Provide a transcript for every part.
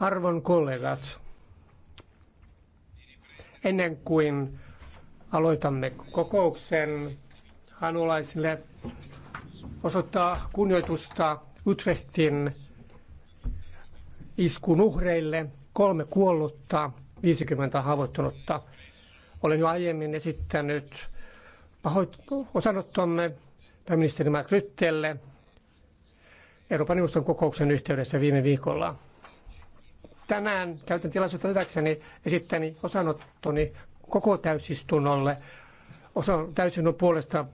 Arvon kollegat, ennen kuin aloitamme kokouksen, hanulaisille osoittaa kunnioitusta Utrechtin iskun uhreille, kolme kuollutta, 50 haavoittunutta. Olen jo aiemmin esittänyt pahoit osanottomme pääministeri Mark Ryttelle Euroopan neuvoston kokouksen yhteydessä viime viikolla. Tänään käytän tilaisuutta hyväkseni esittäni osanottoni koko täysistunnolle, osan täysin puolesta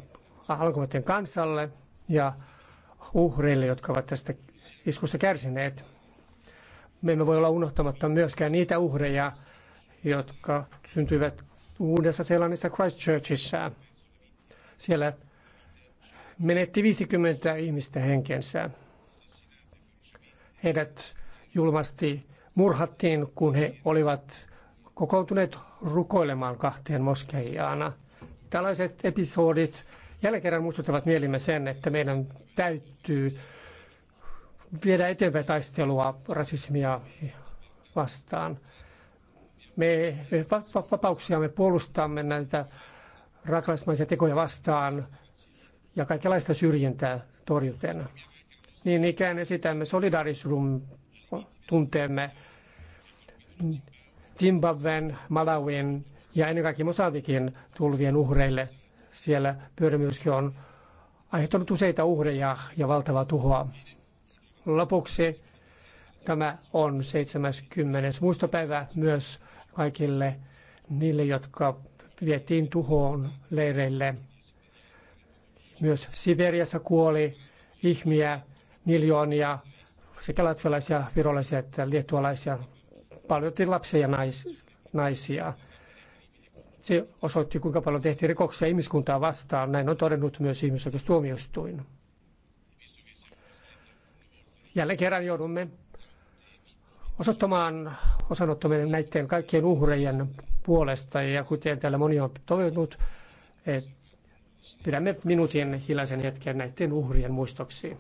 alkumaiden kansalle ja uhreille, jotka ovat tästä iskusta kärsineet. Me emme voi olla unohtamatta myöskään niitä uhreja, jotka syntyivät Uudessa Seelannissa Christchurchissa siellä menetti 50 ihmistä henkensä. Heidät julmasti murhattiin, kun he olivat kokoontuneet rukoilemaan kahteen moskeijaana. Tällaiset episodit jälleen kerran muistuttavat mielimme sen, että meidän täytyy viedä eteenpäin taistelua rasismia vastaan. Me vapauksiamme puolustamme näitä raakalaismaisia tekoja vastaan ja kaikenlaista syrjintää torjuten. Niin ikään esitämme solidarisuuden tunteemme Zimbabwen, Malawin ja ennen kaikkea Mosambikin tulvien uhreille. Siellä pyörämyrsky on aiheuttanut useita uhreja ja valtavaa tuhoa. Lopuksi tämä on 70. muistopäivä myös kaikille niille, jotka vietiin tuhoon leireille. Myös Siberiassa kuoli ihmiä, miljoonia, sekä latvialaisia, virolaisia että liettualaisia, paljon lapsia ja nais, naisia. Se osoitti, kuinka paljon tehtiin rikoksia ihmiskuntaa vastaan. Näin on todennut myös ihmisoikeustuomioistuin. Jälleen kerran joudumme osoittamaan osanottaminen näiden kaikkien uhrejen puolesta ja kuten täällä moni on toivonut, että pidämme minuutin hiljaisen hetken näiden uhrien muistoksi.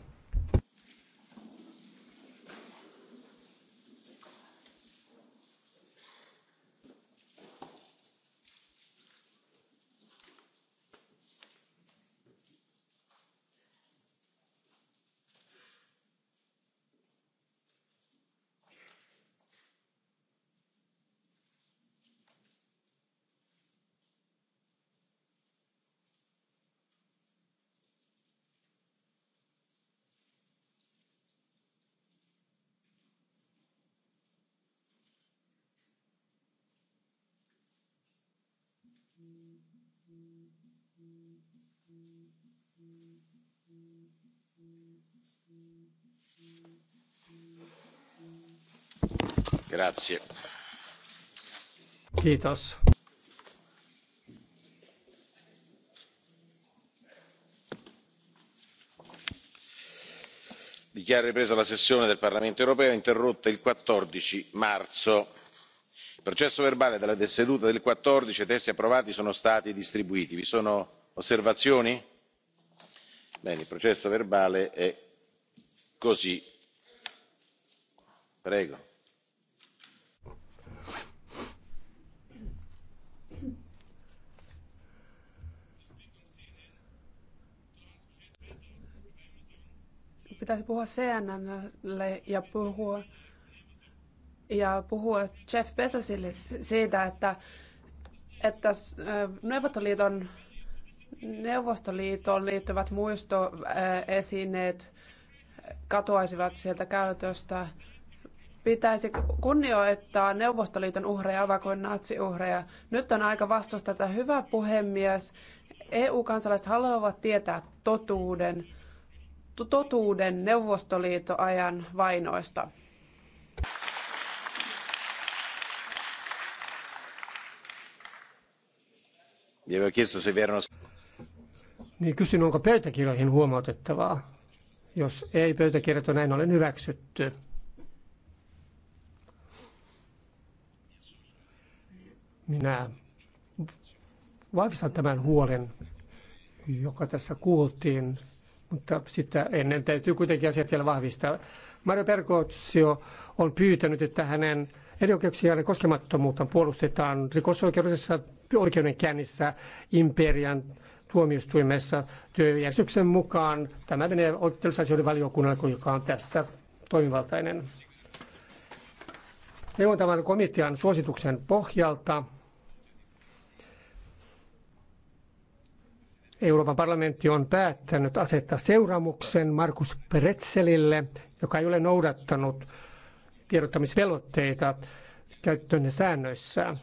dichiaro ripresa la sessione del parlamento europeo interrotta il quattordici marzo. il processo verbale della seduta del quattordici e i testi approvati sono stati distribuiti. vi sono osservazioni? bene il processo verbale è così pitäisi puhua CNNlle ja puhua, ja puhua Jeff Bezosille siitä, että, että Neuvostoliiton Neuvostoliittoon liittyvät muistoesineet katoaisivat sieltä käytöstä. Pitäisi kunnioittaa Neuvostoliiton uhreja, kuin natsiuhreja. Nyt on aika vastustaa tätä. Hyvä puhemies, EU-kansalaiset haluavat tietää totuuden, totuuden Neuvostoliitoajan vainoista niin kysyn, onko pöytäkirjoihin huomautettavaa. Jos ei pöytäkirjat on näin ollen hyväksytty. Minä vahvistan tämän huolen, joka tässä kuultiin, mutta sitä ennen täytyy kuitenkin asiat vielä vahvistaa. Mario Percozio on pyytänyt, että hänen ja koskemattomuutta puolustetaan rikosoikeudellisessa oikeudenkäynnissä imperian tuomioistuimessa työjärjestyksen mukaan. Tämä menee oikeudellisasioiden valiokunnalle, joka on tässä toimivaltainen. Neuvontavan komitean suosituksen pohjalta Euroopan parlamentti on päättänyt asettaa seuraamuksen Markus Pretzelille, joka ei ole noudattanut tiedottamisvelvoitteita käyttöön säännöissä.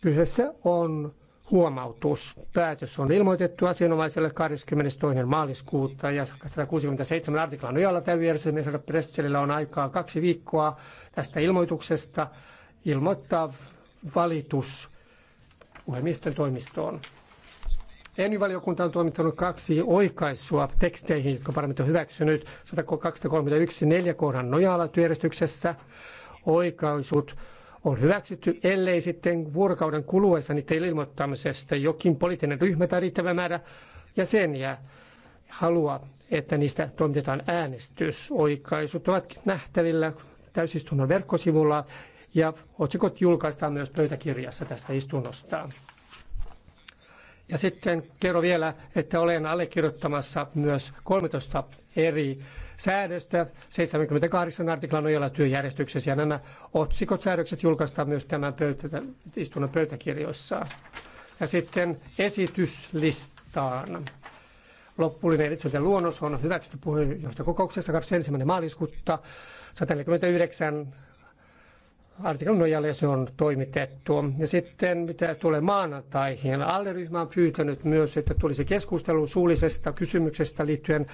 Kyseessä on huomautus. Päätös on ilmoitettu asianomaiselle 22. maaliskuuta ja 167 artiklan nojalla täyjärjestelmä herra Presselillä on aikaa kaksi viikkoa tästä ilmoituksesta ilmoittaa valitus puhemiesten toimistoon. ENY-valiokunta on toimittanut kaksi oikaisua teksteihin, jotka parlamentti on hyväksynyt 131.4 kohdan nojalla työjärjestyksessä. Oikaisut on hyväksytty, ellei sitten vuorokauden kuluessa niiden ilmoittamisesta jokin poliittinen ryhmä tai riittävä määrä jäseniä halua, että niistä toimitetaan äänestys. Oikaisut ovat nähtävillä täysistunnon verkkosivulla ja otsikot julkaistaan myös pöytäkirjassa tästä istunnosta. Ja sitten kerron vielä, että olen allekirjoittamassa myös 13 eri säädöstä 78 artiklan nojalla työjärjestyksessä. Ja nämä otsikot säädökset julkaistaan myös tämän pöytä, istunnon pöytäkirjoissa. Ja sitten esityslistaan. Loppullinen esityksen luonnos on hyväksytty puheenjohtajakokouksessa 21. maaliskuuta 149 artiklan nojalla ja se on toimitettu. Ja sitten mitä tulee maanantaihin, alleryhmä on pyytänyt myös, että tulisi keskustelu suullisesta kysymyksestä liittyen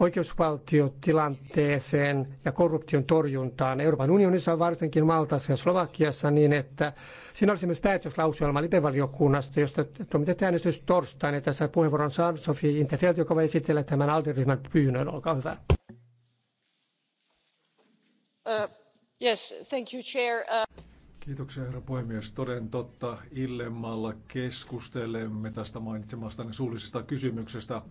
oikeusvaltiotilanteeseen ja korruption torjuntaan Euroopan unionissa, varsinkin Maltassa ja Slovakiassa, niin että siinä olisi myös päätöslauselma lipevaliokunnasta, josta toimitetaan äänestys torstaina. Tässä puheenvuoron saa Sofi Interfeld, joka voi esitellä tämän alderyhmän pyynnön. Olkaa hyvä. Ö Uh, Kiitoksia, herra puhemies. Toden totta, illemmalla keskustelemme tästä mainitsemastanne suullisesta kysymyksestä.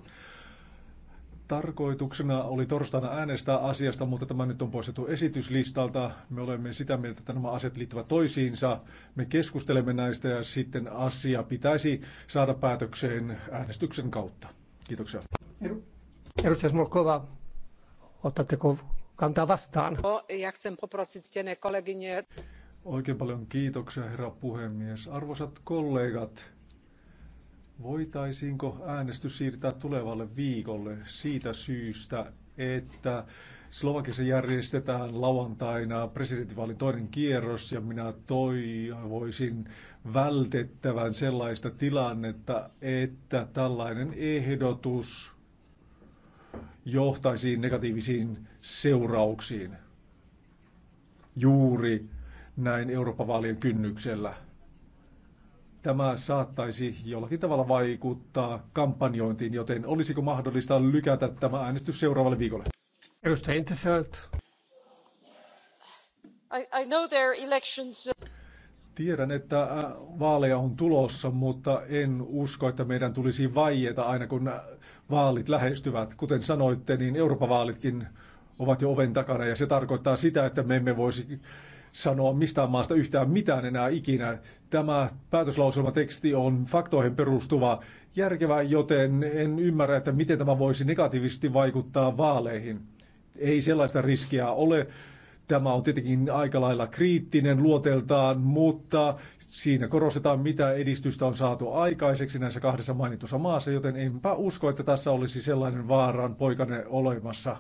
Tarkoituksena oli torstaina äänestää asiasta, mutta tämä nyt on poistettu esityslistalta. Me olemme sitä mieltä, että nämä asiat liittyvät toisiinsa. Me keskustelemme näistä ja sitten asia pitäisi saada päätökseen äänestyksen kautta. Kiitoksia. Edustaja Smolkova, otatteko kantaa vastaan. Oikein paljon kiitoksia, herra puhemies. Arvoisat kollegat, voitaisiinko äänestys siirtää tulevalle viikolle siitä syystä, että Slovakissa järjestetään lauantaina presidentinvaalin toinen kierros ja minä toivoisin vältettävän sellaista tilannetta, että tällainen ehdotus Johtaisiin negatiivisiin seurauksiin juuri näin Euroopan vaalien kynnyksellä. Tämä saattaisi jollakin tavalla vaikuttaa kampanjointiin, joten olisiko mahdollista lykätä tämä äänestys seuraavalle viikolle? Edustaja Interfeld. I, I know elections. Uh, Tiedän, että vaaleja on tulossa, mutta en usko, että meidän tulisi vaieta aina kun vaalit lähestyvät. Kuten sanoitte, niin Euroopan vaalitkin ovat jo oven takana ja se tarkoittaa sitä, että me emme voisi sanoa mistään maasta yhtään mitään enää ikinä. Tämä päätöslauselmateksti on faktoihin perustuva järkevä, joten en ymmärrä, että miten tämä voisi negatiivisesti vaikuttaa vaaleihin. Ei sellaista riskiä ole. Tämä on tietenkin aika lailla kriittinen luoteltaan, mutta siinä korostetaan, mitä edistystä on saatu aikaiseksi näissä kahdessa mainitussa maassa, joten enpä usko, että tässä olisi sellainen vaaran poikane olemassa.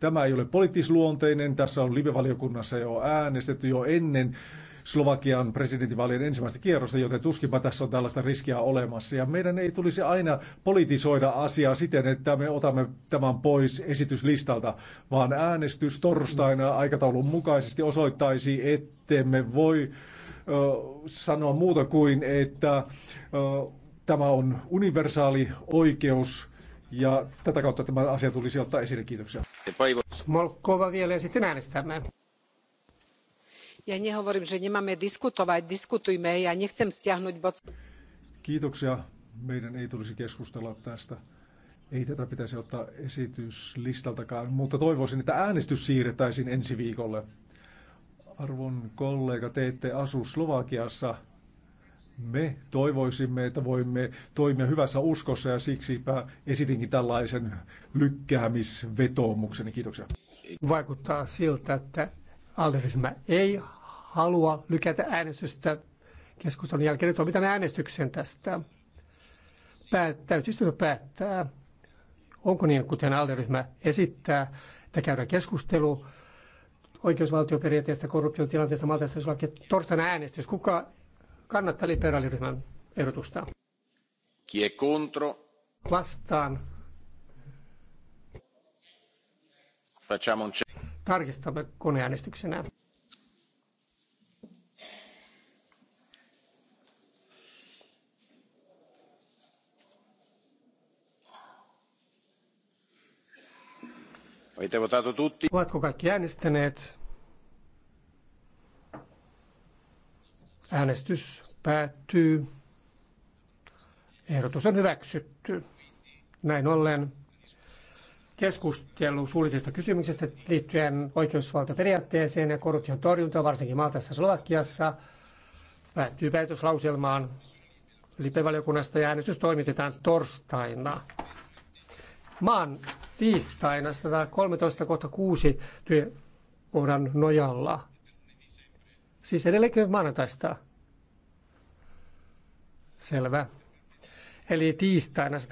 Tämä ei ole poliittisluonteinen, tässä on live-valiokunnassa jo äänestetty jo ennen Slovakian presidentinvaalien ensimmäistä kierrosta, joten tuskinpa tässä on tällaista riskiä olemassa. Ja meidän ei tulisi aina politisoida asiaa siten, että me otamme tämän pois esityslistalta, vaan äänestys torstaina aikataulun mukaisesti osoittaisi, ettemme voi ö, sanoa muuta kuin, että ö, tämä on universaali oikeus ja tätä kautta tämä asia tulisi ottaa esille. Kiitoksia. Smolkova vielä ja sitten äänestämme ja nehovorím, že nemáme diskutovať, diskutujme ja nechcem stiahnuť bod. Kiitoksia. Meidän ei tulisi keskustella tästä. Ei tätä pitäisi ottaa esityslistaltakaan, mutta toivoisin, että äänestys siirretäisiin ensi viikolle. Arvon kollega, te ette asu Slovakiassa. Me toivoisimme, että voimme toimia hyvässä uskossa ja siksipä esitinkin tällaisen lykkäämisvetoomukseni. Kiitoksia. Vaikuttaa siltä, että alderyhmä ei halua lykätä äänestystä keskustelun jälkeen. Nyt on mitään äänestyksen tästä. Päät, täysistunto päättää, onko niin, kuten alderyhmä esittää, että käydään keskustelu oikeusvaltioperiaatteesta, korruption tilanteesta Maltassa, jos torstaina äänestys. Kuka kannattaa liberaaliryhmän ehdotusta? Kie contro? Vastaan. Facciamo un Tarkistamme koneäänestyksenä. Ovatko kaikki äänestäneet? Äänestys päättyy. Ehdotus on hyväksytty. Näin ollen keskustelu suullisesta kysymyksestä liittyen oikeusvaltioperiaatteeseen ja korruption torjuntaan, varsinkin Maltassa ja Slovakiassa, päättyy päätöslauselmaan lipevaliokunnasta ja äänestys toimitetaan torstaina. Maan tiistaina 113.6 kohta työkohdan nojalla. Siis edelleenkin maanantaista. Selvä. Eli tiistaina 113.6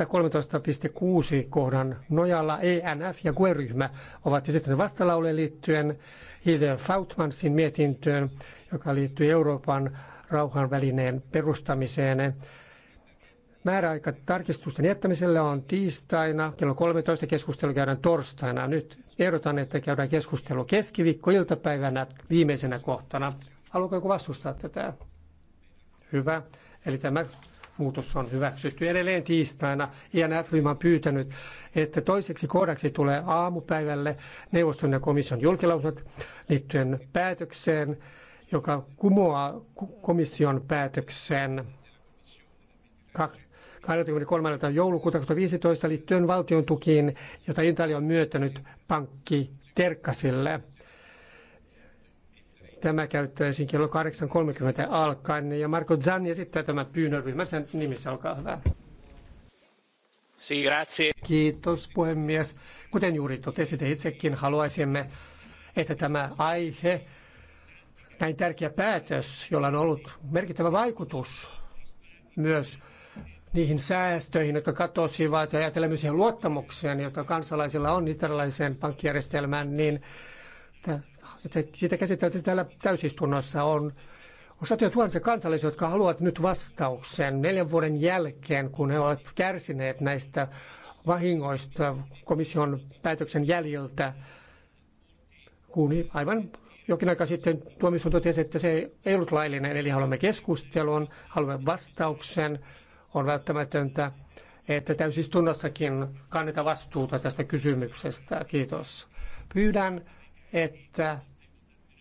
kohdan nojalla ENF ja GUE-ryhmä ovat esittäneet vastalauleen liittyen Hilde Fautmansin mietintöön, joka liittyy Euroopan rauhanvälineen perustamiseen. Määräaika tarkistusten jättämiselle on tiistaina, kello 13 keskustelu käydään torstaina. Nyt ehdotan, että käydään keskustelu keskiviikkoiltapäivänä viimeisenä kohtana. Haluatko joku vastustaa tätä? Hyvä. Eli tämä muutos on hyväksytty. Edelleen tiistaina INF-ryhmä on pyytänyt, että toiseksi kohdaksi tulee aamupäivälle neuvoston ja komission julkilausut liittyen päätökseen, joka kumoaa komission päätöksen 23. joulukuuta 2015 liittyen valtion tukiin, jota Italia on myötänyt pankki Terkkasille. Tämä käyttäisiin kello 8.30 alkaen ja Marko Zanni esittää tämän pyynnön ryhmänsä nimissä. Olkaa hyvä. Kiitos puhemies. Kuten juuri totesitte itsekin, haluaisimme, että tämä aihe, näin tärkeä päätös, jolla on ollut merkittävä vaikutus myös niihin säästöihin, jotka katosivat ja ajatellen siihen luottamukseen, joka kansalaisilla on italialaiseen pankkijärjestelmään, niin sitä käsiteltiin täällä täysistunnossa on on satoja tuhansia kansalaisia, jotka haluavat nyt vastauksen neljän vuoden jälkeen, kun he ovat kärsineet näistä vahingoista komission päätöksen jäljiltä, kun aivan jokin aika sitten tuomioistuin totesi, että se ei ollut laillinen, eli haluamme keskustelun, haluamme vastauksen, on välttämätöntä, että täysistunnossakin kanneta vastuuta tästä kysymyksestä. Kiitos. Pyydän, että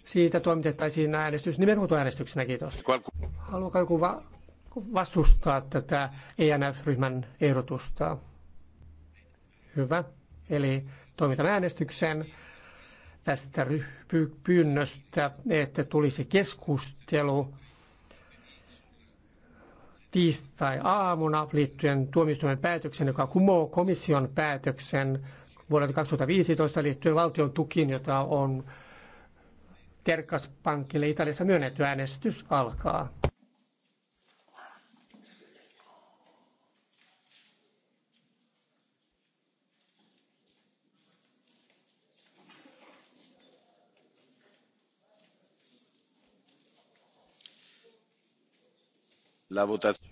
siitä toimitettaisiin äänestys nimenhuutoäänestyksenä. Kiitos. Haluaako joku va- vastustaa tätä ENF-ryhmän ehdotusta? Hyvä. Eli toimitamme äänestyksen tästä py- pyynnöstä, että tulisi keskustelu tiistai-aamuna liittyen tuomioistuimen päätöksen, joka kumoo komission päätöksen vuodelta 2015 liittyen valtion tukiin, jota on Terkaspankille Italiassa myönnetty äänestys alkaa.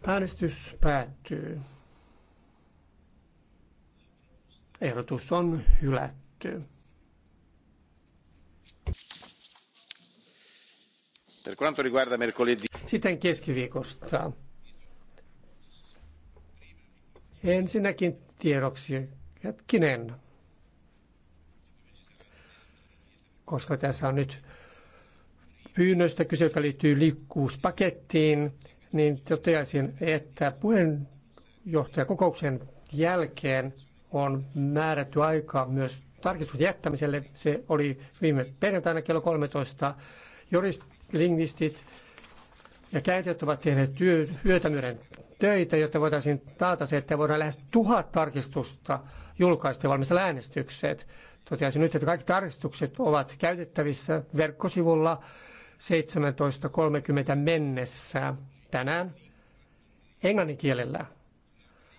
Äänestys päättyy. Ehdotus on hylätty. Per quanto riguarda mercoledì. Sitten keskiviikosta. Ensinnäkin tiedoksi hetkinen. Koska tässä on nyt pyynnöstä kyse, joka liittyy liikkuuspakettiin, niin toteaisin, että puheenjohtajakokouksen jälkeen on määrätty aika myös tarkistuksen jättämiselle. Se oli viime perjantaina kello 13. Juristlingvistit ja käytöt ovat tehneet hyötämyyden töitä, jotta voitaisiin taata se, että voidaan lähes tuhat tarkistusta julkaista ja valmistella äänestykset. Toteaisin nyt, että kaikki tarkistukset ovat käytettävissä verkkosivulla 17.30 mennessä tänään englannin kielellä.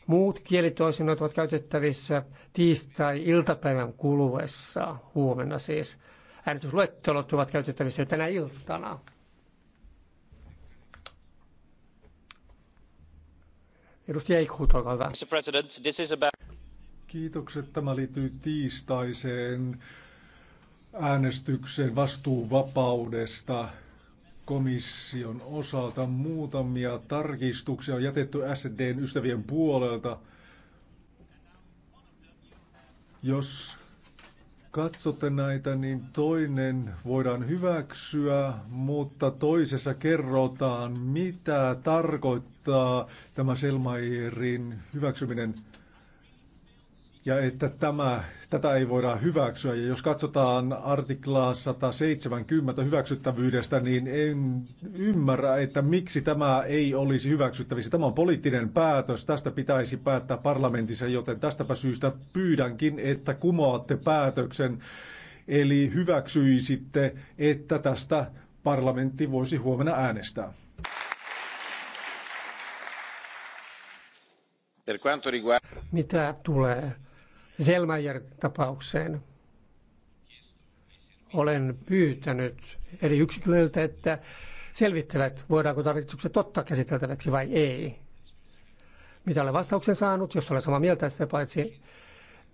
Muut kielitoisinnot ovat käytettävissä tiistai-iltapäivän kuluessa, huomenna siis. Äänestysluettelot ovat käytettävissä jo tänä iltana. Edustaja Eichhut, olkaa hyvä. Mr. President, this is about... Kiitokset. Tämä liittyy tiistaiseen äänestykseen vastuuvapaudesta komission osalta muutamia tarkistuksia on jätetty SDn ystävien puolelta. Jos katsotte näitä, niin toinen voidaan hyväksyä, mutta toisessa kerrotaan, mitä tarkoittaa tämä Selmairin hyväksyminen – ja että tämä, tätä ei voida hyväksyä. Ja jos katsotaan artiklaa 170 hyväksyttävyydestä, niin en ymmärrä, että miksi tämä ei olisi hyväksyttävissä. Tämä on poliittinen päätös, tästä pitäisi päättää parlamentissa, joten tästäpä syystä pyydänkin, että kumoatte päätöksen. Eli hyväksyisitte, että tästä parlamentti voisi huomenna äänestää. Mitä tulee Selmayr-tapaukseen. Olen pyytänyt eri yksiköiltä, että selvittävät, voidaanko tarkistukset ottaa käsiteltäväksi vai ei. Mitä olen vastauksen saanut, jos olen samaa mieltä sitä paitsi,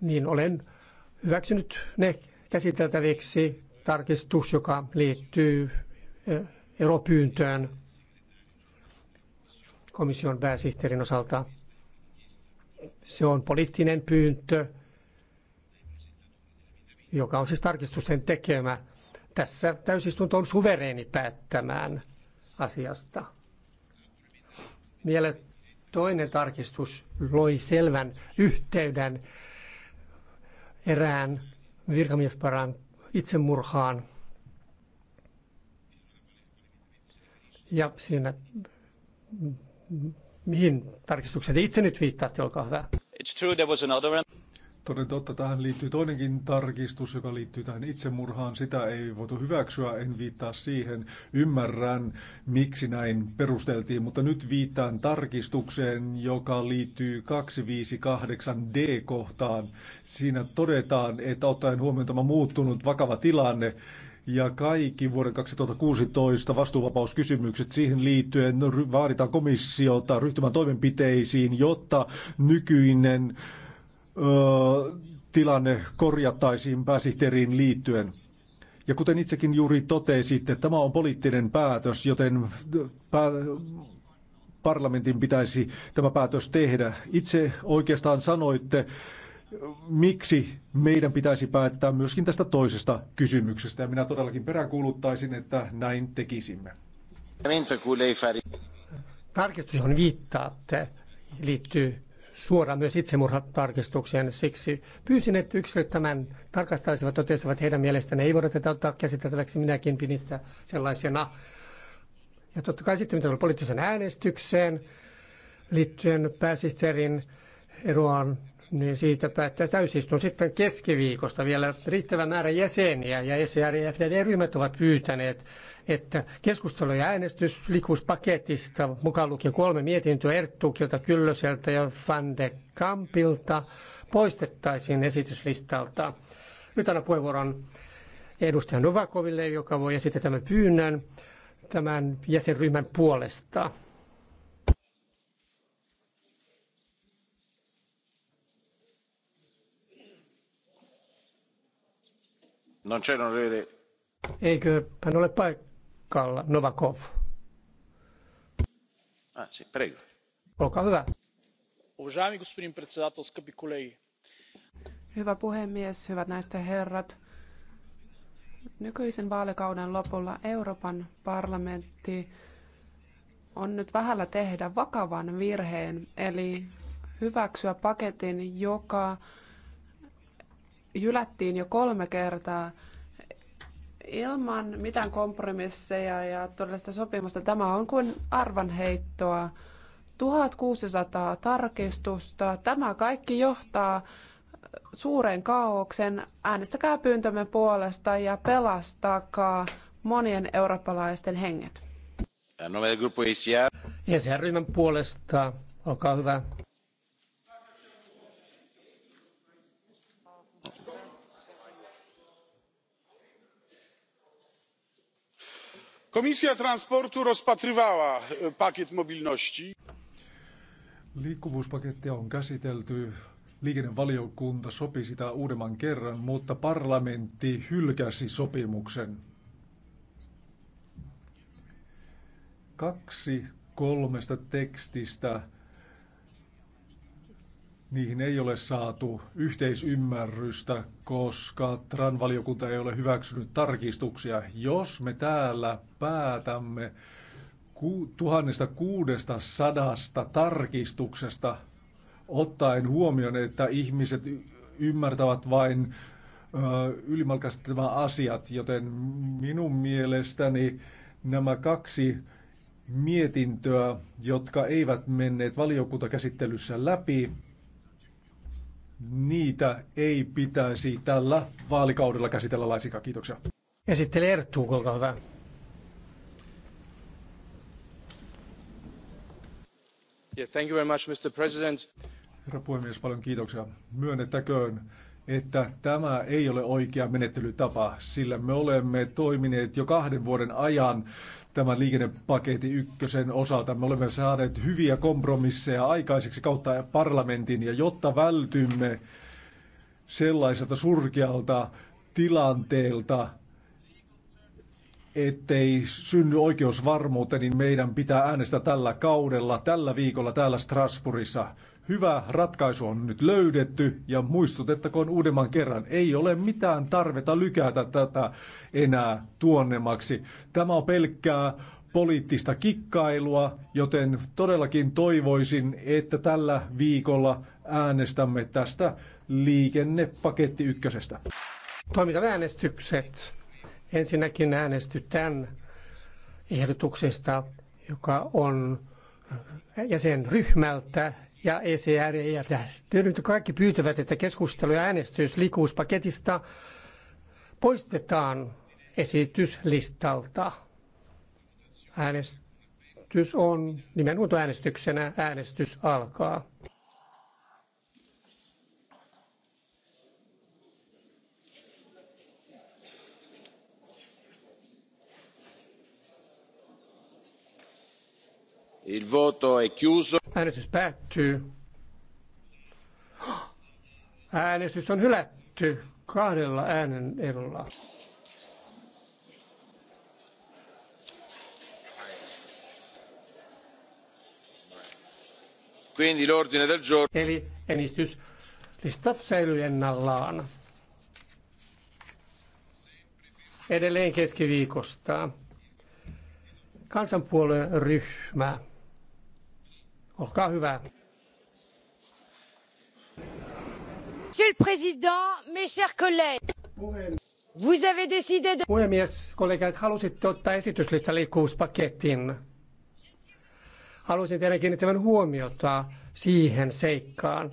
niin olen hyväksynyt ne käsiteltäviksi tarkistus, joka liittyy eropyyntöön komission pääsihteerin osalta. Se on poliittinen pyyntö joka on siis tarkistusten tekemä. Tässä täysistunto on suvereeni päättämään asiasta. Vielä toinen tarkistus loi selvän yhteyden erään virkamiesparan itsemurhaan. Ja siinä, mihin tarkistukset itse nyt viittaatte, olkaa hyvä. It's true, there was another... Toden totta, tähän liittyy toinenkin tarkistus, joka liittyy tähän itsemurhaan. Sitä ei voitu hyväksyä, en viittaa siihen. Ymmärrän, miksi näin perusteltiin, mutta nyt viittaan tarkistukseen, joka liittyy 258D-kohtaan. Siinä todetaan, että ottaen huomioon tämä muuttunut vakava tilanne, ja kaikki vuoden 2016 vastuuvapauskysymykset siihen liittyen no, vaaditaan komissiota ryhtymään toimenpiteisiin, jotta nykyinen tilanne korjattaisiin pääsihteeriin liittyen. Ja kuten itsekin juuri totesitte, tämä on poliittinen päätös, joten pää- parlamentin pitäisi tämä päätös tehdä. Itse oikeastaan sanoitte, miksi meidän pitäisi päättää myöskin tästä toisesta kysymyksestä. Ja minä todellakin peräänkuuluttaisin, että näin tekisimme. Tarkistus, johon viittaatte, liittyy suora myös itsemurhatarkistukseen. Siksi pyysin, että yksilöt tämän tarkastaisivat, totesivat että heidän mielestään. Ei voida tätä ottaa käsiteltäväksi, minäkin pidin sitä sellaisena. Ja totta kai sitten, mitä tulee poliittisen äänestykseen liittyen pääsihteerin eroaan niin siitä päättää täysistun sitten keskiviikosta vielä riittävä määrä jäseniä ja ECR ja FDD-ryhmät ovat pyytäneet, että keskustelu ja äänestys likuuspaketista, mukaan lukien kolme mietintöä Erttukilta, Kyllöseltä ja Van de Kampilta, poistettaisiin esityslistalta. Nyt annan puheenvuoron edustaja Novakoville, joka voi esittää tämän pyynnön tämän jäsenryhmän puolesta. Non c'è l'onorevole. Eikö hän ole paikalla? Novakov. Ah, sì, prego. Olkaa hyvä. Уважаеми господин председател, скъпи колеги. Hyvä puhemies, hyvät naiset ja herrat. Nykyisen vaalikauden lopulla Euroopan parlamentti on nyt vähällä tehdä vakavan virheen, eli hyväksyä paketin, joka jylättiin jo kolme kertaa ilman mitään kompromisseja ja todellista sopimusta. Tämä on kuin arvanheittoa. 1600 tarkistusta. Tämä kaikki johtaa suureen kaaukseen. Äänestäkää pyyntömme puolesta ja pelastakaa monien eurooppalaisten henget. No ECR-ryhmän puolesta, olkaa hyvä. komisja transportu rozpatrywała e, pakiet mobilności. Liikkuvuuspakettia on käsitelty. Liikennevaliokunta sopi sitä uudemman kerran, mutta parlamentti hylkäsi sopimuksen. Kaksi kolmesta tekstistä Niihin ei ole saatu yhteisymmärrystä, koska TRAN-valiokunta ei ole hyväksynyt tarkistuksia. Jos me täällä päätämme 1600 tarkistuksesta, ottaen huomioon, että ihmiset ymmärtävät vain ylimalkaiset asiat, joten minun mielestäni nämä kaksi mietintöä, jotka eivät menneet valiokuntakäsittelyssä läpi, niitä ei pitäisi tällä vaalikaudella käsitellä laisinkaan. Kiitoksia. Esittele Erttu, olkaa hyvä. Yeah, thank you very much, Mr. President. Herra puhemies, paljon kiitoksia. Myönnettäköön, että tämä ei ole oikea menettelytapa, sillä me olemme toimineet jo kahden vuoden ajan tämän liikennepaketin ykkösen osalta. Me olemme saaneet hyviä kompromisseja aikaiseksi kautta parlamentin ja jotta vältymme sellaiselta surkealta tilanteelta, ettei synny oikeusvarmuutta, niin meidän pitää äänestää tällä kaudella, tällä viikolla täällä Strasbourgissa. Hyvä ratkaisu on nyt löydetty ja muistutettakoon uudemman kerran, ei ole mitään tarvetta lykätä tätä enää tuonnemmaksi. Tämä on pelkkää poliittista kikkailua, joten todellakin toivoisin, että tällä viikolla äänestämme tästä liikennepaketti ykkösestä. Toimitaan äänestykset. Ensinnäkin äänestytän ehdotuksesta, joka on jäsenryhmältä ja ECR ja EFD. Nyt kaikki pyytävät, että keskustelu ja äänestys liikkuvuuspaketista poistetaan esityslistalta. Äänestys on nimenhuutoäänestyksenä. Äänestys alkaa. Il voto è chiuso. Äänestys päättyy. Äänestys on hylätty kahdella äänen erolla. Quindi l'ordine del giorno. Eli äänestyslista säilyy ennallaan. Edelleen keskiviikosta. Kansanpuolueen ryhmä Olkaa hyvä. Monsieur le Président, mes chers collègues. Vous avez décidé de... Puhemies, kollegat, halusitte ottaa esityslista liikkuvuuspakettiin. Haluaisin teidän kiinnittävän huomiota siihen seikkaan,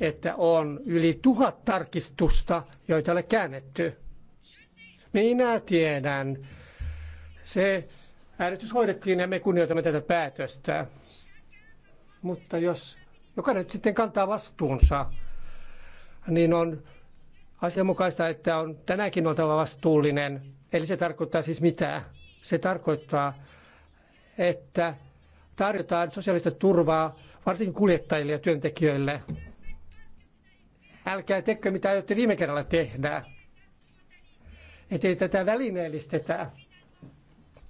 että on yli tuhat tarkistusta, joita ole käännetty. Minä tiedän. Se äänestys hoidettiin ja me kunnioitamme tätä päätöstä. Mutta jos jokainen nyt sitten kantaa vastuunsa, niin on asianmukaista, että on tänäänkin oltava vastuullinen. Eli se tarkoittaa siis mitä? Se tarkoittaa, että tarjotaan sosiaalista turvaa varsinkin kuljettajille ja työntekijöille. Älkää tekö mitä aiotte viime kerralla tehdä. Ettei tätä välineellistetä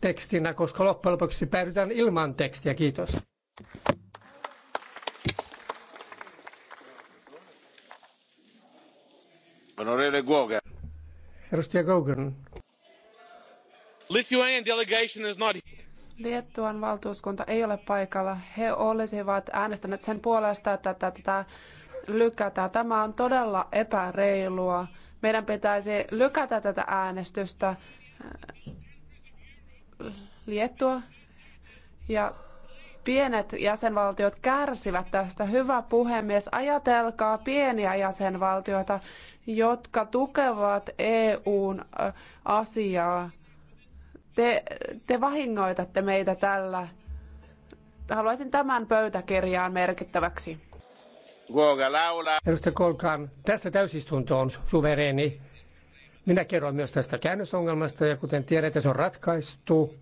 tekstinä, koska loppujen lopuksi päädytään ilman tekstiä. Kiitos. Honorable Gogan. Edustaja Gogan. Lithuanian delegation is not Liettuan valtuuskunta ei ole paikalla. He olisivat äänestäneet sen puolesta, että tätä lykätään. Tämä on todella epäreilua. Meidän pitäisi lykätä tätä äänestystä. Liettua ja pienet jäsenvaltiot kärsivät tästä. Hyvä puhemies, ajatelkaa pieniä jäsenvaltioita jotka tukevat EUn asiaa. Te, te vahingoitatte meitä tällä. Haluaisin tämän pöytäkirjaan merkittäväksi. Edustaja Kolkan, tässä täysistunto on suvereeni. Minä kerron myös tästä käännösongelmasta ja kuten tiedätte, se on ratkaistu.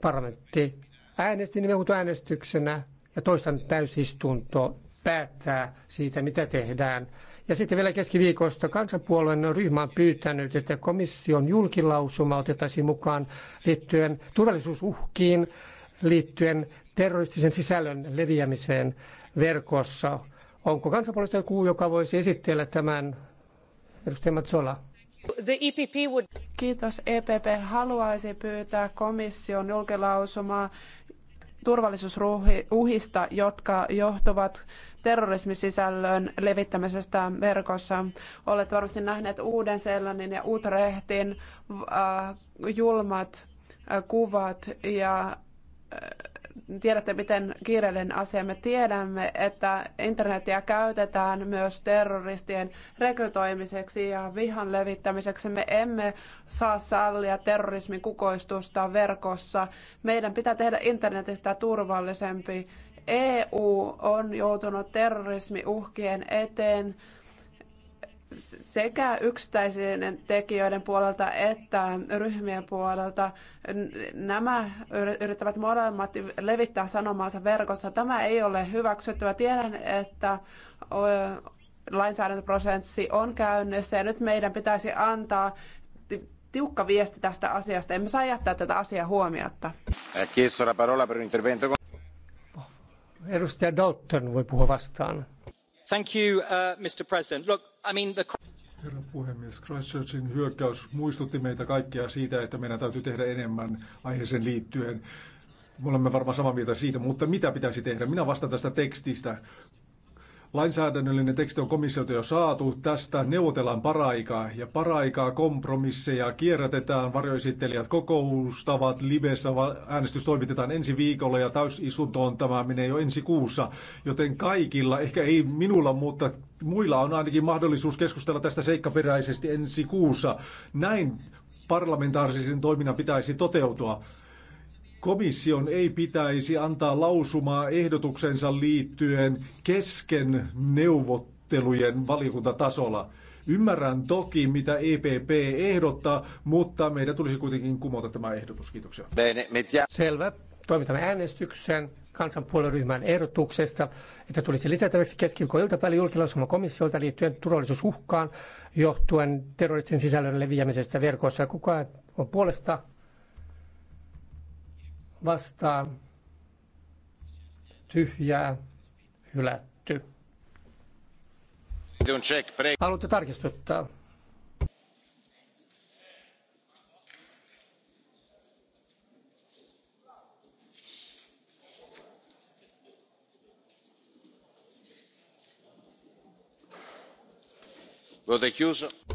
Parlamentti äänesti äänestyksenä ja toistan täysistunto päättää siitä, mitä tehdään. Ja sitten vielä keskiviikosta kansanpuolueen ryhmä on pyytänyt, että komission julkilausuma otettaisiin mukaan liittyen turvallisuusuhkiin, liittyen terroristisen sisällön leviämiseen verkossa. Onko kansanpuolueesta joku, joka voisi esitellä tämän? Edustaja Matsola. The EPP would... Kiitos. EPP haluaisi pyytää komission julkilausumaa turvallisuusuhista, jotka johtuvat terrorismisisällön levittämisestä verkossa. Olette varmasti nähneet Uuden-Seelannin ja Utrechtin äh, julmat äh, kuvat ja äh, tiedätte, miten kiireellinen asia me tiedämme, että internetiä käytetään myös terroristien rekrytoimiseksi ja vihan levittämiseksi. Me emme saa sallia terrorismin kukoistusta verkossa. Meidän pitää tehdä internetistä turvallisempi. EU on joutunut terrorismiuhkien eteen sekä yksittäisien tekijöiden puolelta että ryhmien puolelta. Nämä yrittävät molemmat levittää sanomaansa verkossa. Tämä ei ole hyväksyttävä. Tiedän, että lainsäädäntöprosessi on käynnissä ja nyt meidän pitäisi antaa tiukka viesti tästä asiasta. Emme saa jättää tätä asiaa huomiotta. Edustaja Dalton voi puhua vastaan. Thank you, uh, Mr. President. Look, I mean the... Herra puhemies, Christchurchin hyökkäys muistutti meitä kaikkia siitä, että meidän täytyy tehdä enemmän aiheeseen liittyen. Me olemme varmaan samaa mieltä siitä, mutta mitä pitäisi tehdä? Minä vastaan tästä tekstistä. Lainsäädännöllinen teksti on komissiolta jo saatu, tästä neuvotellaan paraikaa ja paraikaa kompromisseja kierrätetään, varjoesittelijät kokoustavat, livessä äänestys toimitetaan ensi viikolla ja täysisuntoon tämä menee jo ensi kuussa, joten kaikilla, ehkä ei minulla, mutta muilla on ainakin mahdollisuus keskustella tästä seikkaperäisesti ensi kuussa. Näin parlamentaarisen toiminnan pitäisi toteutua. Komission ei pitäisi antaa lausumaa ehdotuksensa liittyen kesken neuvottelujen valiokuntatasolla. Ymmärrän toki, mitä EPP ehdottaa, mutta meidän tulisi kuitenkin kumota tämä ehdotus. Kiitoksia. Selvä. Toimitamme äänestyksen kansanpuolueryhmän ehdotuksesta, että tulisi lisätäväksi keskiviikkoiltapäivä julkilausuma komissiolta liittyen turvallisuusuhkaan johtuen terroristin sisällön leviämisestä verkossa. Kuka on puolesta vastaan tyhjää hylätty. Haluatte tarkistuttaa?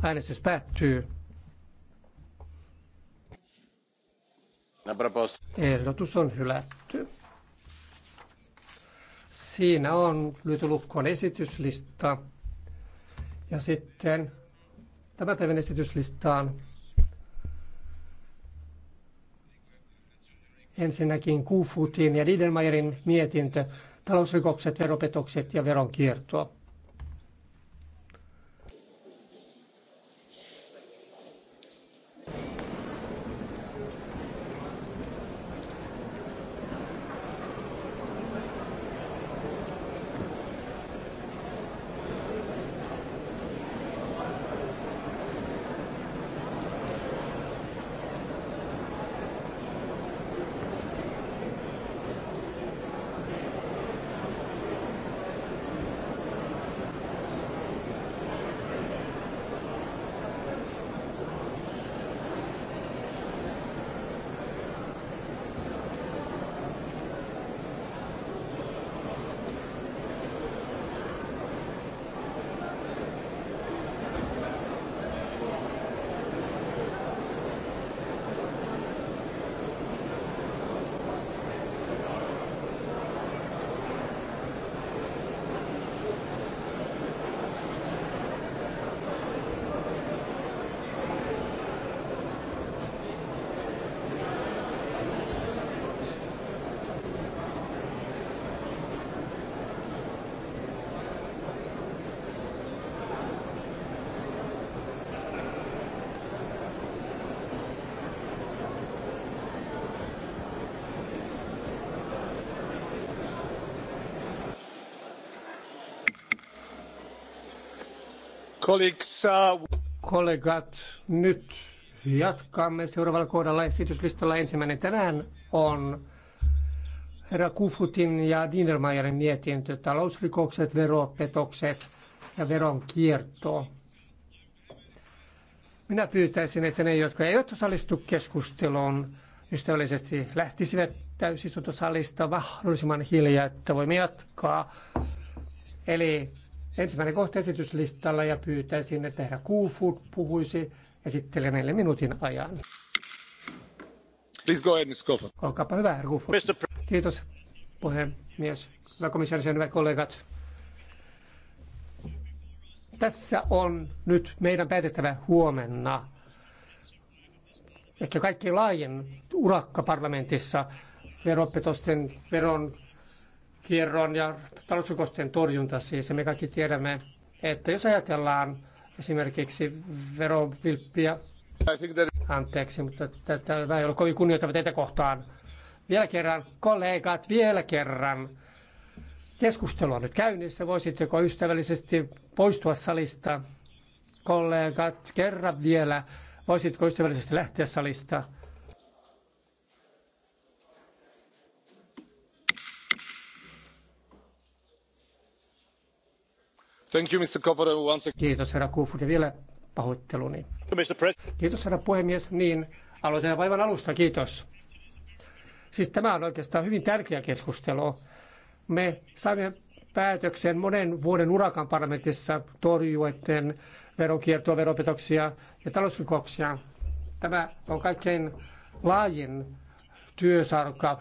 Äänestys päättyy. Ehdotus on hylätty. Siinä on lyöty lukkoon esityslista. Ja sitten tämän päivän esityslistaan ensinnäkin Kufutin ja Niedermayerin mietintö, talousrikokset, veropetokset ja veronkiertoa. Uh, Kollegat, nyt jatkamme seuraavalla kohdalla esityslistalla. Ensimmäinen tänään on herra Kufutin ja Dinnermayerin mietintö talousrikokset, veropetokset ja veronkierto. Minä pyytäisin, että ne, jotka eivät osallistu keskusteluun, ystävällisesti lähtisivät täysistuntosalista mahdollisimman hiljaa, että voimme jatkaa. Eli ensimmäinen kohta esityslistalla ja pyytäisin, että herra Kuufut puhuisi esittelee neljä minuutin ajan. Please go ahead, Mr. Kofa. Olkaapa hyvä, herra Pre- Kiitos, puhemies. Hyvä komissaari, hyvät kollegat. Tässä on nyt meidän päätettävä huomenna. Ehkä kaikki laajen urakka parlamentissa veropetosten veron kierron ja talousrikosten torjunta siis. Ja me kaikki tiedämme, että jos ajatellaan esimerkiksi verovilppiä, anteeksi, mutta tämä ei ole kovin kunnioittava teitä kohtaan. Vielä kerran, kollegat, vielä kerran. Keskustelu on nyt käynnissä. Voisitteko ystävällisesti poistua salista? Kollegat, kerran vielä. Voisitko ystävällisesti lähteä salista? Kiitos herra Kufud ja vielä pahoitteluni. Kiitos herra puhemies. Niin, aloitetaan aivan alusta. Kiitos. Siis tämä on oikeastaan hyvin tärkeä keskustelu. Me saimme päätöksen monen vuoden urakan parlamentissa torjuetten veronkiertoa, veropetoksia ja talousrikoksia. Tämä on kaikkein laajin työsarka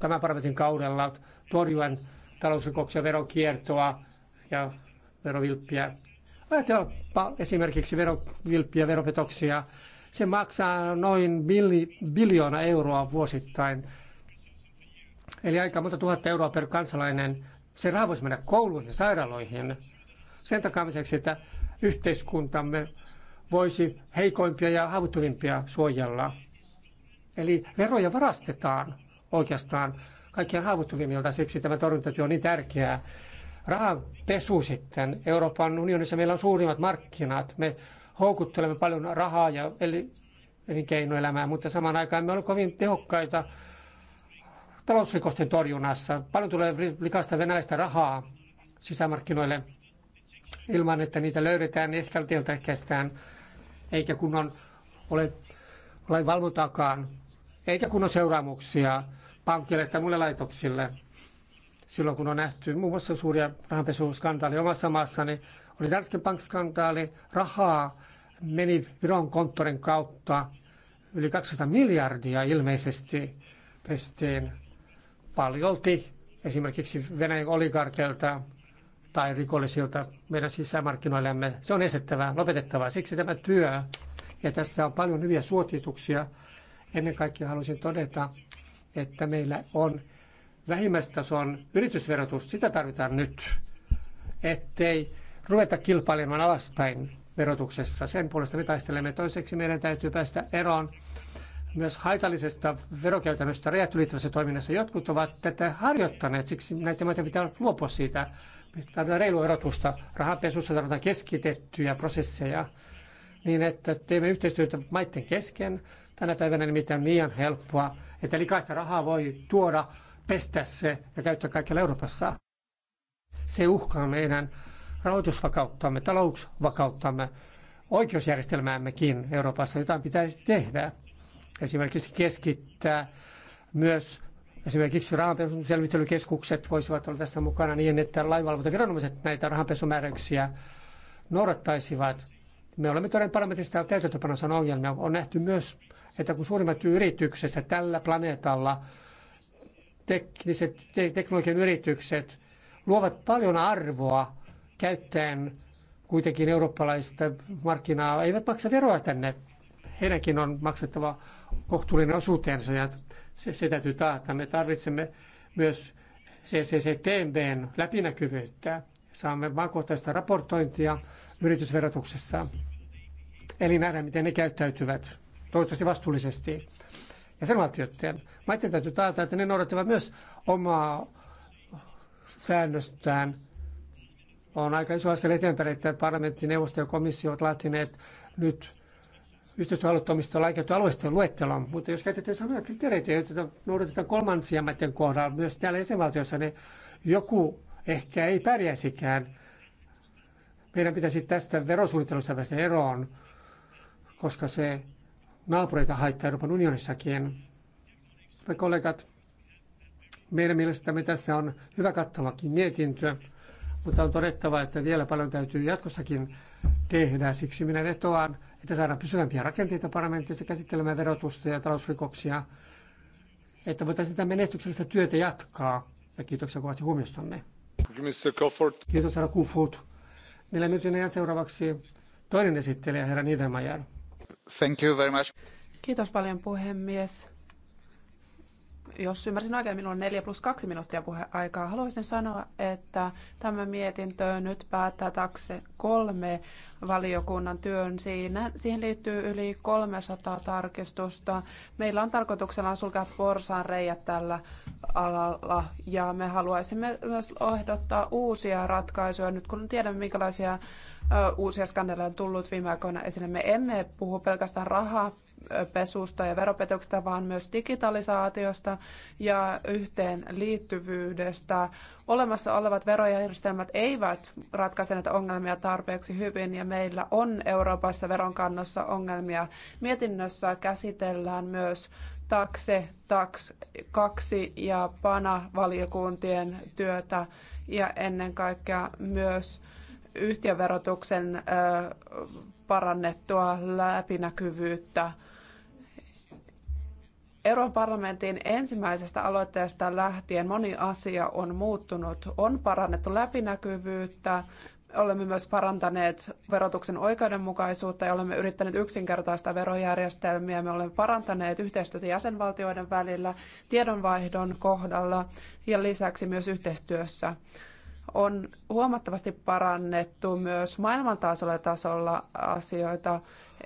tämän parlamentin kaudella torjuen talousrikoksia, veronkiertoa ja verovilppiä. Ajatelpa esimerkiksi verovilppiä, veropetoksia. Se maksaa noin biljoona euroa vuosittain. Eli aika monta tuhatta euroa per kansalainen. Se raha voisi mennä kouluihin ja sairaaloihin sen takaamiseksi, että yhteiskuntamme voisi heikoimpia ja haavoittuvimpia suojella. Eli veroja varastetaan oikeastaan kaikkien haavoittuvimmilta, siksi tämä torjuntatyö on niin tärkeää. Rahanpesu sitten. Euroopan unionissa meillä on suurimmat markkinat. Me houkuttelemme paljon rahaa ja eli elinkeinoelämää, mutta samaan aikaan me olemme kovin tehokkaita talousrikosten torjunnassa. Paljon tulee likasta venäläistä rahaa sisämarkkinoille ilman, että niitä löydetään eskaltiolta kestään, eikä kun on ole, ole valvontaakaan, eikä kun on seuraamuksia pankille tai muille laitoksille silloin kun on nähty muun muassa suuria rahanpesuskandaaleja omassa maassani, niin oli Danske Bank-skandaali, rahaa meni Viron konttorin kautta yli 200 miljardia ilmeisesti pestiin paljolti esimerkiksi Venäjän oligarkeilta tai rikollisilta meidän sisämarkkinoillemme. Se on estettävää, lopetettavaa. Siksi tämä työ, ja tässä on paljon hyviä suotituksia. Ennen kaikkea haluaisin todeta, että meillä on vähimmäistason yritysverotus, sitä tarvitaan nyt, ettei ruveta kilpailemaan alaspäin verotuksessa. Sen puolesta me taistelemme. Toiseksi meidän täytyy päästä eroon myös haitallisesta verokäytännöstä rajat ylittävässä toiminnassa. Jotkut ovat tätä harjoittaneet, siksi näitä maiden pitää luopua siitä. Tarvitaan reilua erotusta. Rahapesussa tarvitaan keskitettyjä prosesseja niin, että teemme yhteistyötä maiden kesken. Tänä päivänä nimittäin liian helppoa, että likaista rahaa voi tuoda pestä se ja käyttää kaikkialla Euroopassa. Se uhkaa meidän rahoitusvakauttamme, talousvakauttamme, oikeusjärjestelmäämmekin Euroopassa. Jotain pitäisi tehdä. Esimerkiksi keskittää myös esimerkiksi rahanpesun selvittelykeskukset voisivat olla tässä mukana niin, että lainvalvontaviranomaiset näitä rahanpesumääräyksiä noudattaisivat. Me olemme todenneet parlamentista täytäntöpanossa on ongelmia. On nähty myös, että kun suurimmat yritykset tällä planeetalla tekniset te- teknologian yritykset luovat paljon arvoa käyttäen kuitenkin eurooppalaista markkinaa, eivät maksa veroa tänne. Heidänkin on maksettava kohtuullinen osuutensa ja se, se täytyy taata. Me tarvitsemme myös CCCTBn läpinäkyvyyttä. Saamme maakohtaista raportointia yritysverotuksessa. Eli nähdään, miten ne käyttäytyvät, toivottavasti vastuullisesti jäsenvaltioiden maiden täytyy taata, että ne noudattavat myös omaa säännöstään. On aika iso askel eteenpäin, että parlamentti, neuvosto ja komissio ovat laatineet nyt yhteistyöhaluttomista laikettu alueisten luettelon, mutta jos käytetään samoja kriteereitä, joita noudatetaan kolmansien maiden kohdalla myös täällä jäsenvaltiossa, niin joku ehkä ei pärjäisikään. Meidän pitäisi tästä verosuunnittelusta päästä eroon, koska se naapureita haittaa Euroopan unionissakin. Me kollegat, meidän mielestämme tässä on hyvä kattavakin mietintö, mutta on todettava, että vielä paljon täytyy jatkossakin tehdä. Siksi minä vetoan, että saadaan pysyvämpiä rakenteita parlamentissa käsittelemään verotusta ja talousrikoksia, että voitaisiin tätä menestyksellistä työtä jatkaa. Ja kiitoksia kovasti huomiostanne. Kiitos, herra Kufut. Neljä minuutin ajan seuraavaksi toinen esittelijä, herra Niedermayer. Thank you very much. Kiitos paljon puhemies. Jos ymmärsin oikein, minulla on 4 plus 2 minuuttia puheaikaa. Haluaisin sanoa, että tämä mietintö nyt päättää takse kolme valiokunnan työn. Siinä, siihen liittyy yli 300 tarkistusta. Meillä on tarkoituksena sulkea porsaan reijät tällä alalla ja me haluaisimme myös ehdottaa uusia ratkaisuja nyt kun tiedämme minkälaisia uusia skandaaleja on tullut viime aikoina esille. Me emme puhu pelkästään rahapesusta ja veropetoksesta, vaan myös digitalisaatiosta ja yhteenliittyvyydestä. Olemassa olevat verojärjestelmät eivät ratkaise näitä ongelmia tarpeeksi hyvin ja meillä on Euroopassa veronkannossa ongelmia. Mietinnössä käsitellään myös takse, kaksi ja pana valiokuntien työtä ja ennen kaikkea myös yhtiöverotuksen parannettua läpinäkyvyyttä. Euroopan parlamentin ensimmäisestä aloitteesta lähtien moni asia on muuttunut. On parannettu läpinäkyvyyttä, olemme myös parantaneet verotuksen oikeudenmukaisuutta ja olemme yrittäneet yksinkertaistaa verojärjestelmiä. Me olemme parantaneet yhteistyötä jäsenvaltioiden välillä, tiedonvaihdon kohdalla ja lisäksi myös yhteistyössä on huomattavasti parannettu myös maailmantasolla tasolla asioita.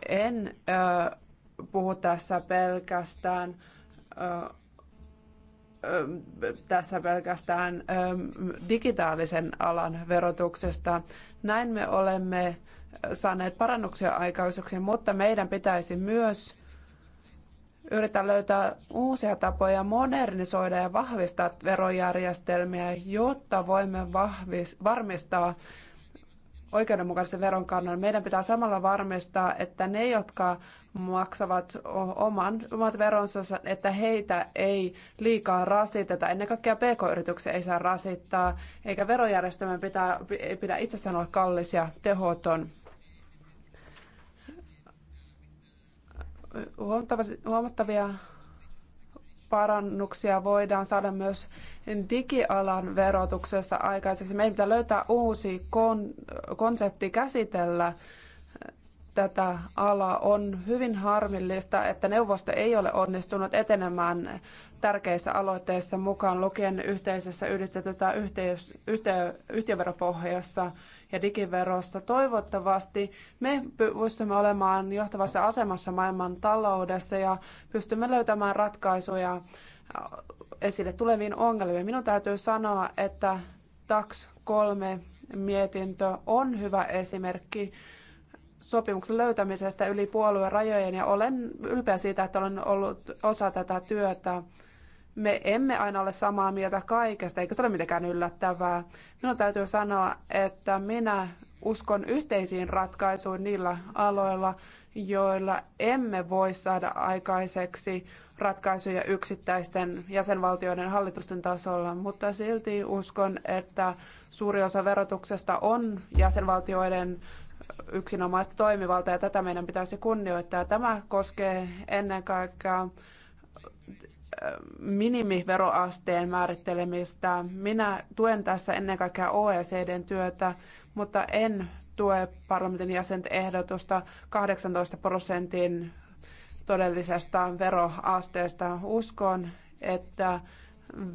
En ö, puhu tässä pelkästään ö, tässä pelkästään digitaalisen alan verotuksesta. Näin me olemme saaneet parannuksia aikaiseksi, mutta meidän pitäisi myös yritän löytää uusia tapoja modernisoida ja vahvistaa verojärjestelmiä, jotta voimme vahvis- varmistaa oikeudenmukaisen veronkannan. Meidän pitää samalla varmistaa, että ne, jotka maksavat oman, omat veronsa, että heitä ei liikaa rasiteta. Ennen kaikkea pk-yrityksiä ei saa rasittaa, eikä verojärjestelmän pitää, ei pidä itsessään olla kallis ja tehoton. huomattavia parannuksia voidaan saada myös digialan verotuksessa aikaiseksi. Meidän pitää löytää uusi kon- konsepti käsitellä tätä alaa. On hyvin harmillista, että neuvosto ei ole onnistunut etenemään tärkeissä aloitteissa mukaan lukien yhteisessä yhdistetytä yhteis- yhtiö- yhtiöveropohjassa ja digiverosta. Toivottavasti me pystymme olemaan johtavassa asemassa maailman taloudessa ja pystymme löytämään ratkaisuja äh, esille tuleviin ongelmiin. Minun täytyy sanoa, että TAX 3 mietintö on hyvä esimerkki sopimuksen löytämisestä yli puolueen rajojen ja olen ylpeä siitä, että olen ollut osa tätä työtä me emme aina ole samaa mieltä kaikesta, eikä se ole mitenkään yllättävää. Minun täytyy sanoa, että minä uskon yhteisiin ratkaisuihin niillä aloilla, joilla emme voi saada aikaiseksi ratkaisuja yksittäisten jäsenvaltioiden hallitusten tasolla, mutta silti uskon, että suuri osa verotuksesta on jäsenvaltioiden yksinomaista toimivalta ja tätä meidän pitäisi kunnioittaa. Tämä koskee ennen kaikkea minimiveroasteen määrittelemistä. Minä tuen tässä ennen kaikkea OECDn työtä, mutta en tue parlamentin jäsenten ehdotusta 18 prosentin todellisesta veroasteesta. Uskon, että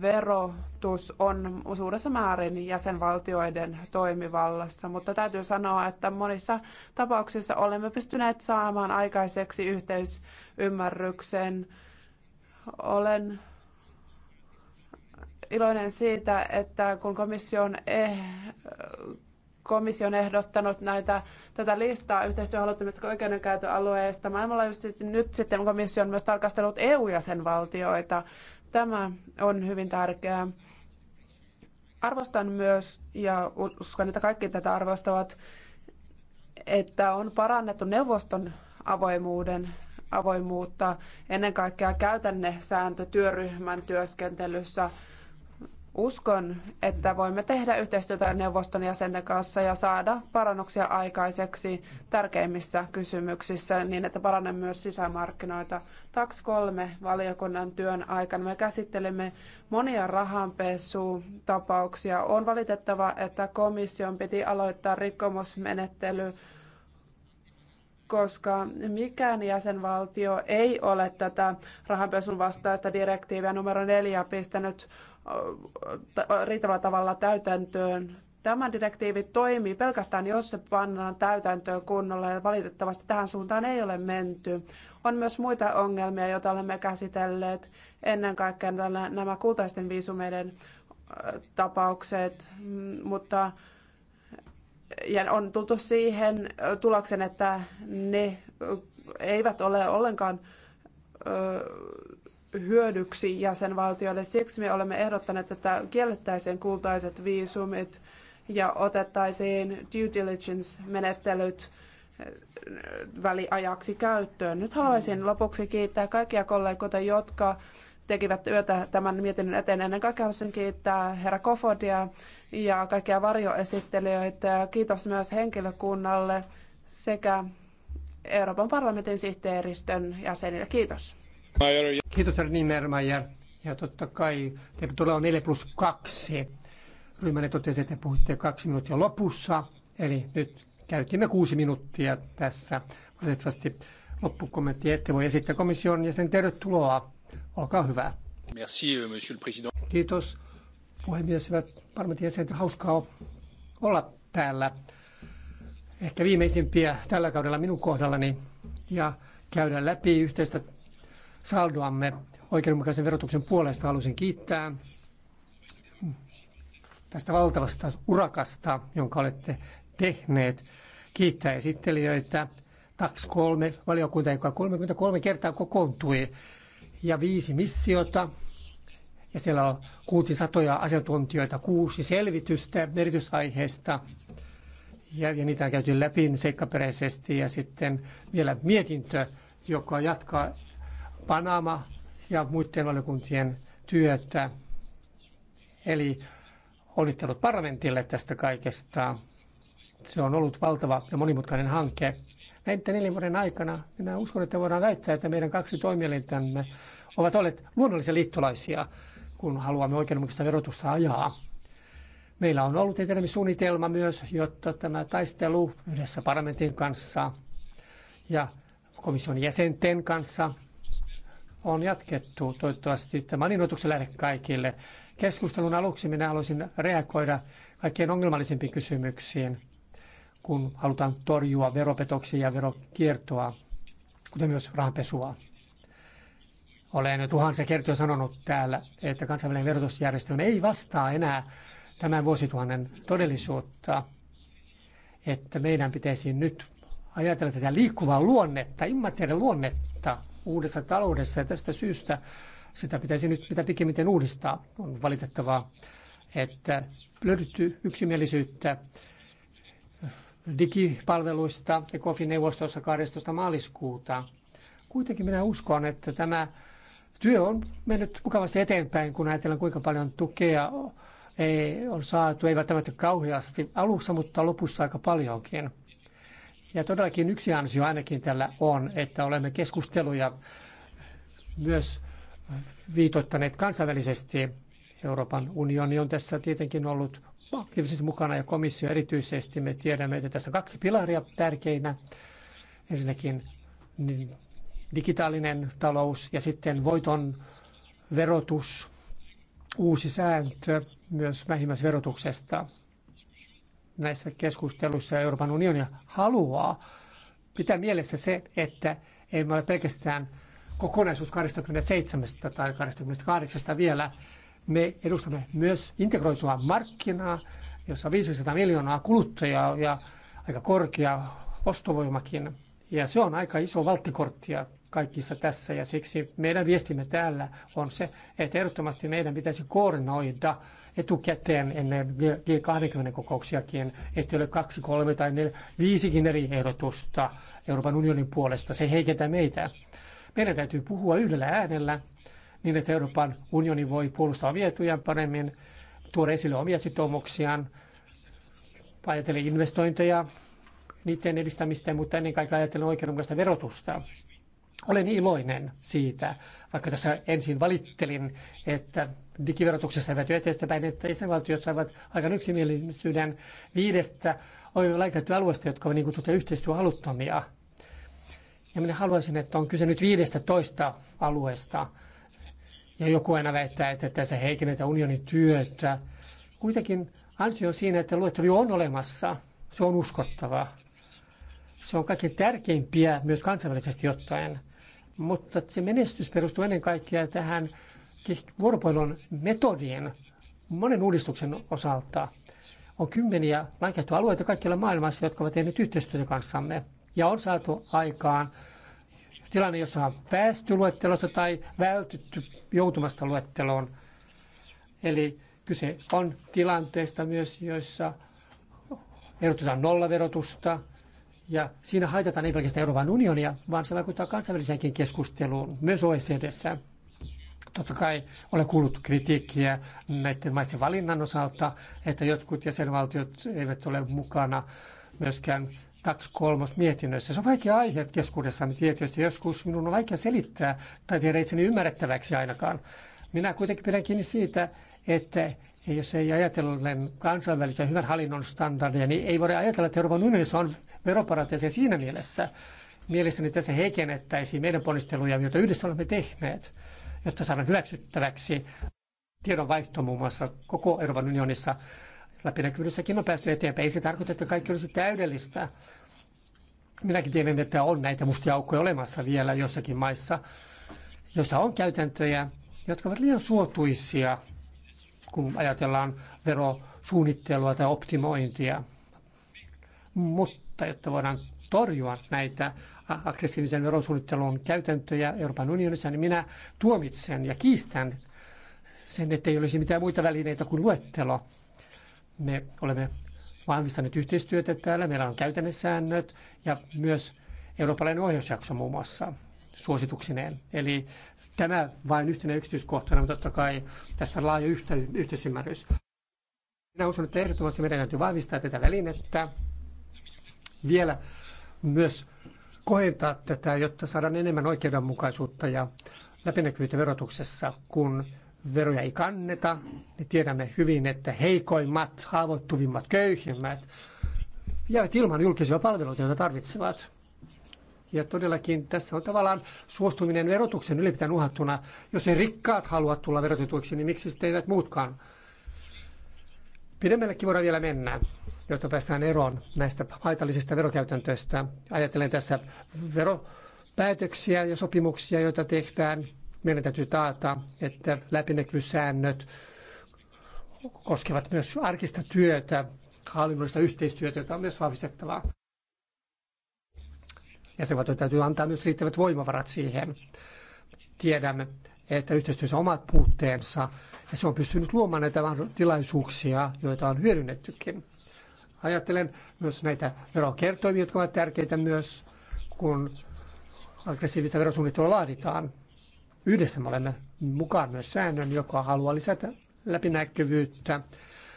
verotus on suuressa määrin jäsenvaltioiden toimivallassa, mutta täytyy sanoa, että monissa tapauksissa olemme pystyneet saamaan aikaiseksi yhteisymmärryksen olen iloinen siitä, että kun komissio on, eh, komissio on ehdottanut näitä, tätä listaa yhteistyöhaluttomista oikeudenkäytöalueista maailmanlaajuisesti, nyt sitten komissio on myös tarkastellut EU-jäsenvaltioita. Tämä on hyvin tärkeää. Arvostan myös, ja uskon, että kaikki tätä arvostavat, että on parannettu neuvoston avoimuuden avoimuutta ennen kaikkea käytännesääntötyöryhmän työskentelyssä. Uskon, että voimme tehdä yhteistyötä neuvoston jäsenten kanssa ja saada parannuksia aikaiseksi tärkeimmissä kysymyksissä niin, että parannamme myös sisämarkkinoita. TAX 3 valiokunnan työn aikana me käsittelemme monia rahanpesutapauksia. On valitettava, että komission piti aloittaa rikkomusmenettely koska mikään jäsenvaltio ei ole tätä rahanpesun vastaista direktiiviä numero neljä pistänyt riittävällä tavalla täytäntöön. Tämä direktiivi toimii pelkästään, jos se pannaan täytäntöön kunnolla ja valitettavasti tähän suuntaan ei ole menty. On myös muita ongelmia, joita olemme käsitelleet, ennen kaikkea nämä kultaisten viisumeiden tapaukset, mutta ja on tultu siihen tuloksen, että ne eivät ole ollenkaan hyödyksi jäsenvaltioille. Siksi me olemme ehdottaneet, että kiellettäisiin kultaiset viisumit ja otettaisiin due diligence-menettelyt väliajaksi käyttöön. Nyt haluaisin lopuksi kiittää kaikkia kollegoita, jotka tekivät työtä tämän mietinnön eteen. Ennen kaikkea haluaisin kiittää herra Kofodia, ja kaikkia varjoesittelijöitä. Kiitos myös henkilökunnalle sekä Euroopan parlamentin sihteeristön jäsenille. Kiitos. Kiitos Herr Mermajer. Ja totta kai tervetuloa on 4 plus 2. Ryhmänne totesi, että puhutte kaksi minuuttia lopussa. Eli nyt käytimme kuusi minuuttia tässä. Valitettavasti loppukommentti ette voi esittää komission jäsen. Tervetuloa. Olkaa hyvä. Merci, monsieur le président. Kiitos puhemies, hyvät parlamentin jäsenet, hauskaa olla täällä. Ehkä viimeisimpiä tällä kaudella minun kohdallani ja käydä läpi yhteistä saldoamme oikeudenmukaisen verotuksen puolesta. Haluaisin kiittää tästä valtavasta urakasta, jonka olette tehneet. Kiittää esittelijöitä. TAX 3 valiokunta, joka 33 kertaa kokoontui ja viisi missiota ja siellä on kuultiin satoja asiantuntijoita, kuusi selvitystä erityisaiheesta ja, ja niitä on käyty läpi seikkaperäisesti ja sitten vielä mietintö, joka jatkaa Panama ja muiden valiokuntien työtä. Eli onnittelut parlamentille tästä kaikesta. Se on ollut valtava ja monimutkainen hanke. Näiden neljän vuoden aikana minä uskon, että voidaan väittää, että meidän kaksi toimielintämme ovat olleet luonnollisia liittolaisia kun haluamme oikeudenmukaista verotusta ajaa. Meillä on ollut suunnitelma myös, jotta tämä taistelu yhdessä parlamentin kanssa ja komission jäsenten kanssa on jatkettu. Toivottavasti tämä on innoituksen lähde kaikille. Keskustelun aluksi minä haluaisin reagoida kaikkein ongelmallisimpiin kysymyksiin, kun halutaan torjua veropetoksia ja verokiertoa, kuten myös rahanpesua. Olen jo tuhansia kertoja sanonut täällä, että kansainvälinen verotusjärjestelmä ei vastaa enää tämän vuosituhannen todellisuutta, että meidän pitäisi nyt ajatella tätä liikkuvaa luonnetta, immateriaalista luonnetta uudessa taloudessa ja tästä syystä sitä pitäisi nyt mitä pikimmiten uudistaa. On valitettavaa, että löydetty yksimielisyyttä digipalveluista ECOFIN-neuvostossa 12. maaliskuuta. Kuitenkin minä uskon, että tämä Työ on mennyt mukavasti eteenpäin, kun ajatellaan kuinka paljon tukea ei, on saatu, ei välttämättä kauheasti alussa, mutta lopussa aika paljonkin. Ja todellakin yksi ansio ainakin tällä on, että olemme keskusteluja myös viitoittaneet kansainvälisesti. Euroopan unioni on tässä tietenkin ollut aktiivisesti mukana ja komissio erityisesti. Me tiedämme, että tässä kaksi pilaria tärkeinä. Ensinnäkin niin digitaalinen talous ja sitten voiton verotus, uusi sääntö myös vähimmäisverotuksesta. Näissä keskusteluissa Euroopan unionia haluaa pitää mielessä se, että ei ole pelkästään kokonaisuus 27 tai 28 vielä. Me edustamme myös integroitua markkinaa, jossa on 500 miljoonaa kuluttajaa ja aika korkea ostovoimakin. Ja se on aika iso ja kaikissa tässä ja siksi meidän viestimme täällä on se, että ehdottomasti meidän pitäisi koordinoida etukäteen ennen G20-kokouksiakin, että ole kaksi, kolme tai neljä, viisikin eri ehdotusta Euroopan unionin puolesta. Se heikentää meitä. Meidän täytyy puhua yhdellä äänellä niin, että Euroopan unioni voi puolustaa vietujaan paremmin, tuoda esille omia sitoumuksiaan, ajatella investointeja, niiden edistämistä, mutta ennen kaikkea ajatellen oikeudenmukaista verotusta. Olen iloinen siitä, vaikka tässä ensin valittelin, että digiverotuksessa eivät eteenpäin, että jäsenvaltiot saivat aika yksimielisyyden viidestä alueesta, jotka ovat niin kutsuttuja yhteistyöhaluttomia. Ja minä haluaisin, että on kyse nyt viidestä toista alueesta. Ja joku aina väittää, että tässä heikennetään unionin työtä. Kuitenkin ansio on siinä, että luetteli on olemassa. Se on uskottavaa. Se on kaikkein tärkeimpiä myös kansainvälisesti ottaen. Mutta se menestys perustuu ennen kaikkea tähän vuoropuhelun metodien monen uudistuksen osalta. On kymmeniä lainkäyttöalueita kaikkialla maailmassa, jotka ovat tehneet yhteistyötä kanssamme. Ja on saatu aikaan tilanne, jossa on päästy luettelosta tai vältytty joutumasta luetteloon. Eli kyse on tilanteesta myös, joissa erotetaan nollaverotusta, ja siinä haitataan ei pelkästään Euroopan unionia, vaan se vaikuttaa kansainväliseenkin keskusteluun, myös OECDssä. Totta kai olen kuullut kritiikkiä näiden maiden valinnan osalta, että jotkut jäsenvaltiot eivät ole mukana myöskään kaksi kolmos mietinnössä. Se on vaikea aihe keskuudessamme tietysti. Joskus minun on vaikea selittää tai tehdä itseni ymmärrettäväksi ainakaan. Minä kuitenkin pidän kiinni siitä, että ja jos ei ajatella kansainvälisen hyvän hallinnon standardeja, niin ei voida ajatella, että Euroopan unionissa on veroparatiiseja siinä mielessä. Mielessäni tässä heikennettäisiin meidän ponnisteluja, joita yhdessä olemme tehneet, jotta saadaan hyväksyttäväksi tiedonvaihto muun muassa koko Euroopan unionissa. Läpinäkyvyydessäkin on päästy eteenpäin. Ei se tarkoita, että kaikki olisi täydellistä. Minäkin tiedän, että on näitä mustia aukkoja olemassa vielä jossakin maissa, joissa on käytäntöjä, jotka ovat liian suotuisia kun ajatellaan verosuunnittelua tai optimointia. Mutta jotta voidaan torjua näitä aggressiivisen verosuunnittelun käytäntöjä Euroopan unionissa, niin minä tuomitsen ja kiistän sen, ei olisi mitään muita välineitä kuin luettelo. Me olemme vahvistaneet yhteistyötä täällä, meillä on käytännössäännöt ja myös eurooppalainen ohjausjakso muun muassa suosituksineen. Eli Tämä vain yhtenä yksityiskohtana, mutta totta kai tässä on laaja yhtä, yhteisymmärrys. Minä uskon, että ehdottomasti meidän täytyy vahvistaa tätä välinettä, vielä myös kohentaa tätä, jotta saadaan enemmän oikeudenmukaisuutta ja läpinäkyvyyttä verotuksessa, kun veroja ei kanneta, niin tiedämme hyvin, että heikoimmat, haavoittuvimmat, köyhimmät jäävät ilman julkisia palveluita, joita tarvitsevat. Ja todellakin tässä on tavallaan suostuminen verotuksen ylipäätään uhattuna. Jos ei rikkaat halua tulla verotetuiksi, niin miksi sitten eivät muutkaan? Pidemmällekin voidaan vielä mennä, jotta päästään eroon näistä haitallisista verokäytäntöistä. Ajattelen tässä veropäätöksiä ja sopimuksia, joita tehdään. Meidän täytyy taata, että läpinäkyvyyssäännöt koskevat myös arkista työtä, hallinnollista yhteistyötä, jota on myös vahvistettavaa. Jäsenvaltioiden täytyy antaa myös riittävät voimavarat siihen. Tiedämme, että yhteistyössä on omat puutteensa ja se on pystynyt luomaan näitä tilaisuuksia, joita on hyödynnettykin. Ajattelen myös näitä verokertoimia, jotka ovat tärkeitä myös, kun aggressiivista verosuunnittelua laaditaan. Yhdessä me olemme mukaan myös säännön, joka haluaa lisätä läpinäkyvyyttä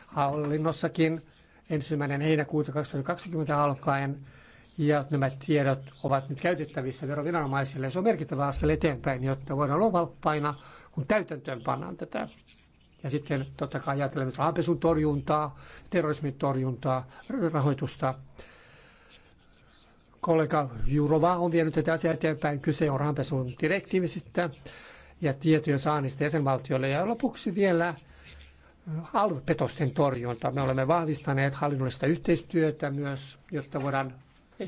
hallinnossakin ensimmäinen heinäkuuta 2020 alkaen ja nämä tiedot ovat nyt käytettävissä veroviranomaisille. Se on merkittävä askel eteenpäin, jotta voidaan olla valppaina, kun täytäntöön pannaan tätä. Ja sitten totta kai ajattelemme rahanpesun torjuntaa, terrorismin torjuntaa, rahoitusta. Kollega Jurova on vienyt tätä asiaa eteenpäin. Kyse on rahanpesun direktiivisistä ja tietojen saannista jäsenvaltioille. Ja lopuksi vielä äh, alvepetosten torjunta. Me olemme vahvistaneet hallinnollista yhteistyötä myös, jotta voidaan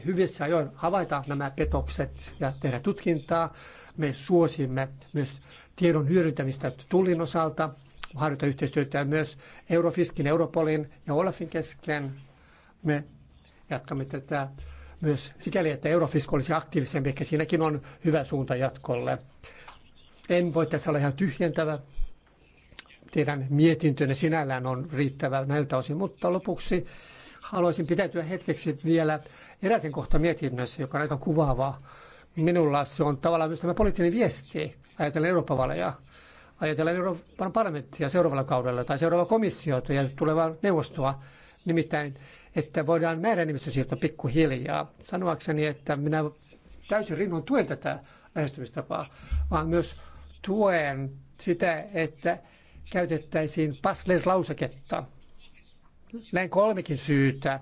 hyvissä ajoin havaita nämä petokset ja tehdä tutkintaa. Me suosimme myös tiedon hyödyntämistä tullin osalta, harjoita yhteistyötä myös Eurofiskin, Europolin ja Olafin kesken. Me jatkamme tätä myös sikäli, että Eurofisk olisi aktiivisempi, ehkä siinäkin on hyvä suunta jatkolle. En voi tässä olla ihan tyhjentävä. Teidän mietintönne sinällään on riittävä näiltä osin, mutta lopuksi haluaisin pitäytyä hetkeksi vielä eräisen kohta mietinnössä, joka on aika kuvaava. Minulla se on tavallaan myös tämä poliittinen viesti, ajatellen Euroopan valeja, ajatellen Euroopan parlamenttia seuraavalla kaudella tai seuraavaa komissiota ja tulevaa neuvostoa. Nimittäin, että voidaan määränimistösiirto pikkuhiljaa. Sanoakseni, että minä täysin rinnoin tuen tätä lähestymistapaa, vaan myös tuen sitä, että käytettäisiin passlers lauseketta näin kolmekin syytä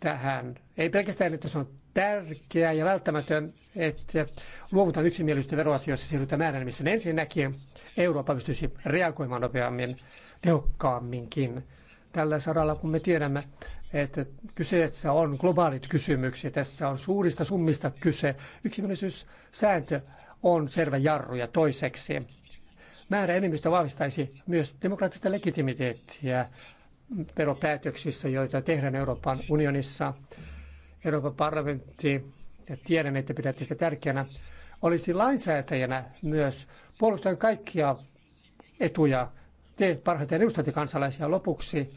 tähän. Ei pelkästään, että se on tärkeää ja välttämätön, että luovutaan yksimielisyyttä veroasioissa ja siirrytään määräenemmistöön. Ensinnäkin Eurooppa pystyisi reagoimaan nopeammin, tehokkaamminkin tällä saralla, kun me tiedämme, että kyseessä on globaalit kysymyksiä. Tässä on suurista summista kyse. Yksimielisyyssääntö on selvä jarru ja toiseksi määräenemmistö vahvistaisi myös demokraattista legitimiteettiä veropäätöksissä, joita tehdään Euroopan unionissa. Euroopan parlamentti, ja tiedän, että pidätte sitä tärkeänä, olisi lainsäätäjänä myös puolustaen kaikkia etuja. Te parhaiten edustatte kansalaisia lopuksi.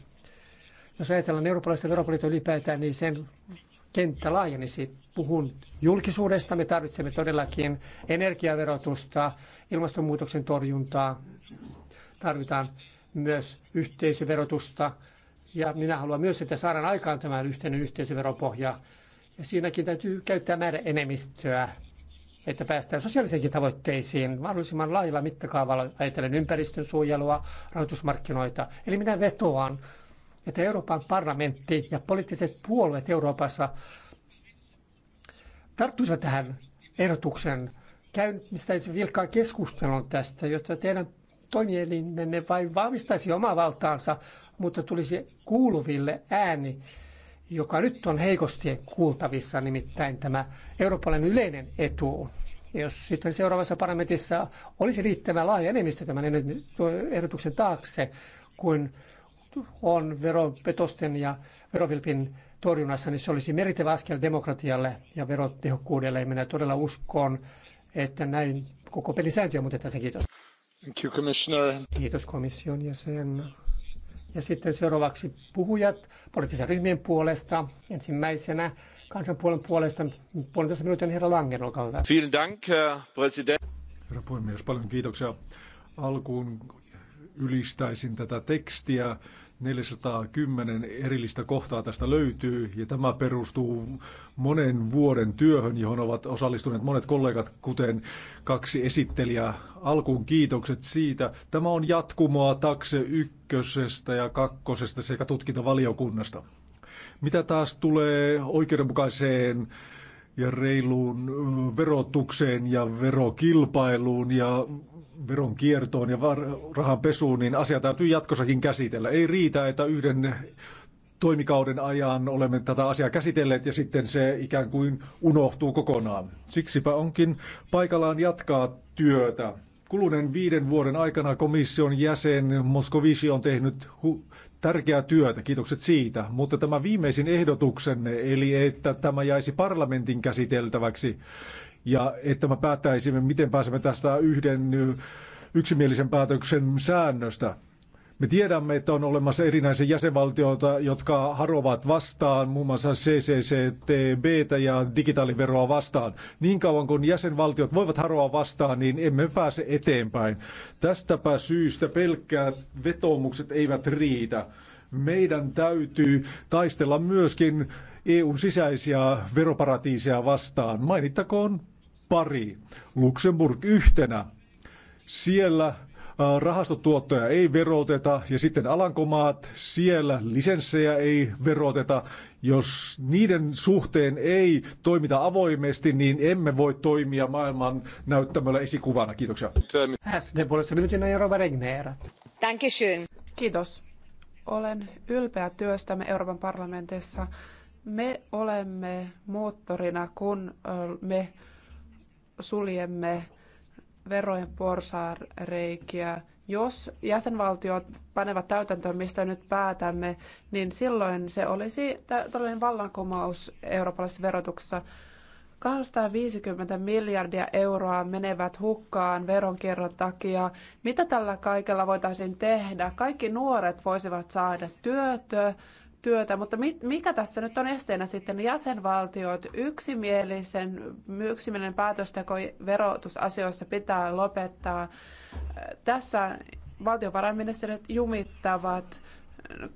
Jos ajatellaan eurooppalaista veropolitiikkaa ylipäätään, niin sen kenttä laajenisi. Puhun julkisuudesta. Me tarvitsemme todellakin energiaverotusta, ilmastonmuutoksen torjuntaa. Tarvitaan myös yhteisöverotusta. Ja minä haluan myös, että saadaan aikaan tämä yhteinen yhteisöveropohja. Ja siinäkin täytyy käyttää määrä enemmistöä, että päästään sosiaalisiinkin tavoitteisiin mahdollisimman laajalla mittakaavalla ajatellen ympäristön suojelua, rahoitusmarkkinoita. Eli minä vetoan, että Euroopan parlamentti ja poliittiset puolueet Euroopassa tarttuisivat tähän ehdotuksen käynnistäisi vilkkaa keskustelun tästä, jotta teidän toimielimenne vain vahvistaisi omaa valtaansa, mutta tulisi kuuluville ääni, joka nyt on heikosti kuultavissa, nimittäin tämä eurooppalainen yleinen etu. Jos sitten seuraavassa parlamentissa olisi riittävä laaja enemmistö tämän ehdotuksen taakse, kuin on veropetosten ja verovilpin torjunnassa, niin se olisi merkittävä askel demokratialle ja verotehokkuudelle. Ja minä todella uskon, että näin koko pelisääntöjä muutetaan. Kiitos. Thank you, Commissioner. Kiitos komission jäsen. Ja sitten seuraavaksi puhujat poliittisen ryhmien puolesta. Ensimmäisenä kansanpuolen puolesta puolentoista minuutin herra Langen, olkaa hyvä. Vielen dank, Herr Herra puhemies, paljon kiitoksia. Alkuun ylistäisin tätä tekstiä. 410 erillistä kohtaa tästä löytyy, ja tämä perustuu monen vuoden työhön, johon ovat osallistuneet monet kollegat, kuten kaksi esittelijää. Alkuun kiitokset siitä. Tämä on jatkumoa takse ykkösestä ja kakkosesta sekä tutkintavaliokunnasta. Mitä taas tulee oikeudenmukaiseen ja reiluun verotukseen ja verokilpailuun ja veron kiertoon ja rahan pesuun, niin asia täytyy jatkossakin käsitellä. Ei riitä, että yhden toimikauden ajan olemme tätä asiaa käsitelleet ja sitten se ikään kuin unohtuu kokonaan. Siksipä onkin paikallaan jatkaa työtä Kuluneen viiden vuoden aikana komission jäsen Moskovici on tehnyt tärkeää työtä, kiitokset siitä, mutta tämä viimeisin ehdotuksenne, eli että tämä jäisi parlamentin käsiteltäväksi ja että me päättäisimme, miten pääsemme tästä yhden yksimielisen päätöksen säännöstä. Me tiedämme, että on olemassa erinäisiä jäsenvaltioita, jotka harovat vastaan muun muassa CCCTB ja digitaaliveroa vastaan. Niin kauan kuin jäsenvaltiot voivat haroa vastaan, niin emme pääse eteenpäin. Tästäpä syystä pelkkää vetoomukset eivät riitä. Meidän täytyy taistella myöskin EUn sisäisiä veroparatiiseja vastaan. Mainittakoon pari. Luxemburg yhtenä. Siellä rahastotuottoja ei veroteta ja sitten Alankomaat, siellä lisenssejä ei veroteta. Jos niiden suhteen ei toimita avoimesti, niin emme voi toimia maailman näyttämällä esikuvana. Kiitoksia. SD puolesta Kiitos. Olen ylpeä työstämme Euroopan parlamentissa. Me olemme moottorina, kun me suljemme verojen porsaanreikiä. Jos jäsenvaltiot panevat täytäntöön, mistä nyt päätämme, niin silloin se olisi todellinen vallankumous eurooppalaisessa verotuksessa. 250 miljardia euroa menevät hukkaan veronkierron takia. Mitä tällä kaikella voitaisiin tehdä? Kaikki nuoret voisivat saada työtä, työtä, mutta mikä tässä nyt on esteenä sitten jäsenvaltiot? Yksimielisen, yksimielinen päätösteko verotusasioissa pitää lopettaa. Tässä valtiovarainministeriöt jumittavat,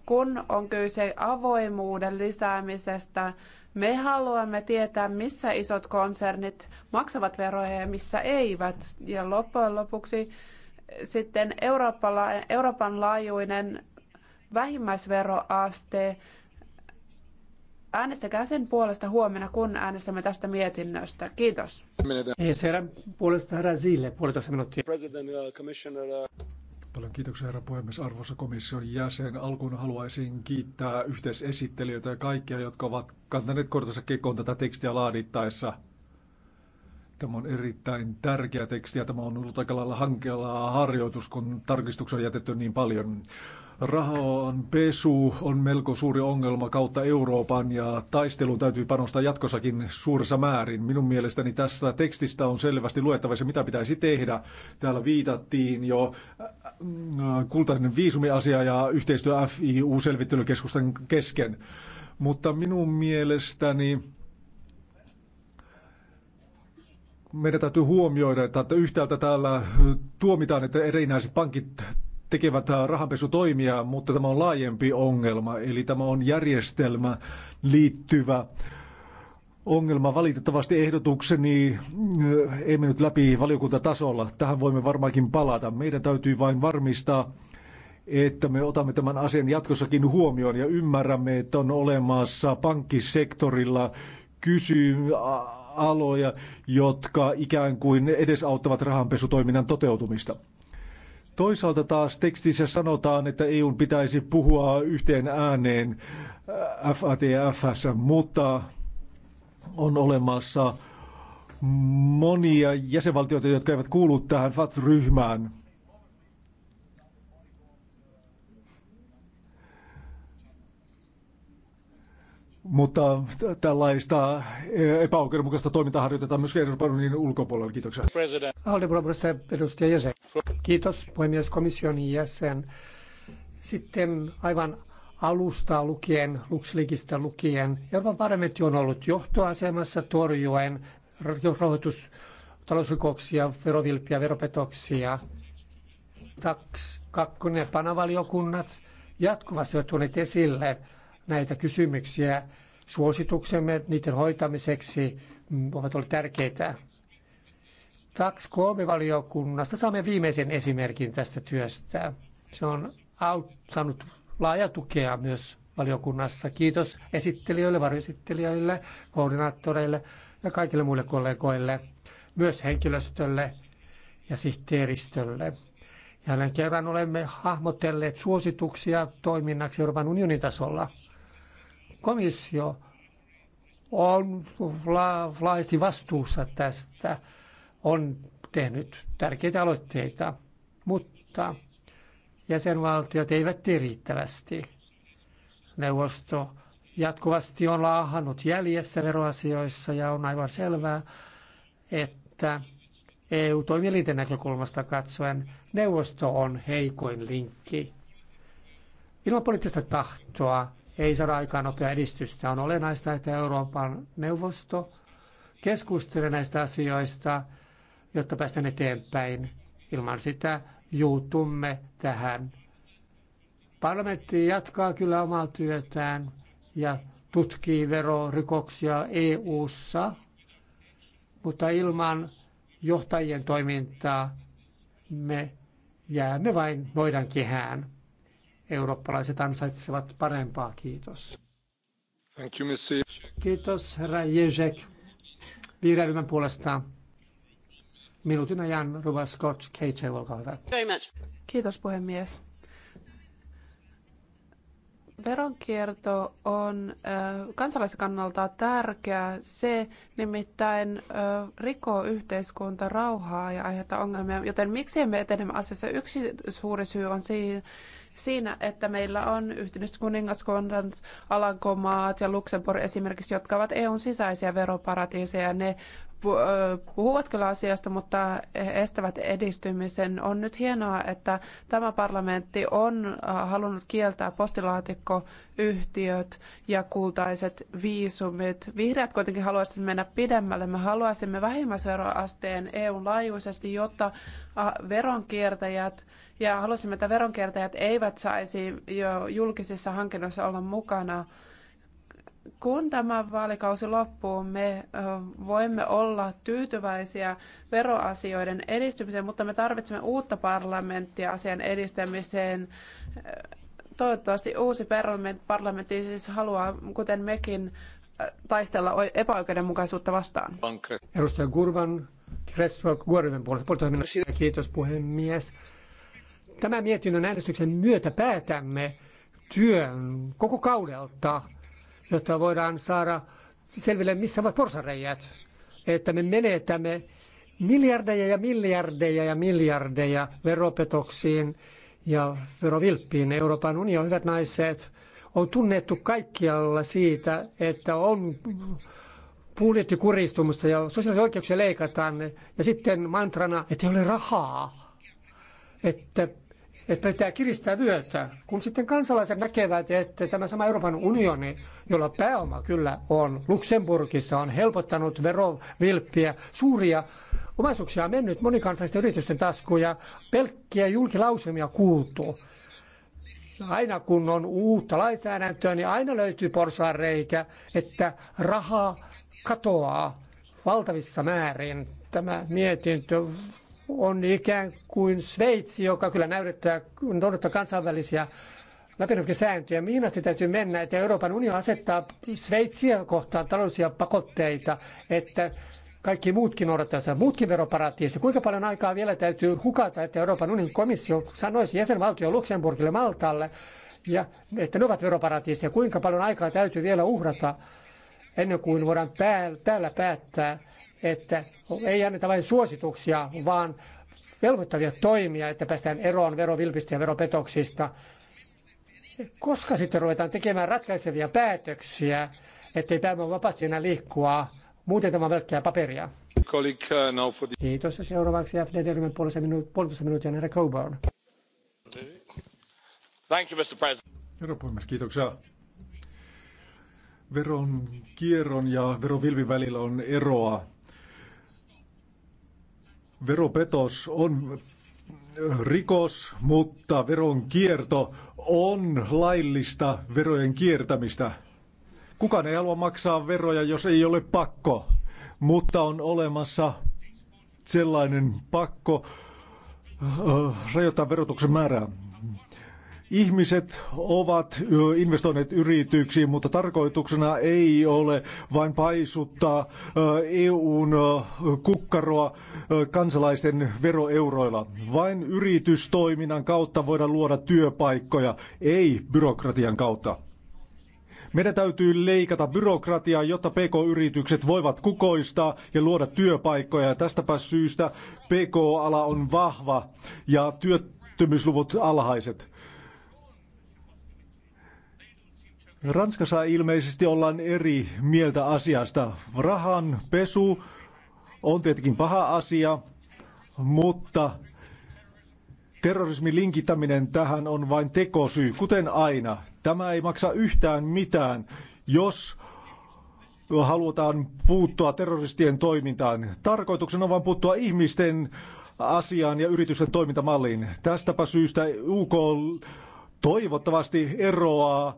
kun on kyse avoimuuden lisäämisestä. Me haluamme tietää, missä isot konsernit maksavat veroja ja missä eivät. Ja loppujen lopuksi sitten Euroopan laajuinen vähimmäisveroaste. Äänestäkää sen puolesta huomenna, kun äänestämme tästä mietinnöstä. Kiitos. ECR puolesta herra Zille, puolitoista minuuttia. Uh, uh, paljon kiitoksia herra puhemies, arvoisa komission jäsen. Alkuun haluaisin kiittää yhteisesittelijöitä ja kaikkia, jotka ovat kantaneet kortensa kekoon tätä tekstiä laadittaessa. Tämä on erittäin tärkeä teksti ja tämä on ollut aika lailla hankalaa harjoitus, kun tarkistuksia on jätetty niin paljon on pesu on melko suuri ongelma kautta Euroopan ja taisteluun täytyy panostaa jatkossakin suuressa määrin. Minun mielestäni tässä tekstistä on selvästi luettavissa, mitä pitäisi tehdä. Täällä viitattiin jo äh, äh, kultainen viisumiasia ja yhteistyö FIU-selvittelykeskusten kesken. Mutta minun mielestäni meidän täytyy huomioida, että yhtäältä täällä tuomitaan, että erinäiset pankit tekevät äh, rahanpesutoimia, mutta tämä on laajempi ongelma. Eli tämä on järjestelmä liittyvä ongelma. Valitettavasti ehdotukseni äh, ei mennyt läpi valiokuntatasolla. Tähän voimme varmaankin palata. Meidän täytyy vain varmistaa, että me otamme tämän asian jatkossakin huomioon ja ymmärrämme, että on olemassa pankkisektorilla kysy aloja, jotka ikään kuin edesauttavat rahanpesutoiminnan toteutumista. Toisaalta taas tekstissä sanotaan, että EU pitäisi puhua yhteen ääneen äh, FATFS, mutta on olemassa monia jäsenvaltioita, jotka eivät kuulu tähän FAT-ryhmään. Mutta tällaista epäoikeudenmukaista toimintaa harjoitetaan myös Euroopan unionin ulkopuolella. Kiitoksia. edustaja jäsen. Kiitos puhemies komission jäsen. Sitten aivan alusta lukien, LuxLeaksista lukien, Euroopan parlamentti on ollut johtoasemassa torjuen rahoitus talousrikoksia, verovilppiä, veropetoksia. Taks, kakkonen ja panavaliokunnat jatkuvasti ovat tuoneet esille näitä kysymyksiä. Suosituksemme niiden hoitamiseksi ovat olleet tärkeitä. Tax 3-valiokunnasta saamme viimeisen esimerkin tästä työstä. Se on auttanut laaja tukea myös valiokunnassa. Kiitos esittelijöille, varjoesittelijöille, koordinaattoreille ja kaikille muille kollegoille, myös henkilöstölle ja sihteeristölle. Jälleen kerran olemme hahmotelleet suosituksia toiminnaksi Euroopan unionin tasolla. Komissio on laajasti vastuussa tästä, on tehnyt tärkeitä aloitteita, mutta jäsenvaltiot eivät tee riittävästi. Neuvosto jatkuvasti on laahannut jäljessä veroasioissa ja on aivan selvää, että EU-toimielinten näkökulmasta katsoen neuvosto on heikoin linkki. Ilman poliittista tahtoa ei saada aikaan nopea edistystä. On olennaista, että Euroopan neuvosto keskustelee näistä asioista, jotta päästään eteenpäin. Ilman sitä juutumme tähän. Parlamentti jatkaa kyllä omaa työtään ja tutkii verorikoksia EU-ssa, mutta ilman johtajien toimintaa me jäämme vain noidan kehään eurooppalaiset ansaitsevat parempaa. Kiitos. Thank you, Kiitos, herra Jezek. Vihreän puolesta minuutin ajan Ruva Scott Keitel, olkaa hyvä. Very much. Kiitos puhemies. Veronkierto on kansalaisten kannalta tärkeää. Se nimittäin rikoo yhteiskunta rauhaa ja aiheuttaa ongelmia, joten miksi emme etenemme asiassa? Yksi suuri syy on siinä, siinä, että meillä on yhdistynyt kuningaskunnan Alankomaat ja Luxemburg esimerkiksi, jotka ovat EUn sisäisiä veroparatiiseja. Ne puhuvat kyllä asiasta, mutta estävät edistymisen. On nyt hienoa, että tämä parlamentti on halunnut kieltää postilaatikkoyhtiöt ja kultaiset viisumit. Vihreät kuitenkin haluaisivat mennä pidemmälle. Me haluaisimme vähimmäisveroasteen EUn laajuisesti, jotta veronkiertäjät – ja halusimme, että veronkiertäjät eivät saisi jo julkisissa hankinnoissa olla mukana. Kun tämä vaalikausi loppuu, me voimme olla tyytyväisiä veroasioiden edistymiseen, mutta me tarvitsemme uutta parlamenttia asian edistämiseen. Toivottavasti uusi parlamentti siis haluaa, kuten mekin, taistella epäoikeudenmukaisuutta vastaan. Edustaja Gurvan, Kiitos puhemies. Tämän mietinnön äänestyksen myötä päätämme työn koko kaudelta, jotta voidaan saada selville, missä ovat porsareijät, että me menetämme miljardeja ja miljardeja ja miljardeja veropetoksiin ja verovilppiin. Euroopan union hyvät naiset, on tunnettu kaikkialla siitä, että on budjettikuristumusta ja sosiaalisia oikeuksia leikataan ja sitten mantrana, että ei ole rahaa. Että että pitää kiristää vyötä, kun sitten kansalaiset näkevät, että tämä sama Euroopan unioni, jolla pääoma kyllä on, Luxemburgissa on helpottanut verovilppiä, suuria omaisuuksia on mennyt monikansallisten yritysten taskuja, pelkkiä julkilausumia kuultu. Aina kun on uutta lainsäädäntöä, niin aina löytyy reikä, että rahaa katoaa valtavissa määrin. Tämä mietintö on ikään kuin Sveitsi, joka kyllä näyttää, noudattaa kansainvälisiä läpinäkysääntöjä. Mihin asti täytyy mennä, että Euroopan unioni asettaa Sveitsiä kohtaan taloudellisia pakotteita, että kaikki muutkin noudattaisivat, muutkin veroparatiisi. Kuinka paljon aikaa vielä täytyy hukata, että Euroopan unionin komissio sanoisi jäsenvaltio Luxemburgille, Maltalle, ja, että ne ovat veroparatiisia. Kuinka paljon aikaa täytyy vielä uhrata ennen kuin voidaan pääl, täällä päättää, että ei anneta vain suosituksia, vaan velvoittavia toimia, että päästään eroon verovilpistä ja veropetoksista. Koska sitten ruvetaan tekemään ratkaisevia päätöksiä, ettei pääoma vapaasti enää liikkua, muuten tämä on pelkkää paperia. Kiitos. seuraavaksi FD-ryhmän puolesta minu- puolitoista minuuttia herra Coburn. Thank you, Mr. President. Herra puhemies, kiitoksia. Veron kierron ja verovilvin välillä on eroa Veropetos on rikos, mutta veron kierto on laillista verojen kiertämistä. Kukaan ei halua maksaa veroja, jos ei ole pakko, mutta on olemassa sellainen pakko äh, rajoittaa verotuksen määrää. Ihmiset ovat investoineet yrityksiin, mutta tarkoituksena ei ole vain paisuttaa EUn kukkaroa kansalaisten veroeuroilla. Vain yritystoiminnan kautta voidaan luoda työpaikkoja, ei byrokratian kautta. Meidän täytyy leikata byrokratiaa, jotta PK-yritykset voivat kukoistaa ja luoda työpaikkoja. Ja tästäpä syystä PK-ala on vahva ja työttömyysluvut alhaiset. Ranskassa ilmeisesti ollaan eri mieltä asiasta. Rahan pesu on tietenkin paha asia, mutta terrorismin linkittäminen tähän on vain tekosyy, kuten aina. Tämä ei maksa yhtään mitään, jos halutaan puuttua terroristien toimintaan. Tarkoituksena on vain puuttua ihmisten asiaan ja yritysten toimintamalliin. Tästäpä syystä UK toivottavasti eroaa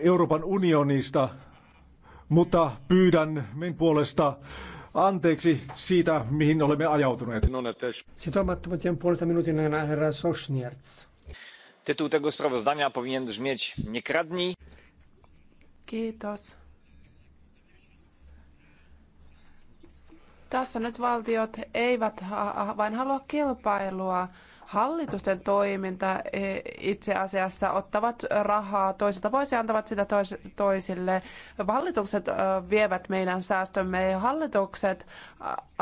Euroopan unionista, mutta pyydän min puolesta anteeksi siitä, mihin olemme ajautuneet. Sitomattomuuteen puolesta minuutin ajan herra Sosnierz. Tytuł tego sprawozdania powinien brzmieć Nie kradnij. Kiitos. Tässä nyt valtiot eivät vain halua kilpailua, Hallitusten toiminta e, itse asiassa ottavat rahaa toisilta pois ja antavat sitä toisille. Hallitukset vievät meidän säästömme ja hallitukset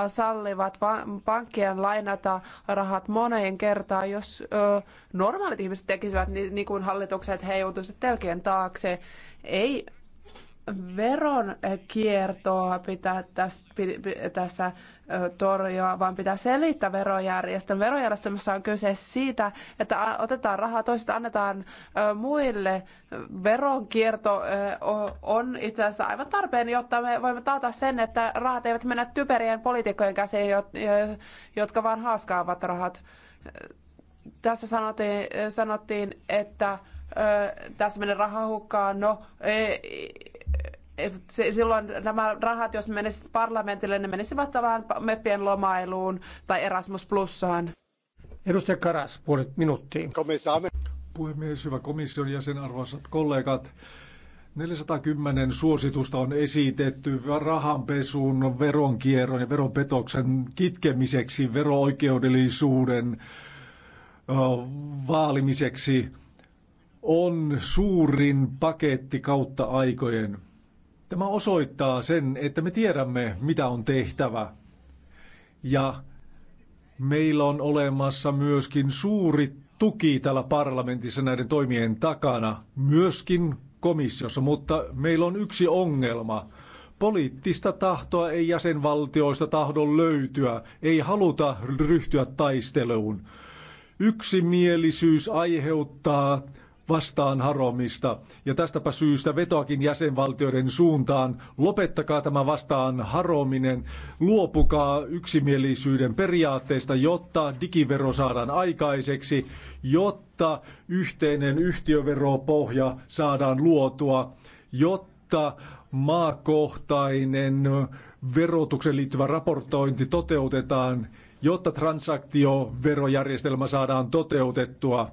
sallivat pankkien lainata rahat moneen kertaan. Jos normaalit ihmiset tekisivät niin kuin hallitukset, he joutuisivat telkien taakse. Ei veronkiertoa pitää tässä, tässä torjua, vaan pitää selittää verojärjestelmä. Verojärjestelmässä on kyse siitä, että otetaan rahaa toisista, annetaan muille. Veronkierto on itse asiassa aivan tarpeen, jotta me voimme taata sen, että rahat eivät mennä typerien poliitikkojen käsiin, jotka vaan haaskaavat rahat. Tässä sanottiin, sanottiin että tässä menee rahaa hukkaan. No, ei, silloin nämä rahat, jos menisivät parlamentille, ne menisivät tavallaan meppien lomailuun tai Erasmus Plussaan. Edustaja Karas, puolet minuuttiin. Komissaamme. Puhemies, hyvä komission jäsen, arvoisat kollegat. 410 suositusta on esitetty rahanpesun, veronkierron ja veropetoksen kitkemiseksi, verooikeudellisuuden vaalimiseksi. On suurin paketti kautta aikojen. Tämä osoittaa sen, että me tiedämme, mitä on tehtävä. Ja meillä on olemassa myöskin suuri tuki täällä parlamentissa näiden toimien takana, myöskin komissiossa, mutta meillä on yksi ongelma. Poliittista tahtoa ei jäsenvaltioista tahdon löytyä, ei haluta ryhtyä taisteluun. Yksimielisyys aiheuttaa vastaan haromista. Ja tästäpä syystä vetoakin jäsenvaltioiden suuntaan. Lopettakaa tämä vastaan harominen, luopukaa yksimielisyyden periaatteesta, jotta digivero saadaan aikaiseksi, jotta yhteinen yhtiöveropohja saadaan luotua, jotta maakohtainen verotukseen liittyvä raportointi toteutetaan, jotta transaktioverojärjestelmä saadaan toteutettua.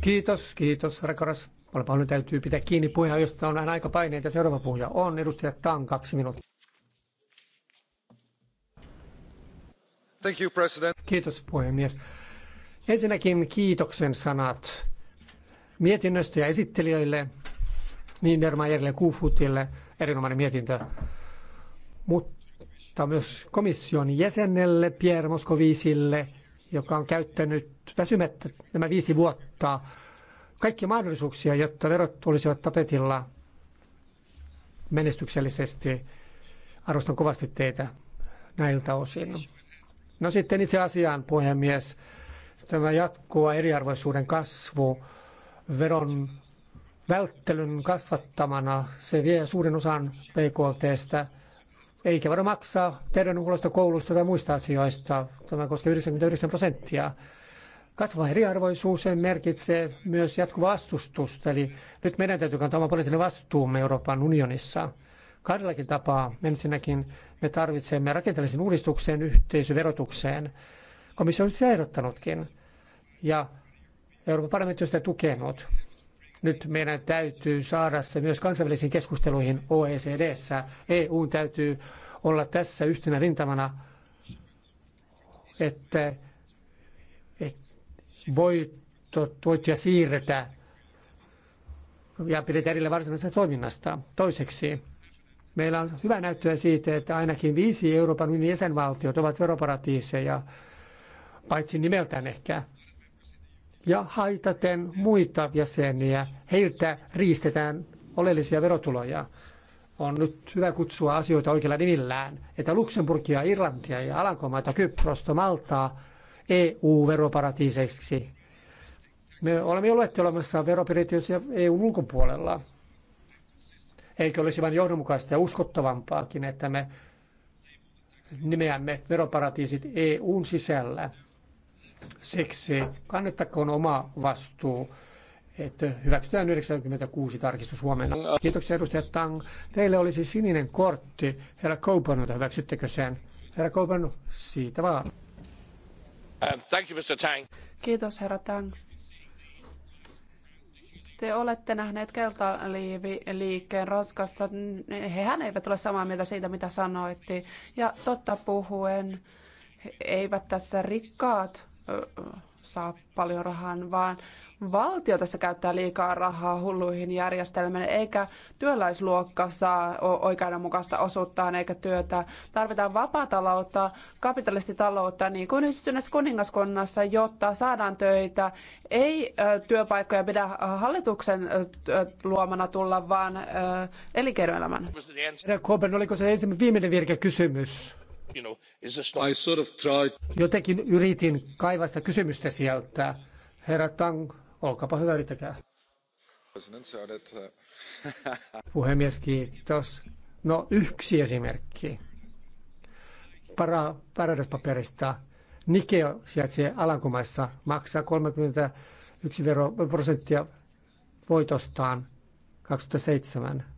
Kiitos, kiitos, Rakaras. Olen paljon täytyy pitää kiinni puheen, josta on aina aika paineita. Seuraava puhuja on edustaja Tang, kaksi minuuttia. Thank you, President. Kiitos puhemies. Ensinnäkin kiitoksen sanat mietinnöstä ja esittelijöille, Niedermayerille ja Kufutille, erinomainen mietintö, mutta myös komission jäsenelle Pierre Moskovisille joka on käyttänyt väsymättä nämä viisi vuotta kaikki mahdollisuuksia, jotta verot olisivat tapetilla menestyksellisesti. Arvostan kovasti teitä näiltä osin. No sitten itse asiaan, puhemies. Tämä jatkuva eriarvoisuuden kasvu veron välttelyn kasvattamana, se vie suuren osan PKTstä – eikä voida maksaa terveydenhuollosta, koulusta tai muista asioista. Tämä koskee 99 prosenttia. Kasvava eriarvoisuus merkitsee myös jatkuvaa vastustusta, eli nyt meidän täytyy kantaa oma poliittinen vastuumme Euroopan unionissa. Kahdellakin tapaa ensinnäkin me tarvitsemme rakenteellisen uudistukseen yhteisöverotukseen. Komissio on sitä ehdottanutkin ja Euroopan parlamentti on sitä tukenut. Nyt meidän täytyy saada se myös kansainvälisiin keskusteluihin OECDssä. EU täytyy olla tässä yhtenä rintamana, että voittoja siirretä ja pidetään erillä varsinaisesta toiminnasta. Toiseksi, meillä on hyvä näyttöä siitä, että ainakin viisi Euroopan unionin jäsenvaltiot ovat veroparatiiseja, paitsi nimeltään ehkä ja haitaten muita jäseniä. Heiltä riistetään oleellisia verotuloja. On nyt hyvä kutsua asioita oikealla nimillään, että Luxemburgia, Irlantia ja Alankomaita, Kyprosta, Maltaa EU-veroparatiiseiksi. Me olemme jo luettelemassa veroperintöjä EUn ulkopuolella. Eikö olisi vain johdonmukaista ja uskottavampaakin, että me nimeämme veroparatiisit EUn sisällä? Siksi kannettakoon oma vastuu, että hyväksytään 96 tarkistus huomenna. Kiitoksia edustaja Tang. Teille olisi sininen kortti. Herra Koupanolta, hyväksyttekö sen? Herra Koupan, siitä vaan. Um, thank you, Mr. Tang. Kiitos, herra Tang. Te olette nähneet keltaliiviliikkeen Ranskassa. Hehän eivät ole samaa mieltä siitä, mitä sanoitte. Ja totta puhuen, eivät tässä rikkaat saa paljon rahaa, vaan valtio tässä käyttää liikaa rahaa hulluihin järjestelmiin, eikä työläisluokka saa oikeudenmukaista osuuttaan eikä työtä. Tarvitaan vapaataloutta, kapitalistitaloutta, niin kuin yhdistyneessä kuningaskunnassa, jotta saadaan töitä. Ei työpaikkoja pidä hallituksen luomana tulla, vaan elinkeinoelämän. Herra Kopen, oliko se ensimmäinen viimeinen virke kysymys? Jotenkin yritin kaivaa kysymystä sieltä. Herra Tang, olkaapa hyvä, yrittäkää. Uh, Puhemies, kiitos. No yksi esimerkki. Para, paradospaperista. Nike sijaitsee Alankomaissa, maksaa 31 prosenttia voitostaan 2007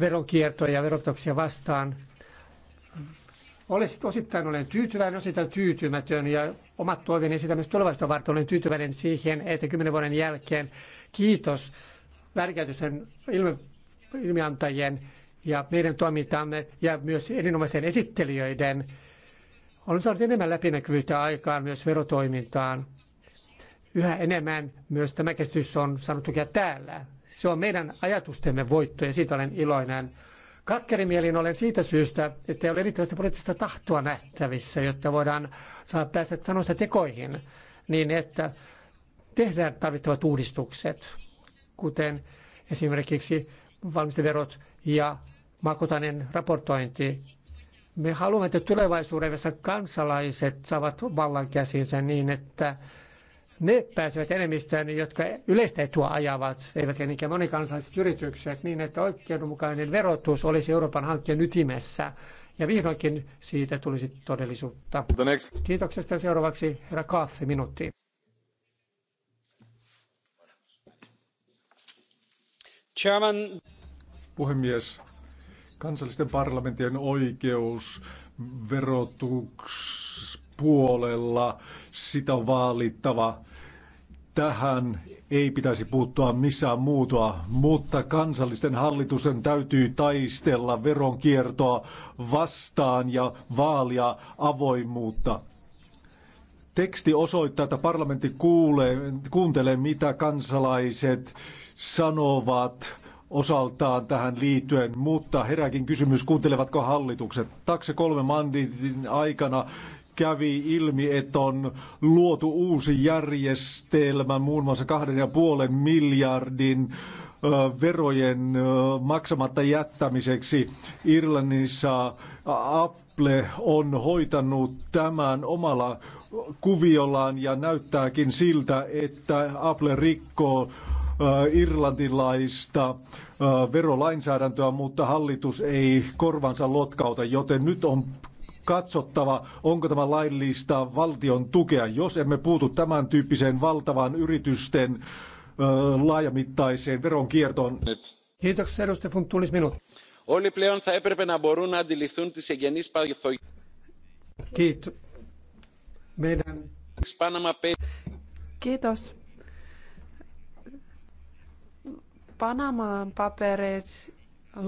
veronkiertoja ja verotuksia vastaan. Olen osittain olen tyytyväinen, osittain tyytymätön ja omat toiveeni sitä myös tulevaisuutta varten. Olen tyytyväinen siihen, että kymmenen vuoden jälkeen kiitos värkäytysten ilmi, ilmiantajien ja meidän toimintamme ja myös erinomaisten esittelijöiden on saanut enemmän läpinäkyvyyttä aikaan myös verotoimintaan. Yhä enemmän myös tämä käsitys on saanut tukea täällä se on meidän ajatustemme voitto ja siitä olen iloinen. Katkerimielin olen siitä syystä, että ei ole riittävästi poliittista tahtoa nähtävissä, jotta voidaan saada päästä sanoista tekoihin, niin että tehdään tarvittavat uudistukset, kuten esimerkiksi valmisteverot ja makotainen raportointi. Me haluamme, että tulevaisuudessa kansalaiset saavat vallan käsinsä niin, että ne pääsevät enemmistöön, jotka yleistä etua ajavat, eivätkä niinkään monikansalliset yritykset, niin että oikeudenmukainen verotus olisi Euroopan hankkeen ytimessä. Ja vihdoinkin siitä tulisi todellisuutta. Kiitoksesta seuraavaksi herra Kaffi, minuutti. Chairman. Puhemies, kansallisten parlamenttien oikeus verotuksen puolella. Sitä on vaalittava. Tähän ei pitäisi puuttua missään muutoa, mutta kansallisten hallitusten täytyy taistella veronkiertoa vastaan ja vaalia avoimuutta. Teksti osoittaa, että parlamentti kuulee, kuuntelee, mitä kansalaiset sanovat osaltaan tähän liittyen, mutta heräkin kysymys, kuuntelevatko hallitukset? Takse kolme mandin aikana kävi ilmi, että on luotu uusi järjestelmä muun muassa kahden ja puolen miljardin verojen maksamatta jättämiseksi. Irlannissa Apple on hoitanut tämän omalla kuviollaan ja näyttääkin siltä, että Apple rikkoo irlantilaista verolainsäädäntöä, mutta hallitus ei korvansa lotkauta, joten nyt on katsottava, onko tämä laillista valtion tukea. Jos emme puutu tämän tyyppiseen valtavaan yritysten laajamittaiseen veronkiertoon. Kiitoksia, edustaja Funtulis, minut. Όλοι πλέον θα έπρεπε να μπορούν να αντιληφθούν τις εγγενείς Kiitos. Panamaan paperit,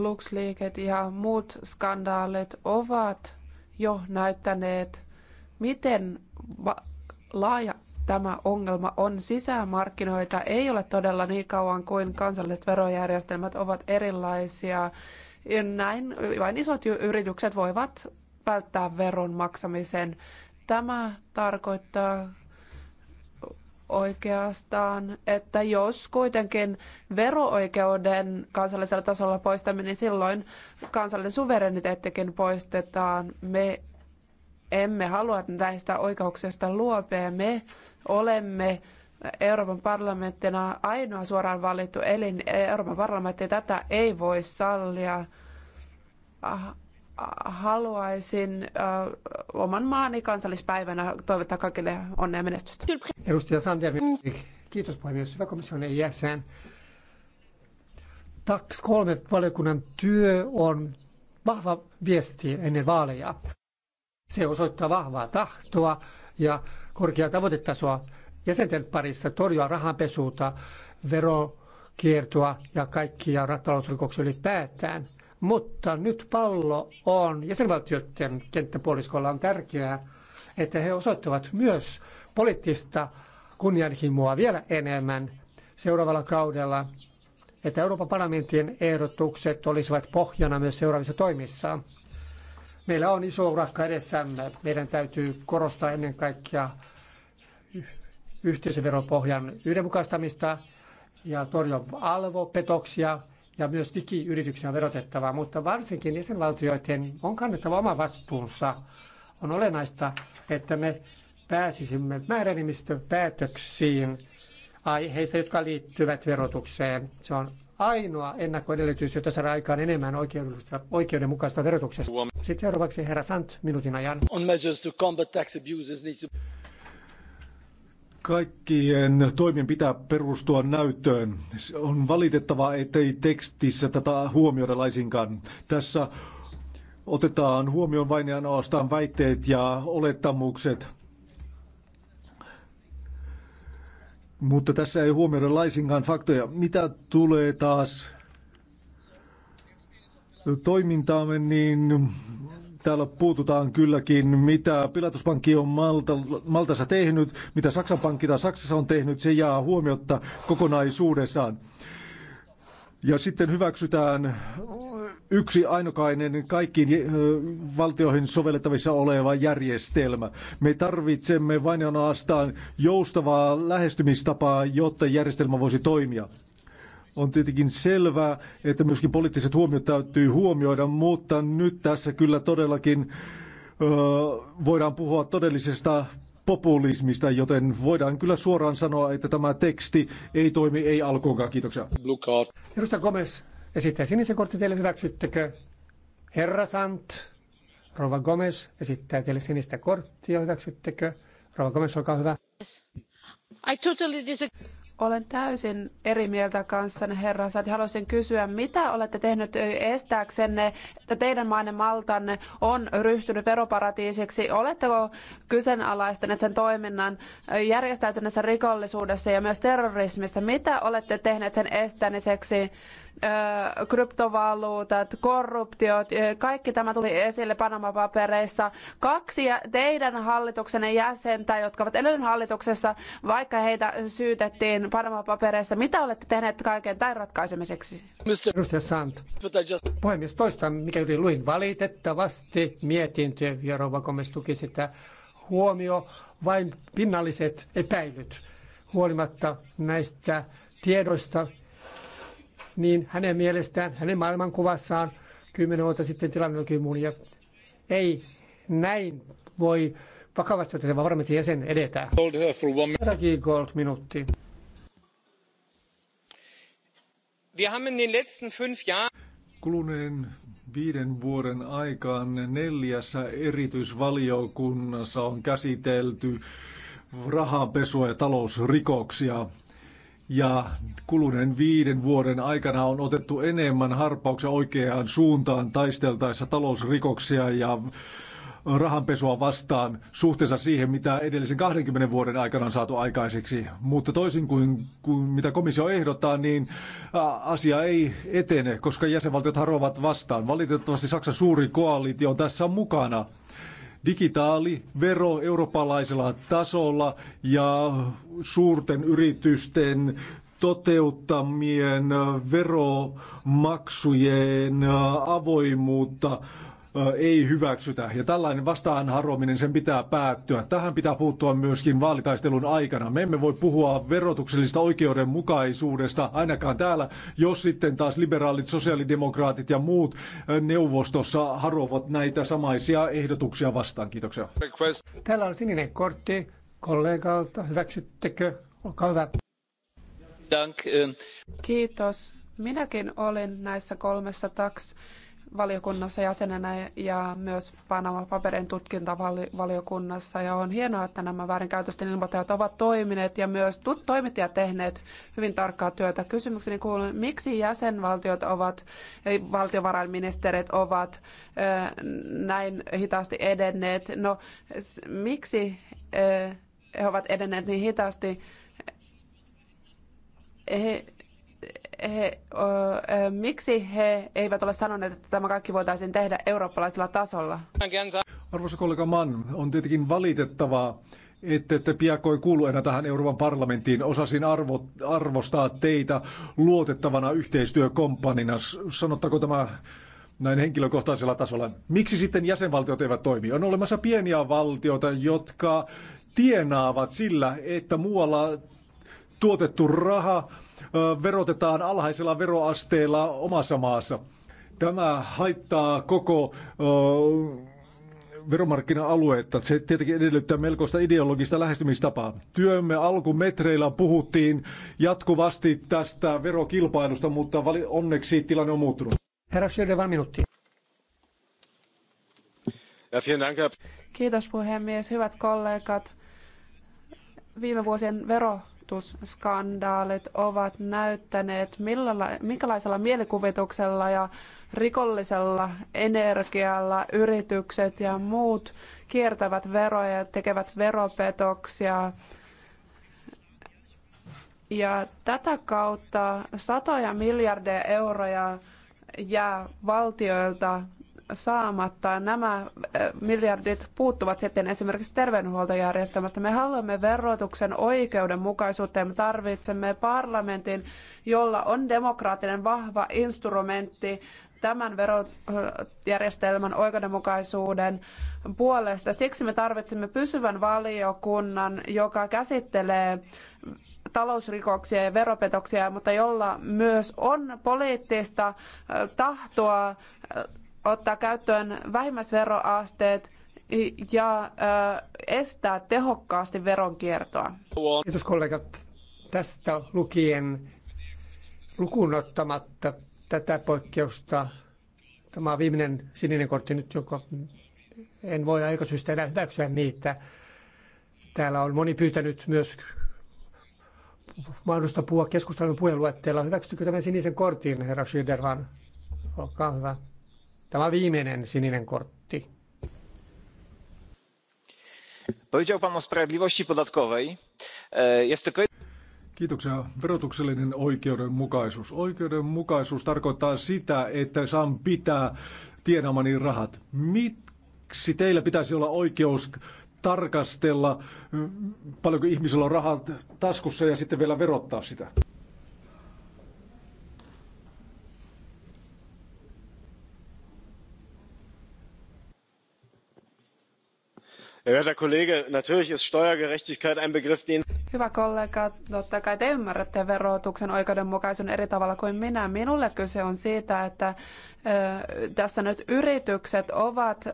LuxLeaket ja muut skandaalit ovat jo näyttäneet, miten laaja tämä ongelma on. Sisämarkkinoita ei ole todella niin kauan kuin kansalliset verojärjestelmät ovat erilaisia. ja Näin vain isot yritykset voivat välttää veron maksamisen. Tämä tarkoittaa oikeastaan, että jos kuitenkin verooikeuden kansallisella tasolla poistaminen niin silloin kansallinen suvereniteettikin poistetaan. Me emme halua näistä oikeuksista luopea. Me olemme Euroopan parlamenttina ainoa suoraan valittu elin. Euroopan parlamentti tätä ei voi sallia. Aha haluaisin uh, oman maani kansallispäivänä toivottaa kaikille onnea menestystä. Edustaja Sander, kiitos puhemies, hyvä komission jäsen. TAX 3 valiokunnan työ on vahva viesti ennen vaaleja. Se osoittaa vahvaa tahtoa ja korkeaa tavoitetasoa jäsenten parissa torjua rahanpesuuta, verokiertoa ja kaikkia ratalousrikoksia ylipäätään – mutta nyt pallo on jäsenvaltioiden kenttäpuoliskolla on tärkeää, että he osoittavat myös poliittista kunnianhimoa vielä enemmän seuraavalla kaudella, että Euroopan parlamentin ehdotukset olisivat pohjana myös seuraavissa toimissa. Meillä on iso urakka edessämme. Meidän täytyy korostaa ennen kaikkea yhteisöveropohjan yhdenmukaistamista ja torjua alvopetoksia ja myös digiyrityksiä on verotettava, mutta varsinkin jäsenvaltioiden on kannettava oma vastuunsa. On olennaista, että me pääsisimme määräenemmistöpäätöksiin aiheissa, jotka liittyvät verotukseen. Se on ainoa ennakkoedellytys, jota saadaan aikaan enemmän oikeudenmukaista, oikeudenmukaista verotuksesta. Sitten seuraavaksi herra Sant minuutin ajan. Kaikkien toimien pitää perustua näyttöön. On valitettavaa, ettei tekstissä tätä huomioida laisinkaan. Tässä otetaan huomioon vain ja ainoastaan väitteet ja olettamukset. Mutta tässä ei huomioida laisinkaan faktoja. Mitä tulee taas toimintaamme, niin täällä puututaan kylläkin, mitä Pilatuspankki on Malta, Maltassa tehnyt, mitä Saksan pankki tai Saksassa on tehnyt, se jää huomiotta kokonaisuudessaan. Ja sitten hyväksytään yksi ainokainen kaikkiin eh, valtioihin sovellettavissa oleva järjestelmä. Me tarvitsemme vain ja joustavaa lähestymistapaa, jotta järjestelmä voisi toimia. On tietenkin selvää, että myöskin poliittiset huomiot täytyy huomioida, mutta nyt tässä kyllä todellakin ö, voidaan puhua todellisesta populismista, joten voidaan kyllä suoraan sanoa, että tämä teksti ei toimi, ei alkuunkaan. Kiitoksia. Edustaja Gomez esittää sinisen kortti teille, hyväksyttekö? Herra Sant, Rova Gomez esittää teille sinistä korttia, hyväksyttekö? Rova Gomez, olkaa hyvä. Yes. I totally disagree. Olen täysin eri mieltä kanssanne, herra Sad. Haluaisin kysyä, mitä olette tehnyt estääksenne, että teidän maanne Maltanne on ryhtynyt veroparatiisiksi? Oletteko kyseenalaistaneet sen toiminnan järjestäytyneessä rikollisuudessa ja myös terrorismissa? Mitä olette tehneet sen estämiseksi? kryptovaluutat, korruptiot, kaikki tämä tuli esille Panama-papereissa. Kaksi teidän hallituksenne jäsentä, jotka ovat edellinen hallituksessa, vaikka heitä syytettiin Panama-papereissa, mitä olette tehneet kaiken tämän ratkaisemiseksi? Edustaja Sant. Puhemies, toistan, mikä juuri luin. Valitettavasti mietintö, ja tuki sitä, huomio vain pinnalliset epäilyt huolimatta näistä tiedoista, niin hänen mielestään, hänen maailmankuvassaan, kymmenen vuotta sitten tilanne oli muun. Ja ei näin voi vakavasti otettava varmasti jäsen edetä. Raki Gold, minuutti. Kuluneen viiden vuoden aikaan neljässä erityisvaliokunnassa on käsitelty rahapesua ja talousrikoksia ja kuluneen viiden vuoden aikana on otettu enemmän harppauksia oikeaan suuntaan taisteltaessa talousrikoksia ja rahanpesua vastaan suhteessa siihen, mitä edellisen 20 vuoden aikana on saatu aikaiseksi. Mutta toisin kuin, kuin mitä komissio ehdottaa, niin asia ei etene, koska jäsenvaltiot harovat vastaan. Valitettavasti Saksan suuri koalitio on tässä mukana digitaali vero eurooppalaisella tasolla ja suurten yritysten toteuttamien veromaksujen avoimuutta ei hyväksytä. Ja tällainen vastaan harominen sen pitää päättyä. Tähän pitää puuttua myöskin vaalitaistelun aikana. Me emme voi puhua verotuksellisesta oikeudenmukaisuudesta ainakaan täällä, jos sitten taas liberaalit, sosiaalidemokraatit ja muut neuvostossa harovat näitä samaisia ehdotuksia vastaan. Kiitoksia. Täällä on sininen kortti kollegalta. Hyväksyttekö? Olkaa hyvä. Kiitos. Minäkin olin näissä kolmessa taksissa valiokunnassa jäsenenä ja myös Panama-paperin tutkintavaliokunnassa. Ja on hienoa, että nämä väärinkäytösten ilmoittajat ovat toimineet ja myös toimittajat tehneet hyvin tarkkaa työtä. Kysymykseni kuuluu, miksi jäsenvaltiot ovat, ei, valtiovarainministerit ovat näin hitaasti edenneet? No, miksi he ovat edenneet niin hitaasti? He, he, ö, miksi he eivät ole sanoneet, että tämä kaikki voitaisiin tehdä eurooppalaisella tasolla? Arvoisa kollega Mann, on tietenkin valitettavaa, että te piakkoi kuulu enää tähän Euroopan parlamenttiin. Osasin arvo, arvostaa teitä luotettavana yhteistyökomppanina. Sanottako tämä näin henkilökohtaisella tasolla? Miksi sitten jäsenvaltiot eivät toimi? On olemassa pieniä valtioita, jotka tienaavat sillä, että muualla tuotettu raha verotetaan alhaisella veroasteella omassa maassa. Tämä haittaa koko veromarkkina-aluetta. Se tietenkin edellyttää melkoista ideologista lähestymistapaa. Työmme alkumetreillä puhuttiin jatkuvasti tästä verokilpailusta, mutta onneksi tilanne on muuttunut. Herra Schöder, vain minuutti. Kiitos puhemies, hyvät kollegat. Viime vuosien vero rahoitusskandaalit ovat näyttäneet, minkälaisella mielikuvituksella ja rikollisella energialla yritykset ja muut kiertävät veroja ja tekevät veropetoksia. Ja tätä kautta satoja miljardeja euroja jää valtioilta saamatta. Nämä äh, miljardit puuttuvat sitten esimerkiksi terveydenhuoltojärjestelmästä. Me haluamme verotuksen oikeudenmukaisuutta ja me tarvitsemme parlamentin, jolla on demokraattinen vahva instrumentti tämän verojärjestelmän oikeudenmukaisuuden puolesta. Siksi me tarvitsemme pysyvän valiokunnan, joka käsittelee talousrikoksia ja veropetoksia, mutta jolla myös on poliittista tahtoa ottaa käyttöön vähimmäisveroasteet ja estää tehokkaasti veronkiertoa. Kiitos kollegat. Tästä lukien lukuun ottamatta tätä poikkeusta, tämä on viimeinen sininen kortti nyt, jonka en voi aikaisyystä enää hyväksyä niitä. Täällä on moni pyytänyt myös mahdollista puhua keskustelun puheenluetteella. Hyväksytkö tämän sinisen kortin, herra Schilderhan? Olkaa hyvä. Tämä viimeinen sininen kortti. Powiedział pan o sprawiedliwości podatkowej. E, jest Kiitoksia. Verotuksellinen oikeudenmukaisuus. Oikeudenmukaisuus tarkoittaa sitä, että saan pitää tienamani rahat. Miksi teillä pitäisi olla oikeus tarkastella, mm, paljonko ihmisellä on rahat taskussa ja sitten vielä verottaa sitä? Hyvä kollega, totta kai te ymmärrätte verotuksen oikeudenmukaisuuden eri tavalla kuin minä. Minulle kyse on siitä, että tässä nyt yritykset ovat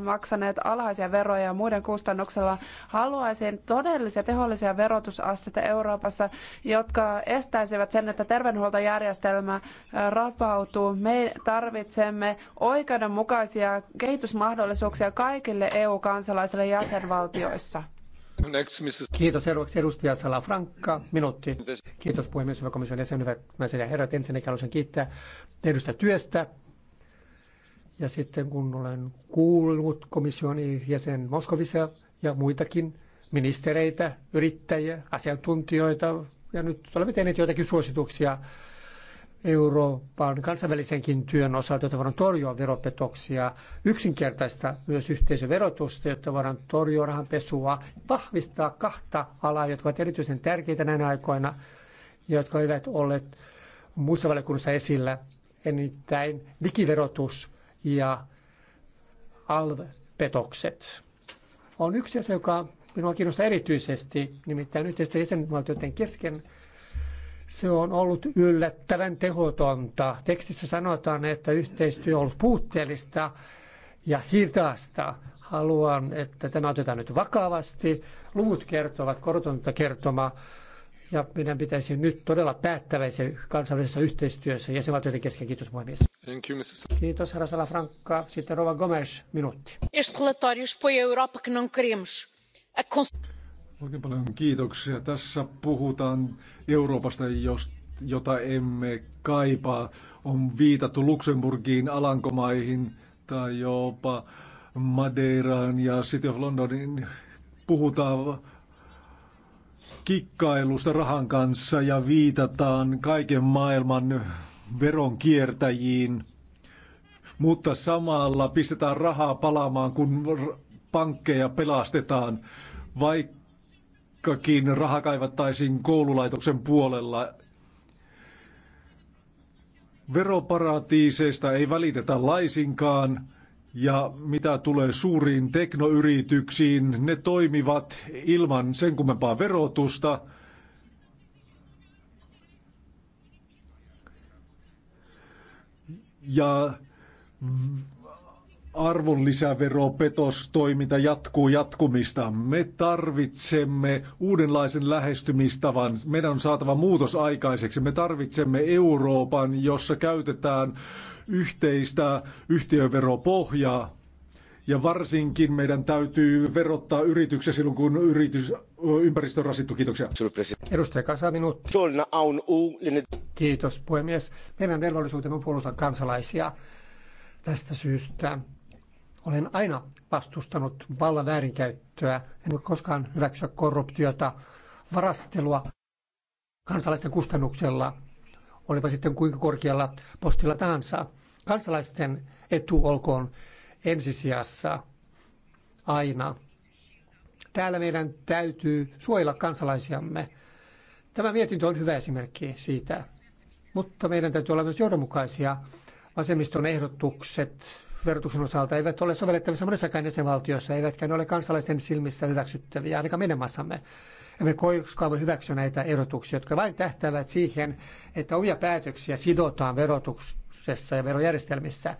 maksaneet alhaisia veroja ja muiden kustannuksella. Haluaisin todellisia tehollisia verotusasteita Euroopassa, jotka estäisivät sen, että terveydenhuoltojärjestelmä rapautuu. Me tarvitsemme oikeudenmukaisia kehitysmahdollisuuksia kaikille EU-kansalaisille jäsenvaltioissa. Kiitos seuraavaksi edustaja Salafrankka, minuutti. Kiitos puhemies, hyvä komission jäsen, hyvät naiset ja herrat. Ensinnäkin haluaisin kiittää tehdystä työstä ja sitten kun olen kuullut komission jäsen Moskovissa ja muitakin ministereitä, yrittäjiä, asiantuntijoita, ja nyt olemme tehneet joitakin suosituksia Euroopan kansainvälisenkin työn osalta, jotta voidaan torjua veropetoksia, yksinkertaista myös yhteisöverotusta, jotta voidaan torjua rahanpesua, vahvistaa kahta alaa, jotka ovat erityisen tärkeitä näinä aikoina ja jotka eivät olleet muissa valiokunnassa esillä, enittäin digiverotus ja alvepetokset. On yksi asia, joka minua kiinnostaa erityisesti, nimittäin yhteistyö jäsenvaltioiden kesken. Se on ollut yllättävän tehotonta. Tekstissä sanotaan, että yhteistyö on ollut puutteellista ja hidasta. Haluan, että tämä otetaan nyt vakavasti. Luvut kertovat, korotonta kertomaa ja meidän pitäisi nyt todella päättäväisiä kansainvälisessä yhteistyössä jäsenvaltioiden kesken. Kiitos puhemies. Thank you, Mrs. Kiitos herra Salafranca. Sitten Rova Gomes, minuutti. Oikein paljon kiitoksia. Tässä puhutaan Euroopasta, jota emme kaipaa. On viitattu Luxemburgiin, Alankomaihin tai jopa Madeiraan ja City of Londonin. Puhutaan kikkailusta rahan kanssa ja viitataan kaiken maailman veronkiertäjiin, mutta samalla pistetään rahaa palaamaan, kun pankkeja pelastetaan, vaikkakin raha kaivattaisiin koululaitoksen puolella. Veroparatiiseista ei välitetä laisinkaan. Ja mitä tulee suuriin teknoyrityksiin, ne toimivat ilman sen kummempaa verotusta. Ja arvonlisäveropetostoiminta jatkuu jatkumista. Me tarvitsemme uudenlaisen lähestymistavan. Meidän on saatava muutos aikaiseksi. Me tarvitsemme Euroopan, jossa käytetään yhteistä yhtiöveropohjaa. Ja varsinkin meidän täytyy verottaa yrityksiä silloin, kun yritys, ympäristö on rasittu. Kiitoksia. Edustaja Kasa, minuutti. Kiitos puhemies. Meidän velvollisuutemme on puolustaa kansalaisia tästä syystä. Olen aina vastustanut vallan väärinkäyttöä. En voi koskaan hyväksyä korruptiota, varastelua kansalaisten kustannuksella – olipa sitten kuinka korkealla postilla tahansa. Kansalaisten etu olkoon ensisijassa aina. Täällä meidän täytyy suojella kansalaisiamme. Tämä mietintö on hyvä esimerkki siitä, mutta meidän täytyy olla myös johdonmukaisia. Vasemmiston ehdotukset verotuksen osalta eivät ole sovellettavissa monessakaan jäsenvaltiossa, eivätkä ne ole kansalaisten silmissä hyväksyttäviä, ainakaan meidän maassamme. Emme koskaan voi hyväksyä näitä erotuksia, jotka vain tähtävät siihen, että omia päätöksiä sidotaan verotuksessa ja verojärjestelmissä.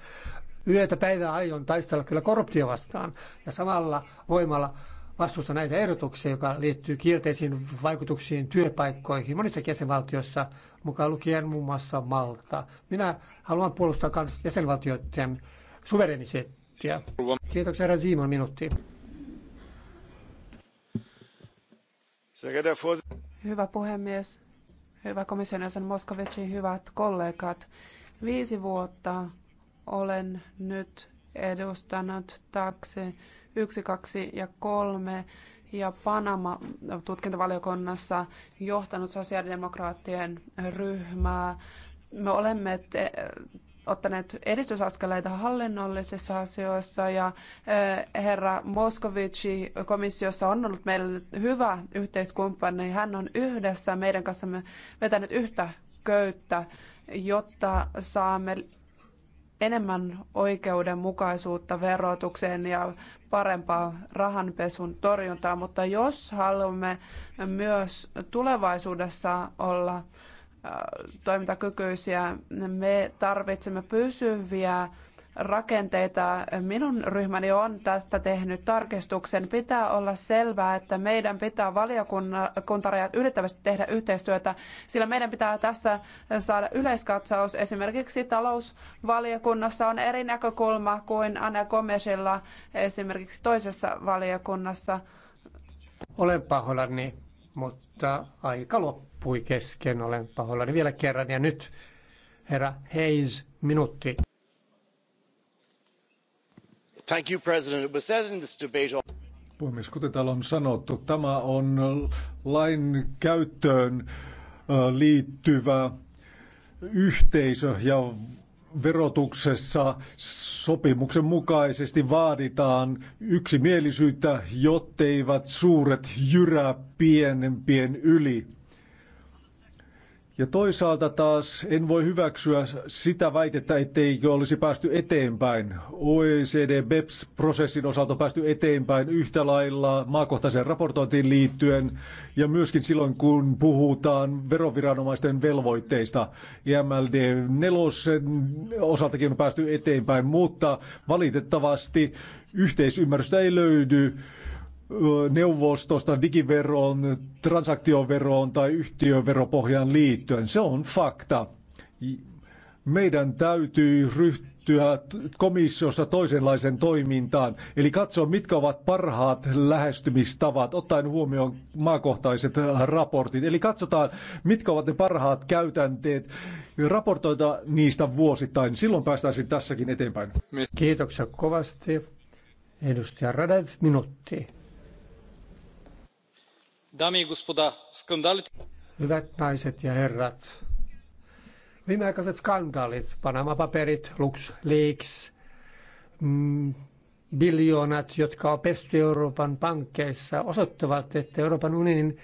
Yötä päivää aion taistella kyllä korruptio vastaan ja samalla voimalla vastusta näitä ehdotuksia, joka liittyy kielteisiin vaikutuksiin työpaikkoihin monissa jäsenvaltioissa, mukaan lukien muun muassa Malta. Minä haluan puolustaa myös jäsenvaltioiden suvereniteettia. Kiitoksia, herra Siimon, minuutti. Hyvä puhemies, hyvä komission jäsen Moskovicin hyvät kollegat. Viisi vuotta olen nyt edustanut taakse yksi, kaksi ja kolme ja Panama tutkintavaliokunnassa johtanut sosiaalidemokraattien ryhmää. Me olemme te- ottaneet edistysaskeleita hallinnollisissa asioissa ja herra Moskovici komissiossa on ollut meille hyvä yhteiskumppani. Hän on yhdessä meidän kanssamme vetänyt yhtä köyttä, jotta saamme enemmän oikeudenmukaisuutta verotukseen ja parempaa rahanpesun torjuntaa, mutta jos haluamme myös tulevaisuudessa olla toimintakykyisiä. Me tarvitsemme pysyviä rakenteita. Minun ryhmäni on tästä tehnyt tarkistuksen. Pitää olla selvää, että meidän pitää valiokuntarajat ylittävästi tehdä yhteistyötä, sillä meidän pitää tässä saada yleiskatsaus. Esimerkiksi talousvaliokunnassa on eri näkökulma kuin Anna Komesilla esimerkiksi toisessa valiokunnassa. Olen pahoillani, mutta aika loppuu loppui kesken, olen pahoillani vielä kerran. Ja nyt herra Hayes, minuutti. Thank you, President. It was said in this debate puhemies, kuten täällä on sanottu, tämä on lain käyttöön liittyvä yhteisö ja verotuksessa sopimuksen mukaisesti vaaditaan yksimielisyyttä, jotteivät suuret jyrä pienempien yli. Ja toisaalta taas en voi hyväksyä sitä väitettä, etteikö olisi päästy eteenpäin. OECD BEPS-prosessin osalta on päästy eteenpäin yhtä lailla maakohtaiseen raportointiin liittyen ja myöskin silloin, kun puhutaan veroviranomaisten velvoitteista. IMLD e 4 osaltakin on päästy eteenpäin, mutta valitettavasti yhteisymmärrystä ei löydy neuvostosta digiveroon, transaktioveroon tai yhtiöveropohjaan liittyen. Se on fakta. Meidän täytyy ryhtyä komissiossa toisenlaiseen toimintaan, eli katsoa, mitkä ovat parhaat lähestymistavat, ottaen huomioon maakohtaiset raportit. Eli katsotaan, mitkä ovat ne parhaat käytänteet, raportoita niistä vuosittain. Silloin päästäisiin tässäkin eteenpäin. Kiitoksia kovasti. Edustaja Radev, minuutti. Hyvät naiset ja herrat, viimeaikaiset skandaalit, Panama-paperit, LuxLeaks, mm, biljoonat, jotka on pesty Euroopan pankkeissa, osoittavat, että Euroopan unionin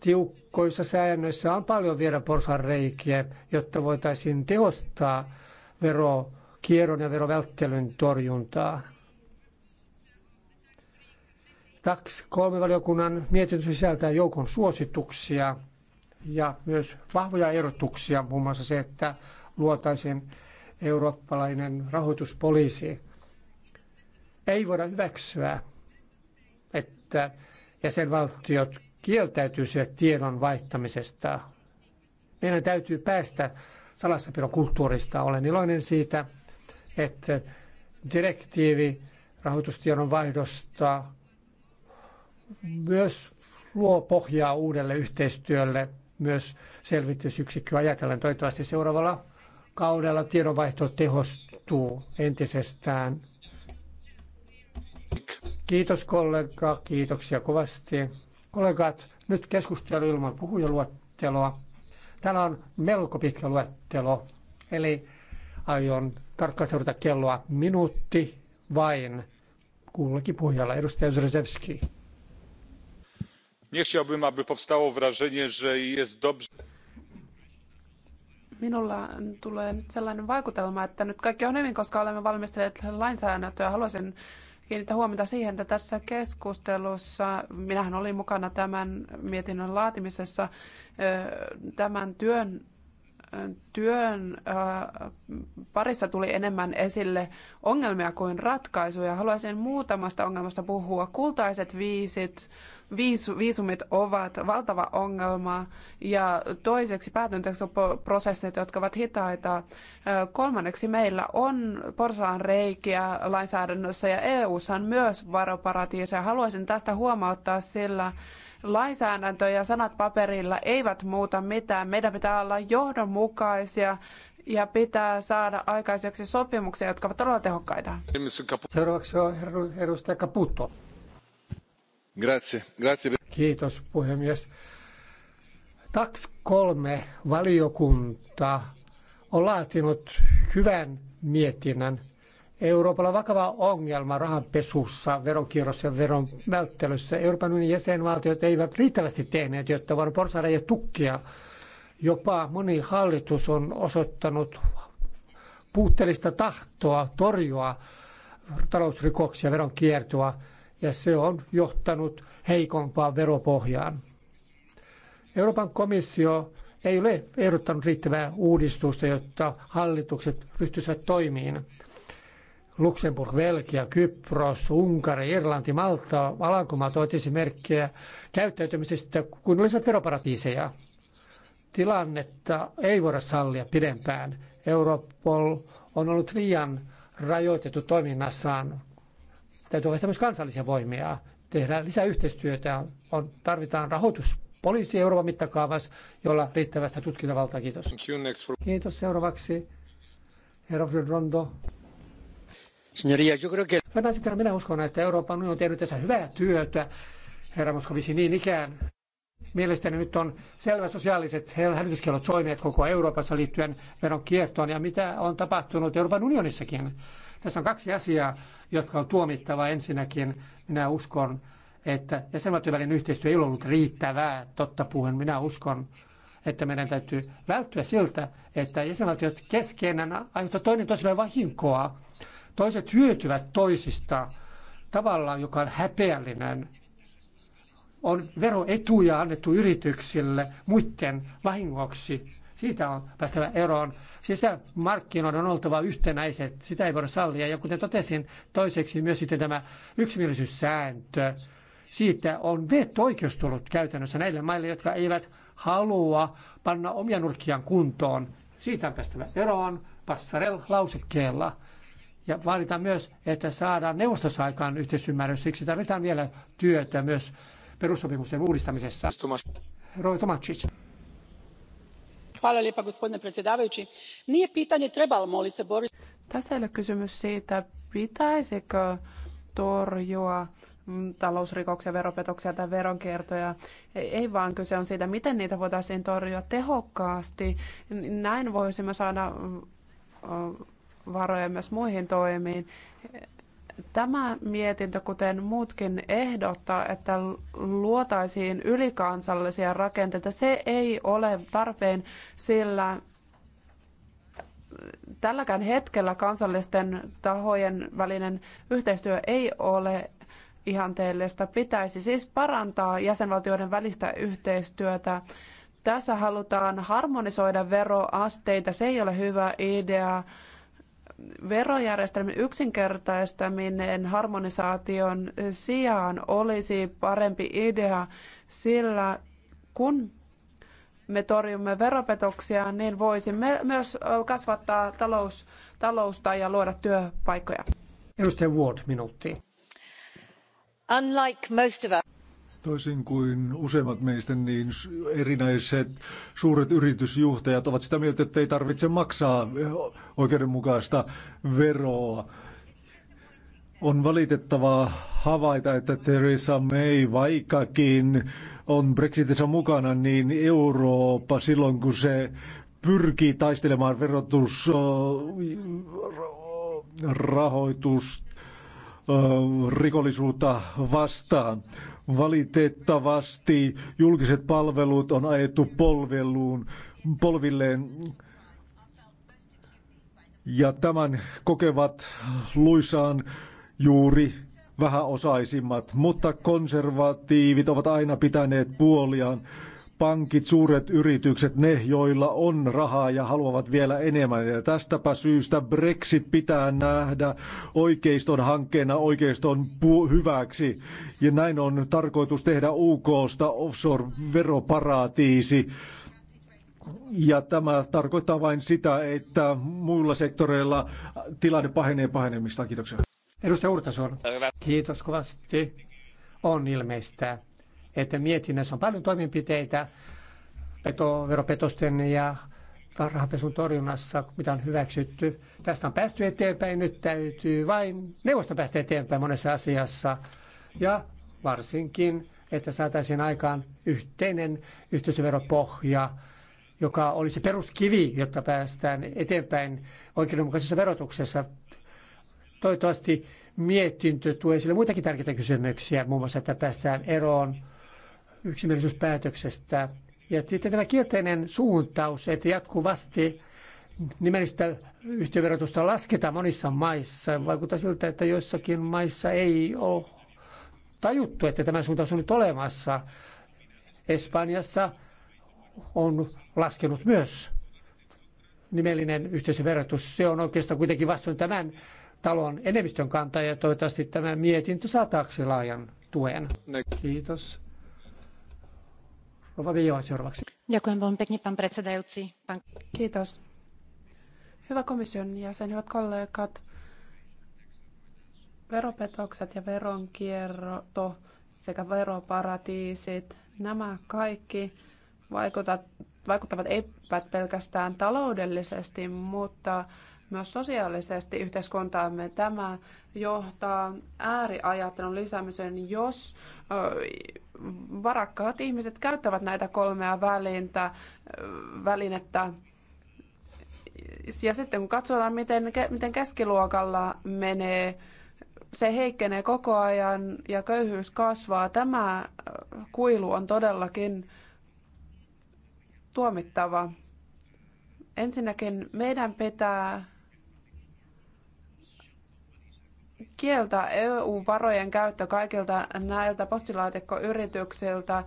tiukkoissa säännöissä on paljon vielä porsaanreikiä jotta voitaisiin tehostaa verokierron ja verovälttelyn torjuntaa. TAX kolme valiokunnan mietintö sisältää joukon suosituksia ja myös vahvoja erotuksia, muun muassa se, että luotaisiin eurooppalainen rahoituspoliisi. Ei voida hyväksyä, että jäsenvaltiot kieltäytyisivät tiedon vaihtamisesta. Meidän täytyy päästä salassapidokulttuurista. Olen iloinen siitä, että direktiivi rahoitustiedon vaihdosta myös luo pohjaa uudelle yhteistyölle myös selvitysyksikkö ajatellen. Toivottavasti seuraavalla kaudella tiedonvaihto tehostuu entisestään. Kiitos kollega, kiitoksia kovasti. Kollegat, nyt keskustelu ilman puhujaluetteloa. Täällä on melko pitkä luettelo, eli aion tarkkaan seurata kelloa minuutti vain kullakin puhujalla. Edustaja Zrzewski nie chciałbym aby powstało wrażenie że jest dobrze. Minulla tulee sellainen vaikutelma, että nyt kaikki on hyvin, koska olemme valmistelleet lainsäädäntöä. Haluaisin kiinnittää huomiota siihen, että tässä keskustelussa, minähän olin mukana tämän mietinnön laatimisessa, tämän työn työn parissa tuli enemmän esille ongelmia kuin ratkaisuja. Haluaisin muutamasta ongelmasta puhua. Kultaiset viisit, viisumit ovat valtava ongelma ja toiseksi päätöksentekoprosessit, jotka ovat hitaita. Kolmanneksi meillä on porsaan reikiä lainsäädännössä ja EU:ssa on myös varoparatiiseja. Haluaisin tästä huomauttaa sillä, Lainsäädäntö ja sanat paperilla eivät muuta mitään. Meidän pitää olla johdonmukaisia ja pitää saada aikaiseksi sopimuksia, jotka ovat todella tehokkaita. Seuraavaksi on edustaja Caputo. Kiitos puhemies. TAX 3 valiokunta on laatinut hyvän mietinnän. Euroopalla on vakava ongelma rahanpesussa, veronkierrossa ja veron välttelyssä. Euroopan unionin jäsenvaltiot eivät riittävästi tehneet, jotta voidaan porsareja tukkia. Jopa moni hallitus on osoittanut puutteellista tahtoa torjua talousrikoksia, veronkiertoa ja se on johtanut heikompaan veropohjaan. Euroopan komissio ei ole ehdottanut riittävää uudistusta, jotta hallitukset ryhtyisivät toimiin. Luxemburg, Belgia, Kypros, Unkari, Irlanti, Malta, Alankomaat ovat esimerkkejä käyttäytymisestä kun olisivat veroparatiiseja. Tilannetta ei voida sallia pidempään. Europol on ollut liian rajoitettu toiminnassaan Täytyy olla myös kansallisia voimia, tehdä lisää yhteistyötä, on, tarvitaan rahoitus poliisi Euroopan mittakaavassa, jolla riittävästä tutkintavaltaa. Kiitos. Kiitos. Seuraavaksi herra Rondo. Hyvät naiset, minä uskon, että Euroopan unioni on tehnyt tässä hyvää työtä. Herra Moskovisi, niin ikään. Mielestäni nyt on selvät sosiaaliset hälytyskellot soineet koko Euroopassa liittyen veron kiertoon ja mitä on tapahtunut Euroopan unionissakin. Tässä on kaksi asiaa, jotka on tuomittava. Ensinnäkin minä uskon, että jäsenvaltion välinen yhteistyö ei ollut riittävää, totta puhuen. Minä uskon, että meidän täytyy välttyä siltä, että jäsenvaltiot keskenään aiheuttavat toinen toisilleen vahinkoa. Toiset hyötyvät toisista tavalla, joka on häpeällinen. On veroetuja annettu yrityksille muiden vahingoksi. Siitä on päästävä eroon. Sisämarkkinoiden on oltava yhtenäiset, sitä ei voida sallia. Ja kuten totesin, toiseksi myös sitten tämä yksimielisyyssääntö. Siitä on veto-oikeus tullut käytännössä näille maille, jotka eivät halua panna omia nurkkiaan kuntoon. Siitä on päästävä eroon passarel-lausekkeella. Ja vaaditaan myös, että saadaan neuvostossa aikaan yhteisymmärrys. Siksi tarvitaan vielä työtä myös perussopimusten uudistamisessa. Roy Tomacic arvoisa puhemies nije pitanje trebamo li se boriti. tässä ei ole kysymys siitä pitäisikö torjua mm, talousrikoksia, veropetoksia tai veronkiertoja. Ei vaan kyse on siitä, miten niitä voitaisiin torjua tehokkaasti. Näin voisimme saada mm, varoja myös muihin toimiin. Tämä mietintö, kuten muutkin, ehdottaa, että luotaisiin ylikansallisia rakenteita. Se ei ole tarpeen, sillä tälläkään hetkellä kansallisten tahojen välinen yhteistyö ei ole ihanteellista. Pitäisi siis parantaa jäsenvaltioiden välistä yhteistyötä. Tässä halutaan harmonisoida veroasteita. Se ei ole hyvä idea verojärjestelmän yksinkertaistaminen harmonisaation sijaan olisi parempi idea, sillä kun me torjumme veropetoksia, niin voisimme myös kasvattaa talous, talousta ja luoda työpaikkoja. Edustaja Ward, minuutti. Unlike most of us. Toisin kuin useimmat meistä, niin erinäiset suuret yritysjuhtajat ovat sitä mieltä, että ei tarvitse maksaa oikeudenmukaista veroa. On valitettavaa havaita, että Theresa May vaikkakin on Brexitissä mukana, niin Eurooppa silloin kun se pyrkii taistelemaan verotusrahoitusta, rikollisuutta vastaan. Valitettavasti julkiset palvelut on ajettu polveluun, polvilleen ja tämän kokevat luisaan juuri vähäosaisimmat, mutta konservatiivit ovat aina pitäneet puoliaan pankit, suuret yritykset, ne joilla on rahaa ja haluavat vielä enemmän. Ja tästäpä syystä Brexit pitää nähdä oikeiston hankkeena oikeiston hyväksi. Ja näin on tarkoitus tehdä UKsta offshore-veroparatiisi. Ja tämä tarkoittaa vain sitä, että muilla sektoreilla tilanne pahenee pahenemista. Kiitoksia. Edustaja Urtason. Kiitos kovasti. On ilmeistä, että mietinnässä on paljon toimenpiteitä peto, veropetosten ja rahanpesun torjunnassa, mitä on hyväksytty. Tästä on päästy eteenpäin, nyt täytyy vain neuvoston päästä eteenpäin monessa asiassa. Ja varsinkin, että saataisiin aikaan yhteinen yhteisöveropohja, joka olisi peruskivi, jotta päästään eteenpäin oikeudenmukaisessa verotuksessa. Toivottavasti mietintö tuo esille muitakin tärkeitä kysymyksiä, muun muassa, että päästään eroon yksimielisyyspäätöksestä. Ja sitten tämä kielteinen suuntaus, että jatkuvasti nimellistä yhtiöverotusta lasketaan monissa maissa. Vaikuttaa siltä, että joissakin maissa ei ole tajuttu, että tämä suuntaus on nyt olemassa. Espanjassa on laskenut myös nimellinen yhteisöverotus. Se on oikeastaan kuitenkin vastoin tämän talon enemmistön kantaa ja toivottavasti tämä mietintö saa taakse laajan tuen. Kiitos. Kiitos. Hyvä komission jäsen, hyvät kollegat. Veropetokset ja veronkierto sekä veroparatiisit, nämä kaikki vaikuttavat, vaikuttavat eivät pelkästään taloudellisesti, mutta myös sosiaalisesti yhteiskuntaamme. Tämä johtaa ääriajattelun lisäämiseen, jos varakkaat ihmiset käyttävät näitä kolmea välintä, välinettä. Ja sitten kun katsotaan, miten, miten keskiluokalla menee, se heikkenee koko ajan ja köyhyys kasvaa. Tämä kuilu on todellakin tuomittava. Ensinnäkin meidän pitää kieltää EU-varojen käyttö kaikilta näiltä postilaatikkoyrityksiltä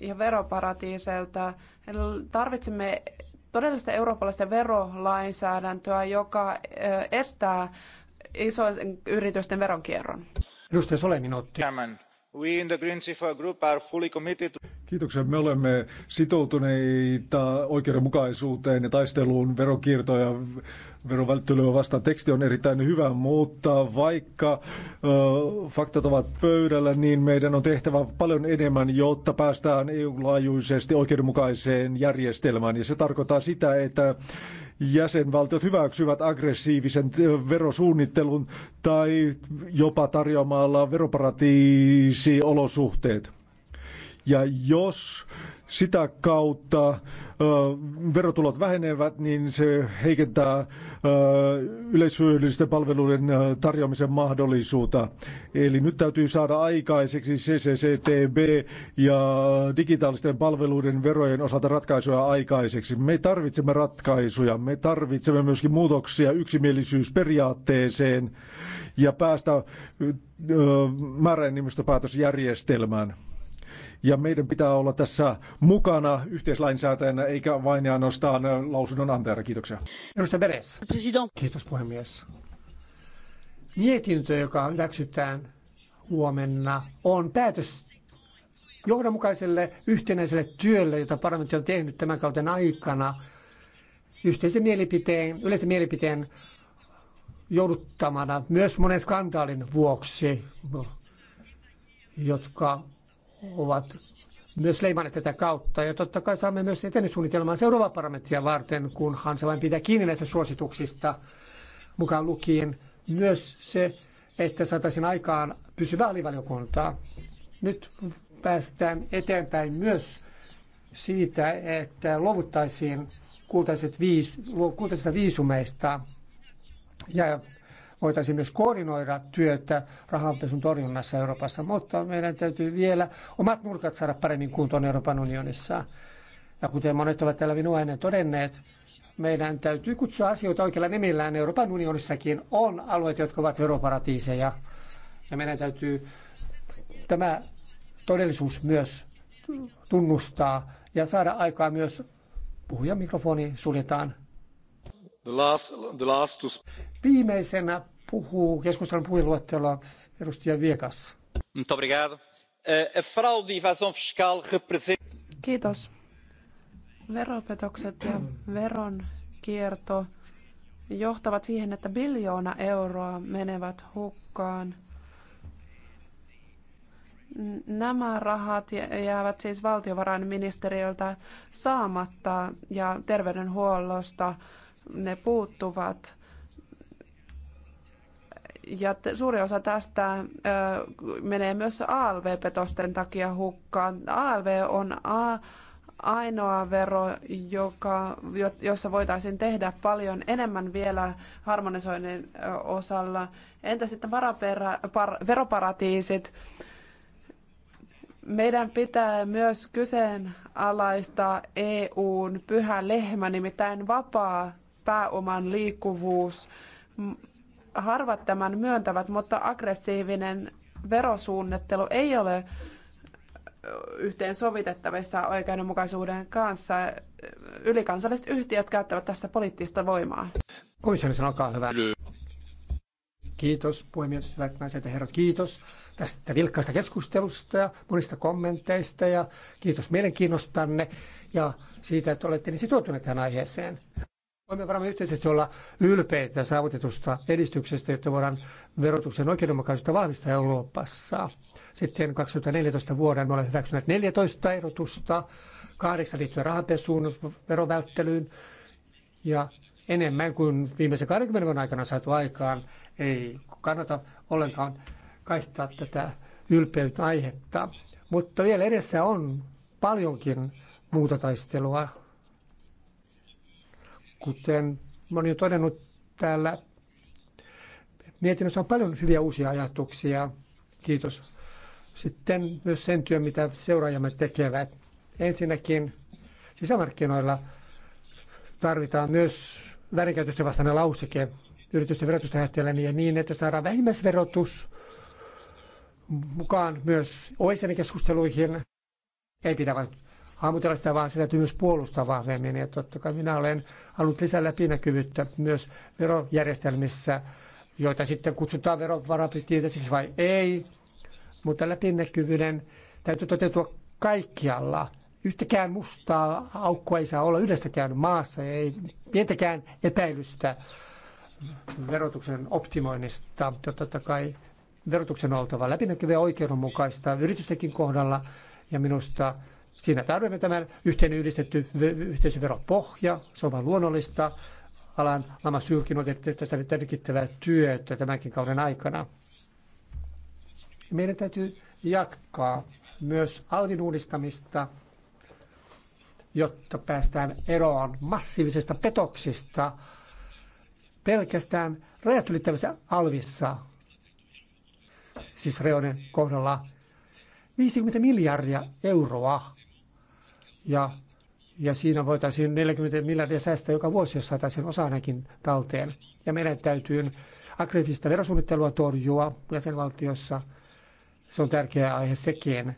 ja veroparatiiseilta. Tarvitsemme todellista eurooppalaista verolainsäädäntöä, joka estää isojen yritysten veronkierron. Edustaja Sole, Tämän. Me olemme sitoutuneita oikeudenmukaisuuteen ja taisteluun verokiertoa ja verovälttelyä vastaan. Teksti on erittäin hyvä, mutta vaikka ö, faktat ovat pöydällä, niin meidän on tehtävä paljon enemmän, jotta päästään EU-laajuisesti oikeudenmukaiseen järjestelmään. Ja se tarkoittaa sitä, että jäsenvaltiot hyväksyvät aggressiivisen verosuunnittelun tai jopa tarjoamalla veroparatiisiolosuhteet. Ja jos sitä kautta ö, verotulot vähenevät, niin se heikentää yleishyödyllisten palveluiden ö, tarjoamisen mahdollisuutta. Eli nyt täytyy saada aikaiseksi CCCTB ja digitaalisten palveluiden verojen osalta ratkaisuja aikaiseksi. Me tarvitsemme ratkaisuja, me tarvitsemme myöskin muutoksia yksimielisyysperiaatteeseen ja päästä määräenemmistöpäätösjärjestelmään. Ja meidän pitää olla tässä mukana yhteislainsäätäjänä, eikä vain ja ainoastaan lausunnon antajana. Kiitoksia. Edustaja Beres. President. Kiitos puhemies. Mietintö, joka hyväksytään huomenna, on päätös johdonmukaiselle yhtenäiselle työlle, jota parlamentti on tehnyt tämän kauden aikana yhteisen mielipiteen, yleisen mielipiteen jouduttamana myös monen skandaalin vuoksi, jotka ovat myös leimanneet tätä kautta. Ja totta kai saamme myös etenesuunnitelmaa seuraavaa parlamenttia varten, kunhan se vain pitää kiinni näistä suosituksista mukaan lukien myös se, että saataisiin aikaan pysyvää alivaliokuntaa. Nyt päästään eteenpäin myös siitä, että luovuttaisiin kultaiset viis, kultaisista viisumeista ja voitaisiin myös koordinoida työtä rahanpesun torjunnassa Euroopassa, mutta meidän täytyy vielä omat nurkat saada paremmin kuntoon Euroopan unionissa. Ja kuten monet ovat täällä minua ennen todenneet, meidän täytyy kutsua asioita oikealla nimillään. Euroopan unionissakin on alueita, jotka ovat veroparatiiseja. Ja meidän täytyy tämä todellisuus myös tunnustaa ja saada aikaa myös puhujan mikrofoni suljetaan. The last, the last to... Viimeisenä puhuu keskustelun puheenluettelolla edustaja Viekas. Eh, e Kiitos. Veropetokset ja veronkierto johtavat siihen, että biljoona euroa menevät hukkaan. Nämä rahat jäävät siis valtiovarainministeriöltä saamatta ja terveydenhuollosta ne puuttuvat ja suuri osa tästä menee myös ALV-petosten takia hukkaan. ALV on ainoa vero, joka, jossa voitaisiin tehdä paljon enemmän vielä harmonisoinnin osalla. Entä sitten varapera- par, veroparatiisit? Meidän pitää myös kyseenalaista EUn pyhä lehmä, nimittäin vapaa pääoman liikkuvuus harvat tämän myöntävät, mutta aggressiivinen verosuunnittelu ei ole yhteen sovitettavissa oikeudenmukaisuuden kanssa. Ylikansalliset yhtiöt käyttävät tässä poliittista voimaa. Komissioni olkaa hyvä. Kiitos puhemies, hyvät naiset ja herrat, kiitos tästä vilkkaasta keskustelusta ja monista kommenteista ja kiitos mielenkiinnostanne ja siitä, että olette niin sitoutuneet tähän aiheeseen. Voimme varmaan yhteisesti olla ylpeitä saavutetusta edistyksestä, jotta voidaan verotuksen oikeudenmukaisuutta vahvistaa Euroopassa. Sitten 2014 vuoden me olemme hyväksyneet 14 ehdotusta, kahdeksan liittyen rahanpesuun, verovälttelyyn ja enemmän kuin viimeisen 20 vuoden aikana saatu aikaan. Ei kannata ollenkaan kaihtaa tätä ylpeyttä aihetta. Mutta vielä edessä on paljonkin muuta taistelua Kuten moni on todennut täällä, mietinnössä on paljon hyviä uusia ajatuksia. Kiitos. Sitten myös sen työn, mitä seuraajamme tekevät. Ensinnäkin sisämarkkinoilla tarvitaan myös väärinkäytösten vastainen lauseke yritysten verotusta ajattelen ja niin, että saadaan vähimmäisverotus mukaan myös OECD-keskusteluihin. Ei pidä vain hahmotella vaan se täytyy myös puolustaa vahvemmin. Ja totta kai minä olen halunnut lisää läpinäkyvyyttä myös verojärjestelmissä, joita sitten kutsutaan verovarapitiitesiksi vai ei. Mutta läpinäkyvyyden täytyy toteutua kaikkialla. Yhtäkään mustaa aukkoa ei saa olla yhdestäkään maassa, ei pientäkään epäilystä verotuksen optimoinnista. Totta kai verotuksen on oltava läpinäkyvää oikeudenmukaista yritystenkin kohdalla. Ja minusta Siinä tarvitsemme tämän yhteen yhdistetty yhteisöveropohja, se on vain luonnollista. Alan Lama Syrkin on tehnyt tästä merkittävää työtä tämänkin kauden aikana. Meidän täytyy jatkaa myös alvin uudistamista, jotta päästään eroon massiivisesta petoksista pelkästään rajat ylittävässä alvissa, siis Reonen kohdalla 50 miljardia euroa ja, ja siinä voitaisiin 40 miljardia säästää joka vuosi, jos saataisiin osa ainakin talteen. Ja meidän täytyy aggressiivista verosuunnittelua torjua jäsenvaltiossa. Se on tärkeä aihe sekin.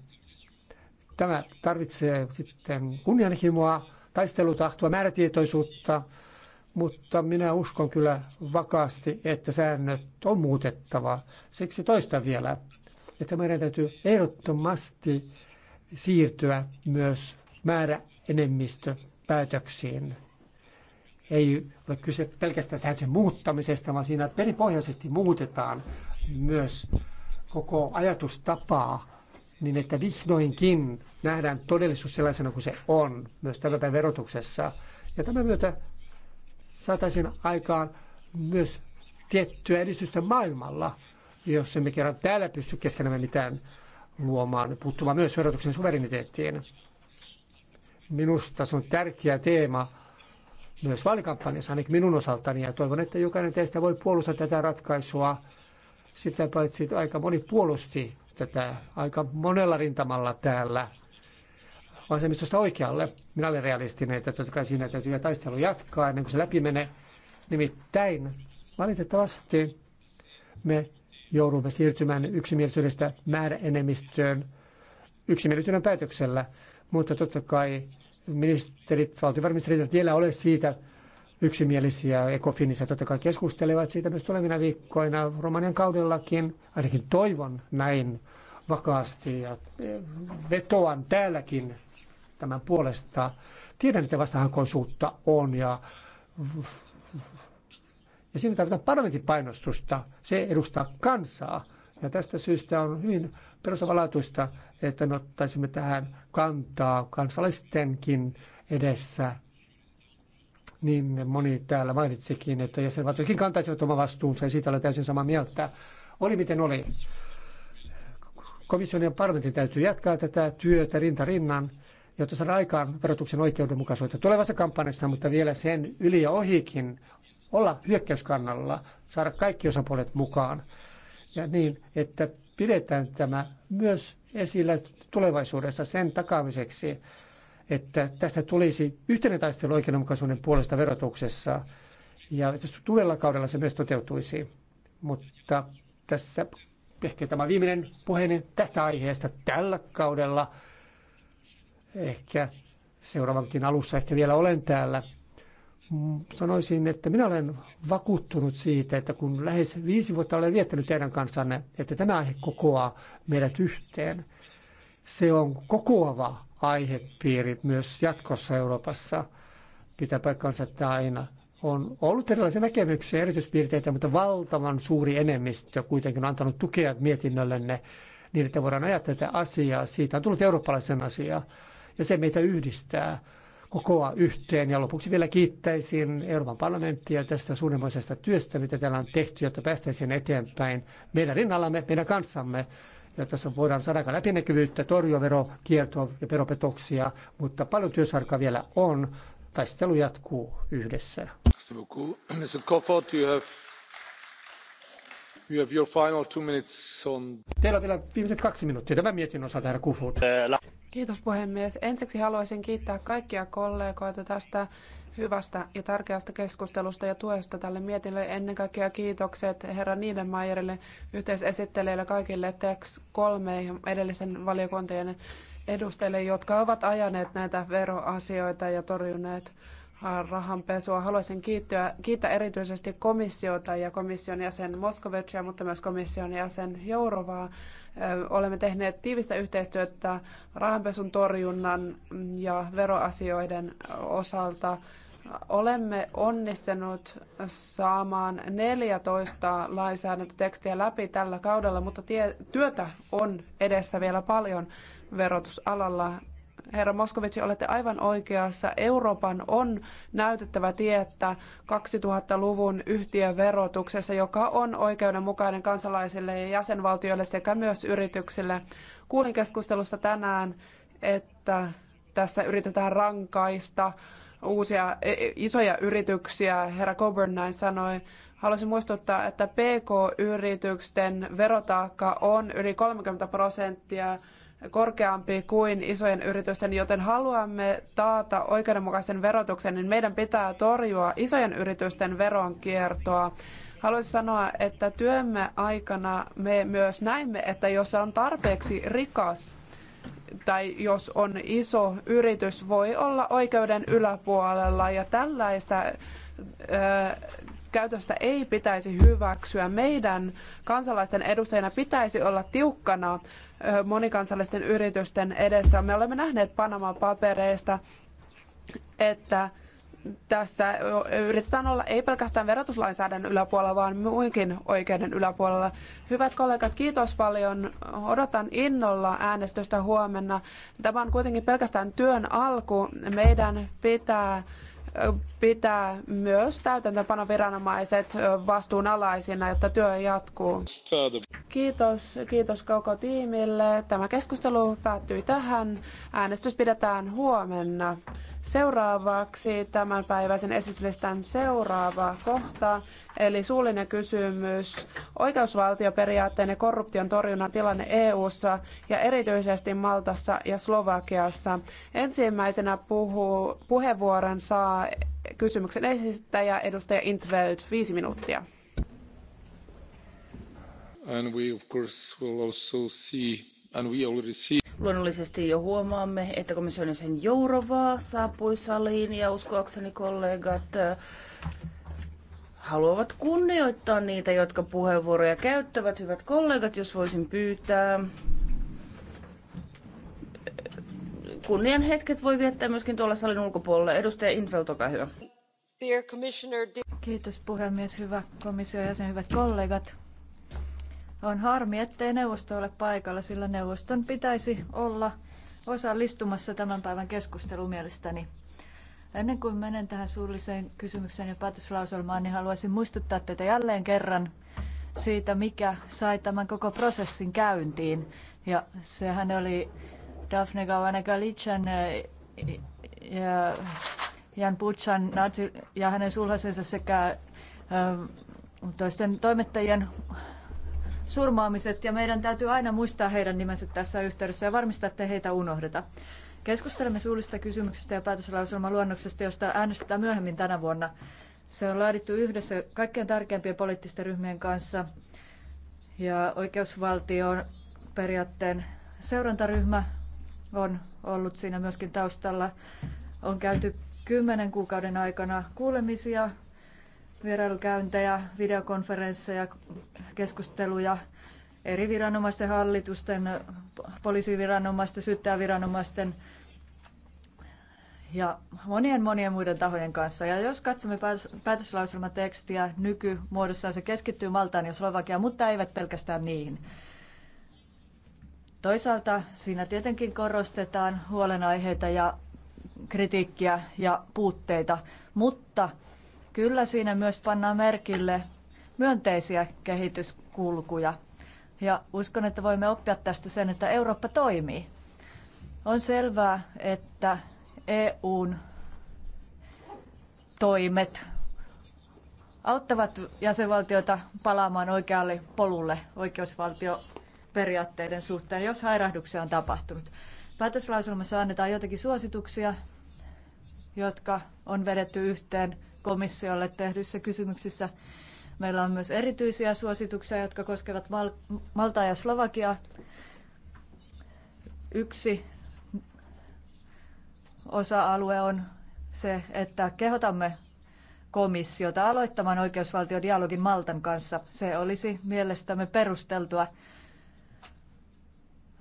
Tämä tarvitsee sitten kunnianhimoa, taistelutahtoa, määrätietoisuutta, mutta minä uskon kyllä vakaasti, että säännöt on muutettava. Siksi toista vielä, että meidän täytyy ehdottomasti siirtyä myös määrä enemmistö päätöksiin. Ei ole kyse pelkästään sääntöjen muuttamisesta, vaan siinä perinpohjaisesti muutetaan myös koko ajatustapaa niin, että vihdoinkin nähdään todellisuus sellaisena kuin se on myös tämän päivän verotuksessa. Ja tämän myötä saataisiin aikaan myös tiettyä edistystä maailmalla, jos emme kerran täällä pysty keskenämme mitään luomaan, puuttumaan myös verotuksen suvereniteettiin. Minusta se on tärkeä teema myös vaalikampanjassa, ainakin minun osaltani, ja toivon, että jokainen teistä voi puolustaa tätä ratkaisua. Sitä paitsi aika moni puolusti tätä aika monella rintamalla täällä vasemmistosta oikealle. Minä olen realistinen, että totta kai siinä täytyy taistelu jatkaa ennen kuin se läpi menee. Nimittäin valitettavasti me joudumme siirtymään yksimielisyydestä määräenemmistöön yksimielisyyden päätöksellä mutta totta kai ministerit, valtiovarainministerit vielä ole siitä yksimielisiä ekofinissa. Totta kai keskustelevat siitä myös tulevina viikkoina Romanian kaudellakin. Ainakin toivon näin vakaasti ja eh, vetoan täälläkin tämän puolesta. Tiedän, että vastahan konsuutta on ja, ja siinä tarvitaan parlamentin painostusta. Se edustaa kansaa ja tästä syystä on hyvin perustavanlaatuista että me ottaisimme tähän kantaa kansalaistenkin edessä. Niin moni täällä mainitsikin, että jäsenvaltiokin kantaisivat oma vastuunsa ja siitä olen täysin samaa mieltä. Oli miten oli. Komission ja parlamentin täytyy jatkaa tätä työtä rinta rinnan, jotta saadaan aikaan verotuksen oikeudenmukaisuutta tulevassa kampanjassa, mutta vielä sen yli ja ohikin olla hyökkäyskannalla, saada kaikki osapuolet mukaan. Ja niin, että pidetään tämä myös esillä tulevaisuudessa sen takaamiseksi, että tästä tulisi yhtenä taistelu oikeudenmukaisuuden puolesta verotuksessa ja että tulella kaudella se myös toteutuisi. Mutta tässä ehkä tämä viimeinen puheeni tästä aiheesta tällä kaudella. Ehkä seuraavankin alussa ehkä vielä olen täällä Mm, sanoisin, että minä olen vakuuttunut siitä, että kun lähes viisi vuotta olen viettänyt teidän kanssanne, että tämä aihe kokoaa meidät yhteen. Se on kokoava aihepiiri myös jatkossa Euroopassa. Pitää paikkansa, että aina on ollut erilaisia näkemyksiä ja erityispiirteitä, mutta valtavan suuri enemmistö kuitenkin on antanut tukea mietinnöllenne niin, että voidaan ajatella tätä asiaa. Siitä on tullut eurooppalaisen asia ja se meitä yhdistää kokoa yhteen. Ja lopuksi vielä kiittäisin Euroopan parlamenttia tästä suurimmaisesta työstä, mitä täällä on tehty, jotta päästäisiin eteenpäin meidän rinnallamme, meidän kanssamme, jotta se voidaan saada läpinäkyvyyttä, torjua verokiertoa ja veropetoksia, mutta paljon työsarkaa vielä on. Taistelu jatkuu yhdessä. Mr. you have, you have your final two minutes on... Teillä on vielä viimeiset kaksi minuuttia tämän mietinnön osalta, herra Kufut. Kiitos puhemies. Ensiksi haluaisin kiittää kaikkia kollegoita tästä hyvästä ja tärkeästä keskustelusta ja tuesta tälle mietille. Ennen kaikkea kiitokset herra Niidenmaierille, yhteisesittelijälle kaikille TEX 3 ja edellisen valiokuntien edustajille, jotka ovat ajaneet näitä veroasioita ja torjuneet rahanpesua. Haluaisin kiittyä, kiittää erityisesti komissiota ja komission jäsen Moskovicia, mutta myös komission jäsen Jourovaa. Olemme tehneet tiivistä yhteistyötä rahanpesun torjunnan ja veroasioiden osalta. Olemme onnistuneet saamaan 14 lainsäädäntötekstiä läpi tällä kaudella, mutta tie, työtä on edessä vielä paljon verotusalalla herra Moskovici, olette aivan oikeassa. Euroopan on näytettävä tietä 2000-luvun yhtiöverotuksessa, joka on oikeudenmukainen kansalaisille ja jäsenvaltioille sekä myös yrityksille. Kuulin keskustelusta tänään, että tässä yritetään rankaista uusia e, e, isoja yrityksiä, herra Coburn näin sanoi. Haluaisin muistuttaa, että PK-yritysten verotaakka on yli 30 prosenttia korkeampi kuin isojen yritysten, joten haluamme taata oikeudenmukaisen verotuksen, niin meidän pitää torjua isojen yritysten veronkiertoa. Haluaisin sanoa, että työmme aikana me myös näimme, että jos on tarpeeksi rikas tai jos on iso yritys, voi olla oikeuden yläpuolella ja tällaista käytöstä ei pitäisi hyväksyä. Meidän kansalaisten edustajina pitäisi olla tiukkana monikansallisten yritysten edessä. Me olemme nähneet Panama-papereista, että tässä yritetään olla ei pelkästään verotuslainsäädännön yläpuolella, vaan muinkin oikeuden yläpuolella. Hyvät kollegat, kiitos paljon. Odotan innolla äänestystä huomenna. Tämä on kuitenkin pelkästään työn alku. Meidän pitää pitää myös täytäntöpanoviranomaiset vastuunalaisina, jotta työ jatkuu. Kiitos, kiitos koko tiimille. Tämä keskustelu päättyi tähän. Äänestys pidetään huomenna. Seuraavaksi tämän päiväisen esityslistan seuraava kohta, eli suullinen kysymys oikeusvaltioperiaatteen ja korruption torjunnan tilanne EU:ssa ja erityisesti Maltassa ja Slovakiassa. Ensimmäisenä puhuu, puheenvuoron saa kysymyksen esittäjä edustaja Intveld, viisi minuuttia. And we of course will also see, and we already see. Luonnollisesti jo huomaamme, että komission sen Jourovaa saapui saliin ja uskoakseni kollegat äh, haluavat kunnioittaa niitä, jotka puheenvuoroja käyttävät. Hyvät kollegat, jos voisin pyytää. Kunnian hetket voi viettää myöskin tuolla salin ulkopuolella. Edustaja Infeld, olkaa hyvä. Kiitos puhemies, hyvä komissio ja sen hyvät kollegat. On harmi, ettei neuvosto ole paikalla, sillä neuvoston pitäisi olla osallistumassa tämän päivän keskusteluun mielestäni. Ennen kuin menen tähän suulliseen kysymykseen ja päätöslauselmaan, niin haluaisin muistuttaa teitä jälleen kerran siitä, mikä sai tämän koko prosessin käyntiin. Ja sehän oli Daphne Gawane Galician eh, eh, ja Jan Butchan ja hänen sulhasensa sekä eh, toisten toimittajien surmaamiset ja meidän täytyy aina muistaa heidän nimensä tässä yhteydessä ja varmistaa, että heitä unohdeta. Keskustelemme suullisista kysymyksistä ja päätöslauselman luonnoksesta, josta äänestetään myöhemmin tänä vuonna. Se on laadittu yhdessä kaikkein tärkeimpien poliittisten ryhmien kanssa ja oikeusvaltion periaatteen seurantaryhmä on ollut siinä myöskin taustalla. On käyty kymmenen kuukauden aikana kuulemisia vierailukäyntejä, videokonferensseja, keskusteluja eri viranomaisten, hallitusten, poliisiviranomaisten, syyttäjäviranomaisten ja monien monien muiden tahojen kanssa. Ja jos katsomme päätöslauselmatekstiä nykymuodossaan, se keskittyy Maltaan ja Slovakiaan, mutta eivät pelkästään niihin. Toisaalta siinä tietenkin korostetaan huolenaiheita ja kritiikkiä ja puutteita, mutta Kyllä siinä myös pannaan merkille myönteisiä kehityskulkuja. Ja uskon, että voimme oppia tästä sen, että Eurooppa toimii. On selvää, että EUn toimet auttavat jäsenvaltioita palaamaan oikealle polulle oikeusvaltioperiaatteiden suhteen, jos hairahduksia on tapahtunut. Päätöslauselmassa annetaan jotakin suosituksia, jotka on vedetty yhteen komissiolle tehdyissä kysymyksissä. Meillä on myös erityisiä suosituksia, jotka koskevat Mal- Maltaa ja Slovakiaa. Yksi osa-alue on se, että kehotamme komissiota aloittamaan oikeusvaltiodialogin Maltan kanssa. Se olisi mielestämme perusteltua.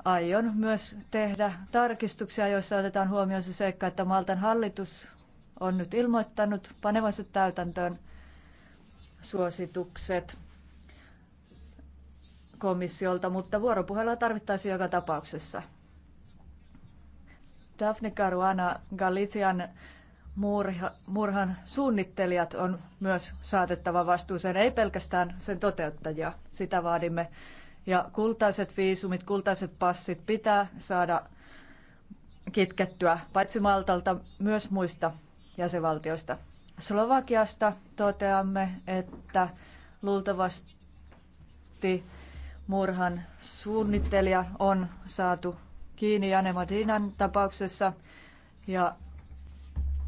Aion myös tehdä tarkistuksia, joissa otetaan huomioon se seikka, että Maltan hallitus on nyt ilmoittanut panevansa täytäntöön suositukset komissiolta, mutta vuoropuhelua tarvittaisiin joka tapauksessa. Daphne Caruana Galician murha, murhan suunnittelijat on myös saatettava vastuuseen, ei pelkästään sen toteuttajia. Sitä vaadimme. Ja kultaiset viisumit, kultaiset passit pitää saada kitkettyä paitsi Maltalta myös muista jäsenvaltioista. Slovakiasta toteamme, että luultavasti murhan suunnittelija on saatu kiinni Jane Madinan tapauksessa ja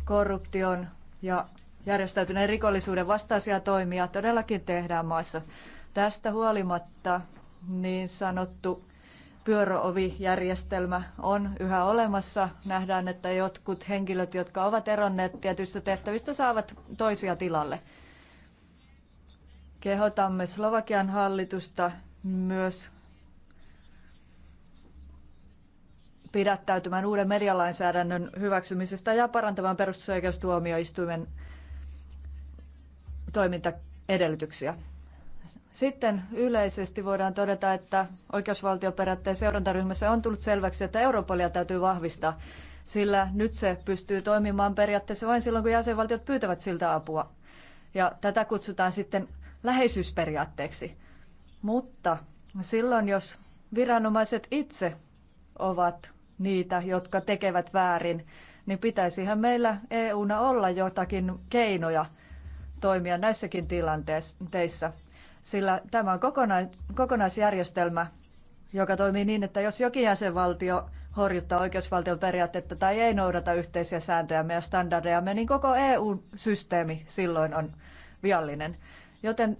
korruption ja järjestäytyneen rikollisuuden vastaisia toimia todellakin tehdään maassa. Tästä huolimatta niin sanottu pyöröovijärjestelmä on yhä olemassa. Nähdään, että jotkut henkilöt, jotka ovat eronneet tietyistä tehtävistä, saavat toisia tilalle. Kehotamme Slovakian hallitusta myös pidättäytymään uuden medialainsäädännön hyväksymisestä ja parantamaan perustusoikeustuomioistuimen toimintaedellytyksiä. Sitten yleisesti voidaan todeta, että oikeusvaltioperiaatteen seurantaryhmässä on tullut selväksi, että Europolia täytyy vahvistaa, sillä nyt se pystyy toimimaan periaatteessa vain silloin, kun jäsenvaltiot pyytävät siltä apua. Ja tätä kutsutaan sitten läheisyysperiaatteeksi. Mutta silloin, jos viranomaiset itse ovat niitä, jotka tekevät väärin, niin pitäisihän meillä EUna olla jotakin keinoja toimia näissäkin tilanteissa sillä tämä on kokonais- kokonaisjärjestelmä, joka toimii niin, että jos jokin jäsenvaltio horjuttaa oikeusvaltion periaatteita tai ei noudata yhteisiä sääntöjä ja standardejamme, niin koko EU-systeemi silloin on viallinen. Joten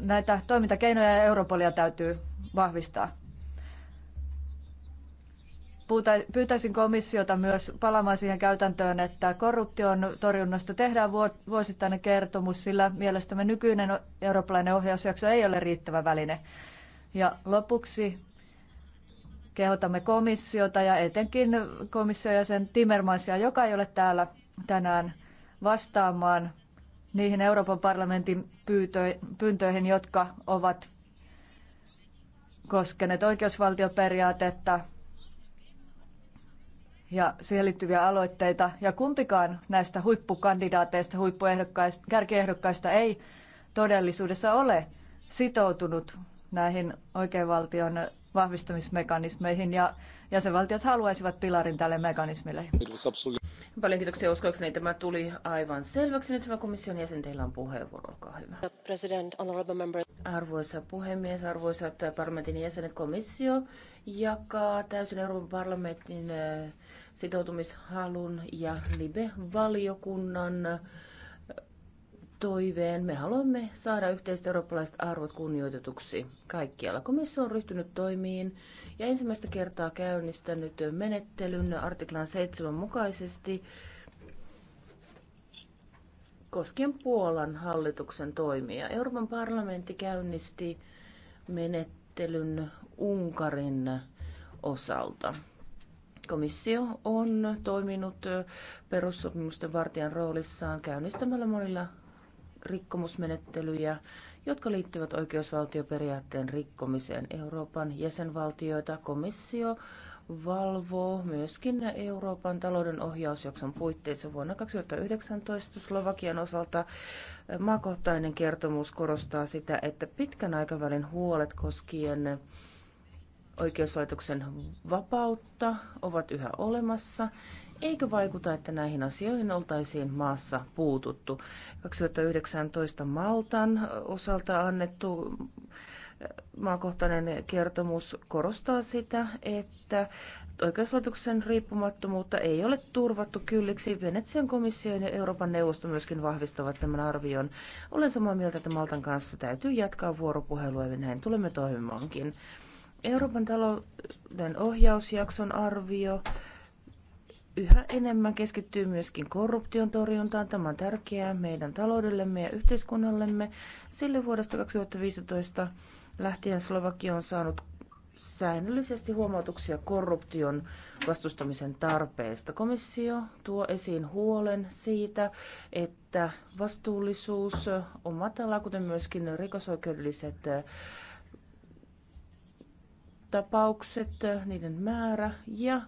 näitä toimintakeinoja ja Europolia täytyy vahvistaa. Pyytäisin komissiota myös palaamaan siihen käytäntöön, että korruption torjunnasta tehdään vuosittainen kertomus, sillä mielestämme nykyinen eurooppalainen ohjausjakso ei ole riittävä väline. Ja lopuksi kehotamme komissiota ja etenkin komissiojäsen Timmermansia, joka ei ole täällä tänään vastaamaan niihin Euroopan parlamentin pyyntöihin, jotka ovat koskeneet oikeusvaltioperiaatetta, ja siihen liittyviä aloitteita. Ja kumpikaan näistä huippukandidaateista, huippuehdokkaista, kärkiehdokkaista ei todellisuudessa ole sitoutunut näihin oikeinvaltion vahvistamismekanismeihin ja jäsenvaltiot haluaisivat pilarin tälle mekanismille. Paljon kiitoksia. Uskoakseni tämä tuli aivan selväksi. Nyt hyvä komission jäsen, teillä on puheenvuoro. Olkaa hyvä. Arvoisa puhemies, arvoisat parlamentin jäsenet, komissio jakaa täysin Euroopan parlamentin äh, sitoutumishalun ja LIBE-valiokunnan toiveen. Me haluamme saada yhteiset eurooppalaiset arvot kunnioitetuksi kaikkialla. Komissio on ryhtynyt toimiin ja ensimmäistä kertaa käynnistänyt menettelyn artiklan 7 mukaisesti koskien Puolan hallituksen toimia. Euroopan parlamentti käynnisti menettelyn Unkarin osalta. Komissio on toiminut perussopimusten vartijan roolissaan käynnistämällä monilla rikkomusmenettelyjä, jotka liittyvät oikeusvaltioperiaatteen rikkomiseen Euroopan jäsenvaltioita. Komissio valvoo myöskin Euroopan talouden ohjausjakson puitteissa vuonna 2019 Slovakian osalta. Maakohtainen kertomus korostaa sitä, että pitkän aikavälin huolet koskien oikeuslaitoksen vapautta ovat yhä olemassa, eikä vaikuta, että näihin asioihin oltaisiin maassa puututtu. 2019 Maltan osalta annettu äh, maakohtainen kertomus korostaa sitä, että oikeuslaitoksen riippumattomuutta ei ole turvattu kylliksi. Venetsian komission ja Euroopan neuvosto myöskin vahvistavat tämän arvion. Olen samaa mieltä, että Maltan kanssa täytyy jatkaa vuoropuhelua ja näin tulemme toimimaankin. Euroopan talouden ohjausjakson arvio yhä enemmän keskittyy myöskin korruption torjuntaan. Tämä on tärkeää meidän taloudellemme ja yhteiskunnallemme. Sille vuodesta 2015 lähtien Slovakia on saanut säännöllisesti huomautuksia korruption vastustamisen tarpeesta. Komissio tuo esiin huolen siitä, että vastuullisuus on matalaa, kuten myöskin rikosoikeudelliset tapaukset, niiden määrä ja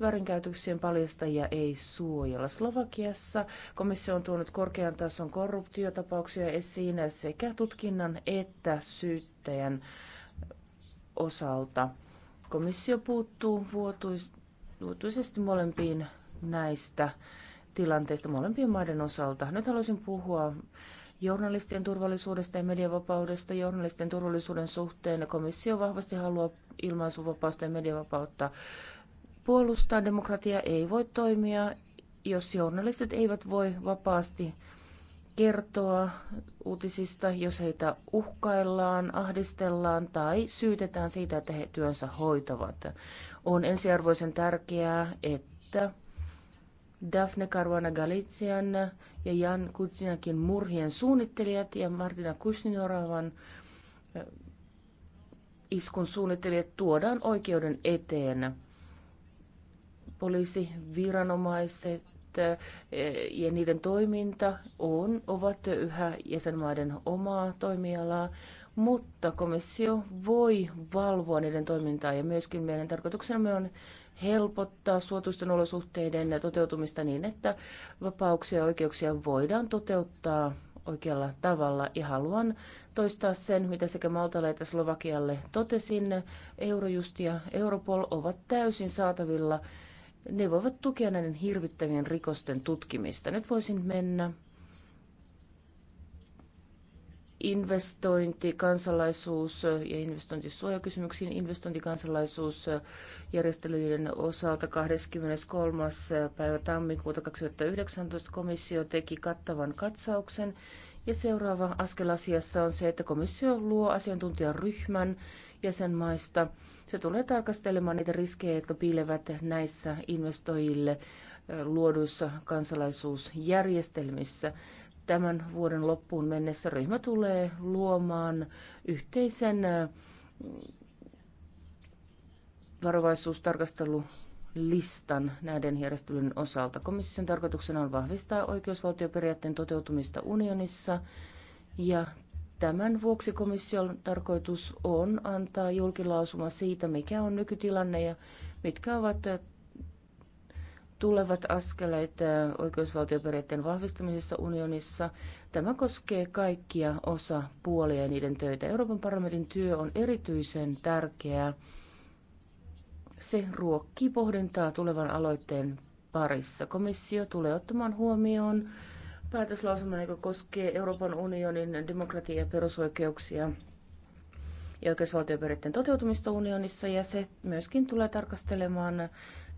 väärinkäytöksien paljastajia ei suojella. Slovakiassa komissio on tuonut korkean tason korruptiotapauksia esiin sekä tutkinnan että syyttäjän osalta. Komissio puuttuu vuotuis- vuotuisesti molempiin näistä tilanteista molempien maiden osalta. Nyt haluaisin puhua journalistien turvallisuudesta ja medianvapaudesta. Journalistien turvallisuuden suhteen komissio vahvasti haluaa ilmaisuvapautta ja mediavapautta puolustaa. Demokratia ei voi toimia, jos journalistit eivät voi vapaasti kertoa uutisista, jos heitä uhkaillaan, ahdistellaan tai syytetään siitä, että he työnsä hoitavat. On ensiarvoisen tärkeää, että Daphne Caruana Galician ja Jan Kutsinakin murhien suunnittelijat ja Martina Kusnioravan iskun suunnittelijat tuodaan oikeuden eteen. Poliisiviranomaiset eh, ja niiden toiminta on, ovat yhä jäsenmaiden omaa toimialaa, mutta komissio voi valvoa niiden toimintaa ja myöskin meidän tarkoituksemme on helpottaa suotuisten olosuhteiden toteutumista niin, että vapauksia ja oikeuksia voidaan toteuttaa oikealla tavalla. Ja haluan toistaa sen, mitä sekä Maltalle että Slovakialle totesin. Eurojust ja Europol ovat täysin saatavilla. Ne voivat tukea näiden hirvittävien rikosten tutkimista. Nyt voisin mennä investointi, kansalaisuus ja investointisuojakysymyksiin investointikansalaisuusjärjestelyiden äh, osalta 23. Äh, päivä tammikuuta 2019 komissio teki kattavan katsauksen ja seuraava askel asiassa on se, että komissio luo asiantuntijaryhmän jäsenmaista. Se tulee tarkastelemaan niitä riskejä, jotka piilevät näissä investoijille äh, luoduissa kansalaisuusjärjestelmissä tämän vuoden loppuun mennessä ryhmä tulee luomaan yhteisen varovaisuustarkastelu listan näiden järjestelyjen osalta. Komission tarkoituksena on vahvistaa oikeusvaltioperiaatteen toteutumista unionissa ja tämän vuoksi komission tarkoitus on antaa julkilausuma siitä, mikä on nykytilanne ja mitkä ovat tulevat askeleet äh, oikeusvaltioperiaatteen vahvistamisessa unionissa. Tämä koskee kaikkia osapuolia ja niiden töitä. Euroopan parlamentin työ on erityisen tärkeää. Se ruokkii pohdintaa tulevan aloitteen parissa. Komissio tulee ottamaan huomioon päätöslausuman, joka koskee Euroopan unionin demokratia- ja perusoikeuksia ja oikeusvaltioperiaatteen toteutumista unionissa, ja se myöskin tulee tarkastelemaan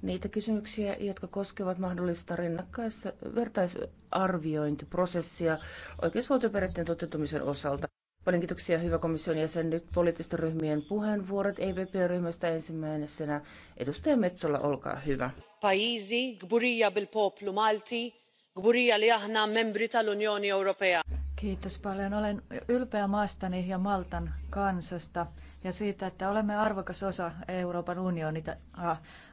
niitä kysymyksiä, jotka koskevat mahdollista rinnakkaissa vertaisarviointiprosessia oikeusvaltioperiaatteen toteutumisen osalta. Paljon kiitoksia hyvä komission jäsen. Nyt poliittisten ryhmien puheenvuorot EPP-ryhmästä ensimmäisenä. Edustaja Metsola, olkaa hyvä. Paisi, gburija bil poplu Malti, gburija li ahna membri tal Europea. Kiitos paljon. Olen ylpeä maastani ja Maltan kansasta ja siitä, että olemme arvokas osa Euroopan unionia.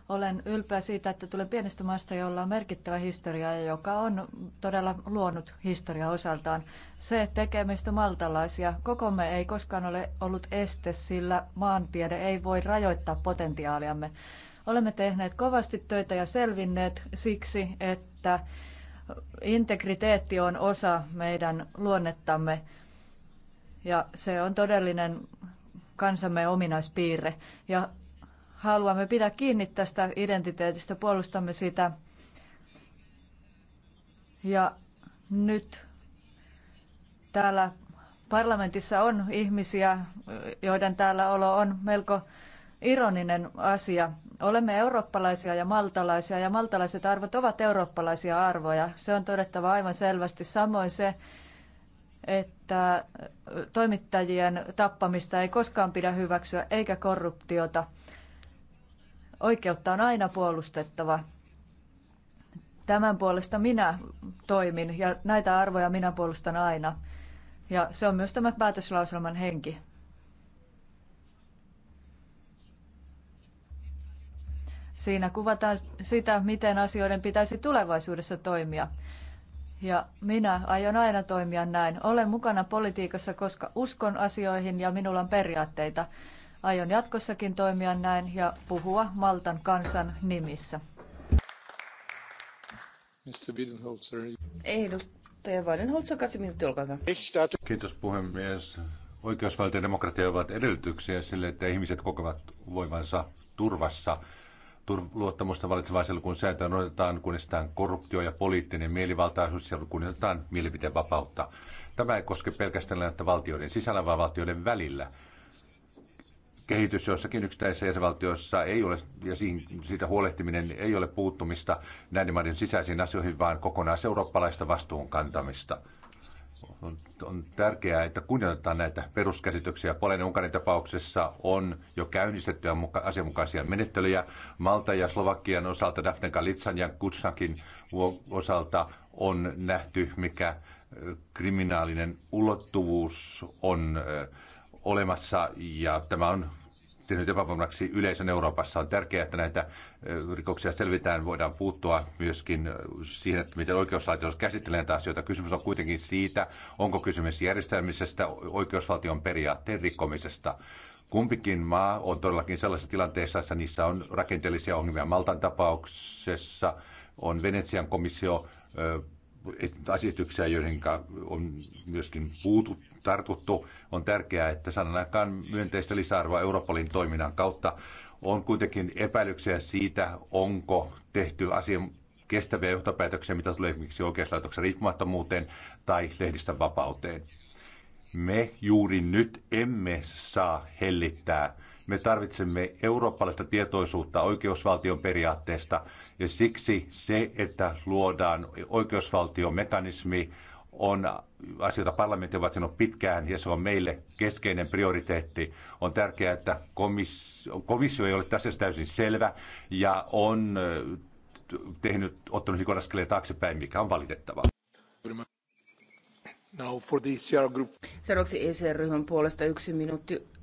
Olen ylpeä siitä, että tulen pienestä maasta, jolla on merkittävä historia ja joka on todella luonut historia osaltaan. Se tekee meistä maltalaisia. Kokomme ei koskaan ole ollut este, sillä maantiede ei voi rajoittaa potentiaaliamme. Olemme tehneet kovasti töitä ja selvinneet siksi, että integriteetti on osa meidän luonnettamme ja se on todellinen kansamme ominaispiirre. Ja haluamme pitää kiinni tästä identiteetistä, puolustamme sitä. Ja nyt täällä parlamentissa on ihmisiä, joiden täällä olo on melko ironinen asia. Olemme eurooppalaisia ja maltalaisia ja maltalaiset arvot ovat eurooppalaisia arvoja. Se on todettava aivan selvästi. Samoin se, että toimittajien tappamista ei koskaan pidä hyväksyä eikä korruptiota. Oikeutta on aina puolustettava. Tämän puolesta minä toimin ja näitä arvoja minä puolustan aina. Ja se on myös tämä päätöslauselman henki. Siinä kuvataan sitä, miten asioiden pitäisi tulevaisuudessa toimia. Ja minä aion aina toimia näin. Olen mukana politiikassa, koska uskon asioihin ja minulla on periaatteita. Aion jatkossakin toimia näin ja puhua Maltan kansan nimissä. Edustaja Weidenholzer, kaksi minuuttia, olkaa hyvä. Kiitos puhemies. Oikeusvaltio ja demokratia ovat edellytyksiä sille, että ihmiset kokevat voimansa turvassa luottamusta siellä, kun sääntöä noudatetaan, kun estetään korruptio ja poliittinen mielivaltaisuus ja mielipiteen vapautta. Tämä ei koske pelkästään näitä valtioiden sisällä, vaan valtioiden välillä kehitys jossakin yksittäisessä jäsenvaltiossa ei ole, ja siitä huolehtiminen ei ole puuttumista näiden maiden sisäisiin asioihin, vaan vastuun vastuunkantamista. On, on tärkeää, että kunnioitetaan näitä peruskäsityksiä. Polen ja Unkarin tapauksessa on jo muka, asianmukaisia menettelyjä. Malta ja Slovakian osalta, Daphne Galitsan ja Kutsakin osalta on nähty, mikä kriminaalinen ulottuvuus on äh, olemassa ja tämä on tehnyt epävoimaksi yleisön Euroopassa. On tärkeää, että näitä rikoksia selvitään, voidaan puuttua myöskin siihen, että miten oikeuslaitos käsittelee näitä asioita. Kysymys on kuitenkin siitä, onko kysymys järjestelmisestä, oikeusvaltion periaatteen rikkomisesta. Kumpikin maa on todellakin sellaisessa tilanteessa, että niissä on rakenteellisia ongelmia. Maltan tapauksessa on Venetsian komissio esityksiä, joihin on myöskin puututtu tartuttu. On tärkeää, että sanan aikaan myönteistä lisäarvoa Europolin toiminnan kautta. On kuitenkin epäilyksiä siitä, onko tehty asian kestäviä johtopäätöksiä, mitä tulee esimerkiksi oikeuslaitoksen riippumattomuuteen tai lehdistön vapauteen. Me juuri nyt emme saa hellittää me tarvitsemme eurooppalaista tietoisuutta oikeusvaltion periaatteesta ja siksi se, että luodaan oikeusvaltiomekanismi on asioita parlamentti ovat sanoneet pitkään ja se on meille keskeinen prioriteetti. On tärkeää, että komissio, komissio ei ole tässä täysin selvä ja on äh, tehnyt, ottanut hikon askeleen taaksepäin, mikä on valitettavaa. Now for the ECR group. Seuraavaksi ECR-ryhmän puolesta yksi minuutti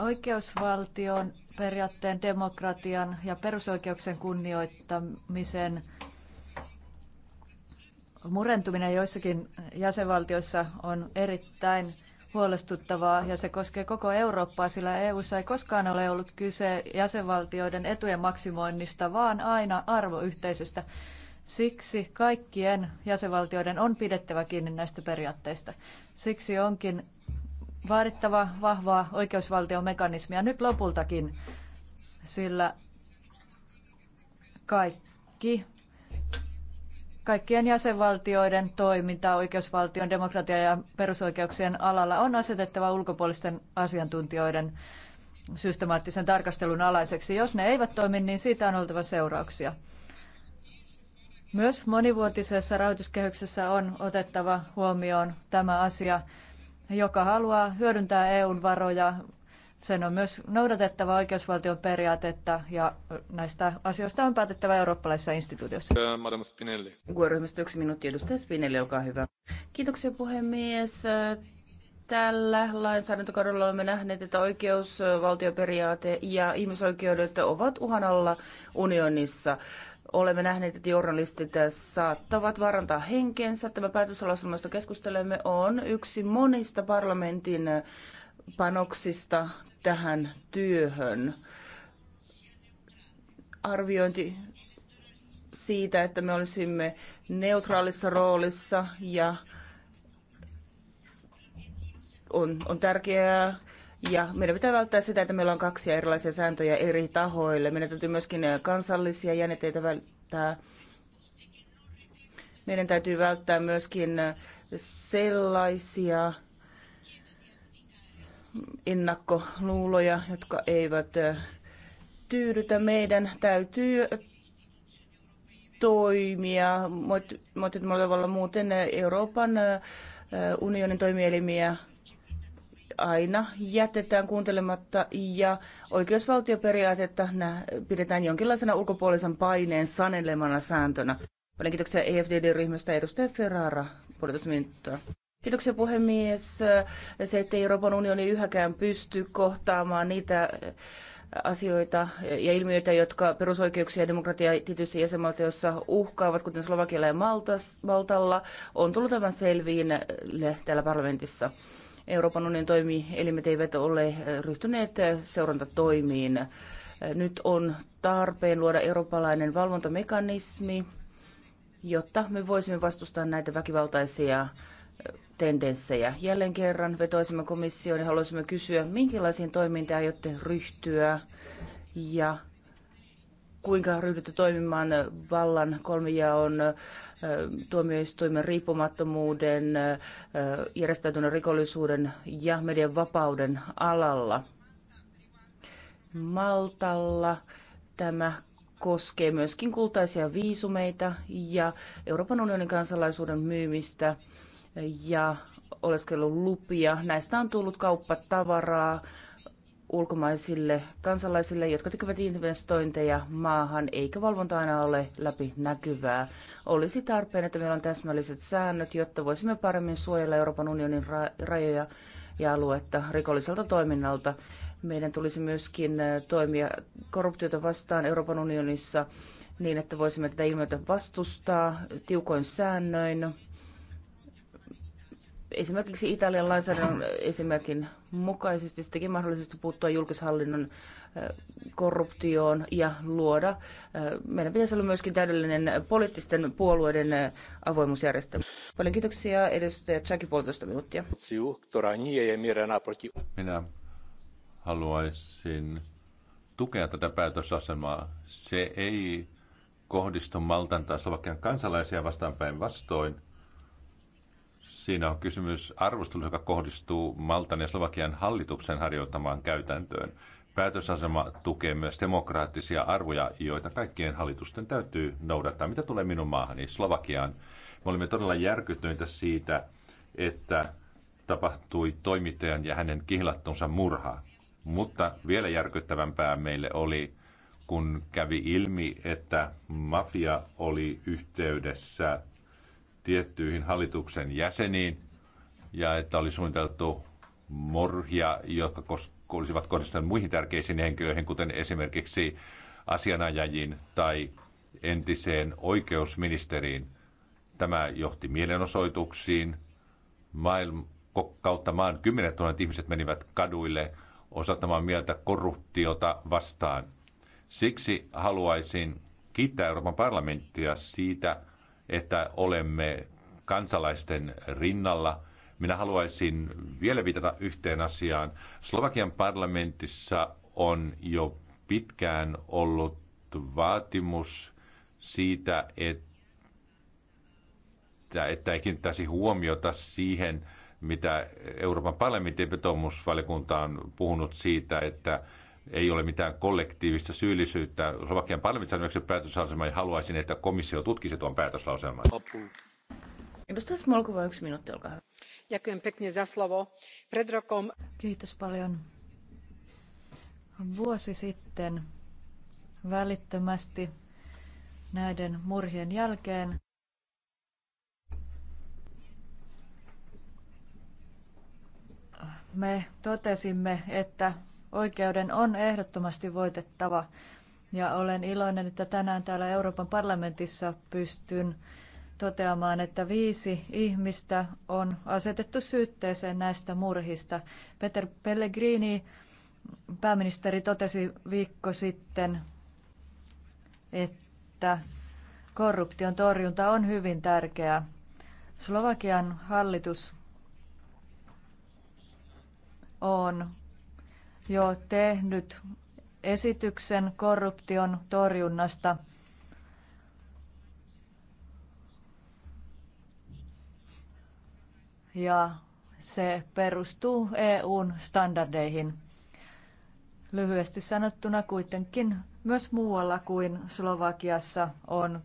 Oikeusvaltion periaatteen, demokratian ja perusoikeuksien kunnioittamisen murentuminen joissakin jäsenvaltioissa on erittäin huolestuttavaa ja se koskee koko Eurooppaa, sillä EU:ssa ei koskaan ole ollut kyse jäsenvaltioiden etujen maksimoinnista, vaan aina arvoyhteisöstä. Siksi kaikkien jäsenvaltioiden on pidettävä kiinni näistä periaatteista. Siksi onkin vaadittava vahvaa oikeusvaltiomekanismia nyt lopultakin, sillä kaikki, kaikkien jäsenvaltioiden toiminta oikeusvaltion, demokratia ja perusoikeuksien alalla on asetettava ulkopuolisten asiantuntijoiden systemaattisen tarkastelun alaiseksi. Jos ne eivät toimi, niin siitä on oltava seurauksia. Myös monivuotisessa rahoituskehyksessä on otettava huomioon tämä asia joka haluaa hyödyntää EUn varoja, sen on myös noudatettava oikeusvaltion periaatetta ja näistä asioista on päätettävä eurooppalaisissa instituutioissa. Äh, Madame Spinelli. Ryhmästä yksi minuutti. Edustaja Spinelli, olkaa hyvä. Kiitoksia puhemies. Tällä lainsäädäntökaudella olemme nähneet, että oikeusvaltioperiaate ja ihmisoikeudet ovat uhan alla unionissa. Olemme nähneet, että journalistit saattavat varantaa henkensä. Tämä päätöslauselma, josta keskustelemme, on yksi monista parlamentin panoksista tähän työhön. Arviointi siitä, että me olisimme neutraalissa roolissa ja on, on tärkeää ja meidän pitää välttää sitä, että meillä on kaksi erilaisia sääntöjä eri tahoille. Meidän täytyy myöskin eh, kansallisia jännitteitä välttää. Meidän täytyy välttää myöskin eh, sellaisia ennakkoluuloja, jotka eivät eh, tyydytä. Meidän täytyy toimia, moitettavalla tavalla muuten Euroopan unionin toimielimiä aina jätetään kuuntelematta ja oikeusvaltioperiaatetta pidetään jonkinlaisena ulkopuolisen paineen sanelemana sääntönä. Paljon kiitoksia EFDD-ryhmästä edustaja Ferrara, puolitoista Kiitoksia puhemies. Se, että Euroopan unioni yhäkään pysty kohtaamaan niitä asioita ja ilmiöitä, jotka perusoikeuksia ja demokratiaa tietyissä jäsenvaltioissa uhkaavat, kuten Slovakialla ja Maltalla, on tullut aivan selviin täällä parlamentissa. Euroopan unionin toimielimet eivät ole eh, ryhtyneet eh, seurantatoimiin. Eh, nyt on tarpeen luoda eurooppalainen valvontamekanismi, jotta me voisimme vastustaa näitä väkivaltaisia tendenssejä. Jälleen kerran vetoisimme komissioon ja haluaisimme kysyä, minkälaisiin toimiin te aiotte ryhtyä ja kuinka ryhdytte toimimaan vallan kolmijaon, tuomioistuimen riippumattomuuden, järjestäytyneen rikollisuuden ja median vapauden alalla. Maltalla tämä koskee myöskin kultaisia viisumeita ja Euroopan unionin kansalaisuuden myymistä ja oleskelulupia. Näistä on tullut kauppatavaraa ulkomaisille kansalaisille, jotka tekevät investointeja maahan, eikä valvonta aina ole läpi näkyvää. Olisi tarpeen, että meillä on täsmälliset säännöt, jotta voisimme paremmin suojella Euroopan unionin rajoja ja aluetta rikolliselta toiminnalta. Meidän tulisi myöskin toimia korruptiota vastaan Euroopan unionissa niin, että voisimme tätä ilmiötä vastustaa tiukoin säännöin esimerkiksi Italian lainsäädännön esimerkin mukaisesti sittenkin mahdollisesti puuttua julkishallinnon korruptioon ja luoda. Meidän pitäisi olla myöskin täydellinen poliittisten puolueiden avoimuusjärjestelmä. Paljon kiitoksia edustaja Tsaki puolitoista minuuttia. Minä haluaisin tukea tätä päätösasemaa. Se ei kohdistu Maltan tai Slovakian kansalaisia vastaan vastoin – Siinä on kysymys arvostelusta, joka kohdistuu Maltan ja Slovakian hallituksen harjoittamaan käytäntöön. Päätösasema tukee myös demokraattisia arvoja, joita kaikkien hallitusten täytyy noudattaa. Mitä tulee minun maahani, Slovakiaan? Me olimme todella järkyttyneitä siitä, että tapahtui toimittajan ja hänen kihlattonsa murha. Mutta vielä järkyttävämpää meille oli, kun kävi ilmi, että mafia oli yhteydessä tiettyihin hallituksen jäseniin ja että oli suunniteltu morhia, jotka olisivat kohdistuneet muihin tärkeisiin henkilöihin, kuten esimerkiksi asianajajiin tai entiseen oikeusministeriin. Tämä johti mielenosoituksiin. Maailm- kautta maan kymmenet tuhannet ihmiset menivät kaduille osoittamaan mieltä korruptiota vastaan. Siksi haluaisin kiittää Euroopan parlamenttia siitä, että olemme kansalaisten rinnalla. Minä haluaisin vielä viitata yhteen asiaan. Slovakian parlamentissa on jo pitkään ollut vaatimus siitä, että, että ei kiinnittäisi huomiota siihen, mitä Euroopan parlamentin vetomusvaliokunta on puhunut siitä, että ei ole mitään kollektiivista syyllisyyttä. Slovakian parlamentin päätöslauselma ja haluaisin, että komissio tutkisi tuon päätöslauselman. Edustaja Smolkova, yksi minuutti, olkaa hyvä. Ďakujem pekne za slovo. Predrokom... Kiitos paljon. Vuosi sitten välittömästi näiden murhien jälkeen me totesimme, että oikeuden on ehdottomasti voitettava. Ja olen iloinen, että tänään täällä Euroopan parlamentissa pystyn toteamaan, että viisi ihmistä on asetettu syytteeseen näistä murhista. Peter Pellegrini, pääministeri, totesi viikko sitten, että korruption torjunta on hyvin tärkeää. Slovakian hallitus on jo tehnyt esityksen korruption torjunnasta. Ja se perustuu EUn standardeihin. Lyhyesti sanottuna kuitenkin myös muualla kuin Slovakiassa on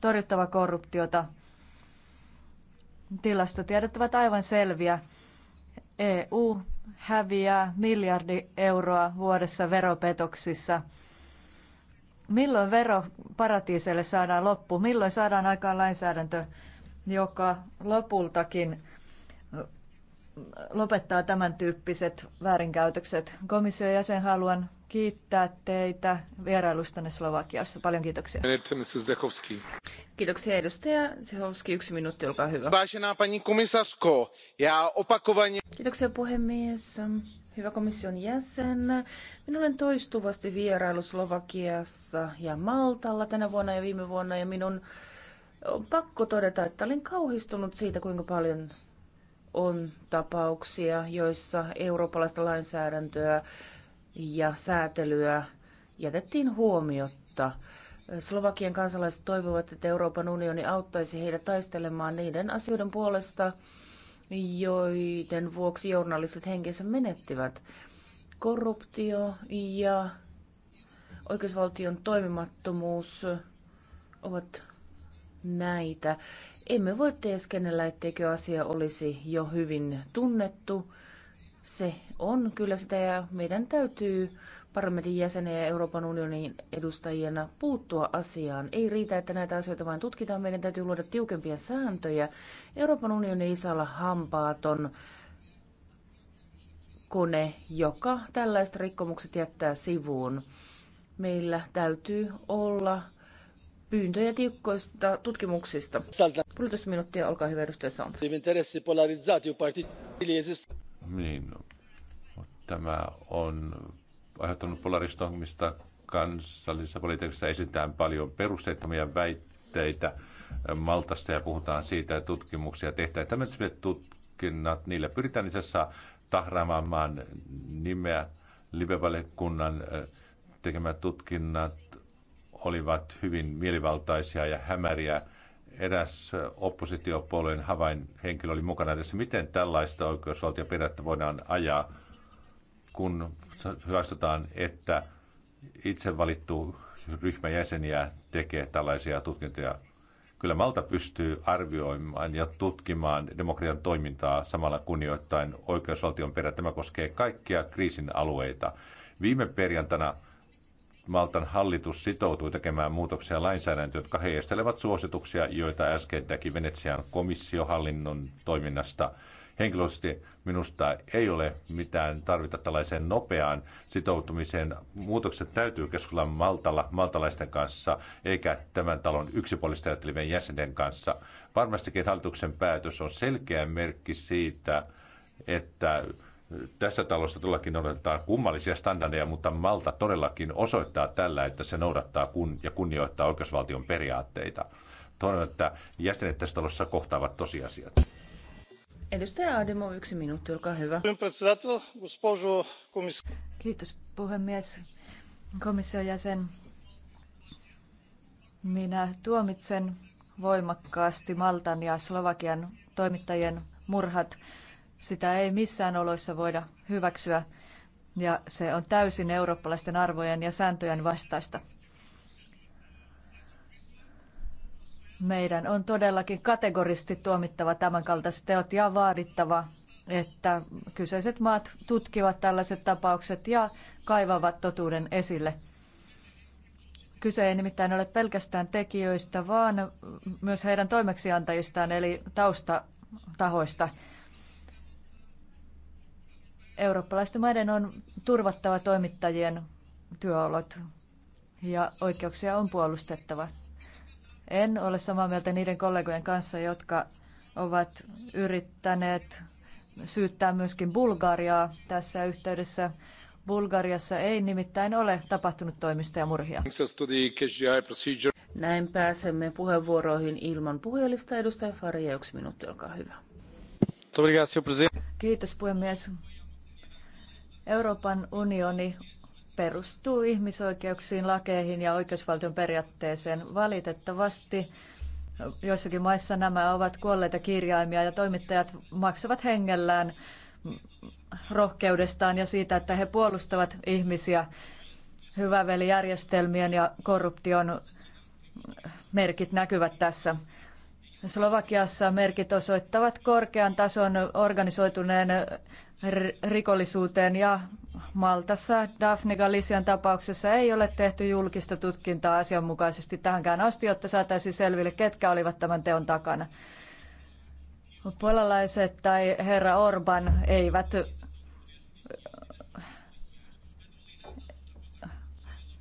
torjuttava korruptiota. Tilastotiedot ovat aivan selviä. EU häviää miljardi euroa vuodessa veropetoksissa. Milloin veroparatiiseille saadaan loppu? Milloin saadaan aikaan lainsäädäntö, joka lopultakin lopettaa tämän tyyppiset väärinkäytökset? Komission jäsen haluan kiittää teitä vierailustanne Slovakiassa. Paljon kiitoksia. Kiitoksia edustaja Zehovski. Yksi minuutti, olkaa hyvä. Vážená paní komisarsko, ja opakovaně... Kiitoksia puhemies. Hyvä komission jäsen, minä olen toistuvasti vieraillut Slovakiassa ja Maltalla tänä vuonna ja viime vuonna ja minun on pakko todeta, että olin kauhistunut siitä, kuinka paljon on tapauksia, joissa eurooppalaista lainsäädäntöä ja säätelyä jätettiin huomiotta. Slovakian kansalaiset toivovat, että Euroopan unioni auttaisi heitä taistelemaan niiden asioiden puolesta, joiden vuoksi journalistit henkensä menettivät. Korruptio ja oikeusvaltion toimimattomuus ovat näitä. Emme voi teeskennellä, etteikö asia olisi jo hyvin tunnettu se on kyllä sitä ja meidän täytyy parlamentin jäseniä ja Euroopan unionin edustajina puuttua asiaan. Ei riitä, että näitä asioita vain tutkitaan, meidän täytyy luoda tiukempia sääntöjä. Euroopan unioni ei saa olla hampaaton kone, joka tällaiset rikkomukset jättää sivuun. Meillä täytyy olla pyyntöjä tiukkoista tutkimuksista. Puolitoista minuuttia, olkaa hyvä edustaja Sant niin tämä on aiheuttanut polaristoitumista kansallisessa politiikassa esitetään paljon perusteettomia väitteitä Maltasta ja puhutaan siitä, että tutkimuksia tehtäen Tämmöiset tutkinnat, niillä pyritään itse asiassa tahraamaan nimeä. Libevalekunnan tekemät tutkinnat olivat hyvin mielivaltaisia ja hämäriä eräs oppositiopuolueen havainhenkilö oli mukana tässä. Miten tällaista oikeusvaltioperiaatetta voidaan ajaa, kun hyväksytään, että itse valittu ryhmä jäseniä tekee tällaisia tutkintoja? Kyllä Malta pystyy arvioimaan ja tutkimaan demokratian toimintaa samalla kunnioittain oikeusvaltion perä. Tämä koskee kaikkia kriisin alueita. Viime perjantaina Maltan hallitus sitoutui tekemään muutoksia lainsäädäntöön, jotka heijastelevat suosituksia, joita äsken teki Venetsian komissiohallinnon toiminnasta. Henkilökohtaisesti minusta ei ole mitään tarvita tällaiseen nopeaan sitoutumiseen. Muutokset täytyy keskustella Maltalla, maltalaisten kanssa, eikä tämän talon yksipuolisesti ajattelevien jäsenten kanssa. Varmastikin hallituksen päätös on selkeä merkki siitä, että tässä talossa todellakin noudattaa kummallisia standardeja, mutta Malta todellakin osoittaa tällä, että se noudattaa kun, ja kunnioittaa oikeusvaltion periaatteita. Toivon, että jäsenet tässä talossa kohtaavat tosiasiat. Edustaja Ademo, yksi minuutti, olkaa hyvä. Kiitos puhemies. Komission jäsen, minä tuomitsen voimakkaasti Maltan ja Slovakian toimittajien murhat. Sitä ei missään oloissa voida hyväksyä ja se on täysin eurooppalaisten arvojen ja sääntöjen vastaista. Meidän on todellakin kategorisesti tuomittava tämänkaltaiset teot ja vaadittava, että kyseiset maat tutkivat tällaiset tapaukset ja kaivavat totuuden esille. Kyse ei nimittäin ole pelkästään tekijöistä, vaan myös heidän toimeksiantajistaan eli taustatahoista. Eurooppalaisten maiden on turvattava toimittajien työolot ja oikeuksia on puolustettava. En ole samaa mieltä niiden kollegojen kanssa, jotka ovat yrittäneet syyttää myöskin Bulgariaa tässä yhteydessä. Bulgariassa ei nimittäin ole tapahtunut toimista ja murhia. Näin pääsemme puheenvuoroihin ilman puhelista. Edustaja Faria, yksi minuutti, olkaa hyvä. Kiitos puhemies. Euroopan unioni perustuu ihmisoikeuksiin, lakeihin ja oikeusvaltion periaatteeseen. Valitettavasti joissakin maissa nämä ovat kuolleita kirjaimia ja toimittajat maksavat hengellään rohkeudestaan ja siitä, että he puolustavat ihmisiä hyvävelijärjestelmien ja korruption merkit näkyvät tässä. Slovakiassa merkit osoittavat korkean tason organisoituneen rikollisuuteen ja Maltassa Daphne Galician tapauksessa ei ole tehty julkista tutkintaa asianmukaisesti tähänkään asti, jotta saataisiin selville, ketkä olivat tämän teon takana. Puolalaiset tai herra Orban eivät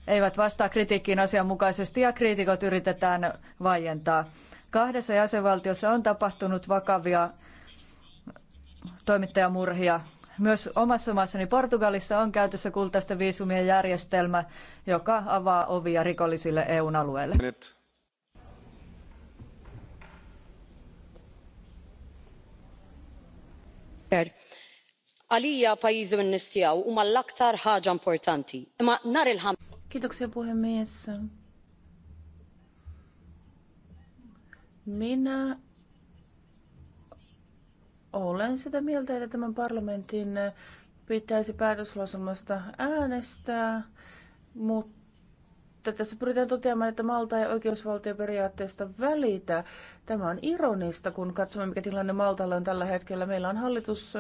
eivät vastaa kritiikkiin asianmukaisesti ja kriitikot yritetään vaientaa. Kahdessa jäsenvaltiossa on tapahtunut vakavia toimittajamurhia. Myös omassa maassani Portugalissa on käytössä kultaista viisumien järjestelmä, joka avaa ovia rikollisille eu alueelle. għalija Kiitoksia puhemies. Minä olen sitä mieltä, että tämän parlamentin pitäisi päätöslausumasta äänestää, mutta tässä pyritään toteamaan, että Malta ei oikeusvaltioperiaatteesta välitä. Tämä on ironista, kun katsomme, mikä tilanne Maltalla on tällä hetkellä. Meillä on hallitus,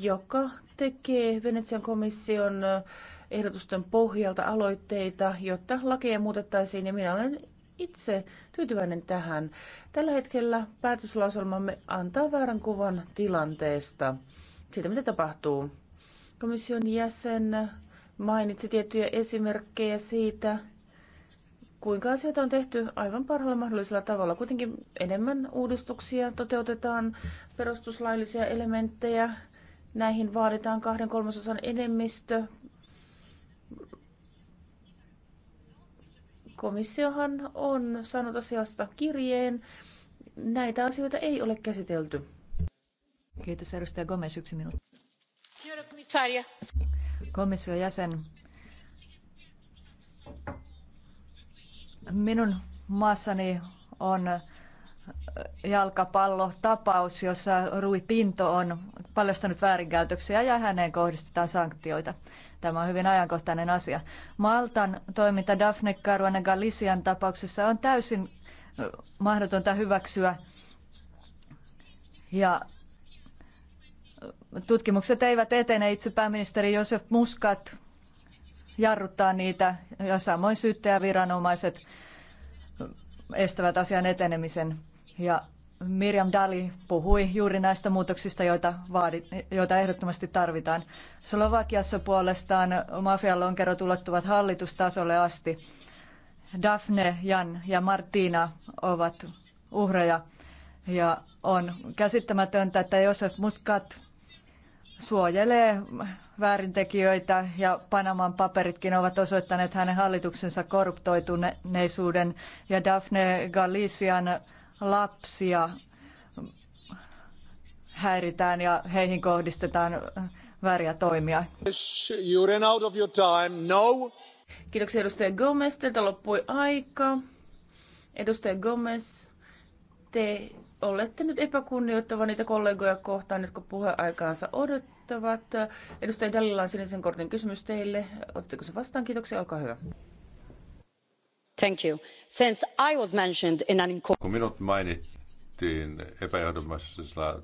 joka tekee Venetsian komission ehdotusten pohjalta aloitteita, jotta lakeja muutettaisiin, ja minä olen itse tyytyväinen tähän. Tällä hetkellä päätöslauselmamme antaa väärän kuvan tilanteesta, siitä mitä tapahtuu. Komission jäsen mainitsi tiettyjä esimerkkejä siitä, kuinka asioita on tehty aivan parhaalla mahdollisella tavalla. Kuitenkin enemmän uudistuksia toteutetaan, perustuslaillisia elementtejä, näihin vaaditaan kahden kolmasosan enemmistö Komissiohan on saanut asiasta kirjeen. Näitä asioita ei ole käsitelty. Kiitos edustaja Gomes, yksi minuutti. Komission jäsen. Minun maassani on jalkapallotapaus, jossa Rui Pinto on paljastanut väärinkäytöksiä ja häneen kohdistetaan sanktioita. Tämä on hyvin ajankohtainen asia. Maltan toiminta Daphne Caruana Galician tapauksessa on täysin mahdotonta hyväksyä. Ja tutkimukset eivät etene. Itse pääministeri Josef Muscat jarruttaa niitä ja samoin syyttäjäviranomaiset estävät asian etenemisen. Ja Miriam Dali puhui juuri näistä muutoksista, joita, vaadit, joita ehdottomasti tarvitaan. Slovakiassa puolestaan mafialonkerot ulottuvat hallitustasolle asti. Daphne, Jan ja Martina ovat uhreja ja on käsittämätöntä, että Josef Muscat suojelee väärintekijöitä ja Panaman paperitkin ovat osoittaneet hänen hallituksensa korruptoituneisuuden ja Daphne Galician lapsia häiritään ja heihin kohdistetaan vääriä toimia. You out of your time. No. Kiitoksia edustaja Gomez. Teiltä loppui aika. Edustaja Gomez, te olette nyt epäkunnioittava niitä kollegoja kohtaan, jotka puheaikaansa odottavat. Edustaja Dalilla on sinisen kortin kysymys teille. Otteko se vastaan? Kiitoksia, olkaa hyvä. Since I was mentioned in an... Kun minut mainittiin epäjohdonmukaisessa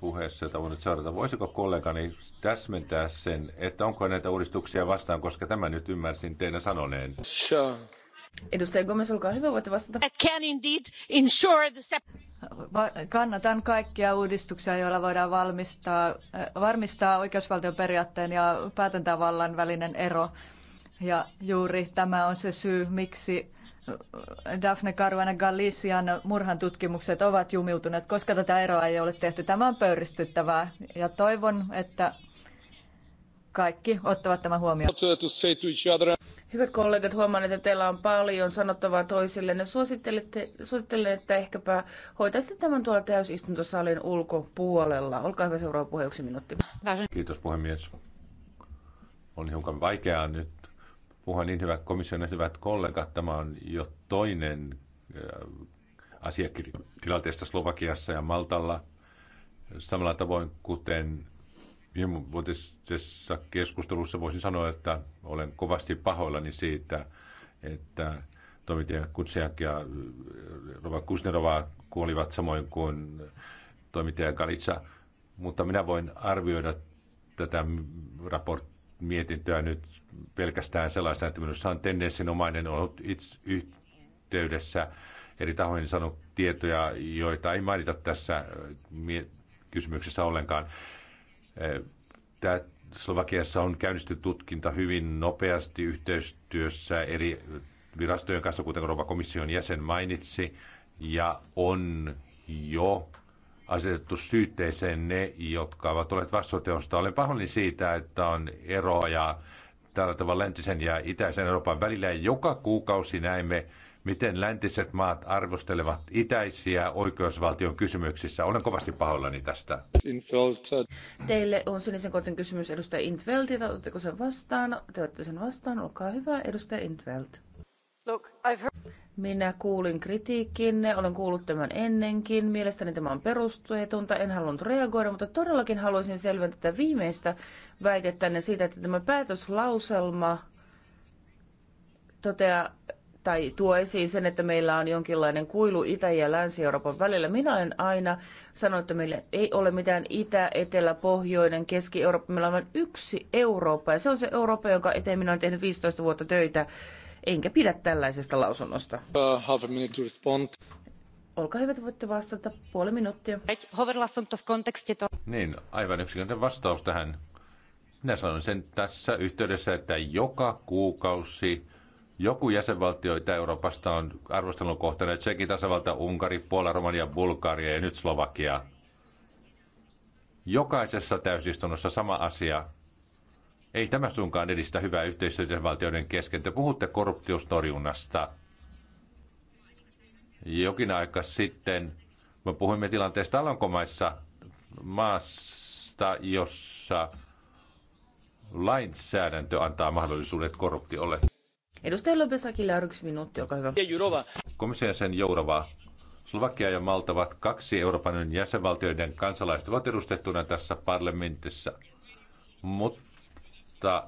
puheessa, jota voin nyt seurata, voisiko kollegani täsmentää sen, että onko näitä uudistuksia vastaan, koska tämä nyt ymmärsin teidän sanoneen? Sure. Edustaja Gomez, olkaa hyvä, voitte vastata. can indeed ensure the Kannatan kaikkia uudistuksia, joilla voidaan valmistaa, eh, varmistaa oikeusvaltion periaatteen ja päätäntävallan välinen ero. Ja juuri tämä on se syy, miksi Daphne Caruana Galician murhan tutkimukset ovat jumiutuneet, koska tätä eroa ei ole tehty. Tämä on pöyristyttävää ja toivon, että kaikki ottavat tämän huomioon. Hyvät kollegat, huomaan, että teillä on paljon sanottavaa Ne Suosittelen, että ehkäpä hoitaisitte tämän tuolla täysistuntosalin ulkopuolella. Olkaa hyvä, seuraava puhe minuutti. Kiitos puhemies. On hiukan vaikeaa nyt puhua niin hyvät komission hyvät kollegat. Tämä on jo toinen äh, asiakirjatilanteesta tilanteesta Slovakiassa ja Maltalla. Samalla tavoin kuten viimevuotisessa keskustelussa voisin sanoa, että olen kovasti pahoillani siitä, että toimittaja Kutsiak ja äh, Rova Kusnerova kuolivat samoin kuin toimittaja Galitsa, mutta minä voin arvioida tätä raporttia mietintöä nyt pelkästään sellaisena, että minusta on tendenssinomainen ollut itse yhteydessä eri tahoihin sanonut tietoja, joita ei mainita tässä äh, kysymyksessä ollenkaan. Äh, Tämä Slovakiassa on käynnistynyt tutkinta hyvin nopeasti yhteistyössä eri virastojen kanssa, kuten Euroopan komission jäsen mainitsi, ja on jo asetettu syytteeseen ne, jotka ovat olleet vastuuteosta. Olen pahoillani siitä, että on eroa ja tällä tavalla läntisen ja itäisen Euroopan välillä. Joka kuukausi näemme, miten läntiset maat arvostelevat itäisiä oikeusvaltion kysymyksissä. Olen kovasti pahoillani tästä. Teille on sinisen kortin kysymys edustaja Intveltiltä. Otatteko sen vastaan? Te otatte sen vastaan. Olkaa hyvä, edustaja Intvelt. Look, I've heard... Minä kuulin kritiikkinne, olen kuullut tämän ennenkin. Mielestäni tämä on perusteetonta, en halunnut reagoida, mutta todellakin haluaisin selventää tätä viimeistä väitettänne siitä, että tämä päätöslauselma toteaa tai tuo esiin sen, että meillä on jonkinlainen kuilu Itä- ja Länsi-Euroopan välillä. Minä olen aina sanonut, että meillä ei ole mitään Itä, Etelä, Pohjoinen, Keski-Eurooppa. Meillä on vain yksi Eurooppa ja se on se Eurooppa, jonka eteen minä olen tehnyt 15 vuotta töitä enkä pidä tällaisesta lausunnosta. Uh, half a minute to respond. Olkaa hyvät, voitte vastata puoli minuuttia. Niin, aivan yksinkertainen vastaus tähän. Minä sanon sen tässä yhteydessä, että joka kuukausi joku jäsenvaltio Itä-Euroopasta on arvostelun kohteena. Tsekin tasavalta, Unkari, Puola, Romania, Bulgaria ja nyt Slovakia. Jokaisessa täysistunnossa sama asia. Ei tämä suinkaan edistä hyvää yhteistyötä valtioiden kesken. Te puhutte korruptiostorjunnasta. Jokin aika sitten me puhuimme tilanteesta Alankomaissa maasta, jossa lainsäädäntö antaa mahdollisuudet korruptiolle. Edustaja Lopesakille on yksi minuutti, olkaa hyvä. Komission sen Jourova. Slovakia ja Malta ovat kaksi Euroopan jäsenvaltioiden kansalaiset ovat edustettuna tässä parlamentissa. Mutta mutta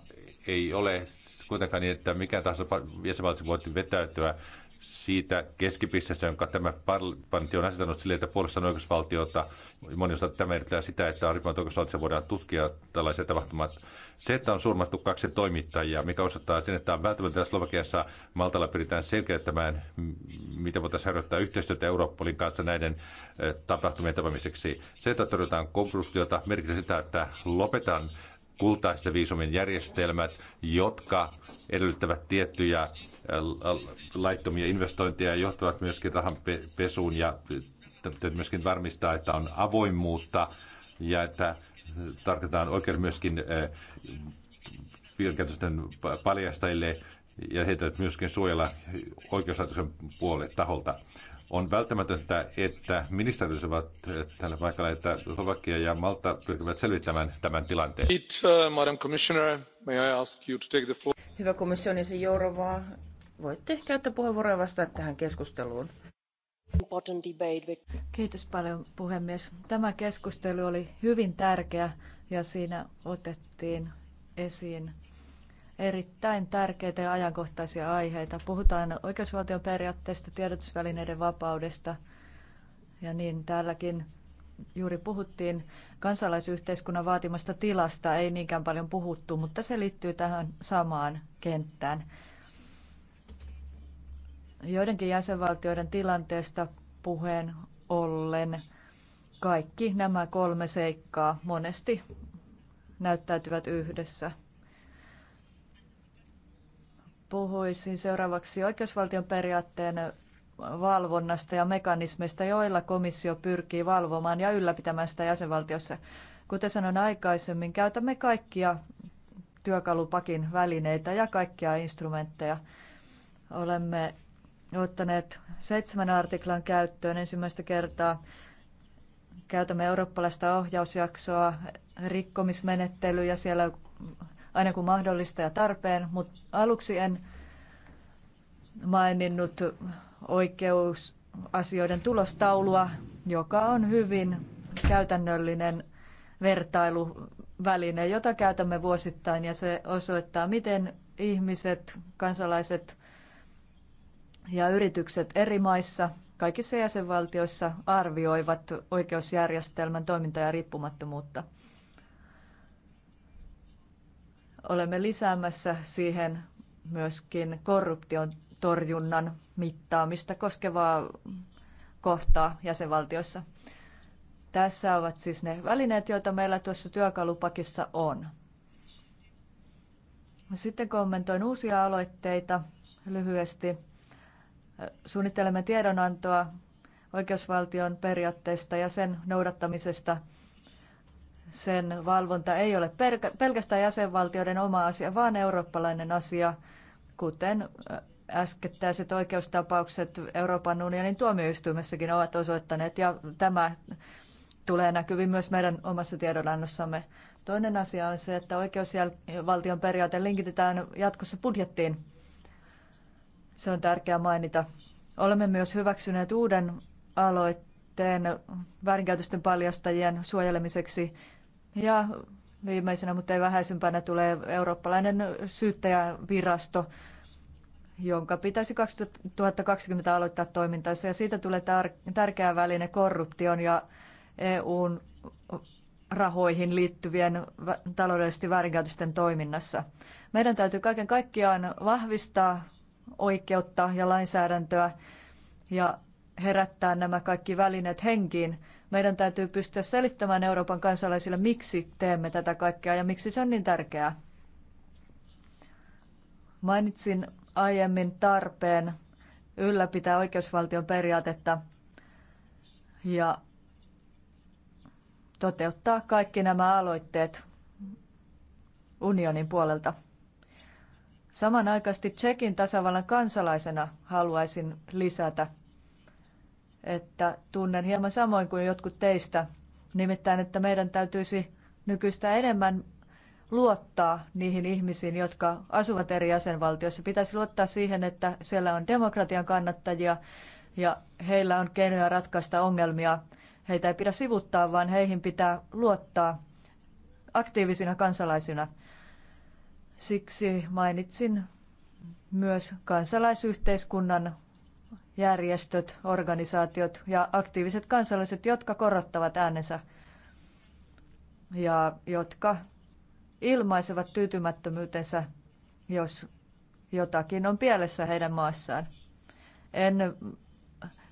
ei ole kuitenkaan niin, että mikä tahansa jäsenvaltio voi vetäytyä siitä keskipisteestä, jonka tämä parlamentti on asettanut sille, että puolustan oikeusvaltiota. Moni osa tämä edellyttää sitä, että riippumatta oikeusvaltiossa voidaan tutkia tällaisia tapahtumia. Se, että on surmattu kaksi toimittajia, mikä osoittaa sen, että on välttämättä Slovakiassa Maltalla pyritään selkeyttämään, mitä voitaisiin harjoittaa yhteistyötä Europolin kanssa näiden eh, tapahtumien tapamiseksi. Se, että torjutaan korruptiota, merkitsee sitä, että lopetan kultaisten viisumin järjestelmät, jotka edellyttävät tiettyjä äh, laittomia investointeja ja johtavat myöskin rahan pesuun ja myöskin varmistaa, että on avoimuutta ja että tarkoitetaan oikein myöskin äh, pilkätysten paljastajille ja heitä myöskin suojella oikeuslaitoksen puolelle taholta. On välttämätöntä, että ministerit ovat tällä paikalla, että Slovakia ja Malta pyrkivät selvittämään tämän tilanteen. It, uh, may I ask you to take the floor? Hyvä komission jäsen Jourova, voitte käyttää puheenvuoroa vastaan tähän keskusteluun. Kiitos paljon puhemies. Tämä keskustelu oli hyvin tärkeä ja siinä otettiin esiin erittäin tärkeitä ja ajankohtaisia aiheita. Puhutaan oikeusvaltion periaatteesta, tiedotusvälineiden vapaudesta ja niin täälläkin juuri puhuttiin kansalaisyhteiskunnan vaatimasta tilasta, ei niinkään paljon puhuttu, mutta se liittyy tähän samaan kenttään. Joidenkin jäsenvaltioiden tilanteesta puheen ollen kaikki nämä kolme seikkaa monesti näyttäytyvät yhdessä. Puhuisin seuraavaksi oikeusvaltion periaatteen valvonnasta ja mekanismeista, joilla komissio pyrkii valvomaan ja ylläpitämään sitä jäsenvaltiossa. Kuten sanoin aikaisemmin, käytämme kaikkia työkalupakin välineitä ja kaikkia instrumentteja. Olemme ottaneet seitsemän artiklan käyttöön ensimmäistä kertaa. Käytämme eurooppalaista ohjausjaksoa, rikkomismenettelyjä siellä aina kun mahdollista ja tarpeen, mutta aluksi en maininnut oikeusasioiden tulostaulua, joka on hyvin käytännöllinen vertailuväline, jota käytämme vuosittain ja se osoittaa, miten ihmiset, kansalaiset ja yritykset eri maissa, kaikissa jäsenvaltioissa arvioivat oikeusjärjestelmän toimintaa ja riippumattomuutta olemme lisäämässä siihen myöskin korruption torjunnan mittaamista koskevaa kohtaa jäsenvaltiossa. Tässä ovat siis ne välineet, joita meillä tuossa työkalupakissa on. Sitten kommentoin uusia aloitteita lyhyesti. Suunnittelemme tiedonantoa oikeusvaltion periaatteista ja sen noudattamisesta – sen valvonta ei ole pelkästään jäsenvaltioiden oma asia, vaan eurooppalainen asia, kuten äskettäiset oikeustapaukset Euroopan unionin tuomioistuimessakin ovat osoittaneet, ja tämä tulee näkyviin myös meidän omassa tiedonannossamme. Toinen asia on se, että oikeusvaltion periaate linkitetään jatkossa budjettiin. Se on tärkeää mainita. Olemme myös hyväksyneet uuden aloitteen väärinkäytösten paljastajien suojelemiseksi ja viimeisenä, mutta ei vähäisimpänä, tulee eurooppalainen syyttäjävirasto, jonka pitäisi 2020 aloittaa toimintansa. Ja siitä tulee tärkeä väline korruption ja EUn rahoihin liittyvien taloudellisesti väärinkäytösten toiminnassa. Meidän täytyy kaiken kaikkiaan vahvistaa oikeutta ja lainsäädäntöä ja herättää nämä kaikki välineet henkiin. Meidän täytyy pystyä selittämään Euroopan kansalaisille, miksi teemme tätä kaikkea ja miksi se on niin tärkeää. Mainitsin aiemmin tarpeen ylläpitää oikeusvaltion periaatetta ja toteuttaa kaikki nämä aloitteet unionin puolelta. Samanaikaisesti Tsekin tasavallan kansalaisena haluaisin lisätä että tunnen hieman samoin kuin jotkut teistä, nimittäin että meidän täytyisi nykyistä enemmän luottaa niihin ihmisiin, jotka asuvat eri jäsenvaltioissa. Pitäisi luottaa siihen, että siellä on demokratian kannattajia ja heillä on keinoja ratkaista ongelmia. Heitä ei pidä sivuttaa, vaan heihin pitää luottaa aktiivisina kansalaisina. Siksi mainitsin myös kansalaisyhteiskunnan järjestöt, organisaatiot ja aktiiviset kansalaiset, jotka korottavat äänensä ja jotka ilmaisevat tyytymättömyytensä, jos jotakin on pielessä heidän maassaan. En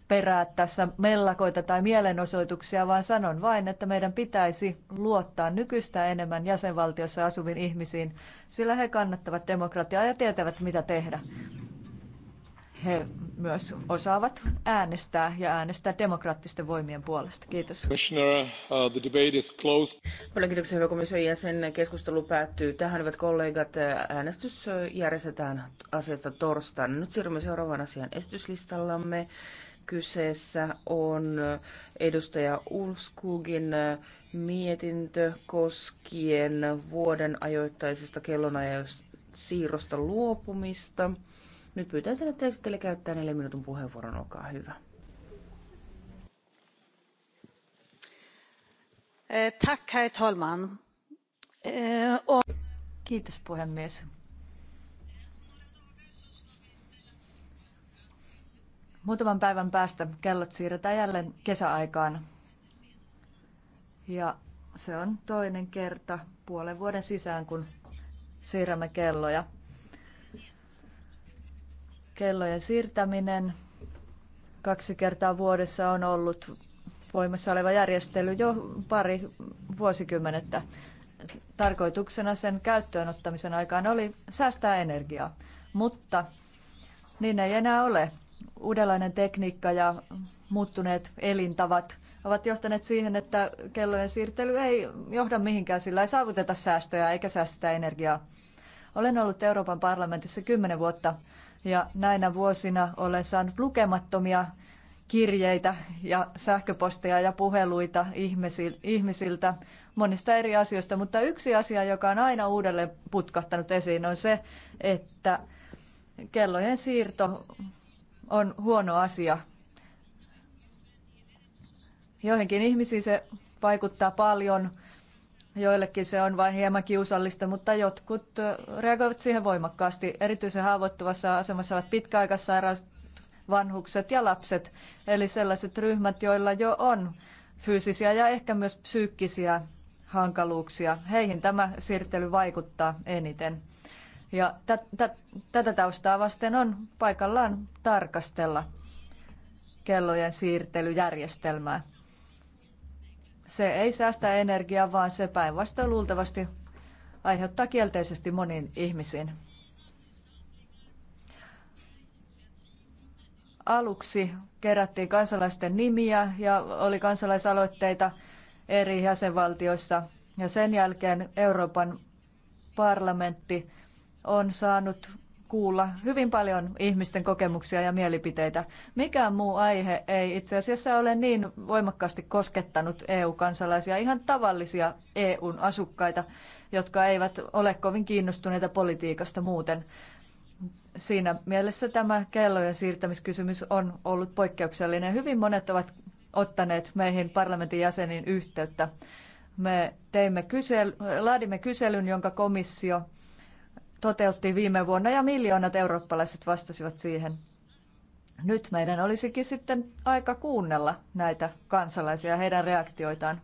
perää tässä mellakoita tai mielenosoituksia, vaan sanon vain, että meidän pitäisi luottaa nykyistä enemmän jäsenvaltiossa asuviin ihmisiin, sillä he kannattavat demokratiaa ja tietävät, mitä tehdä he myös osaavat äänestää ja äänestää demokraattisten voimien puolesta. Kiitos. Uh, Paljon kiitoksia, hyvä komission jäsen. Keskustelu päättyy tähän, hyvät kollegat. Äänestys järjestetään asiasta torstaina. Nyt siirrymme seuraavaan asiaan esityslistallamme. Kyseessä on edustaja Ulskugin mietintö koskien vuoden ajoittaisesta kellonajoista siirrosta luopumista. Nyt sen, että esittele käyttää neljän minuutin puheenvuoron. Olkaa hyvä. Eh, tack, herr talman. Eh, Kiitos puhemies. Muutaman päivän päästä kellot siirretään jälleen kesäaikaan. Ja se on toinen kerta puolen vuoden sisään, kun siirrämme kelloja kellojen siirtäminen kaksi kertaa vuodessa on ollut voimassa oleva järjestely jo pari vuosikymmenettä. Tarkoituksena sen käyttöönottamisen aikaan oli säästää energiaa, mutta niin ei enää ole. Uudenlainen tekniikka ja muuttuneet elintavat ovat johtaneet siihen, että kellojen siirtely ei johda mihinkään, sillä ei saavuteta säästöjä eikä säästetä energiaa. Olen ollut Euroopan parlamentissa kymmenen vuotta ja näinä vuosina olen saanut lukemattomia kirjeitä ja sähköposteja ja puheluita ihmisiltä monista eri asioista, mutta yksi asia, joka on aina uudelleen putkahtanut esiin, on se, että kellojen siirto on huono asia. Joihinkin ihmisiin se vaikuttaa paljon, Joillekin se on vain hieman kiusallista, mutta jotkut reagoivat siihen voimakkaasti. Erityisen haavoittuvassa asemassa ovat pitkäaikaissairaat, vanhukset ja lapset, eli sellaiset ryhmät, joilla jo on fyysisiä ja ehkä myös psyykkisiä hankaluuksia. Heihin tämä siirtely vaikuttaa eniten. Ja tätä taustaa vasten on paikallaan tarkastella kellojen siirtelyjärjestelmää. Se ei säästä energiaa, vaan se päinvastoin luultavasti aiheuttaa kielteisesti moniin ihmisiin. Aluksi kerättiin kansalaisten nimiä ja oli kansalaisaloitteita eri jäsenvaltioissa. Ja sen jälkeen Euroopan parlamentti on saanut kuulla hyvin paljon ihmisten kokemuksia ja mielipiteitä. Mikään muu aihe ei itse asiassa ole niin voimakkaasti koskettanut EU-kansalaisia, ihan tavallisia EUn asukkaita, jotka eivät ole kovin kiinnostuneita politiikasta muuten. Siinä mielessä tämä kellojen siirtämiskysymys on ollut poikkeuksellinen. Hyvin monet ovat ottaneet meihin parlamentin jäseniin yhteyttä. Me teimme kysely, laadimme kyselyn, jonka komissio toteutti viime vuonna ja miljoonat eurooppalaiset vastasivat siihen. Nyt meidän olisikin sitten aika kuunnella näitä kansalaisia ja heidän reaktioitaan.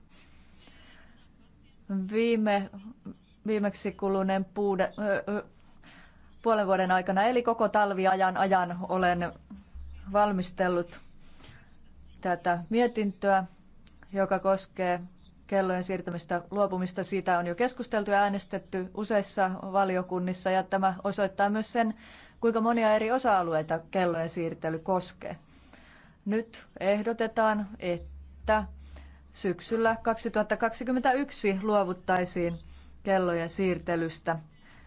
Viime, viimeksi kuluneen puude, ö, puolen vuoden aikana, eli koko talviajan ajan olen valmistellut tätä mietintöä, joka koskee kellojen siirtämistä luopumista. Siitä on jo keskusteltu ja äänestetty useissa valiokunnissa ja tämä osoittaa myös sen, kuinka monia eri osa-alueita kellojen siirtely koskee. Nyt ehdotetaan, että syksyllä 2021 luovuttaisiin kellojen siirtelystä.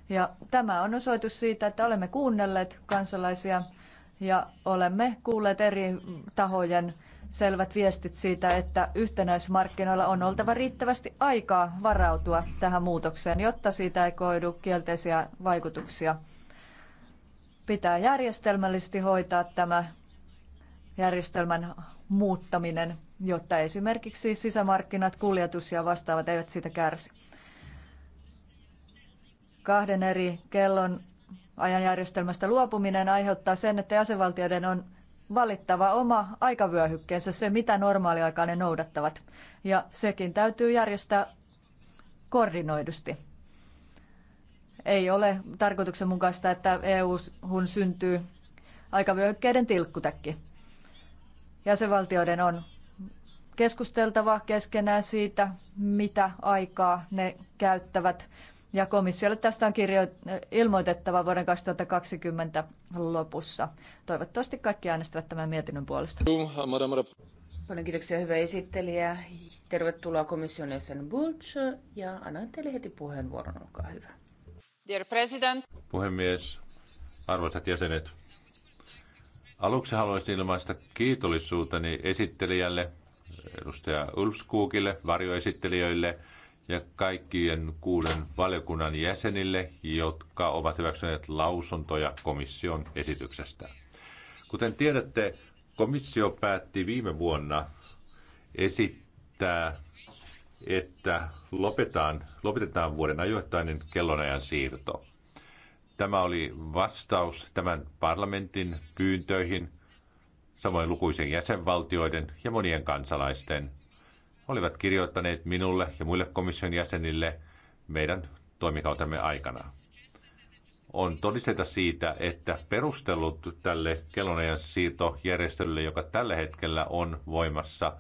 Ja tämä on osoitus siitä, että olemme kuunnelleet kansalaisia ja olemme kuulleet eri tahojen selvät viestit siitä, että yhtenäismarkkinoilla on oltava riittävästi aikaa varautua tähän muutokseen, jotta siitä ei koidu kielteisiä vaikutuksia. Pitää järjestelmällisesti hoitaa tämä järjestelmän muuttaminen, jotta esimerkiksi sisämarkkinat, kuljetus ja vastaavat eivät siitä kärsi. Kahden eri kellon ajanjärjestelmästä luopuminen aiheuttaa sen, että jäsenvaltioiden on valittava oma aikavyöhykkeensä, se mitä normaaliaikaa ne noudattavat. Ja sekin täytyy järjestää koordinoidusti. Ei ole tarkoituksenmukaista, että EU-hun syntyy aikavyöhykkeiden tilkkutäkki. Jäsenvaltioiden on keskusteltava keskenään siitä, mitä aikaa ne käyttävät ja komissiolle tästä on kirjo- ilmoitettava vuoden 2020 lopussa. Toivottavasti kaikki äänestävät tämän mietinnön puolesta. Paljon kiitoksia, hyvä esittelijä. Tervetuloa komission jäsen Bulch ja annan teille heti puheenvuoron, olkaa hyvä. Dear President. Puhemies, arvoisat jäsenet. Aluksi haluaisin ilmaista kiitollisuuteni esittelijälle, edustaja Ulfskukille, varjoesittelijöille – ja kaikkien kuuden valiokunnan jäsenille, jotka ovat hyväksyneet lausuntoja komission esityksestä. Kuten tiedätte, komissio päätti viime vuonna esittää, että lopetetaan, lopetetaan vuoden ajoittainen kellonajan siirto. Tämä oli vastaus tämän parlamentin pyyntöihin, samoin lukuisen jäsenvaltioiden ja monien kansalaisten olivat kirjoittaneet minulle ja muille komission jäsenille meidän toimikautemme aikana. On todisteita siitä, että perustelut tälle kellonajan siirtojärjestelylle, joka tällä hetkellä on voimassa,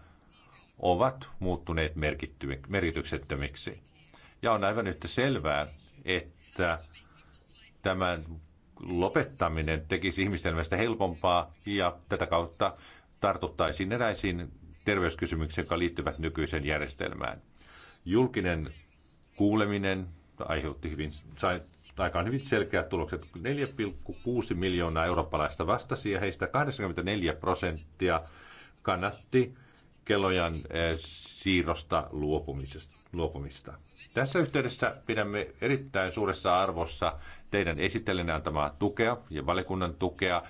ovat muuttuneet merkityksettömiksi. Ja on aivan yhtä selvää, että tämän lopettaminen tekisi ihmisten helpompaa ja tätä kautta tartuttaisiin eräisiin terveyskysymyksiä, jotka liittyvät nykyiseen järjestelmään. Julkinen kuuleminen aiheutti hyvin, sai aikaan hyvin selkeät tulokset. 4,6 miljoonaa eurooppalaista vastasi ja heistä 84 prosenttia kannatti kellojan eh, siirrosta luopumisesta. luopumista. Tässä yhteydessä pidämme erittäin suuressa arvossa teidän esittelijänä antamaa tukea ja valikunnan tukea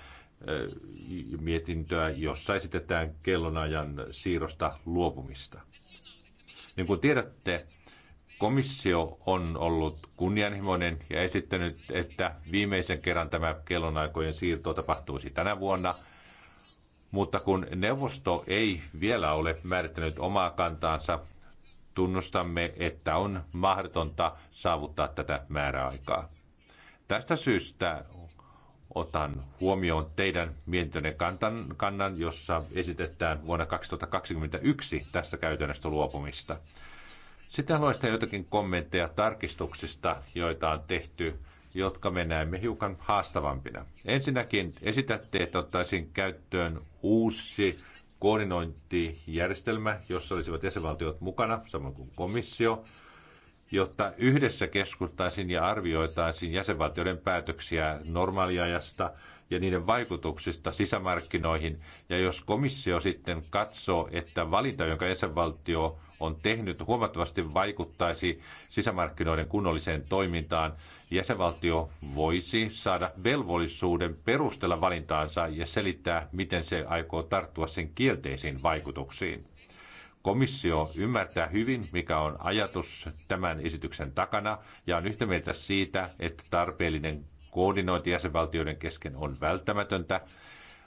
mietintöä, jossa esitetään kellonajan siirrosta luopumista. Niin kuin tiedätte, komissio on ollut kunnianhimoinen ja esittänyt, että viimeisen kerran tämä kellonaikojen siirto tapahtuisi tänä vuonna, mutta kun neuvosto ei vielä ole määrittänyt omaa kantaansa, tunnustamme, että on mahdotonta saavuttaa tätä määräaikaa. Tästä syystä otan huomioon teidän mietintönne kantan, kannan, jossa esitetään vuonna 2021 tästä käytännöstä luopumista. Sitten haluaisin joitakin kommentteja tarkistuksista, joita on tehty, jotka me näemme hiukan haastavampina. Ensinnäkin esitätte, että ottaisin käyttöön uusi koordinointijärjestelmä, jossa olisivat jäsenvaltiot mukana, samoin kuin komissio – jotta yhdessä keskustaisiin ja arvioitaisiin jäsenvaltioiden päätöksiä normaaliajasta ja niiden vaikutuksista sisämarkkinoihin. Ja jos komissio sitten katsoo, että valinta, jonka jäsenvaltio on tehnyt, huomattavasti vaikuttaisi sisämarkkinoiden kunnolliseen toimintaan, jäsenvaltio voisi saada velvollisuuden perustella valintaansa ja selittää, miten se aikoo tarttua sen kielteisiin vaikutuksiin. Komissio ymmärtää hyvin, mikä on ajatus tämän esityksen takana ja on yhtä mieltä siitä, että tarpeellinen koordinointi jäsenvaltioiden kesken on välttämätöntä,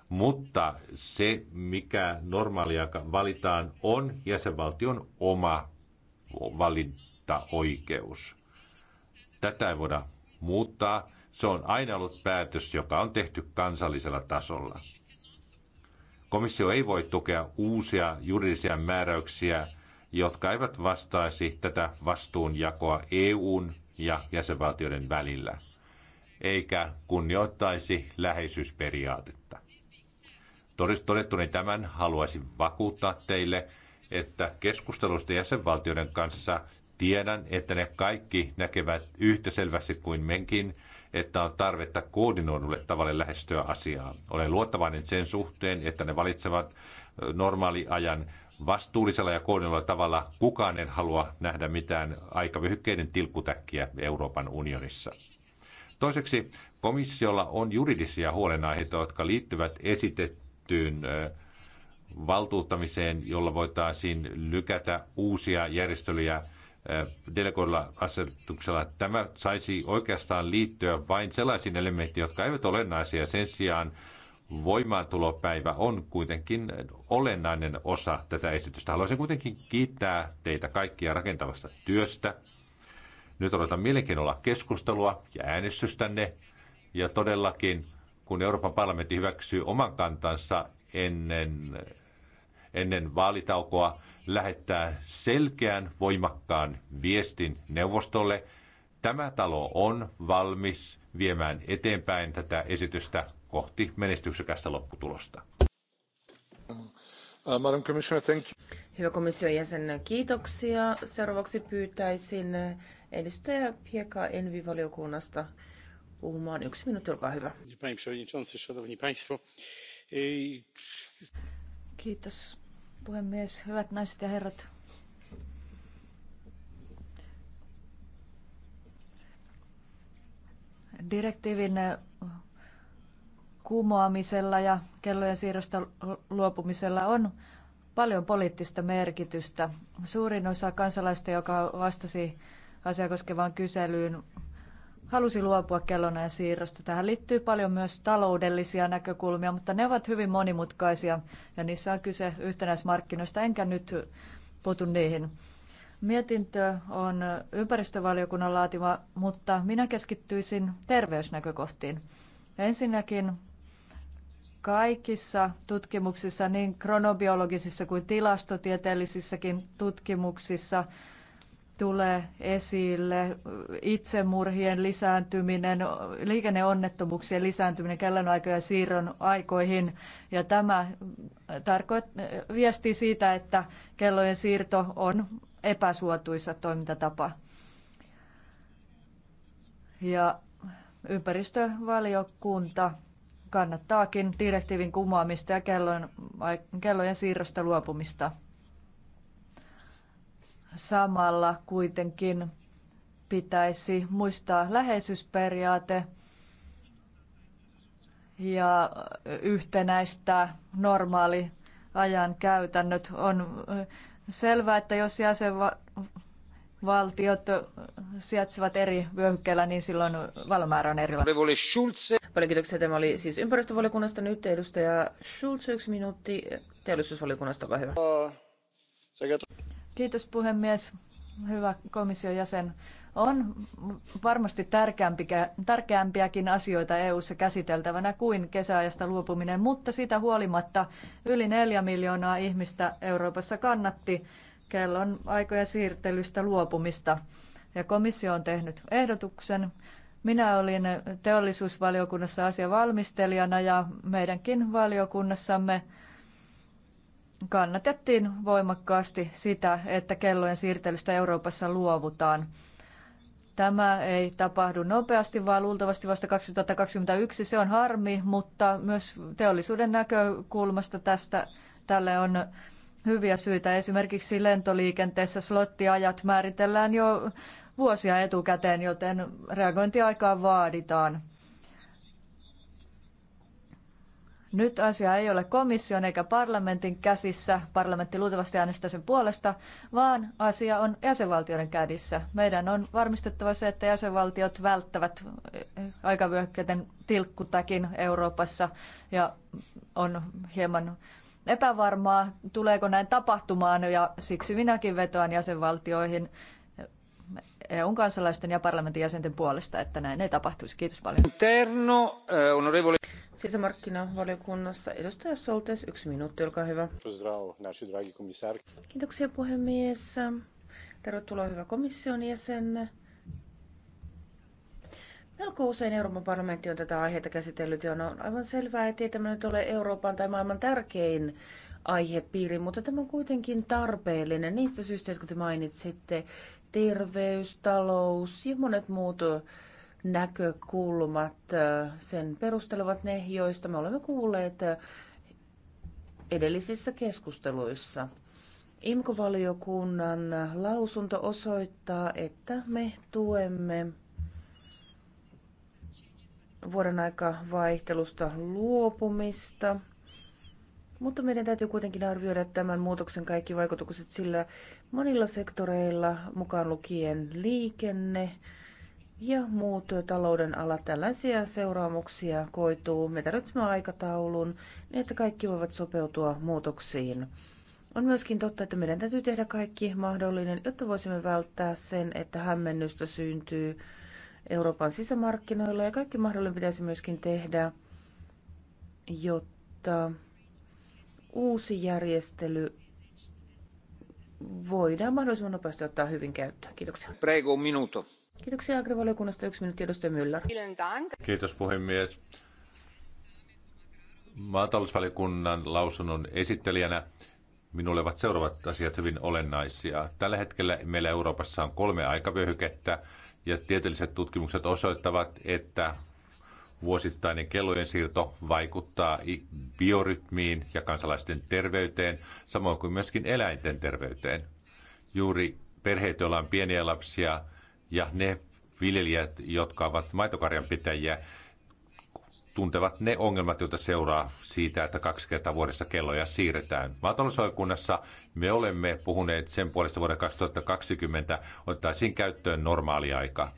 mutta se, mikä normaalia valitaan, on jäsenvaltion oma valintaoikeus. Tätä ei voida muuttaa. Se on aina ollut päätös, joka on tehty kansallisella tasolla. Komissio ei voi tukea uusia juridisia määräyksiä, jotka eivät vastaisi tätä vastuunjakoa EUn ja jäsenvaltioiden välillä, eikä kunnioittaisi läheisyysperiaatetta. niin tämän haluaisin vakuuttaa teille, että keskustelusta jäsenvaltioiden kanssa tiedän, että ne kaikki näkevät yhtä selvästi kuin menkin, että on tarvetta koordinoidulle tavalle lähestyä asiaa. Olen luottavainen sen suhteen, että ne valitsevat normaaliajan vastuullisella ja koordinoidulla tavalla. Kukaan ei halua nähdä mitään aikavyhykkeiden tilkkutäkkiä Euroopan unionissa. Toiseksi komissiolla on juridisia huolenaiheita, jotka liittyvät esitettyyn valtuuttamiseen, jolla voitaisiin lykätä uusia järjestelyjä Äh, delegoilla asetuksella tämä saisi oikeastaan liittyä vain sellaisiin elementteihin, jotka eivät ole olennaisia. Sen sijaan voimaantulopäivä on kuitenkin olennainen osa tätä esitystä. Haluaisin kuitenkin kiittää teitä kaikkia rakentavasta työstä. Nyt odotan mielenkiinnolla keskustelua ja äänestystänne. Ja todellakin, kun Euroopan parlamentti hyväksyy oman kantansa ennen, ennen vaalitaukoa, lähettää selkeän, voimakkaan viestin neuvostolle. Tämä talo on valmis viemään eteenpäin tätä esitystä kohti menestyksekästä lopputulosta. Uh, thank you. Hyvä komission jäsen, kiitoksia. Seuraavaksi pyytäisin edustaja Pieka Envi-valiokunnasta puhumaan. Yksi minuutti, olkaa hyvä. Kiitos puhemies, hyvät naiset ja herrat. Direktiivin kumoamisella ja kellojen siirrosta luopumisella on paljon poliittista merkitystä. Suurin osa kansalaista, joka vastasi asiaa koskevaan kyselyyn, halusi luopua kellonajan siirrosta. Tähän liittyy paljon myös taloudellisia näkökulmia, mutta ne ovat hyvin monimutkaisia ja niissä on kyse yhtenäismarkkinoista, enkä nyt puutu niihin. Mietintö on ympäristövaliokunnan laatima, mutta minä keskittyisin terveysnäkökohtiin. Ensinnäkin kaikissa tutkimuksissa, niin kronobiologisissa kuin tilastotieteellisissäkin tutkimuksissa, tulee esille, itsemurhien lisääntyminen, liikenneonnettomuuksien lisääntyminen kellonaikojen siirron aikoihin. Ja tämä tarkoit- viestii siitä, että kellojen siirto on epäsuotuisa toimintatapa. Ja ympäristövaliokunta kannattaakin direktiivin kumoamista ja kellojen siirrosta luopumista. Samalla kuitenkin pitäisi muistaa läheisyysperiaate ja yhtenäistää normaali ajan käytännöt. On selvää, että jos jäsenvaltiot sijaitsevat eri vyöhykkeillä, niin silloin valomäärä on erilainen. Paljon kiitoksia. Tämä oli siis ympäristövaliokunnasta. Nyt edustaja Schulz, yksi minuutti. Teollisuusvaliokunnasta, olkaa hyvä. Äh, Kiitos puhemies. Hyvä komission jäsen. On varmasti tärkeämpiäkin asioita EU:ssa käsiteltävänä kuin kesäajasta luopuminen, mutta sitä huolimatta yli neljä miljoonaa ihmistä Euroopassa kannatti kellon aikojen siirtelystä luopumista. Ja komissio on tehnyt ehdotuksen. Minä olin teollisuusvaliokunnassa valmistelijana ja meidänkin valiokunnassamme kannatettiin voimakkaasti sitä, että kellojen siirtelystä Euroopassa luovutaan. Tämä ei tapahdu nopeasti, vaan luultavasti vasta 2021. Se on harmi, mutta myös teollisuuden näkökulmasta tästä tälle on hyviä syitä. Esimerkiksi lentoliikenteessä slottiajat määritellään jo vuosia etukäteen, joten reagointiaikaa vaaditaan. Nyt asia ei ole komission eikä parlamentin käsissä, parlamentti luultavasti äänestää sen puolesta, vaan asia on jäsenvaltioiden kädissä. Meidän on varmistettava se, että jäsenvaltiot välttävät eh, aikavyöhykkeiden tilkkutakin Euroopassa ja on hieman epävarmaa, tuleeko näin tapahtumaan ja siksi minäkin vetoan jäsenvaltioihin, EUn kansalaisten ja parlamentin jäsenten puolesta, että näin ei tapahtuisi. Kiitos paljon. Interno, eh, onorevole... Sisämarkkinavaliokunnassa edustaja Soltes, yksi minuutti, olkaa hyvä. Kiitoksia puhemies. Tervetuloa hyvä komission jäsen. Melko usein Euroopan parlamentti on tätä aiheita käsitellyt ja on aivan selvää, että tämä nyt ole Euroopan tai maailman tärkein aihepiiri, mutta tämä on kuitenkin tarpeellinen niistä syistä, jotka te mainitsitte terveys, talous ja monet muut näkökulmat äh, sen perustelevat ne, joista me olemme kuulleet äh, edellisissä keskusteluissa. Imkovaliokunnan lausunto osoittaa, että me tuemme vuoden aikavaihtelusta luopumista, mutta meidän täytyy kuitenkin arvioida tämän muutoksen kaikki vaikutukset, sillä Monilla sektoreilla, mukaan lukien liikenne ja muut talouden alat, tällaisia seuraamuksia koituu. Me tarvitsemme aikataulun, niin että kaikki voivat sopeutua muutoksiin. On myöskin totta, että meidän täytyy tehdä kaikki mahdollinen, jotta voisimme välttää sen, että hämmennystä syntyy Euroopan sisämarkkinoilla ja kaikki mahdollinen pitäisi myöskin tehdä, jotta uusi järjestely voidaan mahdollisimman nopeasti ottaa hyvin käyttöön. Kiitoksia. Prego minuto. Kiitoksia agrivaliokunnasta. Yksi minuutti edustaja Müller. Kiitos puhemies. Maatalousvaliokunnan lausunnon esittelijänä minulle ovat seuraavat asiat hyvin olennaisia. Tällä hetkellä meillä Euroopassa on kolme aikavyöhykettä ja tieteelliset tutkimukset osoittavat, että vuosittainen kellojen siirto vaikuttaa biorytmiin ja kansalaisten terveyteen, samoin kuin myöskin eläinten terveyteen. Juuri perheet, joilla on pieniä lapsia ja ne viljelijät, jotka ovat maitokarjan pitäjiä, tuntevat ne ongelmat, joita seuraa siitä, että kaksi kertaa vuodessa kelloja siirretään. Maatalousvaliokunnassa me olemme puhuneet sen puolesta vuoden 2020 ottaisiin käyttöön normaaliaika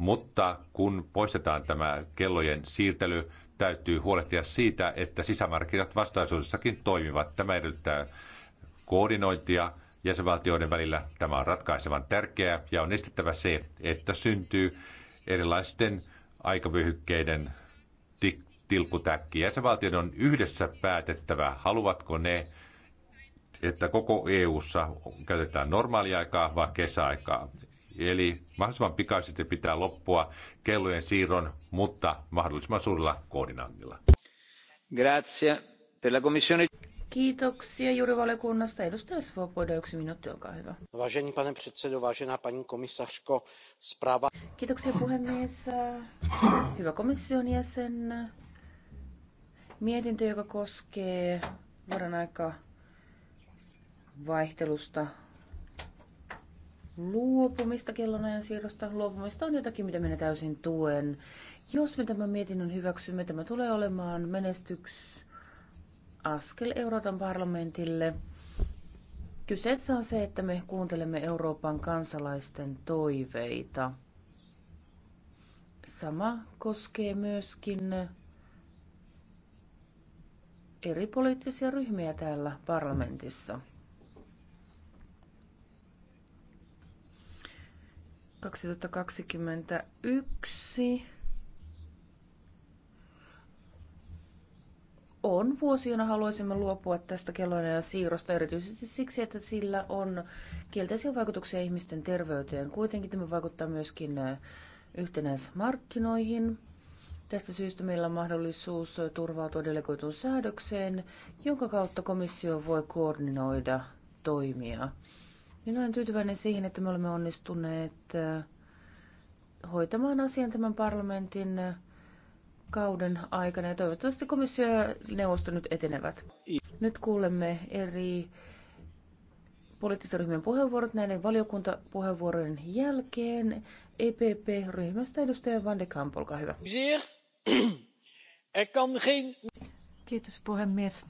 mutta kun poistetaan tämä kellojen siirtely, täytyy huolehtia siitä, että sisämarkkinat vastaisuudessakin toimivat. Tämä edellyttää koordinointia jäsenvaltioiden välillä. Tämä on ratkaisevan tärkeää ja on estettävä se, että syntyy erilaisten aikavyhykkeiden tilkutäkki. Jäsenvaltioiden on yhdessä päätettävä, haluavatko ne, että koko EU:ssa käytetään normaaliaikaa vai kesäaikaa. Eli mahdollisimman pikaisesti pitää loppua kellojen siirron, mutta mahdollisimman suurella koordinaatilla. Grazie. Per la commissione... Kiitoksia juurivaliokunnasta. Edustaja Svoboda, yksi minuutti, olkaa hyvä. Vážený pane předsedo, vážená paní komisařko, zpráva... Kiitoksia puhemies. Hyvä komission jäsen. Mietintö, joka koskee vuoden aika vaihtelusta luopumista, kellonajan siirrosta luopumista on jotakin, mitä minä täysin tuen. Jos me tämän mietinnön hyväksymme, tämä tulee olemaan menestyks askel Euroopan parlamentille. Kyseessä on se, että me kuuntelemme Euroopan kansalaisten toiveita. Sama koskee myöskin eri poliittisia ryhmiä täällä parlamentissa. 2021 on vuosi, jona haluaisimme luopua tästä ja siirrosta, erityisesti siksi, että sillä on kielteisiä vaikutuksia ihmisten terveyteen. Kuitenkin tämä vaikuttaa myöskin yhtenäismarkkinoihin. Tästä syystä meillä on mahdollisuus turvautua delegoituun säädökseen, jonka kautta komissio voi koordinoida toimia. Minä olen tyytyväinen siihen, että me olemme onnistuneet äh, hoitamaan asian tämän parlamentin äh, kauden aikana ja toivottavasti komissio ja neuvosto nyt etenevät. Nyt kuulemme eri poliittisen ryhmän puheenvuorot näiden valiokuntapuheenvuorojen jälkeen. EPP-ryhmästä edustaja Van de Kamp, olkaa hyvä. Er Kiitos puhemies.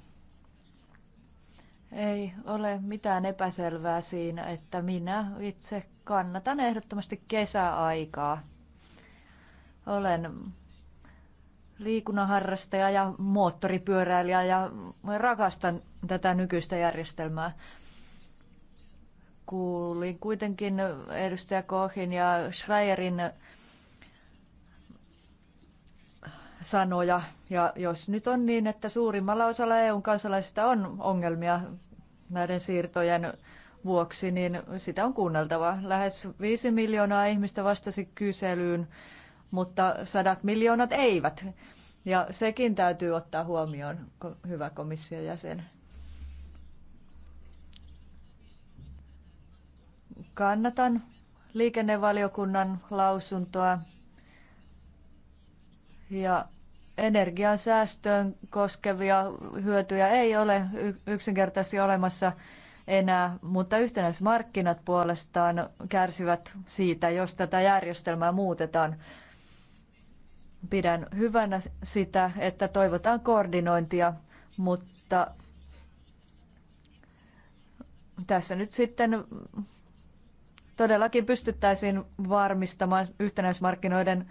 Ei ole mitään epäselvää siinä, että minä itse kannatan ehdottomasti kesäaikaa. Olen liikunnanharrastaja ja moottoripyöräilijä ja rakastan tätä nykyistä järjestelmää. Kuulin kuitenkin edustaja Kohin ja Schreierin sanoja. Ja jos nyt on niin, että suurimmalla osalla EUn kansalaisista on ongelmia näiden siirtojen vuoksi, niin sitä on kuunneltava. Lähes viisi miljoonaa ihmistä vastasi kyselyyn, mutta sadat miljoonat eivät. Ja sekin täytyy ottaa huomioon, hyvä komission jäsen. Kannatan liikennevaliokunnan lausuntoa ja energiansäästöön koskevia hyötyjä ei ole yksinkertaisesti olemassa enää, mutta yhtenäismarkkinat puolestaan kärsivät siitä, jos tätä järjestelmää muutetaan. Pidän hyvänä sitä, että toivotaan koordinointia, mutta tässä nyt sitten todellakin pystyttäisiin varmistamaan yhtenäismarkkinoiden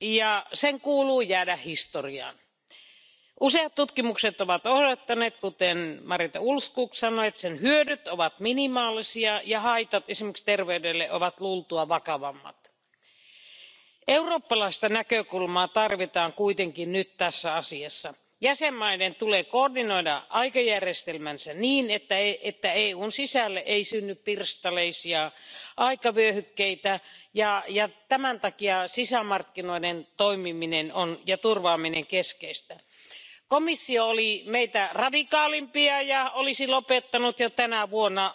ja sen kuuluu jäädä historiaan. useat tutkimukset ovat osoittaneet kuten marita ulvskog sanoi että sen hyödyt ovat minimaalisia ja haitat esimerkiksi terveydelle ovat luultua vakavammat. eurooppalaista näkökulmaa tarvitaan kuitenkin nyt tässä asiassa jäsenvaltioiden tulee koordinoida aikajärjestelmänsä niin että eun e sisälle ei synny pirstaleisia aikavyöhykkeitä ja tämän takia sisämarkkinoiden toimiminen ja turvaaminen on keskeistä. komissio oli meitä radikaalimpia ja olisi lopettanut jo tänä vuonna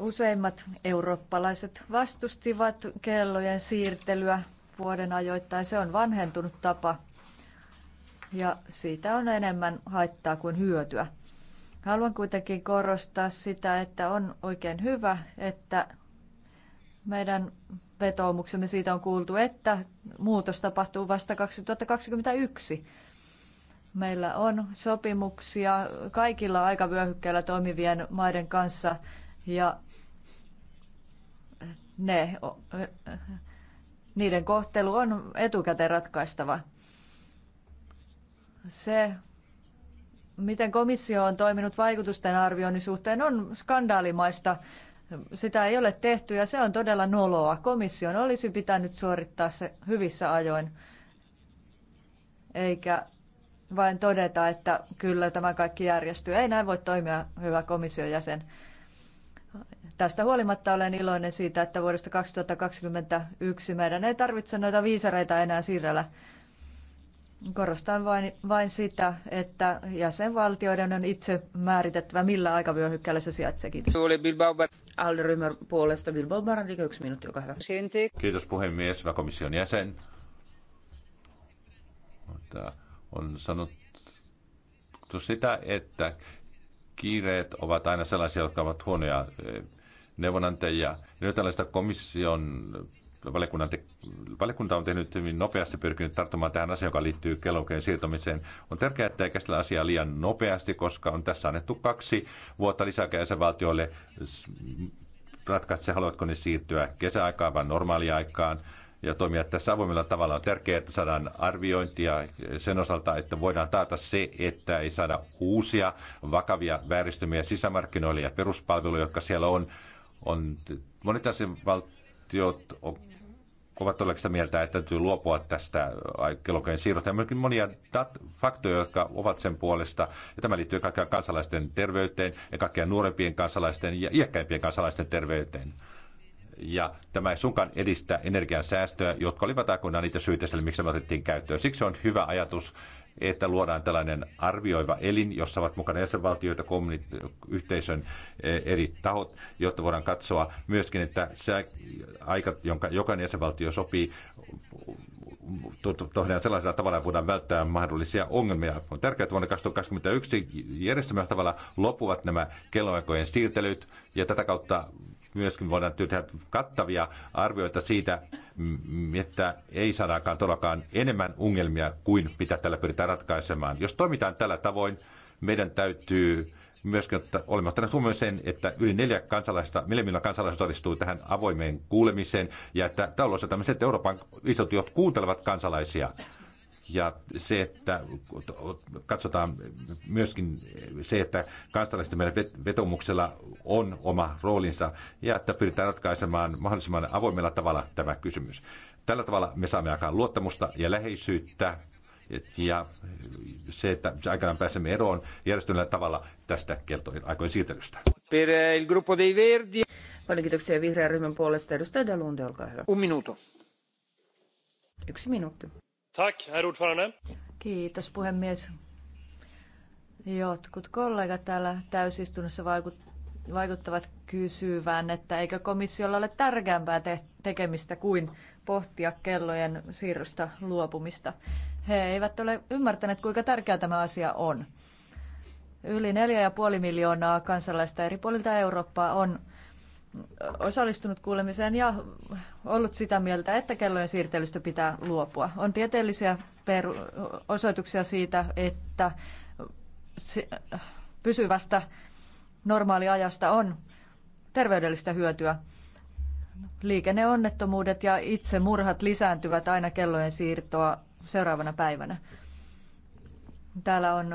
Useimmat eurooppalaiset vastustivat kellojen siirtelyä vuoden ajoittain. Se on vanhentunut tapa ja siitä on enemmän haittaa kuin hyötyä. Haluan kuitenkin korostaa sitä, että on oikein hyvä, että meidän vetoomuksemme siitä on kuultu, että muutos tapahtuu vasta 2021. Meillä on sopimuksia kaikilla aikavyöhykkeillä toimivien maiden kanssa ja ne, niiden kohtelu on etukäteen ratkaistava. Se, miten komissio on toiminut vaikutusten arvioinnin suhteen, on skandaalimaista. Sitä ei ole tehty ja se on todella noloa. Komission olisi pitänyt suorittaa se hyvissä ajoin, eikä vain todeta, että kyllä tämä kaikki järjestyy. Ei näin voi toimia, hyvä komission jäsen. Tästä huolimatta olen iloinen siitä, että vuodesta 2021 meidän ei tarvitse noita viisareita enää siirrellä. Korostan vain, vain sitä, että jäsenvaltioiden on itse määritettävä, millä aikavyöhykkeellä se sijaitsee. Kiitos. Alderyhmän puolesta Bilbao Barandik, yksi minuutti, joka hyvä. Kiitos puhemies, hyvä komission jäsen. mutta On sanottu sitä, että kiireet ovat aina sellaisia, jotka ovat huonoja eh, neuvonantajia. Nyt tällaista komission valiokunnan te- valiokunta on tehnyt hyvin nopeasti pyrkinyt tarttumaan tähän asiaan, joka liittyy kellokeen siirtämiseen. On tärkeää, että ei käsitellä asiaa liian nopeasti, koska on tässä annettu kaksi vuotta lisää jäsenvaltioille ratkaista, haluatko ne siirtyä kesäaikaan vai normaaliaikaan ja toimia tässä avoimella tavalla. On tärkeää, että saadaan arviointia sen osalta, että voidaan taata se, että ei saada uusia vakavia vääristymiä sisämarkkinoille ja peruspalveluja, jotka siellä on. On, monet asianvaltiot on, ovat olleet sitä mieltä, että täytyy luopua tästä kellokojen siirrosta. Ja myöskin monia dat- faktoja, jotka ovat sen puolesta. Ja tämä liittyy kaikkea kansalaisten terveyteen ja kaikkea nuorempien kansalaisten ja iäkkäimpien kansalaisten terveyteen ja tämä ei sunkaan edistä energian säästöä, jotka olivat aikoinaan niitä syitä miksi me otettiin käyttöön. Siksi on hyvä ajatus, että luodaan tällainen arvioiva elin, jossa ovat mukana jäsenvaltioita, kommunit- yhteisön e, eri tahot, jotta voidaan katsoa myöskin, että se aika, jonka jokainen jäsenvaltio sopii, tehdään sellaisella tavalla, että voidaan välttää mahdollisia ongelmia. On tärkeää, että vuonna 2021 järjestelmällä tavalla lopuvat nämä kelloaikojen siirtelyt, ja tätä kautta myöskin voidaan tehdä kattavia arvioita siitä, mm, että ei saadaakaan todellakaan enemmän ongelmia kuin mitä tällä pyritään ratkaisemaan. Jos toimitaan tällä tavoin, meidän täytyy myöskin että olemme ottaneet huomioon sen, että yli neljä kansalaista, miljoonaa kansalaista todistuu tähän avoimeen kuulemiseen ja että tällaiset tämmöiset Euroopan instituutiot kuuntelevat kansalaisia ja se, että katsotaan myöskin se, että kansalaisten meidän vetomuksella on oma roolinsa ja että pyritään ratkaisemaan mahdollisimman avoimella tavalla tämä kysymys. Tällä tavalla me saamme aikaan luottamusta ja läheisyyttä ja se, että aikanaan pääsemme eroon järjestöllä tavalla tästä keltojen aikojen siirtelystä. Per il gruppo dei Verdi. Paljon kiitoksia vihreän ryhmän puolesta. Edustaja Dalunde, olkaa hyvä. Un minuto. Yksi minuutti. Tack, herr ordförande. Kiitos puhemies. Jotkut kollegat täällä täysistunnossa vaikuttavat kysyvään, että eikö komissiolla ole tärkeämpää tekemistä kuin pohtia kellojen siirrosta luopumista. He eivät ole ymmärtäneet, kuinka tärkeä tämä asia on. Yli 4,5 miljoonaa kansalaista eri puolilta Eurooppaa on osallistunut kuulemiseen ja ollut sitä mieltä, että kellojen siirtelystä pitää luopua. On tieteellisiä peru- osoituksia siitä, että pysyvästä normaaliajasta on terveydellistä hyötyä. Liikenneonnettomuudet ja itsemurhat lisääntyvät aina kellojen siirtoa seuraavana päivänä. Täällä on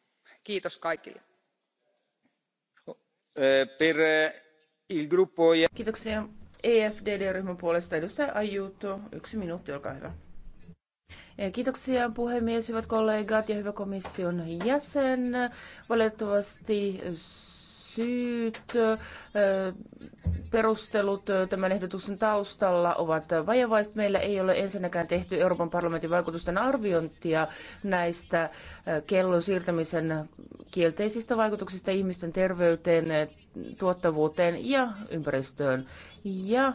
kiitos kaikille. Eh, eh, e kiitoksia EFDD-ryhmän puolesta edustaja Ajuto. Yksi minuutti, olkaa hyvä. Eh, kiitoksia puhemies, hyvät kollegat ja hyvä komission jäsen. Valitettavasti syyt, perustelut tämän ehdotuksen taustalla ovat vajavaiset. Meillä ei ole ensinnäkään tehty Euroopan parlamentin vaikutusten arviointia näistä kellon siirtämisen kielteisistä vaikutuksista ihmisten terveyteen, tuottavuuteen ja ympäristöön. Ja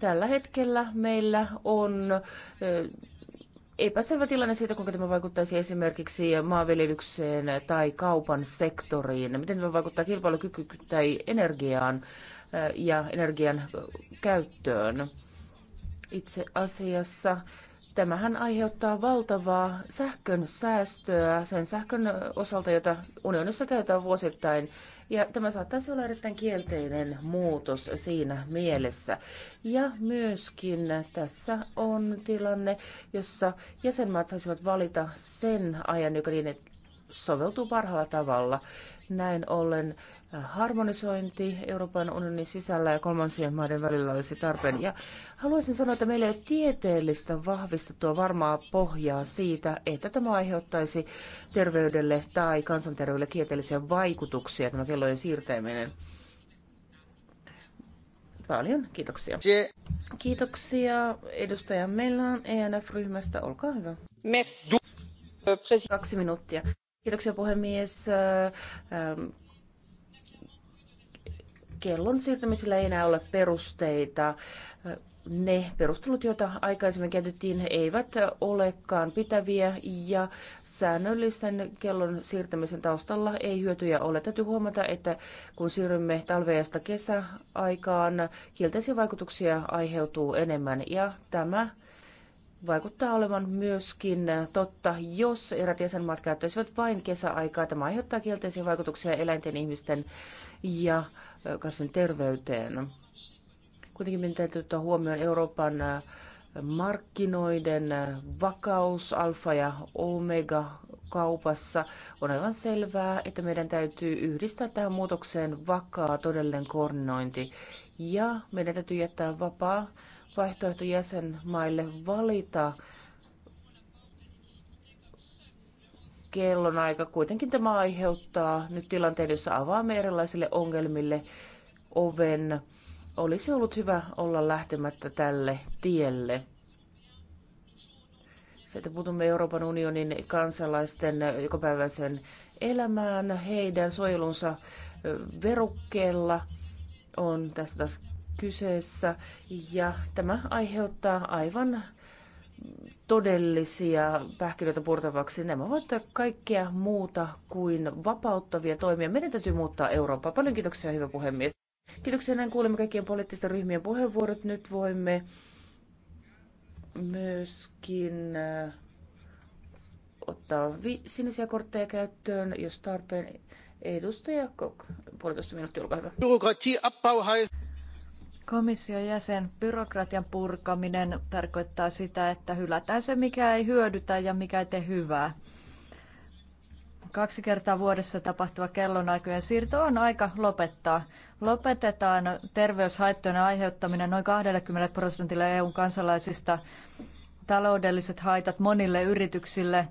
tällä hetkellä meillä on epäselvä tilanne siitä, kuinka tämä vaikuttaisi esimerkiksi maanviljelykseen tai kaupan sektoriin, miten tämä vaikuttaa kilpailukykyyn tai energiaan äh, ja energian äh, käyttöön. Itse asiassa tämähän aiheuttaa valtavaa sähkön säästöä sen sähkön osalta, jota unionissa käytetään vuosittain ja tämä saattaisi olla erittäin kielteinen muutos siinä mielessä. Ja myöskin tässä on tilanne, jossa jäsenmaat saisivat valita sen ajan, joka niin soveltuu parhaalla tavalla. Näin ollen harmonisointi Euroopan unionin sisällä ja kolmansien maiden välillä olisi tarpeen. Ja haluaisin sanoa, että meillä ei ole tieteellistä vahvistettua varmaa pohjaa siitä, että tämä aiheuttaisi terveydelle tai kansanterveydelle kielteellisiä vaikutuksia, tämä kellojen siirtäminen. Paljon kiitoksia. Kiitoksia edustaja Mellan ENF-ryhmästä. Olkaa hyvä. Merci. Euh, Kaksi minuuttia. Kiitoksia puhemies. Äh, ähm, kellon siirtämisellä ei enää ole perusteita. Ne perustelut, joita aikaisemmin käytettiin, eivät olekaan pitäviä ja säännöllisen kellon siirtämisen taustalla ei hyötyjä ole. Täytyy huomata, että kun siirrymme talveesta kesäaikaan, kielteisiä vaikutuksia aiheutuu enemmän ja tämä vaikuttaa olevan myöskin totta, jos erät jäsenmaat käyttäisivät vain kesäaikaa. Tämä aiheuttaa kielteisiä vaikutuksia eläinten, ihmisten ja kasvin terveyteen. Kuitenkin meidän täytyy ottaa huomioon Euroopan äh, markkinoiden äh, vakaus alfa- ja omega-kaupassa. On aivan selvää, että meidän täytyy yhdistää tähän muutokseen vakaa todellinen koordinointi ja meidän täytyy jättää vapaa vaihtoehto jäsenmaille valita kellonaika. Kuitenkin tämä aiheuttaa nyt tilanteen, jossa avaamme erilaisille ongelmille oven. Olisi ollut hyvä olla lähtemättä tälle tielle. Se, että puutumme Euroopan unionin kansalaisten jokapäiväisen elämään, heidän suojelunsa verukkeella on tässä taas kyseessä. Ja tämä aiheuttaa aivan todellisia pähkinöitä purtavaksi. Nämä ovat kaikkea muuta kuin vapauttavia toimia. Meidän täytyy muuttaa Eurooppaa. Paljon kiitoksia, hyvä puhemies. Kiitoksia, näin kuulemme kaikkien poliittisten ryhmien puheenvuorot. Nyt voimme myöskin äh, ottaa vi- sinisiä kortteja käyttöön, jos tarpeen. Edustaja Kok, puolitoista minuuttia, olkaa hyvä. Komission jäsen, byrokratian purkaminen tarkoittaa sitä, että hylätään se, mikä ei hyödytä ja mikä ei tee hyvää. Kaksi kertaa vuodessa tapahtuva kellonaikojen siirto on aika lopettaa. Lopetetaan terveyshaittojen aiheuttaminen noin 20 prosentille EUn kansalaisista, taloudelliset haitat monille yrityksille,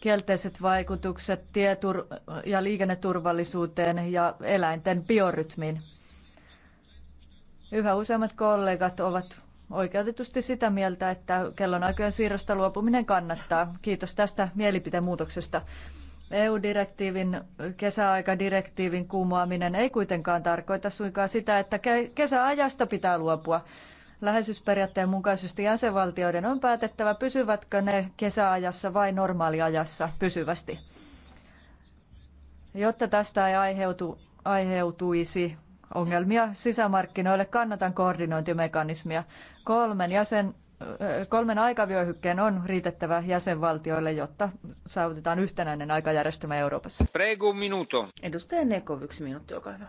kielteiset vaikutukset tietur- ja liikenneturvallisuuteen ja eläinten biorytmiin. Yhä useammat kollegat ovat oikeutetusti sitä mieltä, että kellonaikojen siirrosta luopuminen kannattaa. Kiitos tästä mielipitemuutoksesta. EU-direktiivin, kesäaikadirektiivin kumoaminen ei kuitenkaan tarkoita suinkaan sitä, että kesäajasta pitää luopua. Läheisyysperiaatteen mukaisesti jäsenvaltioiden on päätettävä, pysyvätkö ne kesäajassa vai normaaliajassa pysyvästi. Jotta tästä ei aiheutu, aiheutuisi ongelmia sisämarkkinoille, kannatan koordinointimekanismia. Kolmen, jäsen, äh, kolmen aikavyöhykkeen on riitettävä jäsenvaltioille, jotta saavutetaan yhtenäinen aikajärjestelmä Euroopassa. Prego minuto. Edustaja Nekov, yksi minuutti, olkaa hyvä.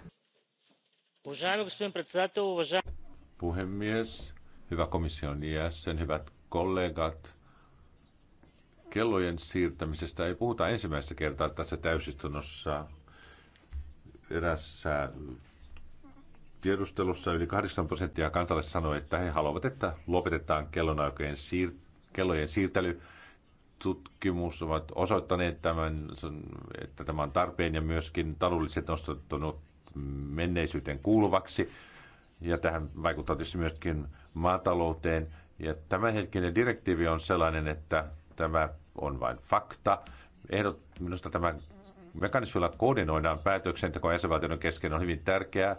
Puhemies, hyvä komission jäsen, hyvät kollegat. Kellojen siirtämisestä ei puhuta ensimmäistä kertaa tässä täysistunnossa. Erässä tiedustelussa yli 80 prosenttia kansalaisista sanoi, että he haluavat, että lopetetaan kellonaikojen siir- kellojen siirtely. Tutkimus ovat osoittaneet tämän, että tämä on tarpeen ja myöskin taloudelliset nostettunut menneisyyteen kuuluvaksi. Ja tähän vaikuttaa tietysti myöskin maatalouteen. Ja tämänhetkinen direktiivi on sellainen, että tämä on vain fakta. Ehdot, minusta tämä mekanismilla koordinoidaan päätöksentekoa jäsenvaltioiden kesken on hyvin tärkeää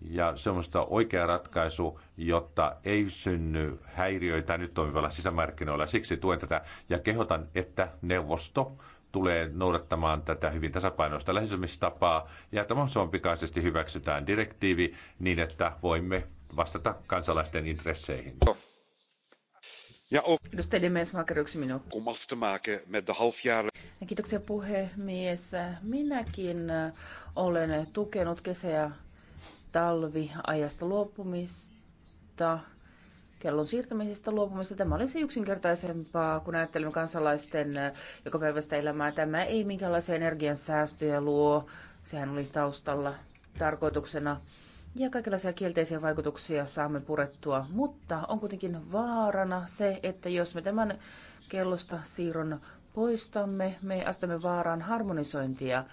ja semmoista oikea ratkaisu, jotta ei synny häiriöitä nyt toimivalla sisämarkkinoilla. Siksi tuen tätä ja kehotan, että neuvosto tulee noudattamaan tätä hyvin tasapainoista lähestymistapaa ja että mahdollisimman pikaisesti hyväksytään direktiivi niin, että voimme vastata kansalaisten intresseihin. Ja och yksi minuutti. met de Kiitoksia puhemies. Minäkin olen tukenut kesä- ja talviajasta luopumista, kellon siirtämisestä luopumista. Tämä olisi yksinkertaisempaa, kun ajattelemme kansalaisten jokapäiväistä elämää. Tämä ei minkäänlaisia energiansäästöjä luo. Sehän oli taustalla tarkoituksena. Ja kaikenlaisia kielteisiä vaikutuksia saamme purettua, mutta on kuitenkin vaarana se, että jos me tämän kellosta siirron poistamme, me astamme vaaraan harmonisointia.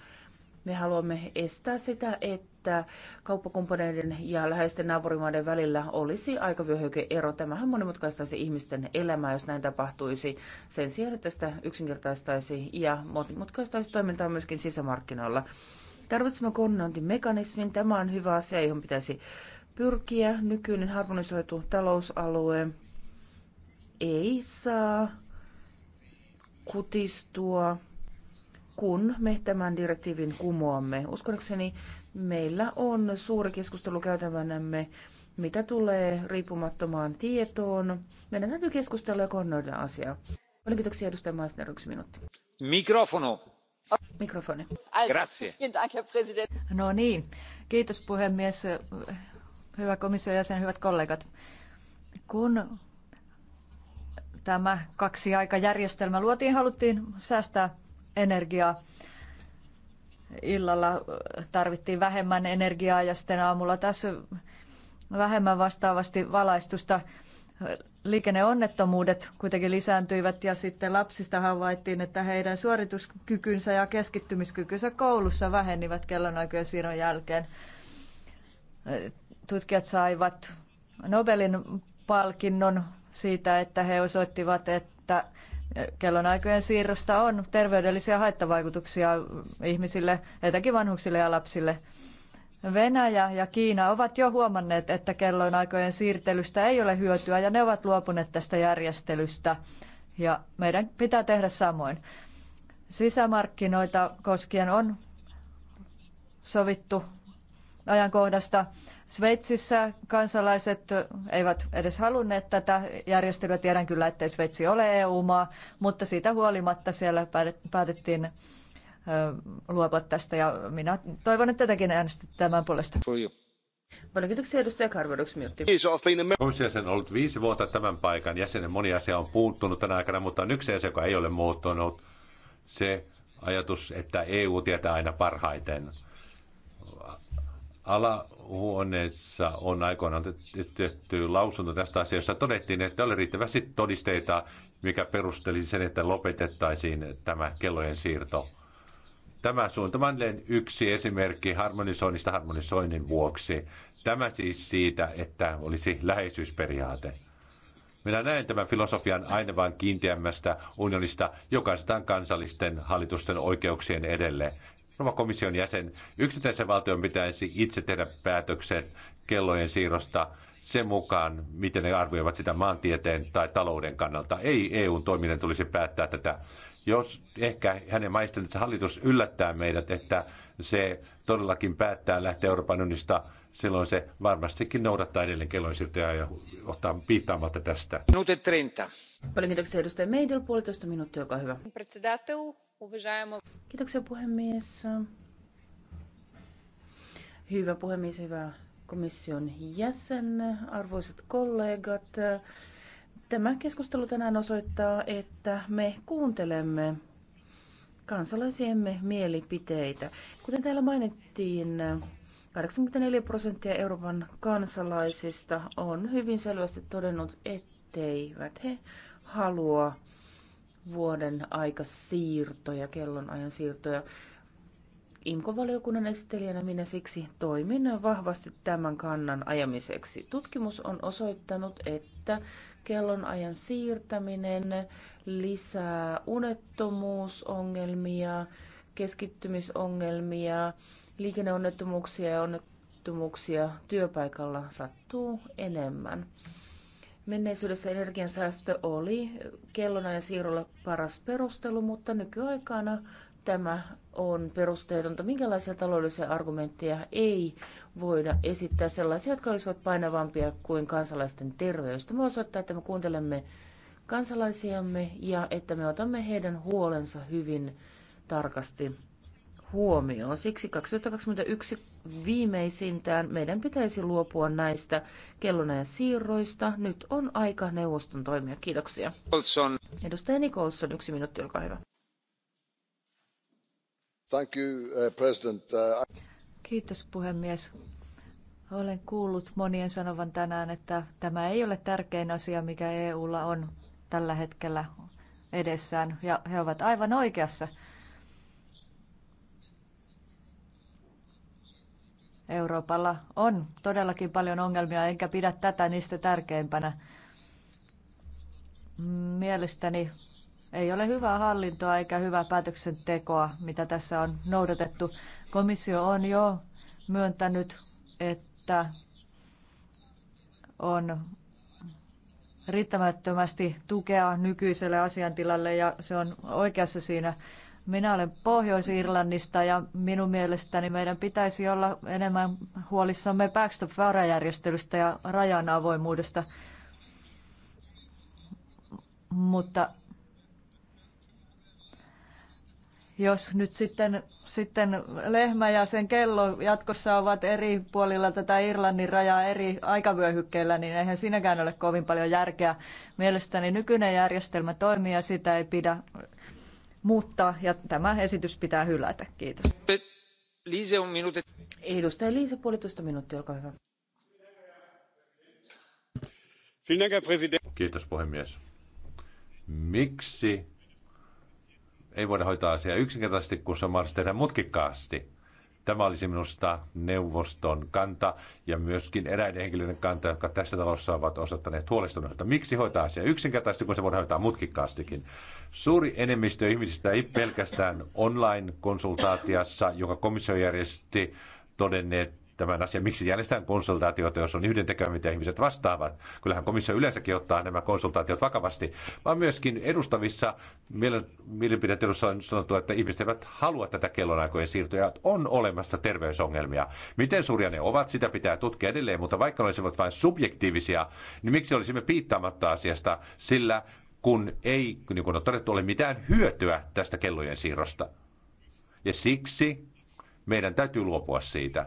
Me haluamme estää sitä, että kauppakumppaneiden ja läheisten naapurimaiden välillä olisi aikavyöhykeero. Tämähän monimutkaistaisi ihmisten elämää, jos näin tapahtuisi. Sen sijaan, että sitä yksinkertaistaisi ja monimutkaistaisi toimintaa myöskin sisämarkkinoilla. Tarvitsemme koordinointimekanismin. Tämä on hyvä asia, johon pitäisi pyrkiä. Nykyinen harmonisoitu talousalue ei saa kutistua kun me tämän direktiivin kumoamme. Uskonakseni meillä on suuri keskustelu käytävänämme, mitä tulee riippumattomaan tietoon. Meidän täytyy keskustella ja koordinoida asiaa. Paljon kiitoksia edustaja Maisner, yksi minuutti. Mikrofono. Mikrofoni. Grazie. No niin, kiitos puhemies, hyvä komission jäsen, hyvät kollegat. Kun tämä kaksi järjestelmä luotiin, haluttiin säästää energiaa. Illalla tarvittiin vähemmän energiaa ja sitten aamulla tässä vähemmän vastaavasti valaistusta. Liikenneonnettomuudet kuitenkin lisääntyivät ja sitten lapsista havaittiin, että heidän suorituskykynsä ja keskittymiskykynsä koulussa vähenivät kellonaikojen siirron jälkeen. Tutkijat saivat Nobelin palkinnon siitä, että he osoittivat, että kellonaikojen siirrosta on terveydellisiä haittavaikutuksia ihmisille, etenkin vanhuksille ja lapsille. Venäjä ja Kiina ovat jo huomanneet, että kellonaikojen siirtelystä ei ole hyötyä ja ne ovat luopuneet tästä järjestelystä. Ja meidän pitää tehdä samoin. Sisämarkkinoita koskien on sovittu ajankohdasta Sveitsissä kansalaiset eivät edes halunneet tätä järjestelyä. Tiedän kyllä, ettei Sveitsi ole EU-maa, mutta siitä huolimatta siellä päätettiin luopua tästä ja minä toivon, että tekin äänestätte tämän puolesta. Paljon kiitoksia edustaja Karvo, yksi Komission jäsen on ollut viisi vuotta tämän paikan jäsenen. Moni asia on puuttunut tänä aikana, mutta on yksi asia, joka ei ole muuttunut. Se ajatus, että EU tietää aina parhaiten alahuoneessa on aikoinaan tehty lausunto tästä asiasta. Todettiin, että oli riittävästi todisteita, mikä perusteli sen, että lopetettaisiin tämä kellojen siirto. Tämä suuntama on yksi esimerkki harmonisoinnista harmonisoinnin vuoksi. Tämä siis siitä, että olisi läheisyysperiaate. Minä näen tämän filosofian aina vain kiinteämmästä unionista jokaisen kansallisten hallitusten oikeuksien edelle. Euroopan komission jäsen, yksittäisen valtion pitäisi itse tehdä päätöksen kellojen siirrosta sen mukaan, miten ne arvioivat sitä maantieteen tai talouden kannalta. Ei EUn toiminen tulisi päättää tätä. Jos ehkä hänen maistensa hallitus yllättää meidät, että se todellakin päättää lähteä Euroopan unionista, silloin se varmastikin noudattaa edelleen siirtoja ja ottaa piittaamatta tästä. Minuutin 30. Paljon kiitoksia edustaja Meidel, puolitoista minuuttia, olkaa hyvä. Kiitoksia puhemies. Hyvä puhemies, hyvä komission jäsen, arvoisat kollegat. Tämä keskustelu tänään osoittaa, että me kuuntelemme kansalaisiemme mielipiteitä. Kuten täällä mainittiin, 84 prosenttia Euroopan kansalaisista on hyvin selvästi todennut, etteivät he halua vuoden aikasiirtoja, kellonajan siirtoja. IMKO-valiokunnan esittelijänä minä siksi toimin vahvasti tämän kannan ajamiseksi. Tutkimus on osoittanut, että kellonajan siirtäminen lisää unettomuusongelmia, keskittymisongelmia, liikenneonnettomuuksia ja onnettomuuksia työpaikalla sattuu enemmän. Menneisyydessä energiansäästö oli kellona ja siirrolla paras perustelu, mutta nykyaikana tämä on perusteetonta. Minkälaisia taloudellisia argumentteja ei voida esittää sellaisia, jotka olisivat painavampia kuin kansalaisten terveys. Tämä osoittaa, että me kuuntelemme kansalaisiamme ja että me otamme heidän huolensa hyvin tarkasti huomioon. Siksi 2021 viimeisintään meidän pitäisi luopua näistä kellonajan siirroista. Nyt on aika neuvoston toimia. Kiitoksia. Olson. Edustaja Nikolson, yksi minuutti, olkaa hyvä. Thank you, uh, President. Uh, Kiitos puhemies. Olen kuullut monien sanovan tänään, että tämä ei ole tärkein asia, mikä EUlla on tällä hetkellä edessään, ja he ovat aivan oikeassa – Euroopalla on todellakin paljon ongelmia, enkä pidä tätä niistä tärkeimpänä. Mielestäni ei ole hyvää hallintoa eikä hyvää päätöksentekoa, mitä tässä on noudatettu. Komissio on jo myöntänyt, että on riittämättömästi tukea nykyiselle asiantilalle ja se on oikeassa siinä. Minä olen Pohjois-Irlannista ja minun mielestäni meidän pitäisi olla enemmän huolissamme backstop-varajärjestelystä ja rajan avoimuudesta. Mutta jos nyt sitten, sitten lehmä ja sen kello jatkossa ovat eri puolilla tätä Irlannin rajaa eri aikavyöhykkeillä, niin eihän siinäkään ole kovin paljon järkeä. Mielestäni nykyinen järjestelmä toimii ja sitä ei pidä muuttaa ja tämä esitys pitää hylätä. Kiitos. Liise on minuutit. Edustaja Liise, puolitoista minuuttia, olkaa hyvä. Kiitos puhemies. Miksi ei voida hoitaa asiaa yksinkertaisesti, kun se on mahdollista tehdä mutkikkaasti? Tämä olisi minusta neuvoston kanta ja myöskin eräiden henkilöiden kanta, jotka tässä talossa ovat osoittaneet huolestuneita. Miksi hoitaa asia yksinkertaisesti, kun se voidaan hoitaa mutkikkaastikin? Suuri enemmistö ihmisistä ei pelkästään online-konsultaatiassa, joka komissio järjesti, todenneet tämän asian. Miksi järjestetään konsultaatioita, jos on yhdentekevä, mitä ihmiset vastaavat? Kyllähän komissio yleensäkin ottaa nämä konsultaatiot vakavasti, vaan myöskin edustavissa mielipidetiedossa on sanottu, että ihmiset eivät halua tätä kellonaikojen siirtoja. On olemassa terveysongelmia. Miten suuria ne ovat, sitä pitää tutkia edelleen, mutta vaikka olisivat vain subjektiivisia, niin miksi olisimme piittaamatta asiasta, sillä kun ei, niin kuin on todettu, ole mitään hyötyä tästä kellojen siirrosta. Ja siksi meidän täytyy luopua siitä.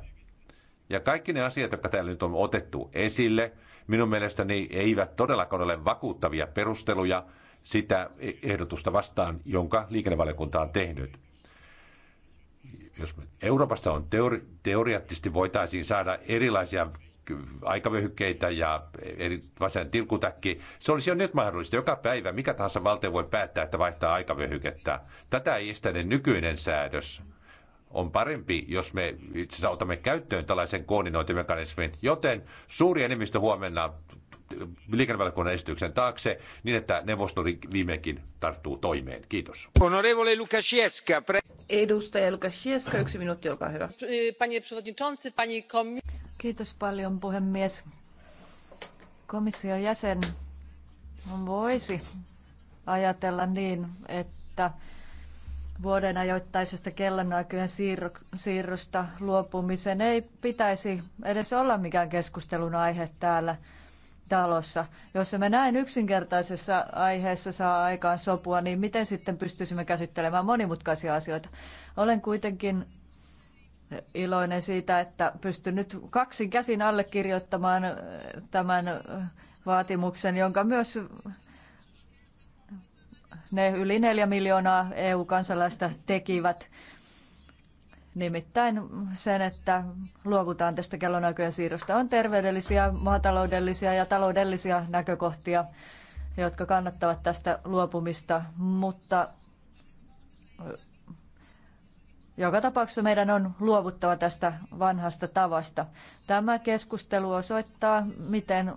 Ja kaikki ne asiat, jotka täällä nyt on otettu esille, minun mielestäni eivät todellakaan ole vakuuttavia perusteluja sitä ehdotusta vastaan, jonka liikennevaliokunta on tehnyt. Jos Euroopassa on teori- teoriattisesti voitaisiin saada erilaisia aikavyöhykkeitä ja eri, vasen tilkutäkki. Se olisi jo nyt mahdollista. Joka päivä mikä tahansa valtio voi päättää, että vaihtaa aikavyöhykettä. Tätä ei estä nykyinen säädös on parempi, jos me itse asiassa otamme käyttöön tällaisen koordinointimekanismin, joten suuri enemmistö huomenna liikennevaliokunnan esityksen taakse, niin että neuvosto viimeinkin tarttuu toimeen. Kiitos. Honorevole Lukasieska. Pre- Edustaja Lukasieska, yksi minuutti, olkaa hyvä. Panie przewodniczący, pani komi- Kiitos paljon, puhemies. Komission jäsen voisi ajatella niin, että vuoden ajoittaisesta kellonaikojen siirrosta luopumisen ei pitäisi edes olla mikään keskustelun aihe täällä talossa. Jos me näin yksinkertaisessa aiheessa saa aikaan sopua, niin miten sitten pystyisimme käsittelemään monimutkaisia asioita? Olen kuitenkin iloinen siitä, että pystyn nyt kaksin käsin allekirjoittamaan tämän vaatimuksen, jonka myös ne yli neljä miljoonaa EU-kansalaista tekivät. Nimittäin sen, että luovutaan tästä kellonaikojen siirrosta. On terveydellisiä, maataloudellisia ja taloudellisia näkökohtia, jotka kannattavat tästä luopumista, mutta joka tapauksessa meidän on luovuttava tästä vanhasta tavasta. Tämä keskustelu osoittaa, miten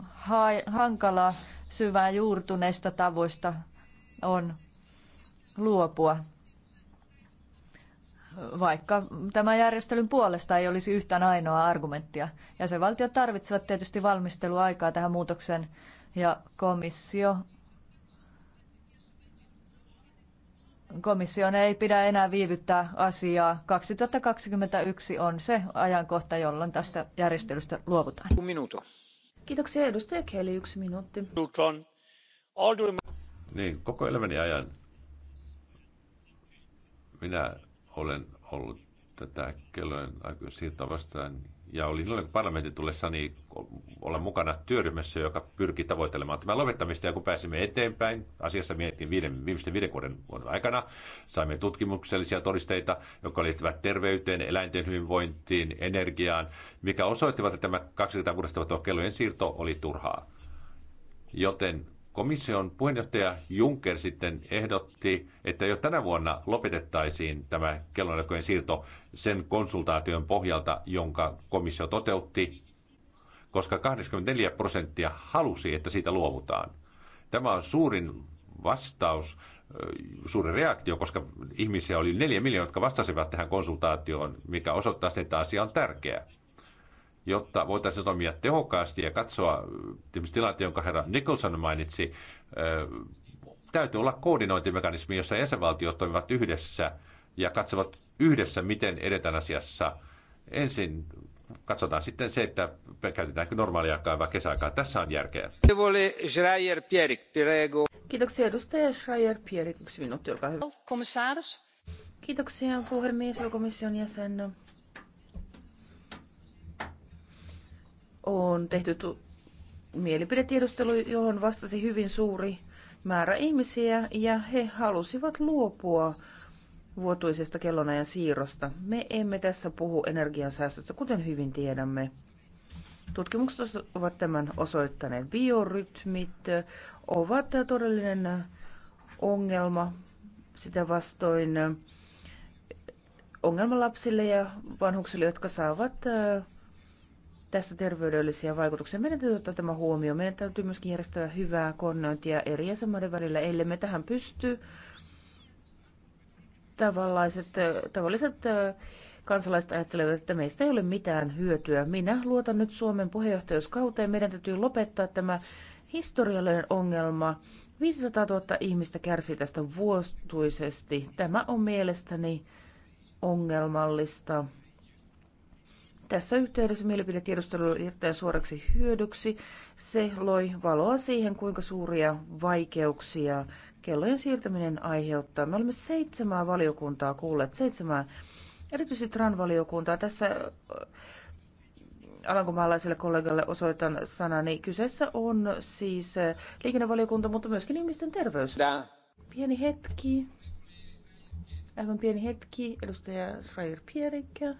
hankalaa syvään juurtuneista tavoista on luopua, vaikka tämä järjestelyn puolesta ei olisi yhtään ainoa argumenttia. Jäsenvaltiot tarvitsevat tietysti valmisteluaikaa tähän muutokseen ja komissio komission ei pidä enää viivyttää asiaa. 2021 on se ajankohta, jolloin tästä järjestelystä luovutaan. Minuuto. Kiitoksia edustaja Kelly, yksi minuutti. Niin, koko elämäni ajan minä olen ollut tätä kellojen aikojen siirtoa vastaan. Ja oli silloin, kun parlamentin niin olla mukana työryhmässä, joka pyrkii tavoittelemaan tämän lopettamista. Ja kun pääsimme eteenpäin, asiassa miettiin viiden, viimeisten viiden vuoden, vuoden aikana, saimme tutkimuksellisia todisteita, jotka liittyvät terveyteen, eläinten hyvinvointiin, energiaan, mikä osoittivat, että tämä 20 vuodesta kellojen siirto oli turhaa. Joten Komission puheenjohtaja Juncker sitten ehdotti, että jo tänä vuonna lopetettaisiin tämä kellonaikojen siirto sen konsultaation pohjalta, jonka komissio toteutti, koska 84 prosenttia halusi, että siitä luovutaan. Tämä on suurin vastaus, suuri reaktio, koska ihmisiä oli neljä miljoonaa, jotka vastasivat tähän konsultaatioon, mikä osoittaa sen, että asia on tärkeä jotta voitaisiin toimia tehokkaasti ja katsoa äh, tilanteen, jonka herra Nicholson mainitsi, äh, täytyy olla koordinointimekanismi, jossa jäsenvaltiot toimivat yhdessä ja katsovat yhdessä, miten edetään asiassa. Ensin katsotaan sitten se, että käytetäänkö normaaliaikaa vai kesäaikaa. Tässä on järkeä. Kiitoksia edustaja Schreier-Pierik. Yksi minuutti, olkaa hyvä. Kiitoksia puhemies ja komission jäsen. on tehty tu- mielipidetiedustelu, johon vastasi hyvin suuri määrä ihmisiä ja he halusivat luopua vuotuisesta kellonajan siirrosta. Me emme tässä puhu energiansäästöstä, kuten hyvin tiedämme. Tutkimukset ovat tämän osoittaneet. Biorytmit ovat todellinen ongelma. Sitä vastoin ongelma lapsille ja vanhuksille, jotka saavat tässä terveydellisiä vaikutuksia. Meidän täytyy ottaa tämä huomioon. Meidän täytyy myöskin järjestää hyvää koordinointia eri jäsenmaiden välillä, ellei me tähän pysty. Tavallaiset, äh, tavalliset äh, kansalaiset ajattelevat, että meistä ei ole mitään hyötyä. Minä luotan nyt Suomen puheenjohtajuuskauteen. Meidän täytyy lopettaa tämä historiallinen ongelma. 500 000 ihmistä kärsii tästä vuotuisesti. Tämä on mielestäni ongelmallista. Tässä yhteydessä mielipidetiedustelu jättää suoraksi hyödyksi. Se loi valoa siihen, kuinka suuria vaikeuksia kellojen siirtäminen aiheuttaa. Me olemme seitsemää valiokuntaa kuulleet, seitsemää, erityisesti TRAN-valiokuntaa. Tässä äh, alankomaalaiselle kollegalle osoitan sanani. Kyseessä on siis äh, liikennevaliokunta, mutta myöskin ihmisten terveys. Tää. Pieni hetki. Aivan pieni hetki. Edustaja schreier pierikä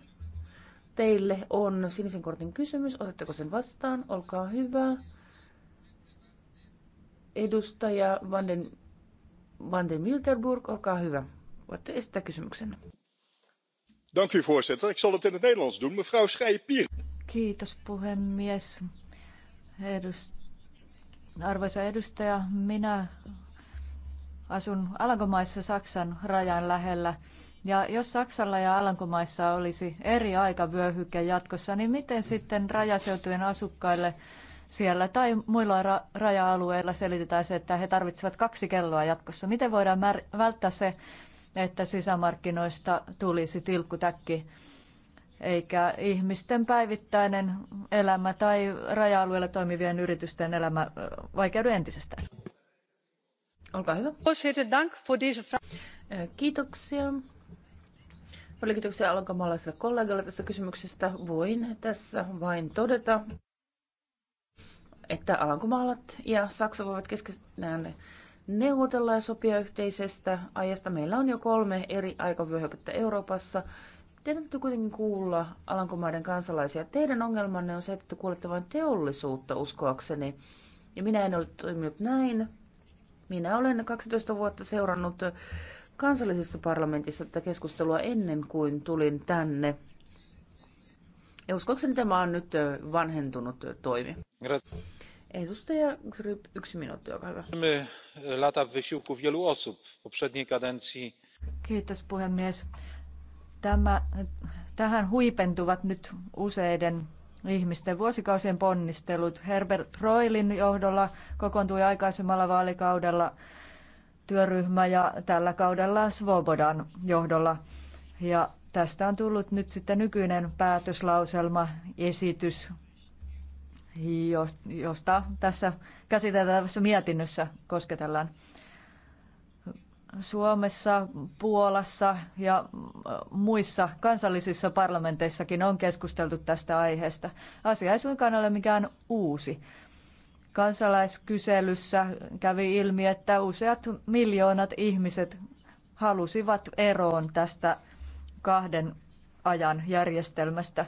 Teille on sinisen kortin kysymys. Otatteko sen vastaan? Olkaa hyvä. Edustaja Vanden, Vanden Milterburg, olkaa hyvä. Voitte esittää kysymyksen. Dank u, voorzitter. Ik zal het in het Nederlands doen. Mevrouw schreier Kiitos, puhemies. Edust... Arvoisa edustaja, minä asun Alankomaissa Saksan rajan lähellä ja jos Saksalla ja Alankomaissa olisi eri aikavyöhyke jatkossa, niin miten sitten rajaseutujen asukkaille siellä tai muilla ra- raja-alueilla selitetään se, että he tarvitsevat kaksi kelloa jatkossa? Miten voidaan välttää se, että sisämarkkinoista tulisi tilkkutäkki? eikä ihmisten päivittäinen elämä tai raja-alueella toimivien yritysten elämä vaikeudu entisestään. Olkaa hyvä. Kiitoksia Paljon kiitoksia alankomaalaiselle kollegalle tässä kysymyksestä. Voin tässä vain todeta, että alankomaalat ja Saksa voivat keskenään neuvotella ja sopia yhteisestä ajasta. Meillä on jo kolme eri aikavyöhykettä Euroopassa. Teidän täytyy kuitenkin kuulla Alankomaiden kansalaisia. Teidän ongelmanne on se, että te kuulette vain teollisuutta uskoakseni. Ja minä en ole toiminut näin. Minä olen 12 vuotta seurannut kansallisessa parlamentissa tätä keskustelua ennen kuin tulin tänne. Ja uskoakseni tämä on nyt vanhentunut toimi. Edustaja Grip, yksi minuutti, olkaa hyvä. E, lata wysiłku wielu osób poprzedniej kadencji. Kiitos puhemies. Tämä, tähän huipentuvat nyt useiden ihmisten vuosikausien ponnistelut. Herbert Roilin johdolla kokoontui aikaisemmalla vaalikaudella työryhmä ja tällä kaudella Svobodan johdolla. Ja tästä on tullut nyt sitten nykyinen päätöslauselma, esitys, josta tässä käsiteltävässä mietinnössä kosketellaan. Suomessa, Puolassa ja äh, muissa kansallisissa parlamenteissakin on keskusteltu tästä aiheesta. Asia ei suinkaan ole mikään uusi. Kansalaiskyselyssä kävi ilmi, että useat miljoonat ihmiset halusivat eroon tästä kahden ajan järjestelmästä.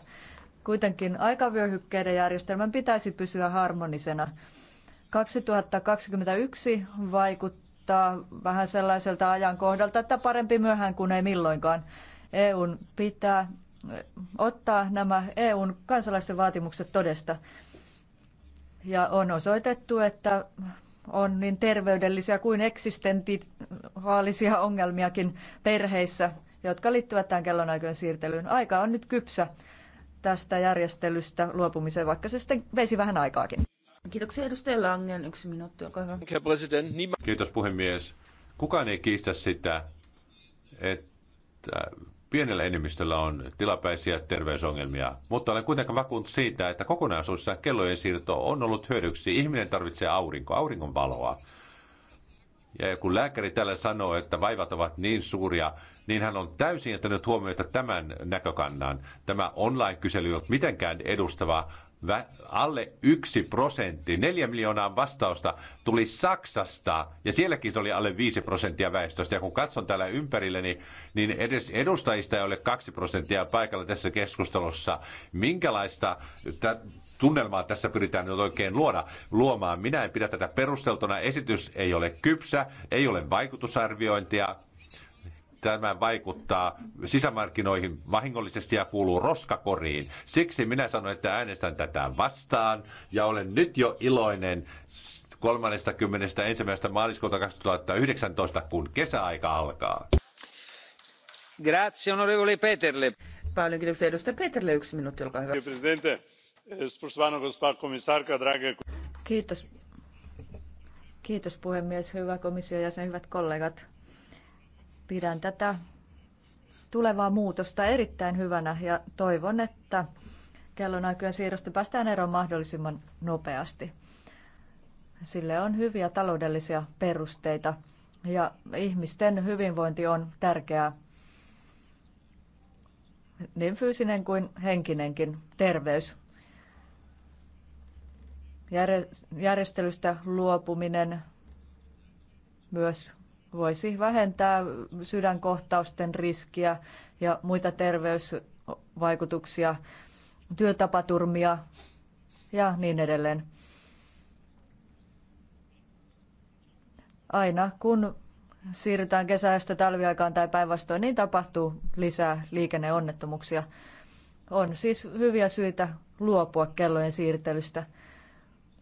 Kuitenkin aikavyöhykkeiden järjestelmän pitäisi pysyä harmonisena. 2021 vaikuttaa vähän sellaiselta ajankohdalta, että parempi myöhään kuin ei milloinkaan. EUn pitää ottaa nämä EUn kansalaisten vaatimukset todesta. Ja on osoitettu, että on niin terveydellisiä kuin eksistentiaalisia ongelmiakin perheissä, jotka liittyvät tähän kellonaikojen siirtelyyn. Aika on nyt kypsä tästä järjestelystä luopumiseen, vaikka se sitten veisi vähän aikaakin. Kiitoksia edustaja Langen. Yksi minuutti, olkaa hyvä. Niin- Kiitos puhemies. Kukaan ei kiistä sitä, että pienellä enemmistöllä on tilapäisiä terveysongelmia, mutta olen kuitenkin vakuunut siitä, että kokonaisuudessaan kellojen siirto on ollut hyödyksi. Ihminen tarvitsee aurinkoa, auringon valoa. Ja kun lääkäri tällä sanoo, että vaivat ovat niin suuria, niin hän on täysin jättänyt huomiota tämän näkökannan. Tämä online-kysely ei ole mitenkään edustava alle yksi prosentti. Neljä miljoonaa vastausta tuli Saksasta, ja sielläkin se oli alle viisi prosenttia väestöstä. Ja kun katson täällä ympärilleni, niin, niin edes edustajista ei ole kaksi prosenttia paikalla tässä keskustelussa. Minkälaista tunnelmaa tässä pyritään nyt oikein luoda, luomaan. Minä en pidä tätä perusteltuna. Esitys ei ole kypsä, ei ole vaikutusarviointia, tämä vaikuttaa sisämarkkinoihin vahingollisesti ja kuuluu roskakoriin. Siksi minä sanon, että äänestän tätä vastaan ja olen nyt jo iloinen 31. maaliskuuta 2019, kun kesäaika alkaa. Grazie, onorevole Peterle. Paljon kiitoksia. Edustaja Peterle, yksi minuutti, olkaa hyvä. Kiitos. Kiitos puhemies, hyvä ja sen hyvät kollegat. Pidän tätä tulevaa muutosta erittäin hyvänä ja toivon, että kellonaikojen siirrosta päästään eroon mahdollisimman nopeasti. Sille on hyviä taloudellisia perusteita ja ihmisten hyvinvointi on tärkeää. Niin fyysinen kuin henkinenkin terveys. Järjestelystä luopuminen myös voisi vähentää sydänkohtausten riskiä ja muita terveysvaikutuksia, työtapaturmia ja niin edelleen. Aina kun siirrytään kesästä talviaikaan tai päinvastoin, niin tapahtuu lisää liikenneonnettomuuksia. On siis hyviä syitä luopua kellojen siirtelystä.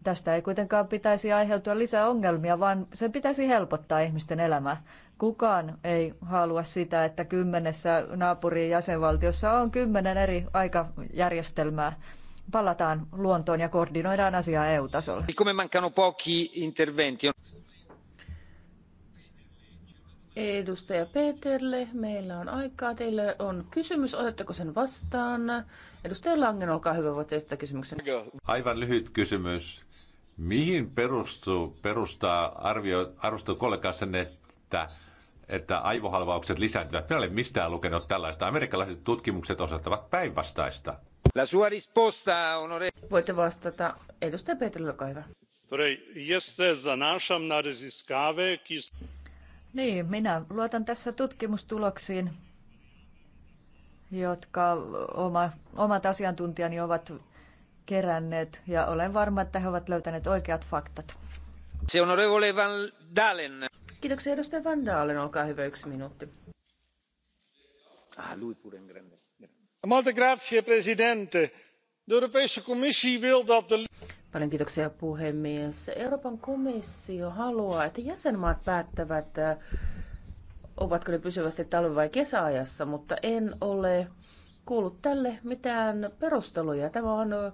Tästä ei kuitenkaan pitäisi aiheutua lisää ongelmia, vaan sen pitäisi helpottaa ihmisten elämää. Kukaan ei halua sitä, että kymmenessä naapurin jäsenvaltiossa on kymmenen eri aikajärjestelmää. Palataan luontoon ja koordinoidaan asiaa EU-tasolla. Edustaja Peterle, meillä on aikaa. Teillä on kysymys, otetteko sen vastaan? Edustaja Langen, olkaa hyvä, voitte esittää kysymyksen. Aivan lyhyt kysymys. Mihin perustuu, perustaa arvio, arvostuu kollegassanne, että, että aivohalvaukset lisääntyvät? Minä olen mistään lukenut tällaista. Amerikkalaiset tutkimukset osoittavat päinvastaista. La sua risposta, onore... Voitte vastata. Edustaja Petri, olkaa hyvä. Torej, jaz se na Niin, minä luotan tässä tutkimustuloksiin, jotka oma, omat asiantuntijani ovat keränneet ja olen varma, että he ovat löytäneet oikeat faktat. Se on Van Dalen. Kiitoksia edustaja Van Dalen, olkaa hyvä yksi minuutti. Ah, lui pure grande. Molte grazie, presidente. De Europese vil dat de... Paljon kiitoksia puhemies. Euroopan komissio haluaa, että jäsenmaat päättävät, äh, ovatko ne pysyvästi talvi- vai kesäajassa, mutta en ole kuullut tälle mitään perusteluja. Tämä on äh,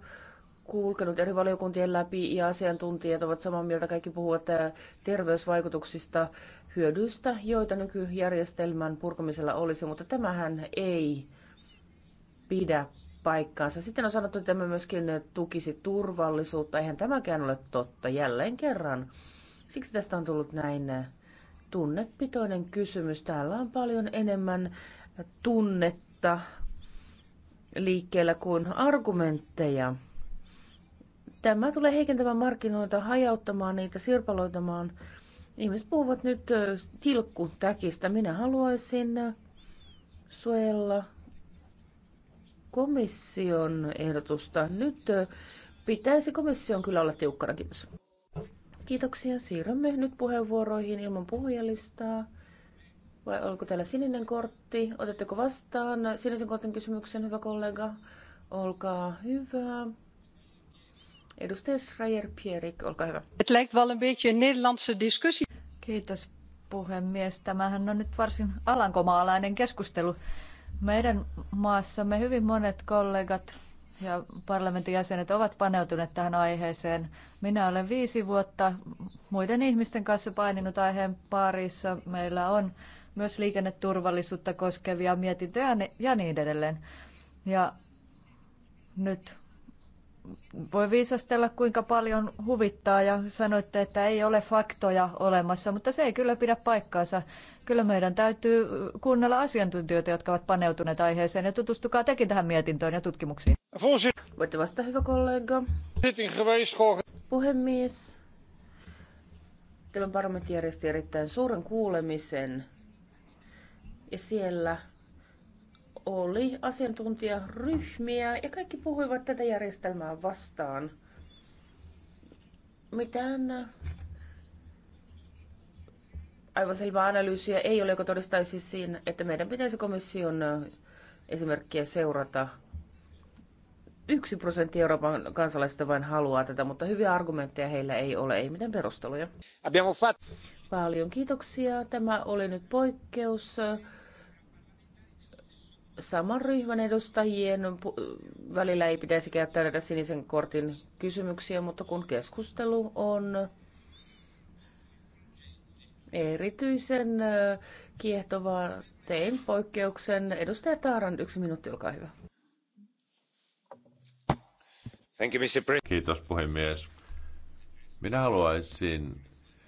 kulkenut eri valiokuntien läpi ja asiantuntijat ovat samaa mieltä. Kaikki puhuvat äh, terveysvaikutuksista, hyödyistä, joita nykyjärjestelmän purkamisella olisi, mutta tämähän ei pidä paikkaansa. Sitten on sanottu, että tämä myöskin tukisi turvallisuutta. Eihän tämäkään ole totta jälleen kerran. Siksi tästä on tullut näin tunnepitoinen kysymys. Täällä on paljon enemmän tunnetta liikkeellä kuin argumentteja. Tämä tulee heikentämään markkinoita, hajauttamaan niitä, sirpaloitamaan. Ihmiset puhuvat nyt tilkkutäkistä. Minä haluaisin suojella komission ehdotusta. Nyt pitäisi komission kyllä olla tiukkana. Kiitos. Kiitoksia. Siirrymme nyt puheenvuoroihin ilman puhujalistaa. Vai oliko täällä sininen kortti? Otetteko vastaan sinisen kortin kysymyksen, hyvä kollega? Olkaa hyvä. Edustaja Het lijkt wel een beetje een Nederlandse discussie. Kiitos puhemies. Tämähän on nyt varsin alankomaalainen keskustelu. Meidän maassamme hyvin monet kollegat ja parlamentin jäsenet ovat paneutuneet tähän aiheeseen. Minä olen viisi vuotta muiden ihmisten kanssa paininut aiheen parissa. Meillä on myös liikenneturvallisuutta koskevia mietintöjä ja niin edelleen. Ja nyt voi viisastella kuinka paljon huvittaa ja sanoitte, että ei ole faktoja olemassa, mutta se ei kyllä pidä paikkaansa. Kyllä meidän täytyy kuunnella asiantuntijoita, jotka ovat paneutuneet aiheeseen ja tutustukaa tekin tähän mietintöön ja tutkimuksiin. Voitte vastata, hyvä kollega. Puhemies. Tämä parlamentti järjesti erittäin suuren kuulemisen ja siellä oli asiantuntijaryhmiä ja kaikki puhuivat tätä järjestelmää vastaan. Mitään äh, aivan selvää analyysiä ei ole, joka todistaisi siinä, että meidän pitäisi komission äh, esimerkkiä seurata. Yksi prosentti Euroopan kansalaisista vain haluaa tätä, mutta hyviä argumentteja heillä ei ole, ei mitään perusteluja. Paljon kiitoksia. Tämä oli nyt poikkeus. Äh, saman ryhmän edustajien välillä ei pitäisi käyttää näitä sinisen kortin kysymyksiä, mutta kun keskustelu on erityisen kiehtovaa, tein poikkeuksen. Edustaja Taaran, yksi minuutti, olkaa hyvä. Kiitos puhemies. Minä haluaisin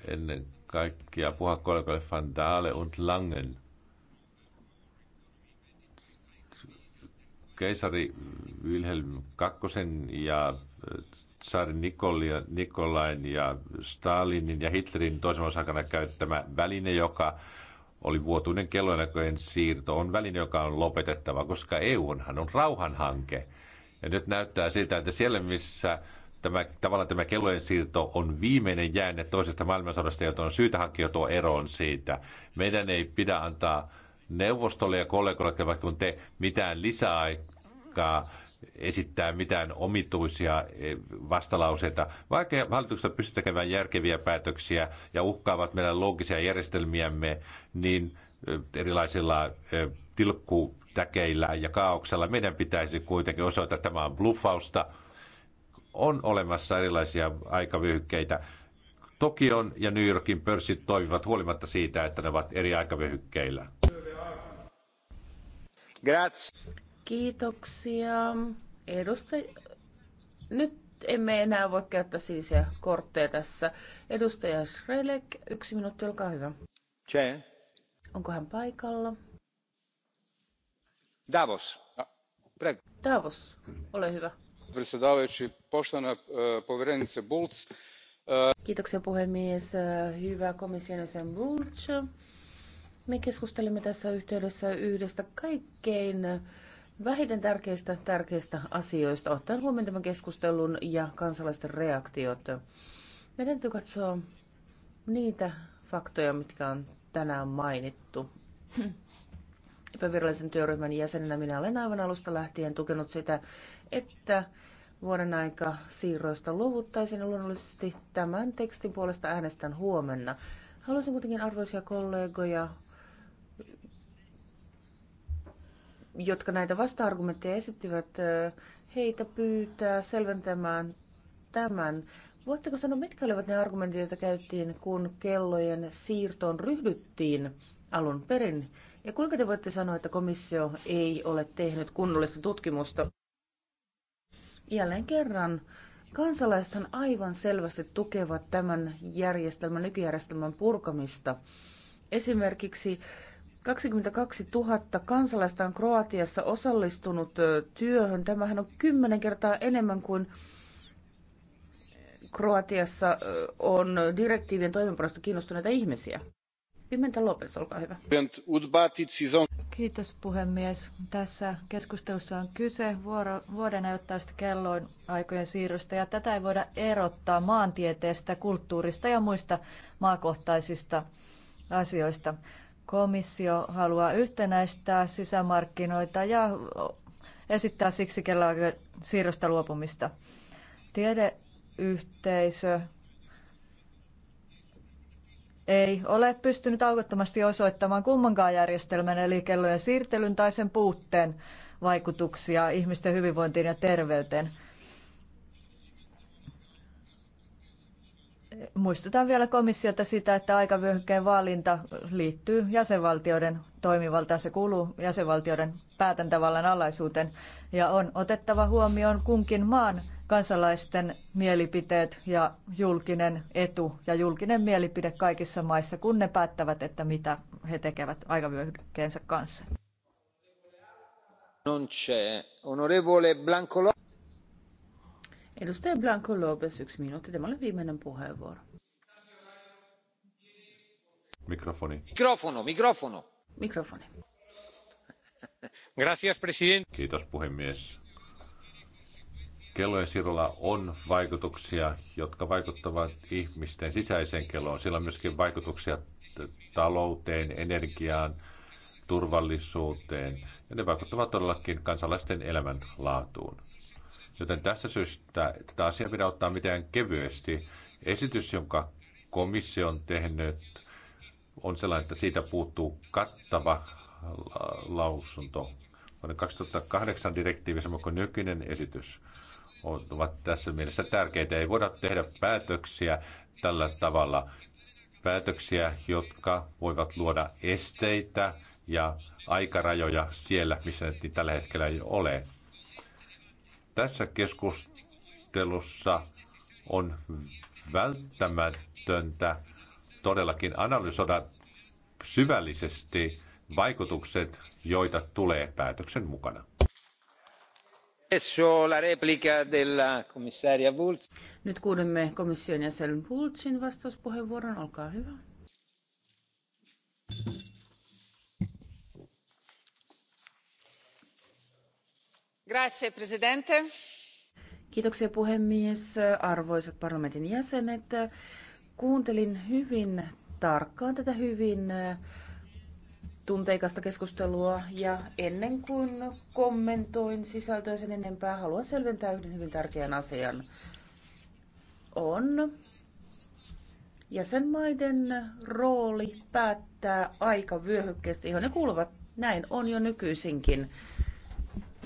ennen kaikkea puhua kollegoille Van Dale und Langen keisari Wilhelm II ja äh, tsaari Nikolia, Nikolain ja Stalinin ja Hitlerin toisen aikana käyttämä väline, joka oli vuotuinen kellonäköjen siirto, on väline, joka on lopetettava, koska EU onhan on rauhanhanke. Ja nyt näyttää siltä, että siellä missä tämä, tavallaan tämä kellojen siirto on viimeinen jäänne toisesta maailmansodasta, jota on syytä hakea tuo eroon siitä. Meidän ei pidä antaa neuvostolle ja kollegoille, vaikka kun te mitään lisäaikaa esittää mitään omituisia eh, vastalauseita. Vaikka hallituksesta pystytään tekemään järkeviä päätöksiä ja uhkaavat meidän loogisia järjestelmiämme, niin eh, erilaisilla eh, tilkkutäkeillä ja kaauksella meidän pitäisi kuitenkin osoittaa, että tämä on bluffausta. On olemassa erilaisia aikavyöhykkeitä. Tokion ja New Yorkin pörssit toimivat huolimatta siitä, että ne ovat eri aikavyöhykkeillä. Kiitoksia. Edustaja... Nyt emme enää voi käyttää sinisiä kortteja tässä. Edustaja Shrelek, yksi minuutti, olkaa hyvä. Che. Onko hän paikalla? Davos. Prego. Davos, ole hyvä. Poštana eh, poverenice Bulc. Eh. Kiitoksia puhemies. Eh, hyvä komission jäsen Bulc. Me keskustelemme tässä yhteydessä yhdestä kaikkein vähiten tärkeistä tärkeistä asioista, ottaen huomioon tämän keskustelun ja kansalaisten reaktiot. Meidän täytyy katsoa niitä faktoja, mitkä on tänään mainittu. Epävirallisen työryhmän jäsenenä minä olen aivan alusta lähtien tukenut sitä, että vuoden aika siirroista luovuttaisiin ja luonnollisesti tämän tekstin puolesta äänestän huomenna. Haluaisin kuitenkin arvoisia kollegoja jotka näitä vasta-argumentteja esittivät, heitä pyytää selventämään tämän. Voitteko sanoa, mitkä olivat ne argumentit, joita käyttiin, kun kellojen siirtoon ryhdyttiin alun perin? Ja kuinka te voitte sanoa, että komissio ei ole tehnyt kunnollista tutkimusta? Jälleen kerran, kansalaisethan aivan selvästi tukevat tämän järjestelmän, nykyjärjestelmän purkamista. Esimerkiksi 22 000 kansalaista on Kroatiassa osallistunut työhön. Tämähän on kymmenen kertaa enemmän kuin Kroatiassa on direktiivien toimenpanosta kiinnostuneita ihmisiä. Pimenta Lopes, olkaa hyvä. Kiitos puhemies. Tässä keskustelussa on kyse vuoro, vuoden ajoittaisesta kelloin aikojen siirrosta ja tätä ei voida erottaa maantieteestä, kulttuurista ja muista maakohtaisista asioista. Komissio haluaa yhtenäistää sisämarkkinoita ja esittää siksi siirrosta luopumista. Tiedeyhteisö ei ole pystynyt aukottomasti osoittamaan kummankaan järjestelmän eli kellojen siirtelyn tai sen puutteen vaikutuksia ihmisten hyvinvointiin ja terveyteen. Muistutan vielä komissiota sitä, että aikavyöhykkeen valinta liittyy jäsenvaltioiden toimivaltaan. Se kuuluu jäsenvaltioiden päätäntävallan alaisuuteen ja on otettava huomioon kunkin maan kansalaisten mielipiteet ja julkinen etu ja julkinen mielipide kaikissa maissa, kun ne päättävät, että mitä he tekevät aikavyöhykkeensä kanssa. Non c'è. Onorevole Blanco Edustaja Blanco Lopez, yksi minuutti. Tämä oli viimeinen puheenvuoro. Mikrofoni. Mikrofono, mikrofono. Mikrofoni. Gracias, president. Kiitos puhemies. Kellojen siirrolla on vaikutuksia, jotka vaikuttavat ihmisten sisäiseen kelloon. Sillä on myöskin vaikutuksia talouteen, energiaan, turvallisuuteen ja ne vaikuttavat todellakin kansalaisten elämänlaatuun. Joten tästä syystä tätä asiaa pitää ottaa mitään kevyesti. Esitys, jonka komissio on tehnyt, on sellainen, että siitä puuttuu kattava lausunto. Vuoden 2008 direktiivissä mukaan nykyinen esitys ovat tässä mielessä tärkeitä. Ei voida tehdä päätöksiä tällä tavalla. Päätöksiä, jotka voivat luoda esteitä ja aikarajoja siellä, missä ne tällä hetkellä ei ole. Tässä keskustelussa on välttämätöntä todellakin analysoida syvällisesti vaikutukset, joita tulee päätöksen mukana. Nyt kuulemme komission jäsen Bulcin vastauspuheenvuoron. Olkaa hyvä. Kiitoksia puhemies. Arvoisat parlamentin jäsenet, kuuntelin hyvin tarkkaan tätä hyvin tunteikasta keskustelua ja ennen kuin kommentoin sisältöä sen enempää, haluan selventää yhden hyvin tärkeän asian. On jäsenmaiden rooli päättää aika vyöhykkeestä, johon ne kuuluvat. Näin on jo nykyisinkin.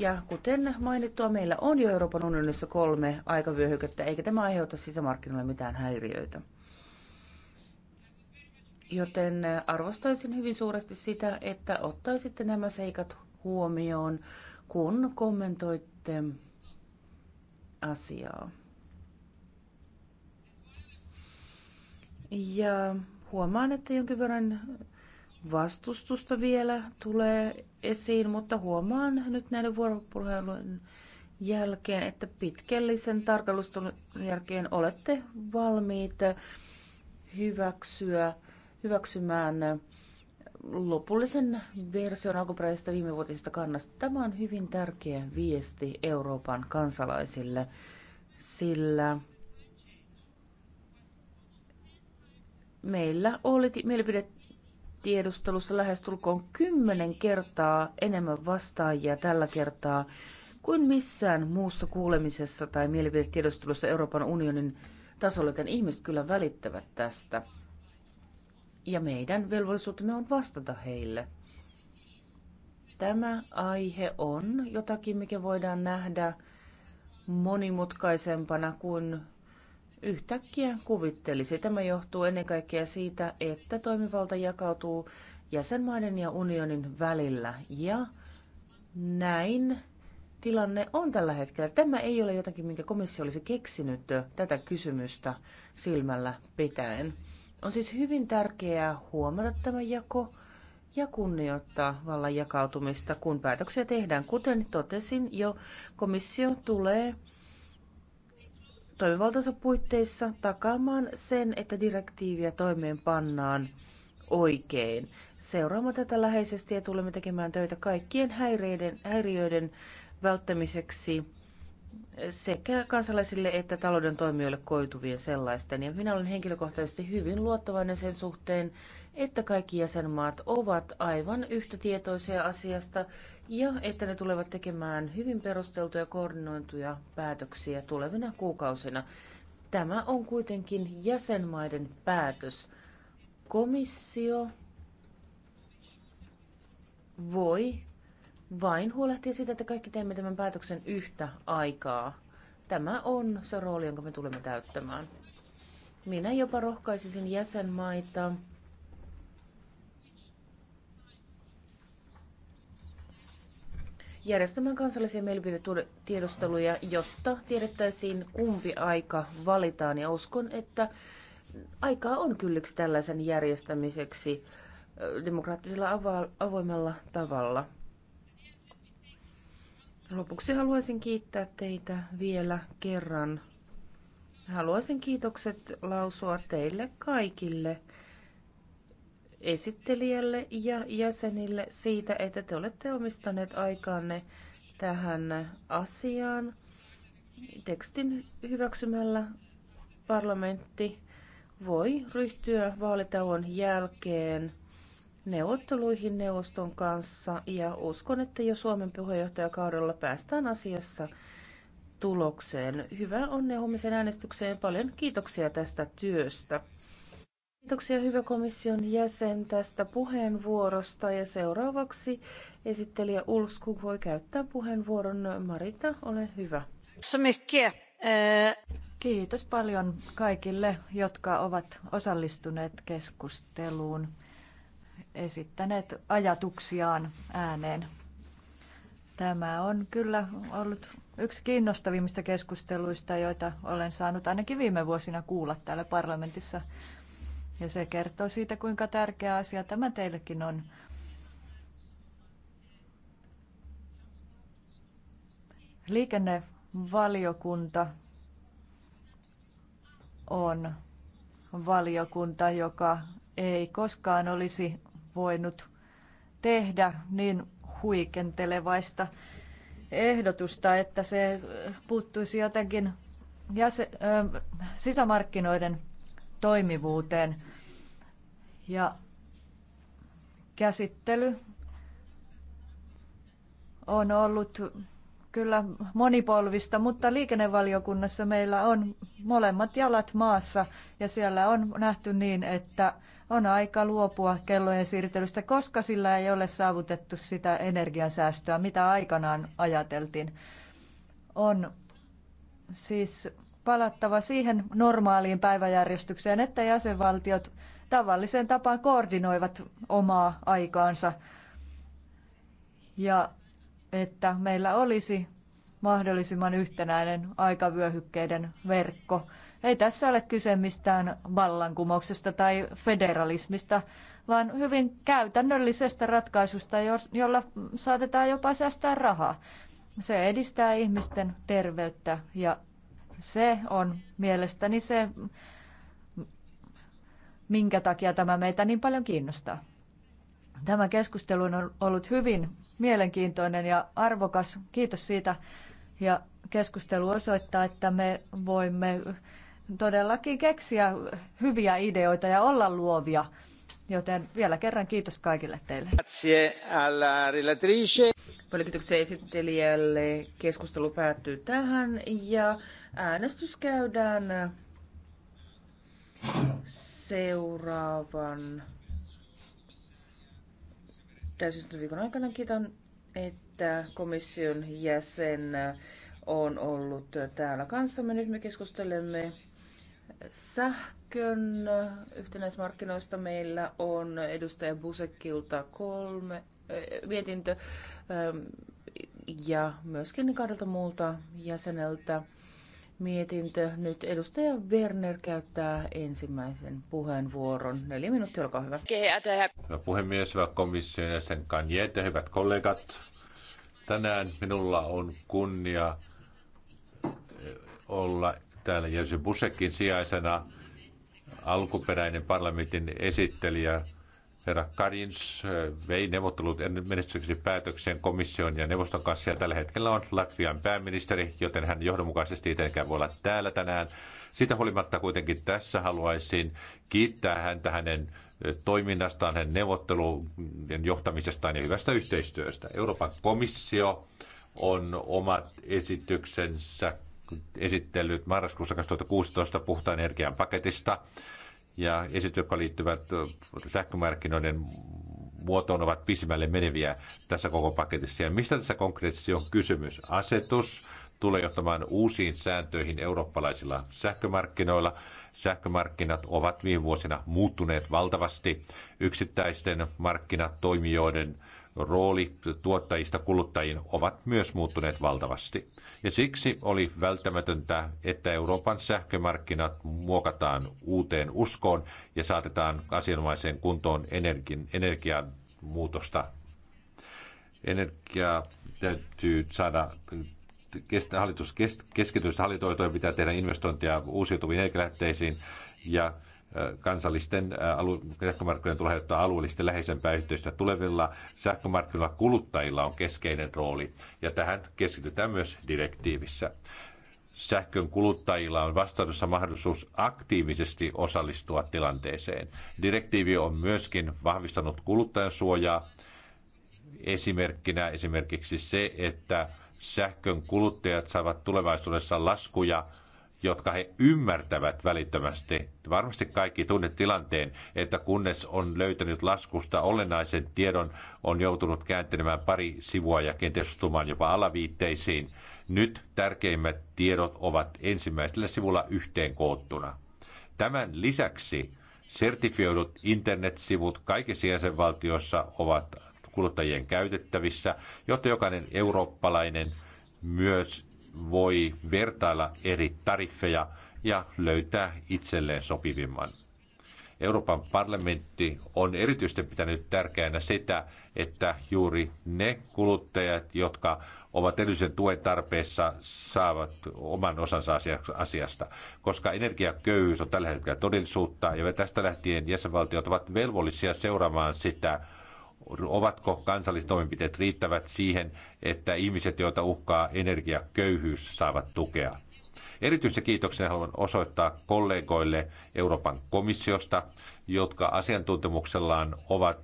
Ja kuten mainittua, meillä on jo Euroopan unionissa kolme aikavyöhykettä, eikä tämä aiheuta sisämarkkinoille mitään häiriöitä. Joten arvostaisin hyvin suuresti sitä, että ottaisitte nämä seikat huomioon, kun kommentoitte asiaa. Ja huomaan, että jonkin verran vastustusta vielä tulee esiin, mutta huomaan nyt näiden vuoropuhelujen jälkeen, että pitkällisen tarkastelun jälkeen olette valmiit hyväksyä, hyväksymään lopullisen version alkuperäisestä viimevuotisesta kannasta. Tämä on hyvin tärkeä viesti Euroopan kansalaisille, sillä meillä oli mielipide tiedustelussa lähestulkoon kymmenen kertaa enemmän vastaajia tällä kertaa kuin missään muussa kuulemisessa tai mielipidetiedustelussa Euroopan unionin tasolla, joten ihmiset kyllä välittävät tästä. Ja meidän velvollisuutemme on vastata heille. Tämä aihe on jotakin, mikä voidaan nähdä monimutkaisempana kuin yhtäkkiä kuvittelisi. Tämä johtuu ennen kaikkea siitä, että toimivalta jakautuu jäsenmaiden ja unionin välillä. Ja näin tilanne on tällä hetkellä. Tämä ei ole jotakin, minkä komissio olisi keksinyt tätä kysymystä silmällä pitäen. On siis hyvin tärkeää huomata tämä jako ja kunnioittaa vallan jakautumista, kun päätöksiä tehdään. Kuten totesin jo, komissio tulee toimivaltansa puitteissa takaamaan sen, että direktiiviä toimeenpannaan oikein. Seuraamme tätä läheisesti ja tulemme tekemään töitä kaikkien häiriöiden, häiriöiden välttämiseksi sekä kansalaisille että talouden toimijoille koituvien sellaisten. Ja minä olen henkilökohtaisesti hyvin luottavainen sen suhteen, että kaikki jäsenmaat ovat aivan yhtä tietoisia asiasta ja että ne tulevat tekemään hyvin perusteltuja koordinointuja päätöksiä tulevina kuukausina. Tämä on kuitenkin jäsenmaiden päätös. Komissio voi vain huolehtia siitä, että kaikki teemme tämän päätöksen yhtä aikaa. Tämä on se rooli, jonka me tulemme täyttämään. Minä jopa rohkaisisin jäsenmaita järjestämään kansallisia mielipidetiedusteluja, jotta tiedettäisiin kumpi aika valitaan. Ja uskon, että aikaa on kylliksi tällaisen järjestämiseksi demokraattisella avoimella tavalla. Lopuksi haluaisin kiittää teitä vielä kerran. Haluaisin kiitokset lausua teille kaikille esittelijälle ja jäsenille siitä, että te olette omistaneet aikaanne tähän asiaan. Tekstin hyväksymällä parlamentti voi ryhtyä vaalitauon jälkeen neuvotteluihin neuvoston kanssa ja uskon, että jo Suomen puheenjohtajakaudella päästään asiassa tulokseen. Hyvä onnea huomisen äänestykseen. Paljon kiitoksia tästä työstä. Kiitoksia hyvä komission jäsen tästä puheenvuorosta ja seuraavaksi esittelijä Ulskog voi käyttää puheenvuoron. Marita, ole hyvä. Kiitos paljon kaikille, jotka ovat osallistuneet keskusteluun, esittäneet ajatuksiaan ääneen. Tämä on kyllä ollut yksi kiinnostavimmista keskusteluista, joita olen saanut ainakin viime vuosina kuulla täällä parlamentissa ja se kertoo siitä, kuinka tärkeä asia tämä teillekin on. Liikennevaliokunta on valiokunta, joka ei koskaan olisi voinut tehdä niin huikentelevaista ehdotusta, että se puuttuisi jotenkin jäsen, sisämarkkinoiden toimivuuteen. Ja käsittely on ollut kyllä monipolvista, mutta liikennevaliokunnassa meillä on molemmat jalat maassa ja siellä on nähty niin, että on aika luopua kellojen siirtelystä, koska sillä ei ole saavutettu sitä energiansäästöä, mitä aikanaan ajateltiin. On siis palattava siihen normaaliin päiväjärjestykseen, että jäsenvaltiot tavalliseen tapaan koordinoivat omaa aikaansa ja että meillä olisi mahdollisimman yhtenäinen aikavyöhykkeiden verkko. Ei tässä ole kyse mistään vallankumouksesta tai federalismista, vaan hyvin käytännöllisestä ratkaisusta, jolla saatetaan jopa säästää rahaa. Se edistää ihmisten terveyttä ja se on mielestäni se, minkä takia tämä meitä niin paljon kiinnostaa. Tämä keskustelu on ollut hyvin mielenkiintoinen ja arvokas. Kiitos siitä. Ja keskustelu osoittaa, että me voimme todellakin keksiä hyviä ideoita ja olla luovia. Joten vielä kerran kiitos kaikille teille. Paljon kiitoksia esittelijälle. Keskustelu päättyy tähän ja Äänestys käydään seuraavan täysistuntoviikon aikana. Kiitän, että komission jäsen on ollut täällä kanssamme. Nyt me keskustelemme sähkön yhtenäismarkkinoista. Meillä on edustaja Busekilta kolme äh, mietintö äh, ja myöskin kahdelta muulta jäseneltä mietintö. Nyt edustaja Werner käyttää ensimmäisen puheenvuoron. Neljä minuuttia, olkaa hyvä. Hyvä puhemies, hyvä komission jäsen Kanjete, hyvät kollegat. Tänään minulla on kunnia eh, olla täällä Jerzy Busekin sijaisena alkuperäinen parlamentin esittelijä Herra Karins eh, vei neuvottelut menestykseksi päätökseen komission ja neuvoston kanssa ja tällä hetkellä on Latvian pääministeri, joten hän johdonmukaisesti itsekään voi olla täällä tänään. Sitä huolimatta kuitenkin tässä haluaisin kiittää häntä hänen eh, toiminnastaan, hänen neuvottelujen johtamisestaan ja hyvästä yhteistyöstä. Euroopan komissio on omat esityksensä esitellyt marraskuussa 2016 puhtaan energian paketista ja esitykset, jotka liittyvät sähkömarkkinoiden muotoon, ovat pisimmälle meneviä tässä koko paketissa. Ja mistä tässä konkreettisesti on kysymys? Asetus tulee johtamaan uusiin sääntöihin eurooppalaisilla sähkömarkkinoilla. Sähkömarkkinat ovat viime vuosina muuttuneet valtavasti. Yksittäisten markkinatoimijoiden rooli tuottajista kuluttajiin ovat myös muuttuneet valtavasti. Ja siksi oli välttämätöntä, että Euroopan sähkömarkkinat muokataan uuteen uskoon ja saatetaan asianomaiseen kuntoon energin, energiamuutosta. Energiaa täytyy saada kestä, hallitus, keskitystä hallitoitoja pitää tehdä investointia uusiutuviin energialähteisiin ja kansallisten alu- sähkömarkkinoiden tulee ottaa alueellisesti läheisempää yhteistyötä tulevilla sähkömarkkinoilla kuluttajilla on keskeinen rooli ja tähän keskitytään myös direktiivissä. Sähkön kuluttajilla on vastaudessa mahdollisuus aktiivisesti osallistua tilanteeseen. Direktiivi on myöskin vahvistanut kuluttajan suojaa esimerkkinä esimerkiksi se, että sähkön kuluttajat saavat tulevaisuudessa laskuja jotka he ymmärtävät välittömästi. Varmasti kaikki tunne tilanteen, että kunnes on löytänyt laskusta olennaisen tiedon, on joutunut kääntelemään pari sivua ja kenties tumaan jopa alaviitteisiin. Nyt tärkeimmät tiedot ovat ensimmäisellä sivulla yhteen koottuna. Tämän lisäksi sertifioidut internetsivut kaikissa jäsenvaltioissa ovat kuluttajien käytettävissä, jotta jokainen eurooppalainen myös voi vertailla eri tariffeja ja löytää itselleen sopivimman. Euroopan parlamentti on erityisesti pitänyt tärkeänä sitä, että juuri ne kuluttajat, jotka ovat erityisen tuen tarpeessa, saavat oman osansa asiasta. Koska energiaköyhyys on tällä hetkellä todellisuutta ja tästä lähtien jäsenvaltiot ovat velvollisia seuraamaan sitä, ovatko kansallistoimenpiteet riittävät siihen, että ihmiset, joita uhkaa energiaköyhyys, saavat tukea. Erityisen kiitoksen haluan osoittaa kollegoille Euroopan komissiosta, jotka asiantuntemuksellaan ovat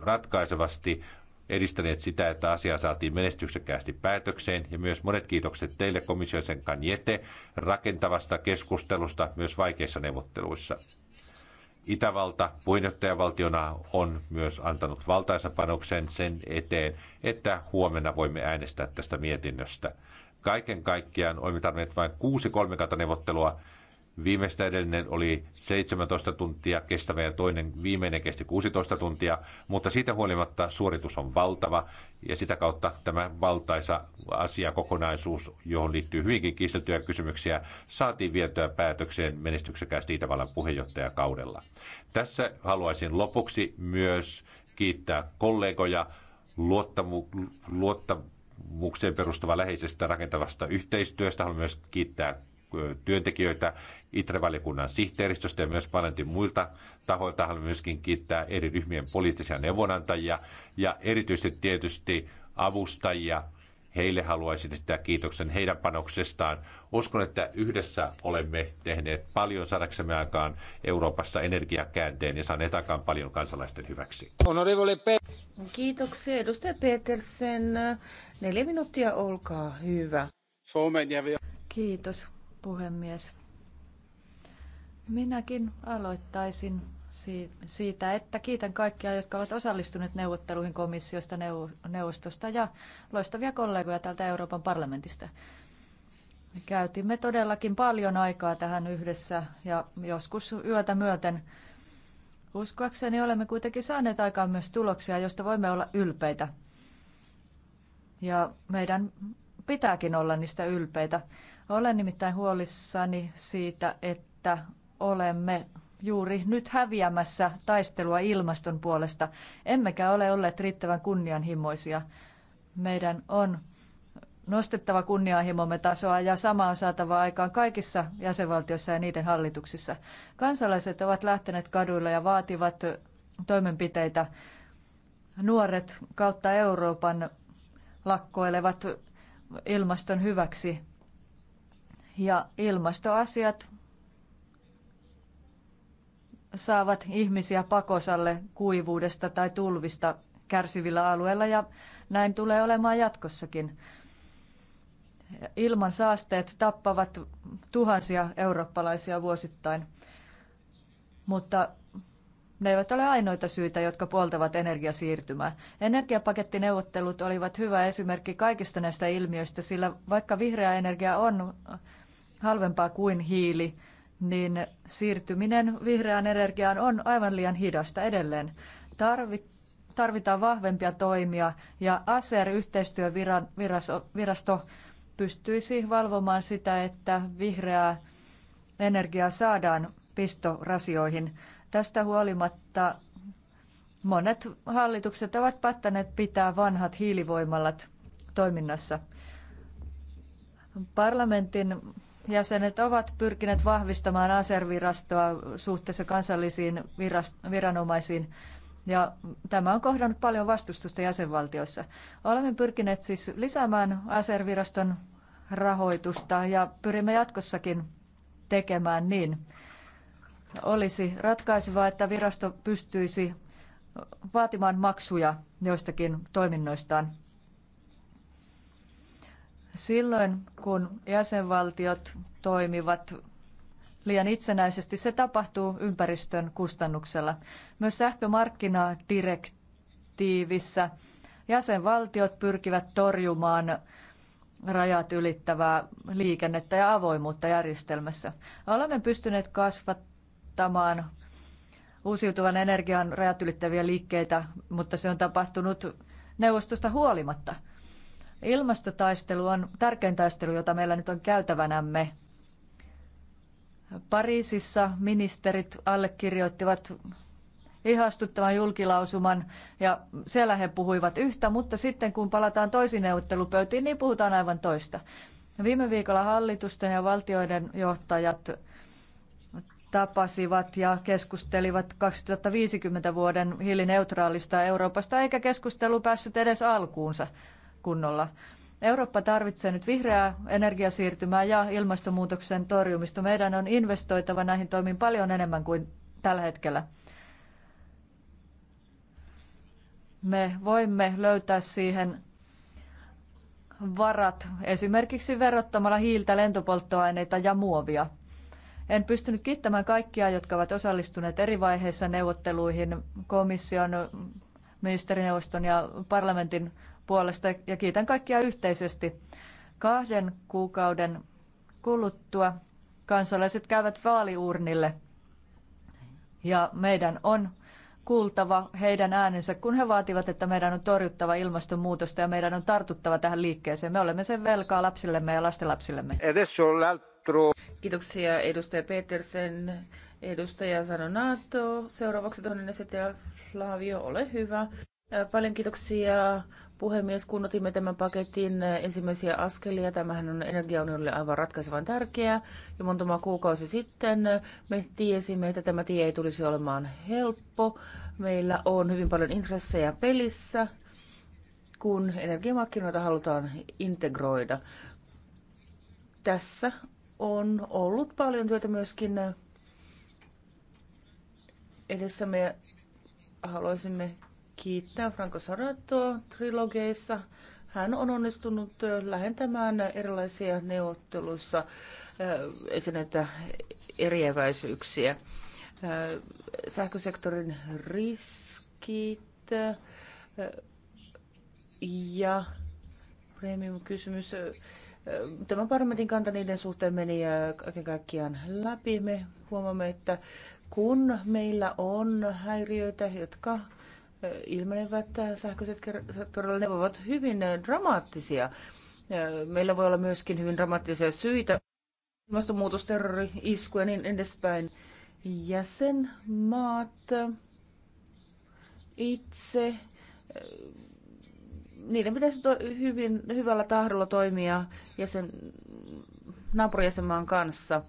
ratkaisevasti edistäneet sitä, että asia saatiin menestyksekkäästi päätökseen ja myös monet kiitokset teille komissiosen Kanjete rakentavasta keskustelusta myös vaikeissa neuvotteluissa. Itävalta puheenjohtajavaltiona on myös antanut valtaisa panoksen sen eteen, että huomenna voimme äänestää tästä mietinnöstä. Kaiken kaikkiaan olemme tarvinneet vain kuusi kolmikantaneuvottelua, Viimeistä edellinen oli 17 tuntia kestävä ja toinen viimeinen kesti 16 tuntia, mutta siitä huolimatta suoritus on valtava ja sitä kautta tämä valtaisa asiakokonaisuus, johon liittyy hyvinkin kiisteltyjä kysymyksiä, saatiin vietyä päätökseen menestyksekkäästi Itävallan puheenjohtajakaudella. Tässä haluaisin lopuksi myös kiittää kollegoja luottamu- luottamukseen perustava läheisestä rakentavasta yhteistyöstä. Haluan myös kiittää työntekijöitä ITRE-valiokunnan sihteeristöstä ja myös paljon muilta tahoilta. Haluan myöskin kiittää eri ryhmien poliittisia neuvonantajia ja erityisesti tietysti avustajia. Heille haluaisin sitä kiitoksen heidän panoksestaan. Uskon, että yhdessä olemme tehneet paljon saadaksemme aikaan Euroopassa energiakäänteen ja saaneet aikaan paljon kansalaisten hyväksi. Kiitoksia edustaja Petersen. Neljä minuuttia, olkaa hyvä. Kiitos puhemies. Minäkin aloittaisin siitä, että kiitän kaikkia, jotka ovat osallistuneet neuvotteluihin komissiosta, neuvostosta ja loistavia kollegoja täältä Euroopan parlamentista. Käytimme todellakin paljon aikaa tähän yhdessä ja joskus yötä myöten. Uskoakseni olemme kuitenkin saaneet aikaan myös tuloksia, joista voimme olla ylpeitä. Ja meidän pitääkin olla niistä ylpeitä. Olen nimittäin huolissani siitä, että olemme juuri nyt häviämässä taistelua ilmaston puolesta, emmekä ole olleet riittävän kunnianhimoisia. Meidän on nostettava kunnianhimomme tasoa ja sama on saatava aikaan kaikissa jäsenvaltioissa ja niiden hallituksissa. Kansalaiset ovat lähteneet kaduille ja vaativat toimenpiteitä. Nuoret kautta Euroopan lakkoilevat ilmaston hyväksi ja ilmastoasiat saavat ihmisiä pakosalle kuivuudesta tai tulvista kärsivillä alueilla ja näin tulee olemaan jatkossakin. Ilman saasteet tappavat tuhansia eurooppalaisia vuosittain, mutta ne eivät ole ainoita syitä, jotka puoltavat energiasiirtymää. Energiapakettineuvottelut olivat hyvä esimerkki kaikista näistä ilmiöistä, sillä vaikka vihreä energia on halvempaa kuin hiili, niin siirtyminen vihreään energiaan on aivan liian hidasta edelleen. Tarvitaan vahvempia toimia ja ASER-yhteistyövirasto pystyisi valvomaan sitä, että vihreää energiaa saadaan pistorasioihin. Tästä huolimatta monet hallitukset ovat päättäneet pitää vanhat hiilivoimalat toiminnassa. Parlamentin jäsenet ovat pyrkineet vahvistamaan aservirastoa suhteessa kansallisiin viranomaisiin ja tämä on kohdannut paljon vastustusta jäsenvaltioissa. Olemme pyrkineet siis lisäämään aserviraston rahoitusta ja pyrimme jatkossakin tekemään niin. Olisi ratkaisevaa, että virasto pystyisi vaatimaan maksuja joistakin toiminnoistaan. Silloin kun jäsenvaltiot toimivat liian itsenäisesti, se tapahtuu ympäristön kustannuksella. Myös sähkömarkkinadirektiivissä jäsenvaltiot pyrkivät torjumaan rajat ylittävää liikennettä ja avoimuutta järjestelmässä. Olemme pystyneet kasvattamaan uusiutuvan energian rajat ylittäviä liikkeitä, mutta se on tapahtunut neuvostosta huolimatta – Ilmastotaistelu on tärkein taistelu, jota meillä nyt on käytävänämme. Pariisissa ministerit allekirjoittivat ihastuttavan julkilausuman ja siellä he puhuivat yhtä, mutta sitten kun palataan toisiin neuvottelupöytiin, niin puhutaan aivan toista. Viime viikolla hallitusten ja valtioiden johtajat tapasivat ja keskustelivat 2050 vuoden hiilineutraalista Euroopasta, eikä keskustelu päässyt edes alkuunsa kunnolla. Eurooppa tarvitsee nyt vihreää energiasiirtymää ja ilmastonmuutoksen torjumista. Meidän on investoitava näihin toimiin paljon enemmän kuin tällä hetkellä. Me voimme löytää siihen varat esimerkiksi verottamalla hiiltä, lentopolttoaineita ja muovia. En pystynyt kiittämään kaikkia, jotka ovat osallistuneet eri vaiheissa neuvotteluihin komission, ministerineuvoston ja parlamentin puolesta ja kiitän kaikkia yhteisesti. Kahden kuukauden kuluttua kansalaiset käyvät vaaliurnille ja meidän on kuultava heidän äänensä, kun he vaativat, että meidän on torjuttava ilmastonmuutosta ja meidän on tartuttava tähän liikkeeseen. Me olemme sen velkaa lapsillemme ja lastenlapsillemme. Kiitoksia edustaja Petersen, edustaja Sanonato. Seuraavaksi toinen esittäjä Flavio, ole hyvä. Paljon kiitoksia puhemies, kun otimme tämän paketin ensimmäisiä askelia, tämähän on energiaunionille aivan ratkaisevan tärkeä. Jo muutama kuukausi sitten me tiesimme, että tämä tie ei tulisi olemaan helppo. Meillä on hyvin paljon intressejä pelissä, kun energiamarkkinoita halutaan integroida. Tässä on ollut paljon työtä myöskin edessämme. Haluaisimme kiittää Franco Sarattoa trilogeissa. Hän on onnistunut lähentämään erilaisia neuvotteluissa eh, esineitä eriäväisyyksiä. Eh, sähkösektorin riskit eh, ja premium-kysymys. Tämä parlamentin kanta niiden suhteen meni kaiken kaikkiaan läpi. Me huomaamme, että kun meillä on häiriöitä, jotka ilmenevät äh, sähköiset todella ne ovat hyvin äh, dramaattisia. Meillä voi olla myöskin hyvin dramaattisia syitä, ilmastonmuutos, terrori, isku ja niin edespäin. Jäsenmaat itse, niiden pitäisi to- hyvin, hyvällä tahdolla toimia jäsen, naapurijäsenmaan kanssa.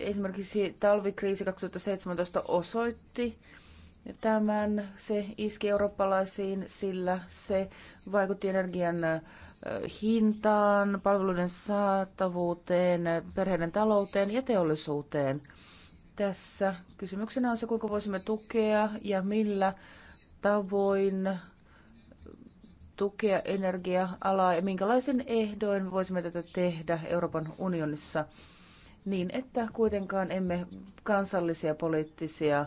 Esimerkiksi talvikriisi 2017 osoitti, Tämän se iski eurooppalaisiin, sillä se vaikutti energian hintaan, palveluiden saatavuuteen, perheiden talouteen ja teollisuuteen. Tässä kysymyksenä on se, kuinka voisimme tukea ja millä tavoin tukea energia-alaa ja minkälaisen ehdoin voisimme tätä tehdä Euroopan unionissa niin, että kuitenkaan emme kansallisia poliittisia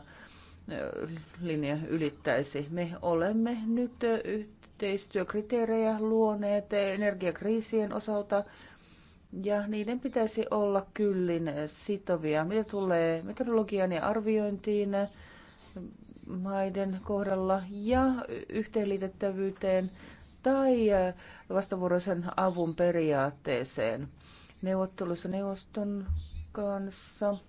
linja ylittäisi. Me olemme nyt yhteistyökriteerejä luoneet energiakriisien osalta ja niiden pitäisi olla kyllin sitovia. Mitä tulee metodologian ja arviointiin maiden kohdalla ja yhteenliitettävyyteen tai vastavuoroisen avun periaatteeseen neuvottelussa neuvoston kanssa –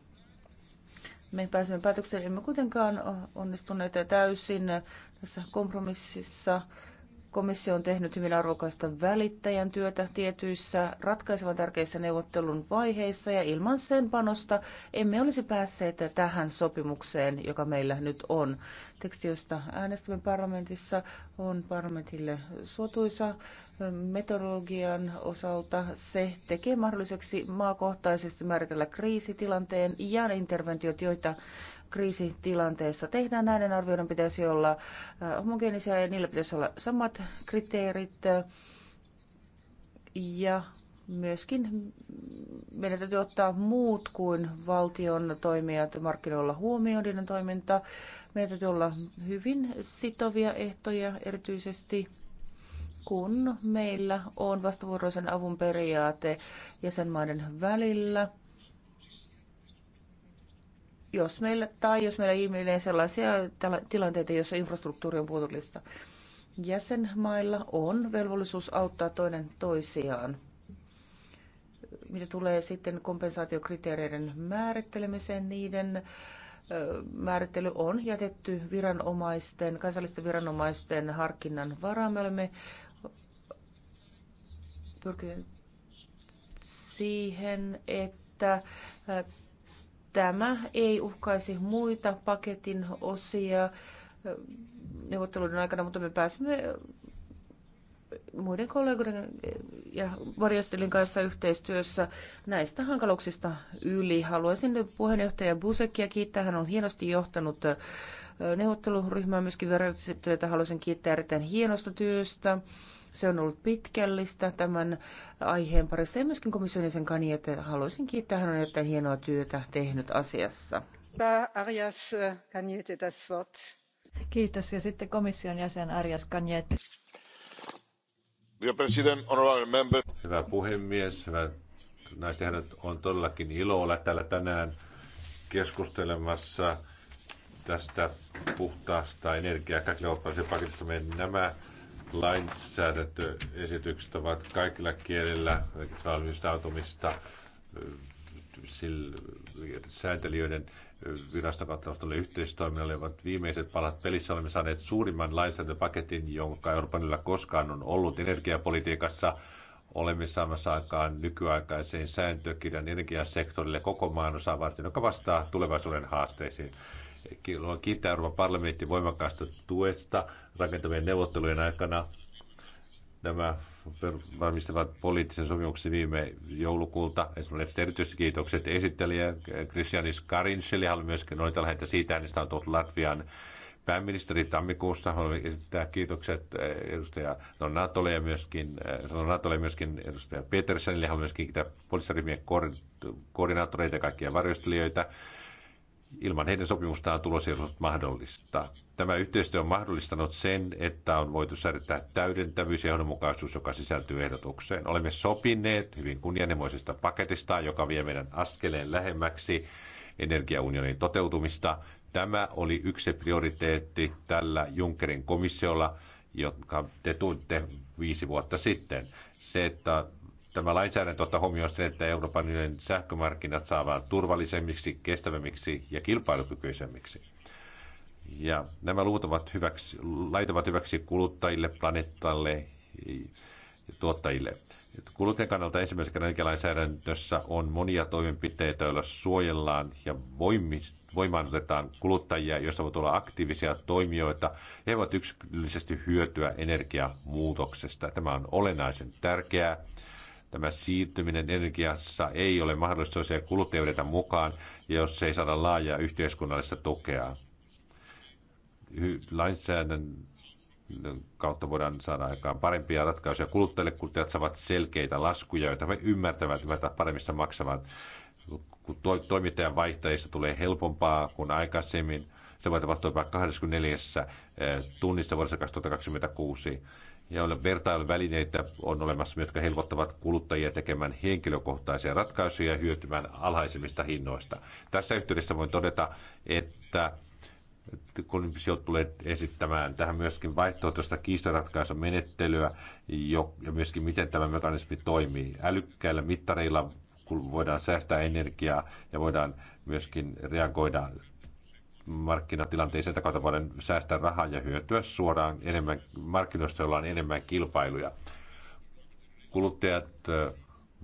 me pääsemme päätökseen. Emme kuitenkaan onnistuneet täysin tässä kompromississa Komissio on tehnyt hyvin arvokasta välittäjän työtä tietyissä ratkaisevan tärkeissä neuvottelun vaiheissa ja ilman sen panosta emme olisi päässeet tähän sopimukseen, joka meillä nyt on. Teksti, josta äänestämme parlamentissa, on parlamentille suotuisa metodologian osalta. Se tekee mahdolliseksi maakohtaisesti määritellä kriisitilanteen ja interventiot, joita kriisitilanteessa tehdään. Näiden arvioiden pitäisi olla äh, homogeenisia ja niillä pitäisi olla samat kriteerit. Ja myöskin meidän täytyy ottaa muut kuin valtion toimijat markkinoilla huomioon niiden toiminta. Meidän täytyy olla hyvin sitovia ehtoja erityisesti kun meillä on vastavuoroisen avun periaate jäsenmaiden välillä – jos meillä, tai jos meillä ilmenee sellaisia tilanteita, joissa infrastruktuuri on puutullista. Jäsenmailla on velvollisuus auttaa toinen toisiaan. Mitä tulee sitten kompensaatiokriteereiden määrittelemiseen, niiden määrittely on jätetty viranomaisten, kansallisten viranomaisten harkinnan varaan. Me olemme pyrkineet siihen, että tämä ei uhkaisi muita paketin osia neuvotteluiden aikana, mutta me pääsimme muiden kollegoiden ja varjostelin kanssa yhteistyössä näistä hankaluuksista yli. Haluaisin puheenjohtaja Busekia kiittää. Hän on hienosti johtanut neuvotteluryhmää myöskin verrattuna. Haluaisin kiittää erittäin hienosta työstä. Se on ollut pitkällistä tämän aiheen parissa ja myöskin komission jäsen että Haluaisin kiittää, hänen, että erittäin hienoa työtä tehnyt asiassa. Arias Kaniete, das Wort. Kiitos. Ja sitten komission jäsen Arias Kaniete. Hyvä puhemies, hyvät naiset ja on todellakin ilo olla täällä tänään keskustelemassa tästä puhtaasta energiaa kaikille oppalaisen paketista. Nämä lainsäädäntöesitykset ovat kaikilla kielillä valmistautumista äh, äh, sääntelijöiden äh, virastokattavalle yhteistoiminnalle ovat viimeiset palat pelissä. Olemme saaneet suurimman lainsäädäntöpaketin, jonka Euroopan yllä koskaan on ollut energiapolitiikassa. Olemme saamassa aikaan nykyaikaiseen sääntökirjan energiasektorille koko maan osaa varten, joka vastaa tulevaisuuden haasteisiin. Haluan kiittää Euroopan parlamentin voimakkaasta tuesta rakentavien neuvottelujen aikana. Nämä varmistavat poliittisen sopimuksen viime joulukuulta. Esimerkiksi erityisesti kiitokset esittelijä Christianis Karinseli. Haluan myös noita lähettä siitä, hänestä on tullut Latvian pääministeri tammikuussa. Haluan esittää kiitokset edustaja Natolle ja myöskin, Natolle ja myöskin edustaja Petersenille. Haluan myöskin kiittää poliisiryhmien koordinaattoreita ja kaikkia varjostelijoita. Ilman heidän sopimustaan tulos ei ollut mahdollista. Tämä yhteistyö on mahdollistanut sen, että on voitu säädettää täydentävyys ja johdonmukaisuus, joka sisältyy ehdotukseen. Olemme sopineet hyvin kunnianhimoisesta paketista, joka vie meidän askeleen lähemmäksi energiaunionin toteutumista. Tämä oli yksi prioriteetti tällä Junckerin komissiolla, jonka te tuitte viisi vuotta sitten. Se, että tämä lainsäädäntö ottaa huomioon sen, että Euroopan unionin sähkömarkkinat saavat turvallisemmiksi, kestävämmiksi ja kilpailukykyisemmiksi. Ja nämä luvut ovat hyväksi, laitavat hyväksi kuluttajille, planeettalle ja tuottajille. Kuluttajan kannalta ensimmäisen energialainsäädännössä on monia toimenpiteitä, joilla suojellaan ja voimaanotetaan kuluttajia, joista voi olla aktiivisia toimijoita he voivat yksilöllisesti hyötyä energiamuutoksesta. Tämä on olennaisen tärkeää Tämä siirtyminen energiassa ei ole mahdollista, jos ei kuluttajia mukaan ja jos ei saada laajaa yhteiskunnallista tukea. Lainsäädännön kautta voidaan saada aikaan parempia ratkaisuja kuluttajille. Kuluttajat saavat selkeitä laskuja, joita he ymmärtävät, ymmärtävät paremmin sitä maksavat. Kun to- toimittajan vaihtajista tulee helpompaa kuin aikaisemmin, se voi tapahtua 24 eh, tunnissa vuodessa 2026 ja vertailuvälineitä on olemassa, jotka helpottavat kuluttajia tekemään henkilökohtaisia ratkaisuja ja hyötymään alhaisemmista hinnoista. Tässä yhteydessä voin todeta, että kun tulee esittämään tähän myöskin vaihtoehtoista kiistoratkaisumenettelyä ja myöskin miten tämä mekanismi toimii. Älykkäillä mittareilla voidaan säästää energiaa ja voidaan myöskin reagoida markkinatilanteeseen, tätä voidaan säästää rahaa ja hyötyä suoraan enemmän markkinoista, joilla on enemmän kilpailuja. Kuluttajat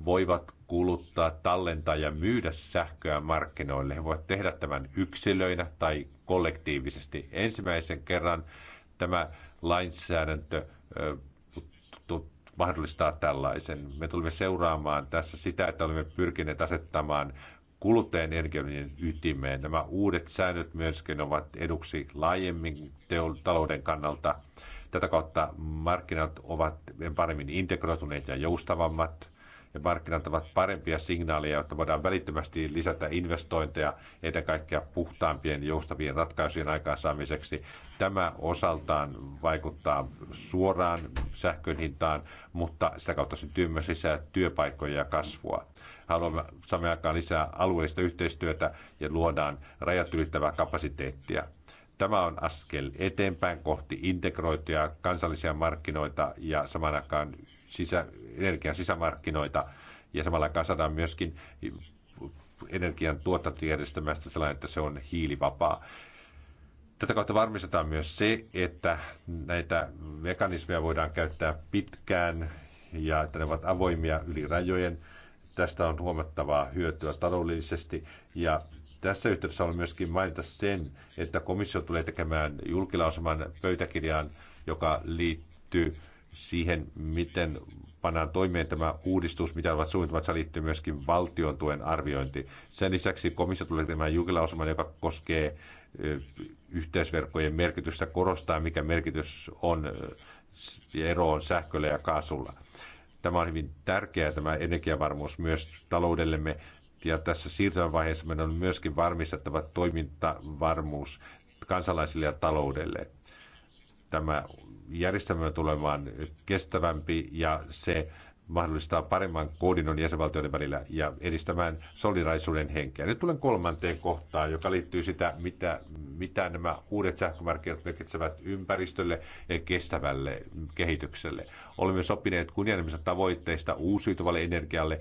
voivat kuluttaa, tallentaa ja myydä sähköä markkinoille. He voivat tehdä tämän yksilöinä tai kollektiivisesti. Ensimmäisen kerran tämä lainsäädäntö mahdollistaa tällaisen. Me tulemme seuraamaan tässä sitä, että olemme pyrkineet asettamaan kuluttajan energian ytimeen. Nämä uudet säännöt myöskin ovat eduksi laajemmin talouden kannalta. Tätä kautta markkinat ovat paremmin integroituneet ja joustavammat. Ja markkinat ovat parempia signaaleja, jotta voidaan välittömästi lisätä investointeja ennen kaikkea puhtaampien joustavien ratkaisujen aikaansaamiseksi. Tämä osaltaan vaikuttaa suoraan sähkön hintaan, mutta sitä kautta syntyy myös lisää työpaikkoja ja kasvua haluamme saamme aikaan lisää alueellista yhteistyötä ja luodaan rajat ylittävää kapasiteettia. Tämä on askel eteenpäin kohti integroituja kansallisia markkinoita ja samaan aikaan sisä, energian sisämarkkinoita. Ja samalla aikaan saadaan myöskin energian tuotantojärjestelmästä sellainen, että se on hiilivapaa. Tätä kautta varmistetaan myös se, että näitä mekanismeja voidaan käyttää pitkään ja että ne ovat avoimia yli rajojen. Tästä on huomattavaa hyötyä taloudellisesti ja tässä yhteydessä haluan myöskin mainita sen, että komissio tulee tekemään julkilausuman pöytäkirjaan, joka liittyy siihen, miten pannaan toimeen tämä uudistus, mitä ovat suunnitelmat, se liittyy myöskin valtion tuen arviointi. Sen lisäksi komissio tulee tekemään julkilausuman, joka koskee yhteisverkkojen merkitystä, korostaa mikä merkitys on ja ero on sähköllä ja kaasulla. Tämä on hyvin tärkeää, tämä energiavarmuus myös taloudellemme. Ja tässä siirtymävaiheessa meidän on myöskin varmistettava toimintavarmuus kansalaisille ja taloudelle. Tämä järjestelmä tulemaan kestävämpi ja se mahdollistaa paremman koordinoinnin jäsenvaltioiden välillä ja edistämään solidaisuuden henkeä. Nyt tulen kolmanteen kohtaan, joka liittyy sitä, mitä, mitä nämä uudet sähkömarkkinat merkitsevät ympäristölle ja kestävälle kehitykselle. Olemme sopineet kunnianhimoisista tavoitteista uusiutuvalle energialle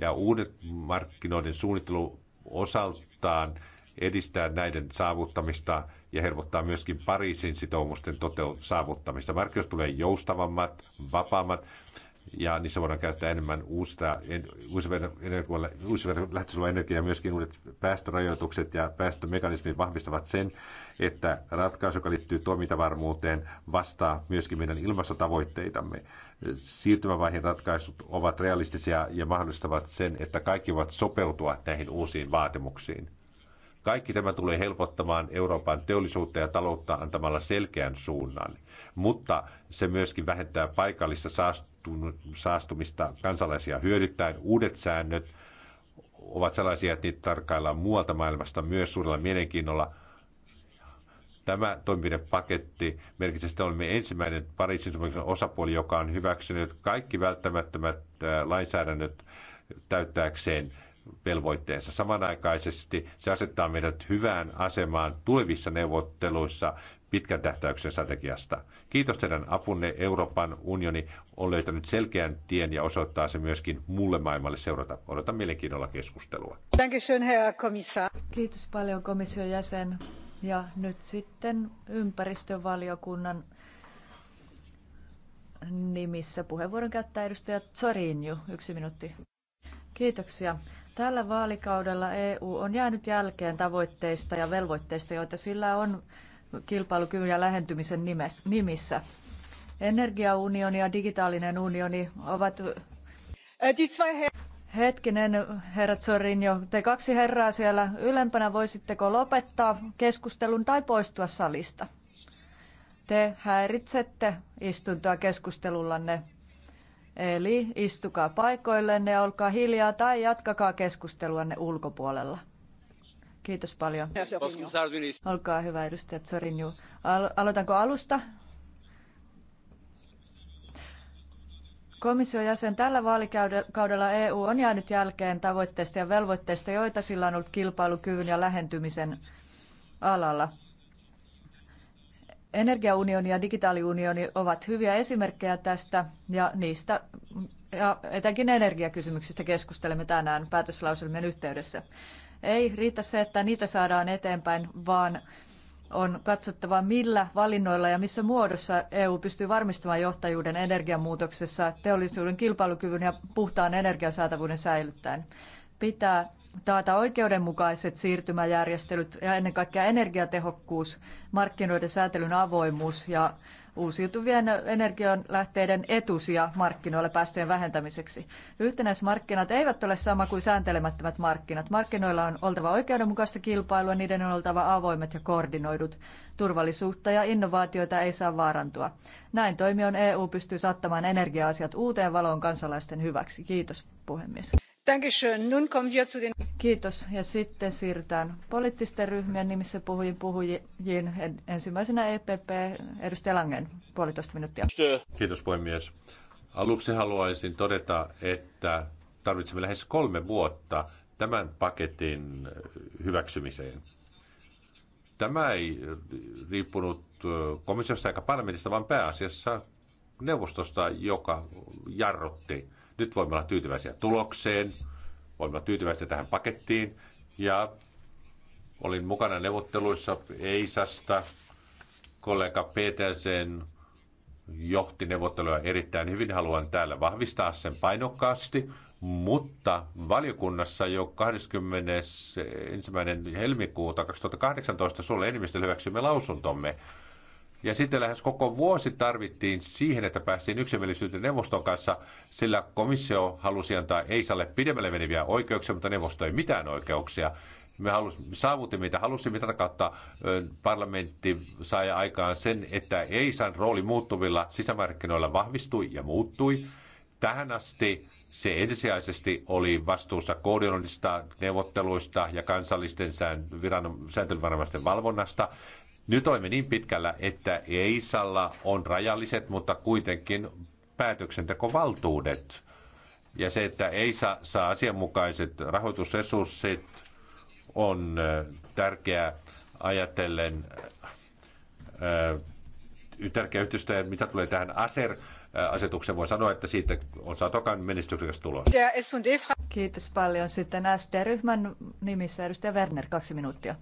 ja uudet markkinoiden suunnittelu osaltaan edistää näiden saavuttamista ja helpottaa myöskin Pariisin sitoumusten toteut- saavuttamista. Markkinoista tulee joustavammat, vapaammat ja niissä voidaan käyttää enemmän uusta, uusiutuvaa lähtöisellä energiaa. Myöskin uudet päästörajoitukset ja päästömekanismit vahvistavat sen, että ratkaisu, joka liittyy toimintavarmuuteen, vastaa myöskin meidän ilmastotavoitteitamme. Siirtymävaiheen ratkaisut ovat realistisia ja mahdollistavat sen, että kaikki voivat sopeutua näihin uusiin vaatimuksiin. Kaikki tämä tulee helpottamaan Euroopan teollisuutta ja taloutta antamalla selkeän suunnan, mutta se myöskin vähentää paikallista saastumista saastumista kansalaisia hyödyttäen. Uudet säännöt ovat sellaisia, että niitä tarkkaillaan muualta maailmasta myös suurella mielenkiinnolla. Tämä toimenpidepaketti merkitsee, että olemme ensimmäinen Pariisin sopimuksen osapuoli, joka on hyväksynyt kaikki välttämättömät lainsäädännöt täyttääkseen – velvoitteensa. Samanaikaisesti se asettaa meidät hyvään asemaan tulevissa neuvotteluissa pitkän tähtäyksen strategiasta. Kiitos teidän apunne. Euroopan unioni on löytänyt selkeän tien ja osoittaa se myöskin muulle maailmalle seurata. Odotan mielenkiinnolla keskustelua. Kiitos paljon komission jäsen. Ja nyt sitten ympäristövaliokunnan nimissä puheenvuoron käyttää edustaja Zorinju. Yksi minuutti. Kiitoksia. Tällä vaalikaudella EU on jäänyt jälkeen tavoitteista ja velvoitteista, joita sillä on kilpailukyvyn ja lähentymisen nimissä. Energiaunioni ja digitaalinen unioni ovat... Äh, Hetkinen, herrat Sorinjo, te kaksi herraa siellä ylempänä voisitteko lopettaa keskustelun tai poistua salista? Te häiritsette istuntoa keskustelullanne. Eli istukaa paikoillenne ja olkaa hiljaa tai jatkakaa keskusteluanne ulkopuolella. Kiitos paljon. Olkaa hyvä, edustaja Zorinju. aloitanko alusta? Komission jäsen tällä vaalikaudella EU on jäänyt jälkeen tavoitteista ja velvoitteista, joita sillä on ollut kilpailukyvyn ja lähentymisen alalla. Energiaunioni ja digitaaliunioni ovat hyviä esimerkkejä tästä ja niistä ja etenkin energiakysymyksistä keskustelemme tänään päätöslauselmien yhteydessä. Ei riitä se, että niitä saadaan eteenpäin, vaan on katsottava, millä valinnoilla ja missä muodossa EU pystyy varmistamaan johtajuuden energiamuutoksessa teollisuuden kilpailukyvyn ja puhtaan energiasaatavuuden säilyttäen. Pitää taata oikeudenmukaiset siirtymäjärjestelyt ja ennen kaikkea energiatehokkuus, markkinoiden säätelyn avoimuus ja uusiutuvien energianlähteiden etusia markkinoilla päästöjen vähentämiseksi. Yhtenäismarkkinat eivät ole sama kuin sääntelemättömät markkinat. Markkinoilla on oltava oikeudenmukaista kilpailua, niiden on oltava avoimet ja koordinoidut. Turvallisuutta ja innovaatioita ei saa vaarantua. Näin toimion EU pystyy saattamaan energia-asiat uuteen valoon kansalaisten hyväksi. Kiitos puhemies. Kiitos. Ja sitten siirrytään poliittisten ryhmien nimissä puhujiin puhujiin. Ensimmäisenä EPP, edustaja Langen, puolitoista minuuttia. Kiitos puhemies. Aluksi haluaisin todeta, että tarvitsemme lähes kolme vuotta tämän paketin hyväksymiseen. Tämä ei riippunut komissiosta eikä parlamentista, vaan pääasiassa neuvostosta, joka jarrutti nyt voimme olla tyytyväisiä tulokseen, voimme olla tyytyväisiä tähän pakettiin ja olin mukana neuvotteluissa Eisasta. Kollega Petersen johti neuvotteluja erittäin hyvin. Haluan täällä vahvistaa sen painokkaasti, mutta valiokunnassa jo 21. helmikuuta 2018 sulle enemmistö hyväksymme lausuntomme ja sitten lähes koko vuosi tarvittiin siihen, että päästiin yksimielisyyteen neuvoston kanssa, sillä komissio halusi antaa EISalle pidemmälle meneviä oikeuksia, mutta neuvosto ei mitään oikeuksia. Me halus, saavutimme, mitä halusimme, tätä kautta parlamentti sai aikaan sen, että ei san rooli muuttuvilla sisämarkkinoilla vahvistui ja muuttui. Tähän asti se ensisijaisesti oli vastuussa koordinoinnista, neuvotteluista ja kansallisten sääntelyvaramaisten valvonnasta. Nyt olemme niin pitkällä, että EISalla on rajalliset, mutta kuitenkin päätöksentekovaltuudet. Ja se, että EISA saa asianmukaiset rahoitusresurssit, on tärkeää ajatellen tärkeä yhteistyö, mitä tulee tähän ASER, asetuksen voi sanoa, että siitä on saatu aika menestyksekäs tulos. Kiitos paljon. Sitten SD-ryhmän nimissä edustaja Werner, kaksi minuuttia.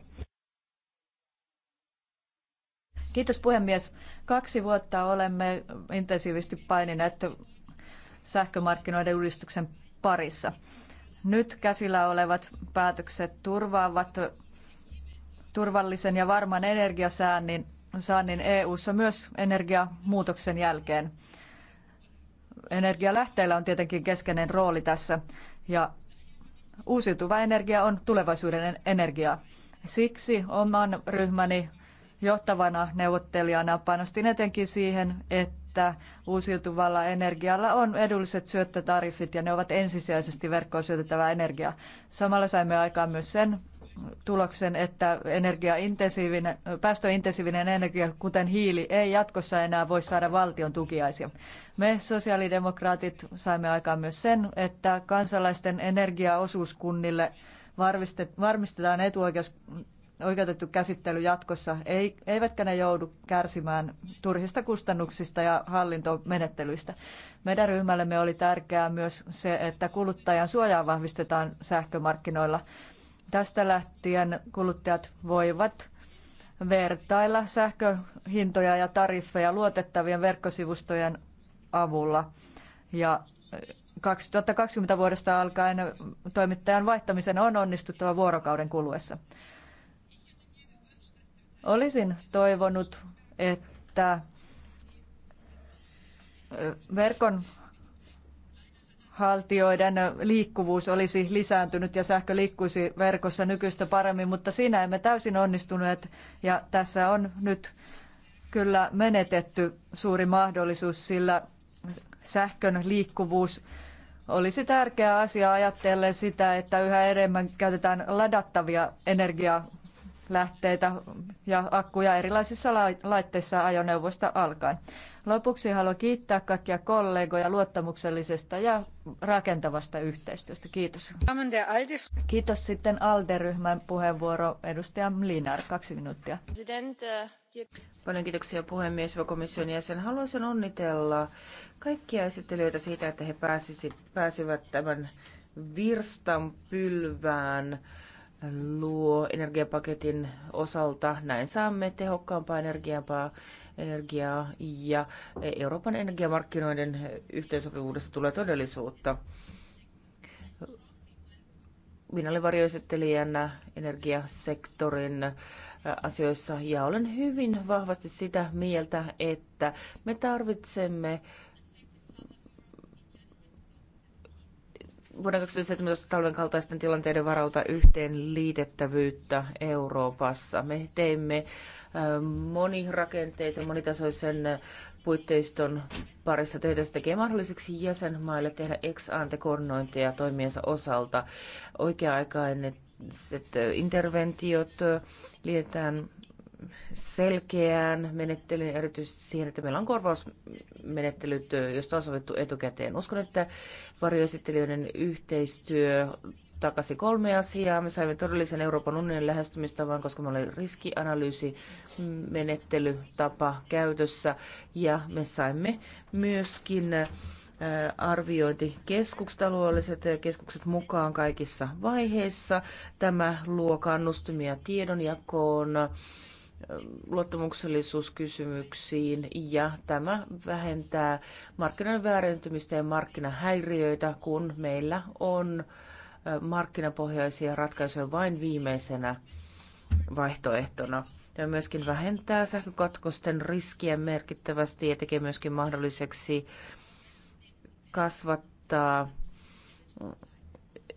Kiitos puhemies. Kaksi vuotta olemme intensiivisesti painineet sähkömarkkinoiden uudistuksen parissa. Nyt käsillä olevat päätökset turvaavat turvallisen ja varman energiasäännin saannin EU-ssa myös energiamuutoksen jälkeen. Energialähteillä on tietenkin keskeinen rooli tässä ja uusiutuva energia on tulevaisuuden energiaa. Siksi oman ryhmäni johtavana neuvottelijana panostin etenkin siihen, että uusiutuvalla energialla on edulliset syöttötariffit ja ne ovat ensisijaisesti verkkoon syötettävää energiaa. Samalla saimme aikaan myös sen tuloksen, että energiaintensiivinen, päästöintensiivinen energia, kuten hiili, ei jatkossa enää voi saada valtion tukiaisia. Me sosiaalidemokraatit saimme aikaan myös sen, että kansalaisten energiaosuuskunnille varmistetaan etuoikeus oikeutettu käsittely jatkossa, eivätkä ne joudu kärsimään turhista kustannuksista ja hallintomenettelyistä. Meidän ryhmällemme oli tärkeää myös se, että kuluttajan suojaa vahvistetaan sähkömarkkinoilla. Tästä lähtien kuluttajat voivat vertailla sähköhintoja ja tariffeja luotettavien verkkosivustojen avulla. Ja 2020 vuodesta alkaen toimittajan vaihtamisen on onnistuttava vuorokauden kuluessa. Olisin toivonut, että verkon haltioiden liikkuvuus olisi lisääntynyt ja sähkö liikkuisi verkossa nykyistä paremmin, mutta siinä emme täysin onnistuneet ja tässä on nyt kyllä menetetty suuri mahdollisuus, sillä sähkön liikkuvuus olisi tärkeä asia ajatellen sitä, että yhä enemmän käytetään ladattavia energiaa lähteitä ja akkuja erilaisissa laitteissa ajoneuvoista alkaen. Lopuksi haluan kiittää kaikkia kollegoja luottamuksellisesta ja rakentavasta yhteistyöstä. Kiitos. Kiitos sitten ALDE-ryhmän puheenvuoro edustaja Linar, kaksi minuuttia. Paljon kiitoksia puhemies ja komission jäsen. Haluaisin onnitella kaikkia esittelijöitä siitä, että he pääsisi, pääsivät tämän virstan pylvään luo energiapaketin osalta. Näin saamme tehokkaampaa energiaa, energiaa ja Euroopan energiamarkkinoiden yhteensopivuudesta tulee todellisuutta. Minä olen varjoesittelijänä energiasektorin asioissa ja olen hyvin vahvasti sitä mieltä, että me tarvitsemme vuoden 2017 talven kaltaisten tilanteiden varalta yhteen liitettävyyttä Euroopassa. Me teimme monirakenteisen, monitasoisen puitteiston parissa töitä se tekee mahdolliseksi jäsenmaille tehdä ex ante koordinointia toimiensa osalta. Oikea-aikaiset interventiot liitetään selkeään menettelyyn, erityisesti siihen, että meillä on korvausmenettelyt, joista on sovittu etukäteen. Uskon, että varjoesittelijöiden yhteistyö takaisin kolme asiaa. Me saimme todellisen Euroopan unionin lähestymistavan, koska meillä oli riskianalyysi, menettelytapa käytössä ja me saimme myöskin äh, arviointikeskukset, alueelliset keskukset mukaan kaikissa vaiheissa. Tämä luo kannustumia tiedonjakoon luottamuksellisuuskysymyksiin ja tämä vähentää markkinoiden väärentymistä ja markkinahäiriöitä, kun meillä on markkinapohjaisia ratkaisuja vain viimeisenä vaihtoehtona. Tämä myöskin vähentää sähkökatkosten riskiä merkittävästi ja tekee myöskin mahdolliseksi kasvattaa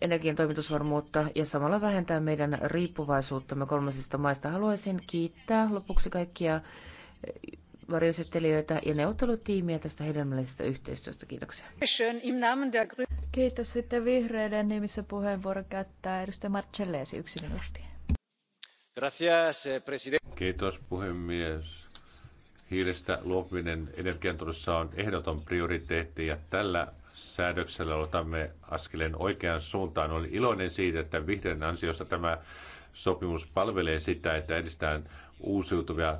energian toimitusvarmuutta ja samalla vähentää meidän riippuvaisuuttamme kolmansista maista. Haluaisin kiittää lopuksi kaikkia eh, varjoesittelijöitä ja neuvottelutiimiä tästä hedelmällisestä yhteistyöstä. Kiitoksia. Kiitos sitten vihreiden nimissä puheenvuoro käyttää edustaja Marcellesi yksi minuutti. Eh, Kiitos puhemies. Hiilestä luopuminen energiantuotossa on ehdoton prioriteetti ja tällä säädöksellä otamme askeleen oikeaan suuntaan. Olen iloinen siitä, että vihreän ansiosta tämä sopimus palvelee sitä, että edistetään uusiutuvia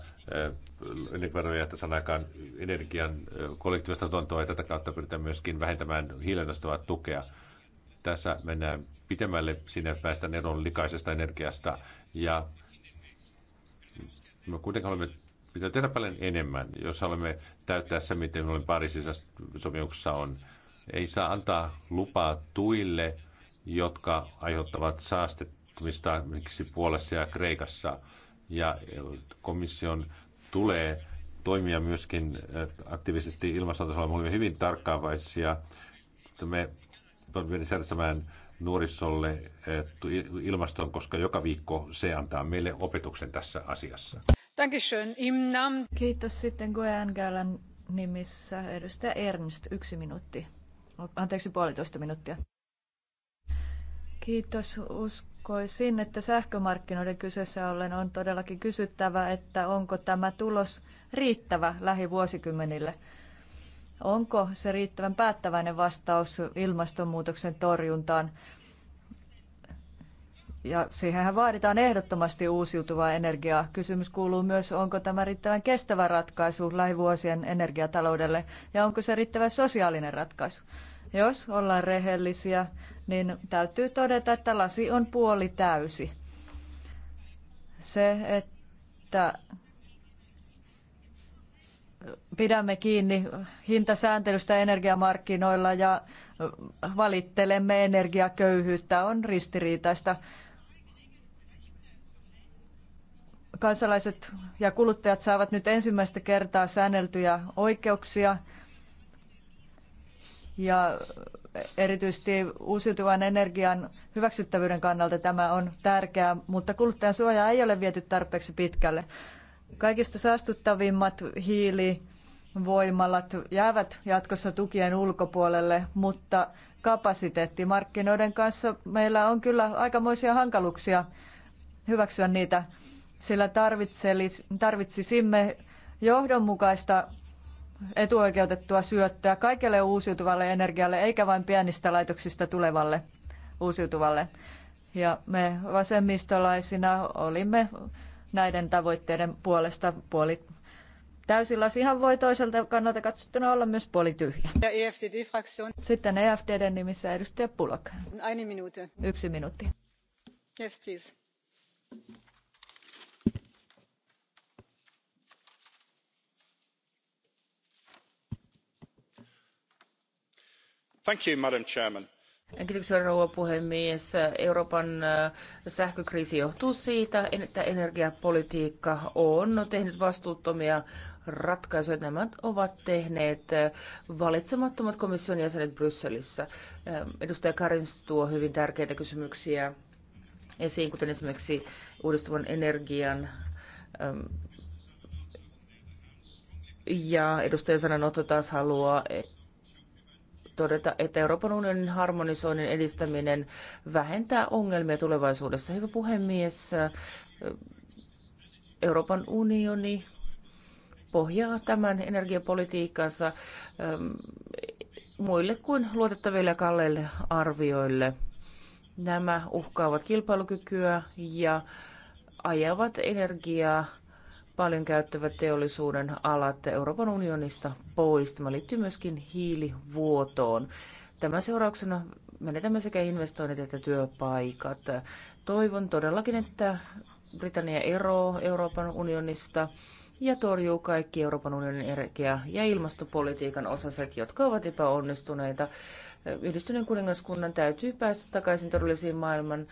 eh, veroja, että sanakaan energian eh, kollektiivista tuontoa ja tätä kautta pyritään myöskin vähentämään hiilennostavaa tukea. Tässä mennään pitemmälle sinne päästä eron likaisesta energiasta ja me kuitenkin olemme pitää tehdä paljon enemmän, jos haluamme täyttää se, miten meillä Pariisissa sopimuksessa on. Ei saa antaa lupaa tuille, jotka aiheuttavat saastettumista miksi Puolassa ja Kreikassa. Ja komission tulee toimia myöskin aktiivisesti ilmastotasolla. Me olemme hyvin tarkkaavaisia. Me pyrimme säästämään nuorisolle ilmaston, koska joka viikko se antaa meille opetuksen tässä asiassa. Kiitos sitten Goeangälän nimissä edustaja Ernst, yksi minuutti. Anteeksi, puolitoista minuuttia. Kiitos. Uskoisin, että sähkömarkkinoiden kyseessä ollen on todellakin kysyttävä, että onko tämä tulos riittävä lähivuosikymmenille. Onko se riittävän päättäväinen vastaus ilmastonmuutoksen torjuntaan? Ja siihenhän vaaditaan ehdottomasti uusiutuvaa energiaa. Kysymys kuuluu myös, onko tämä riittävän kestävä ratkaisu lähivuosien energiataloudelle ja onko se riittävä sosiaalinen ratkaisu. Jos ollaan rehellisiä, niin täytyy todeta, että lasi on puoli täysi. Se, että pidämme kiinni hintasääntelystä energiamarkkinoilla ja valittelemme energiaköyhyyttä on ristiriitaista. kansalaiset ja kuluttajat saavat nyt ensimmäistä kertaa säänneltyjä oikeuksia ja erityisesti uusiutuvan energian hyväksyttävyyden kannalta tämä on tärkeää, mutta kuluttajan suojaa ei ole viety tarpeeksi pitkälle. Kaikista saastuttavimmat hiilivoimalat jäävät jatkossa tukien ulkopuolelle, mutta kapasiteettimarkkinoiden kanssa meillä on kyllä aikamoisia hankaluuksia hyväksyä niitä sillä tarvitsisimme johdonmukaista etuoikeutettua syöttöä kaikelle uusiutuvalle energialle, eikä vain pienistä laitoksista tulevalle uusiutuvalle. Ja me vasemmistolaisina olimme näiden tavoitteiden puolesta puoli täysillä. Ihan voi toiselta kannalta katsottuna olla myös puoli tyhjä. E Sitten EFDDn nimissä edustaja Pulok. Yksi minuutti. Yes, please. arvoisa puhemies. Euroopan äh, sähkökriisi johtuu siitä, että energiapolitiikka on tehnyt vastuuttomia ratkaisuja. Nämä ovat tehneet äh, valitsemattomat komission jäsenet Brysselissä. Äh, edustaja Karins tuo hyvin tärkeitä kysymyksiä esiin, kuten esimerkiksi uudistuvan energian ähm, ja edustaja Sananotto taas haluaa todeta, että Euroopan unionin harmonisoinnin edistäminen vähentää ongelmia tulevaisuudessa. Hyvä puhemies, Euroopan unioni pohjaa tämän energiapolitiikkansa ähm, muille kuin luotettaville ja kalleille arvioille. Nämä uhkaavat kilpailukykyä ja ajavat energiaa paljon käyttävät teollisuuden alat Euroopan unionista pois. Tämä liittyy myöskin hiilivuotoon. Tämän seurauksena menetämme sekä investoinnit että työpaikat. Toivon todellakin, että Britannia eroo Euroopan unionista ja torjuu kaikki Euroopan unionin energia- ja ilmastopolitiikan osaset, jotka ovat epäonnistuneita. Yhdistyneen kuningaskunnan täytyy päästä takaisin todellisiin maailman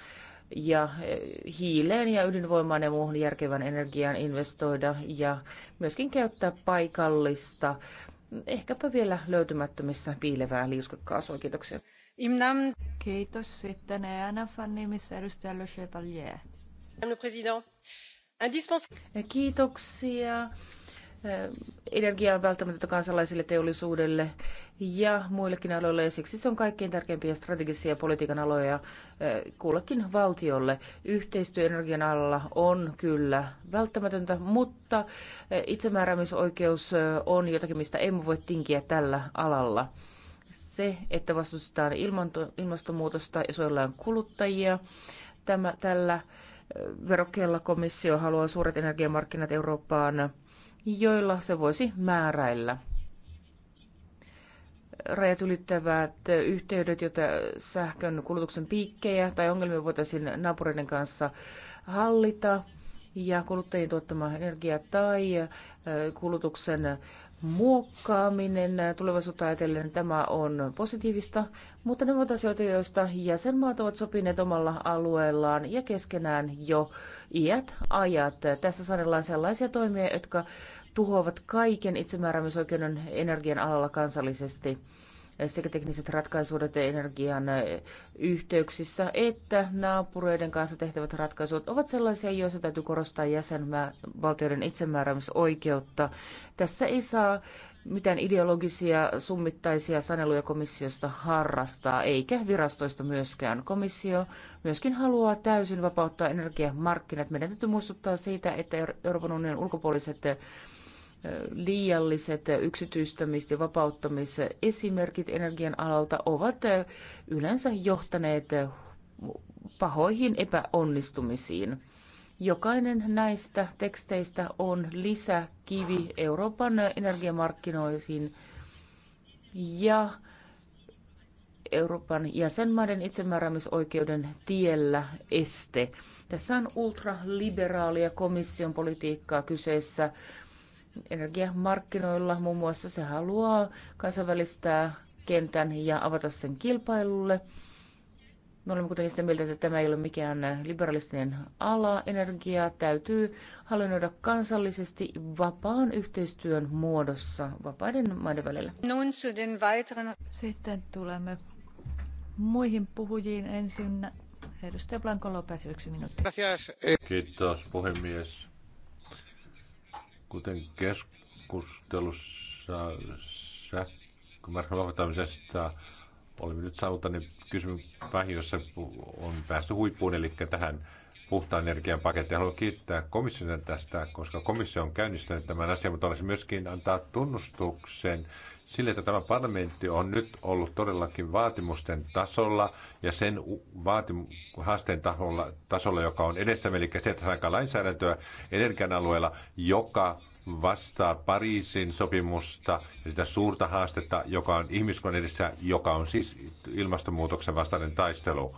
ja eh, hiileen ja ydinvoimaan ja muuhun järkevän energiaan investoida ja myöskin käyttää paikallista, ehkäpä vielä löytymättömissä piilevää liuskakaasua. Kiitoksia. Kiitos. Sitten ENFn nimissä edustaja Le Chevalier. Kiitoksia. Energia on välttämätöntä kansalaisille, teollisuudelle ja muillekin aloille, ja siksi se on kaikkein tärkeimpiä strategisia politiikan aloja kullekin valtiolle. Yhteistyö energian alalla on kyllä välttämätöntä, mutta itsemääräämisoikeus on jotakin, mistä emme voi tinkiä tällä alalla. Se, että vastustetaan ilmastonmuutosta ja suojellaan kuluttajia, tämä, tällä verokkeella komissio haluaa suuret energiamarkkinat Eurooppaan joilla se voisi määräillä rajat ylittävät yhteydet, joita sähkön kulutuksen piikkejä tai ongelmia voitaisiin naapureiden kanssa hallita ja kuluttajien tuottama energia tai kulutuksen muokkaaminen tulevaisuutta ajatellen tämä on positiivista, mutta ne ovat asioita, joista jäsenmaat ovat sopineet omalla alueellaan ja keskenään jo iät ajat. Tässä sanellaan sellaisia toimia, jotka tuhoavat kaiken itsemääräämisoikeuden energian alalla kansallisesti sekä tekniset ratkaisut energian eh, yhteyksissä että naapureiden kanssa tehtävät ratkaisut ovat sellaisia, joissa täytyy korostaa jäsenvaltioiden itsemääräämisoikeutta. Tässä ei saa mitään ideologisia summittaisia saneluja komissiosta harrastaa, eikä virastoista myöskään. Komissio myöskin haluaa täysin vapauttaa energiamarkkinat. Meidän täytyy muistuttaa siitä, että Euroopan unionin ulkopuoliset liialliset yksityistämis- ja vapauttamisesimerkit energian alalta ovat yleensä johtaneet pahoihin epäonnistumisiin. Jokainen näistä teksteistä on lisäkivi Euroopan energiamarkkinoihin ja Euroopan jäsenmaiden itsemääräämisoikeuden tiellä este. Tässä on ultraliberaalia komission politiikkaa kyseessä energiamarkkinoilla. Muun muassa se haluaa kansainvälistää kentän ja avata sen kilpailulle. Me olemme kuitenkin sitä mieltä, että tämä ei ole mikään liberalistinen ala. Energiaa täytyy hallinnoida kansallisesti vapaan yhteistyön muodossa vapaiden maiden välillä. Sitten tulemme muihin puhujiin ensin. Edustaja Blanco Lopez, yksi minuutti. Kiitos puhemies. Kuten keskustelussa sähkömarkkinavakautamisesta olemme nyt saavuttaneet niin kysymys jossa on päästy huippuun, eli tähän puhtaan energian pakettiin. Haluan kiittää komissiota tästä, koska komissio on käynnistänyt tämän asian, mutta olisi myöskin antaa tunnustuksen sille, että tämä parlamentti on nyt ollut todellakin vaatimusten tasolla ja sen vaatim- haasteen tasolla, tasolla, joka on edessä, eli se, että saadaan lainsäädäntöä energian alueella, joka vastaa Pariisin sopimusta ja sitä suurta haastetta, joka on ihmiskunnan edessä, joka on siis ilmastonmuutoksen vastainen taistelu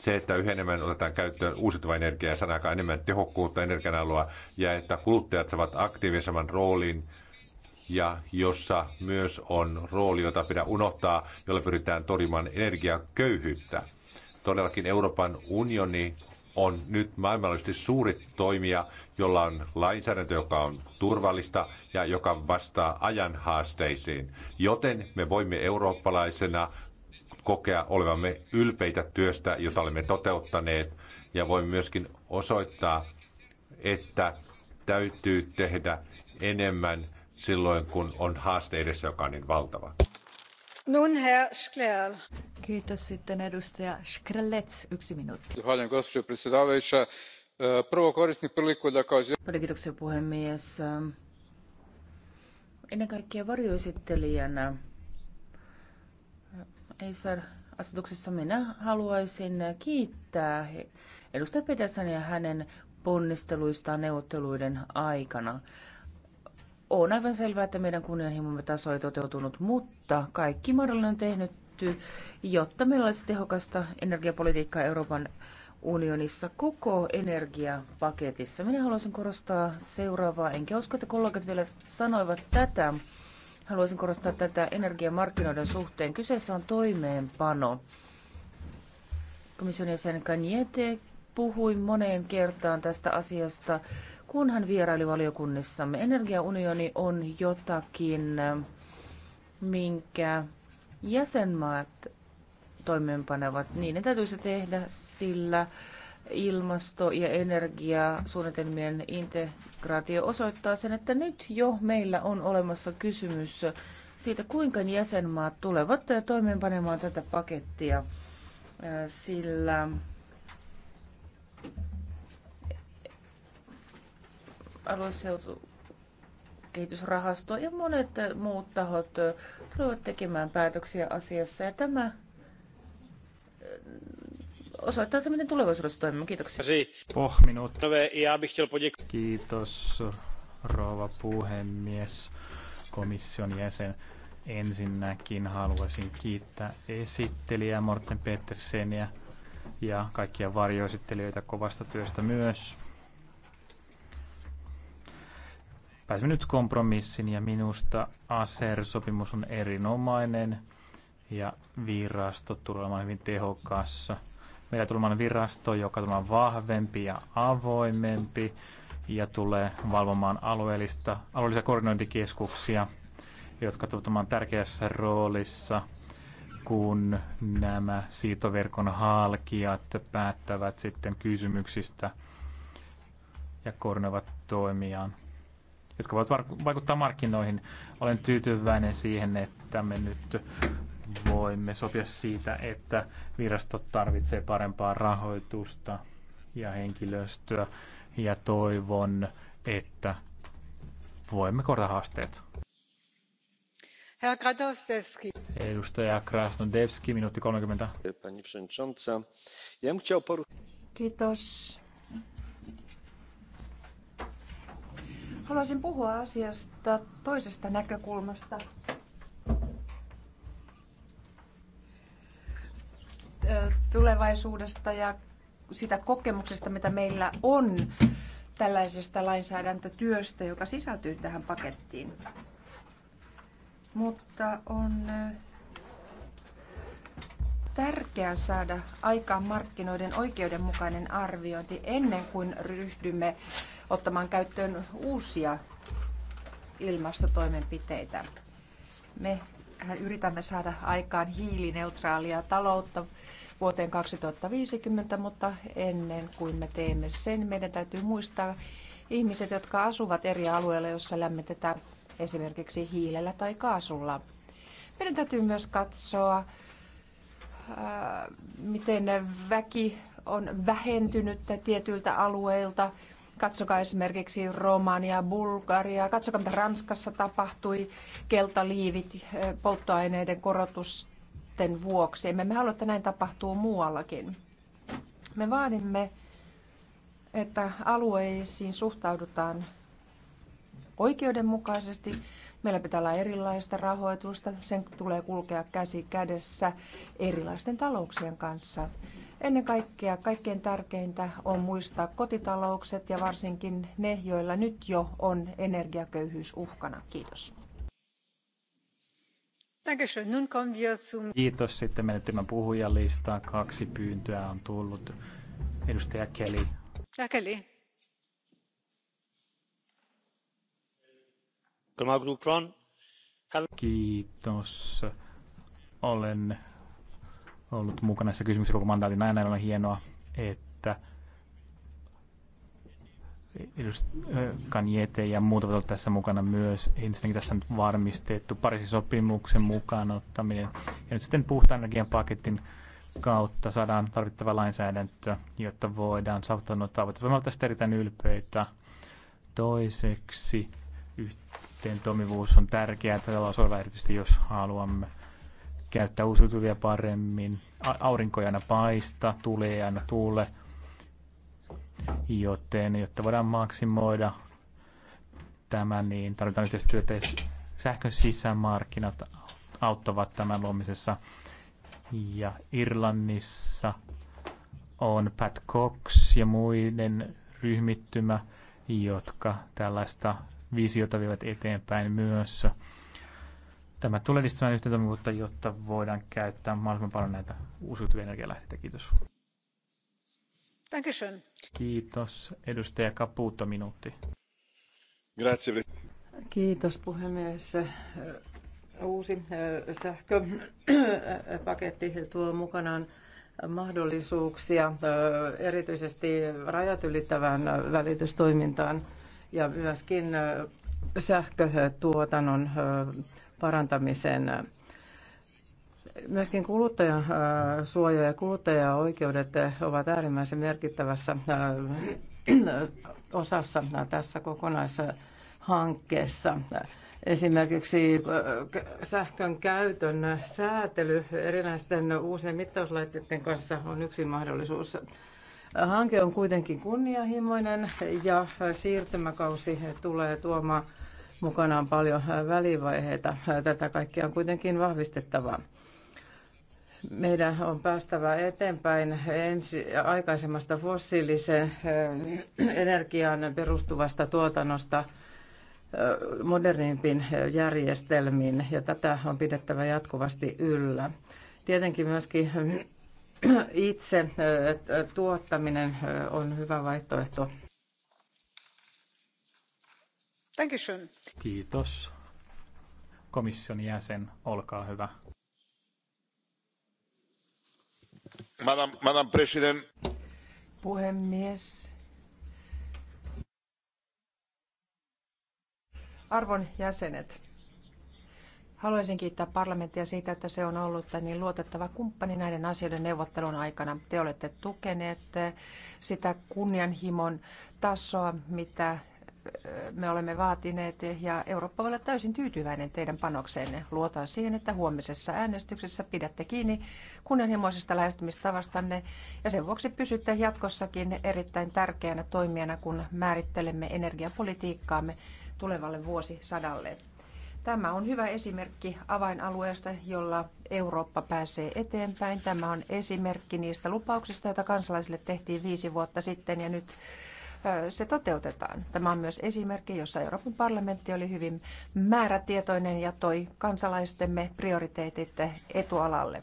se, että yhä enemmän otetaan käyttöön uusiutuvaa energiaa ja saadaan enemmän tehokkuutta energian alueella ja että kuluttajat saavat aktiivisemman roolin ja jossa myös on rooli, jota pidä unohtaa, jolla pyritään torjumaan energiaköyhyyttä. Todellakin Euroopan unioni on nyt maailmallisesti suuri toimija, jolla on lainsäädäntö, joka on turvallista ja joka vastaa ajan haasteisiin. Joten me voimme eurooppalaisena kokea olevamme ylpeitä työstä, jota olemme toteuttaneet, ja voimme myöskin osoittaa, että täytyy tehdä enemmän silloin, kun on haaste edessä, joka on niin valtava. Nun herr Sklell. Kiitos sitten edustaja Škrelec, yksi minuutti. Zahvaljujem, gospođo predsjedavajuća. Prvo koristim priliku da kao... Paljon kiitoksia puhemies. Ennen kaikkea varjoesittelijänä Eisar asetuksessa minä haluaisin kiittää edustaja Petersen ja hänen ponnisteluistaan neuvotteluiden aikana on aivan selvää, että meidän kunnianhimomme taso ei toteutunut, mutta kaikki mahdollinen on tehnyt, jotta meillä olisi tehokasta energiapolitiikkaa Euroopan unionissa koko energiapaketissa. Minä haluaisin korostaa seuraavaa, enkä usko, että kollegat vielä sanoivat tätä. Haluaisin korostaa tätä energiamarkkinoiden suhteen. Kyseessä on toimeenpano. Komission jäsen Kanjete puhui moneen kertaan tästä asiasta kun hän vieraili valiokunnissamme. Energiaunioni on jotakin, minkä jäsenmaat toimeenpanevat. Niin ne täytyisi tehdä, sillä ilmasto- ja energiasuunnitelmien integraatio osoittaa sen, että nyt jo meillä on olemassa kysymys siitä, kuinka jäsenmaat tulevat toimeenpanemaan tätä pakettia, sillä alueseutu kehitysrahasto ja monet muut tahot tulevat tekemään päätöksiä asiassa. Ja tämä eh, osoittaa se, miten tulevaisuudessa toimimme. Kiitoksia. Poh, minut. Kiitos, rouva puhemies, komission jäsen. Ensinnäkin haluaisin kiittää esittelijää Morten Peterseniä ja kaikkia varjoesittelijöitä kovasta työstä myös. pääsimme nyt kompromissin ja minusta ASER-sopimus on erinomainen ja virasto tulee olemaan hyvin tehokassa. Meillä tulee olemaan virasto, joka tulee vahvempi ja avoimempi ja tulee valvomaan alueellista, alueellisia koordinointikeskuksia, jotka tulevat olemaan tärkeässä roolissa, kun nämä siitoverkon halkijat päättävät sitten kysymyksistä ja koordinoivat toimiaan jotka voivat vaikuttaa markkinoihin. Olen tyytyväinen siihen, että me nyt voimme sopia siitä, että virastot tarvitsee parempaa rahoitusta ja henkilöstöä ja toivon, että voimme korjata haasteet. Edustaja Krasnodevski, minuutti 30. Kiitos Haluaisin puhua asiasta toisesta näkökulmasta. Tulevaisuudesta ja sitä kokemuksesta, mitä meillä on tällaisesta lainsäädäntötyöstä, joka sisältyy tähän pakettiin. Mutta on tärkeää saada aikaan markkinoiden oikeudenmukainen arviointi ennen kuin ryhdymme ottamaan käyttöön uusia ilmastotoimenpiteitä. Me yritämme saada aikaan hiilineutraalia taloutta vuoteen 2050, mutta ennen kuin me teemme sen, meidän täytyy muistaa ihmiset, jotka asuvat eri alueilla, joissa lämmitetään esimerkiksi hiilellä tai kaasulla. Meidän täytyy myös katsoa, miten väki on vähentynyt tietyiltä alueilta Katsokaa esimerkiksi Romania, Bulgaria, katsokaa mitä Ranskassa tapahtui, keltaliivit eh, polttoaineiden korotusten vuoksi. Emme me halua, että näin tapahtuu muuallakin. Me vaadimme, että alueisiin suhtaudutaan oikeudenmukaisesti. Meillä pitää olla erilaista rahoitusta, sen tulee kulkea käsi kädessä erilaisten talouksien kanssa. Ennen kaikkea kaikkein tärkeintä on muistaa kotitaloukset ja varsinkin ne, joilla nyt jo on energiaköyhyys uhkana. Kiitos. Kiitos. Sitten menettymän puhujalistaa. Kaksi pyyntöä on tullut. Edustaja Kelly. Ja Keli. Kiitos. Olen ollut mukana näissä kysymyksissä koko mandaatin ajan. On hienoa, että äh, Kanjete ja muut ovat olleet tässä mukana myös. Ensinnäkin tässä on nyt varmistettu Pariisin sopimuksen mukaan ottaminen. Ja nyt sitten puhtaan energian paketin kautta saadaan tarvittava lainsäädäntö, jotta voidaan saavuttaa nuo tavoitteet. Voimme olla tästä erittäin ylpeitä. Toiseksi yhteen toimivuus on tärkeää tällä osalla erityisesti, jos haluamme käyttää uusiutuvia paremmin, aurinko ei aina paista, tuuli ei aina tuule, joten jotta voidaan maksimoida tämä, niin tarvitaan yhteistyötä sähkön sisämarkkinat auttavat tämän luomisessa. Ja Irlannissa on Pat Cox ja muiden ryhmittymä, jotka tällaista visiota vievät eteenpäin myös. Tämä tulee edistämään yhteentoimivuutta, jotta voidaan käyttää mahdollisimman paljon näitä uusiutuvia energialähteitä. Kiitos. Dankeschön. Kiitos. Edustaja Caputo, minuutti. Grazie. Kiitos puhemies. Uusi sähköpaketti tuo mukanaan mahdollisuuksia erityisesti rajat ylittävään välitystoimintaan ja myöskin sähkötuotannon parantamiseen. Myöskin kuluttajan suoja ja oikeudet ovat äärimmäisen merkittävässä äh, osassa tässä kokonaishankkeessa. Esimerkiksi äh, sähkön käytön säätely erilaisten uusien mittauslaitteiden kanssa on yksi mahdollisuus. Hanke on kuitenkin kunnianhimoinen ja siirtymäkausi tulee tuomaan Mukana on paljon äh, välivaiheita. Äh, tätä kaikkea on kuitenkin vahvistettavaa. Meidän on päästävä eteenpäin ensi, aikaisemmasta fossiilisen äh, energian perustuvasta tuotannosta modernimpiin järjestelmiin, ja tätä on pidettävä jatkuvasti yllä. Tietenkin myöskin itse tuottaminen on hyvä vaihtoehto Kiitos. Komission jäsen, olkaa hyvä. Madam, Madam President. Puhemies. Arvon jäsenet, haluaisin kiittää parlamenttia siitä, että se on ollut niin luotettava kumppani näiden asioiden neuvottelun aikana. Te olette tukeneet sitä kunnianhimon tasoa, mitä me olemme vaatineet ja Eurooppa voi olla täysin tyytyväinen teidän panokseenne. Luotan siihen, että huomisessa äänestyksessä pidätte kiinni kunnianhimoisesta lähestymistavastanne ja sen vuoksi pysytte jatkossakin erittäin tärkeänä toimijana, kun määrittelemme energiapolitiikkaamme tulevalle vuosisadalle. Tämä on hyvä esimerkki avainalueesta, jolla Eurooppa pääsee eteenpäin. Tämä on esimerkki niistä lupauksista, joita kansalaisille tehtiin viisi vuotta sitten ja nyt se toteutetaan. Tämä on myös esimerkki, jossa Euroopan parlamentti oli hyvin määrätietoinen ja toi kansalaistemme prioriteetit etualalle.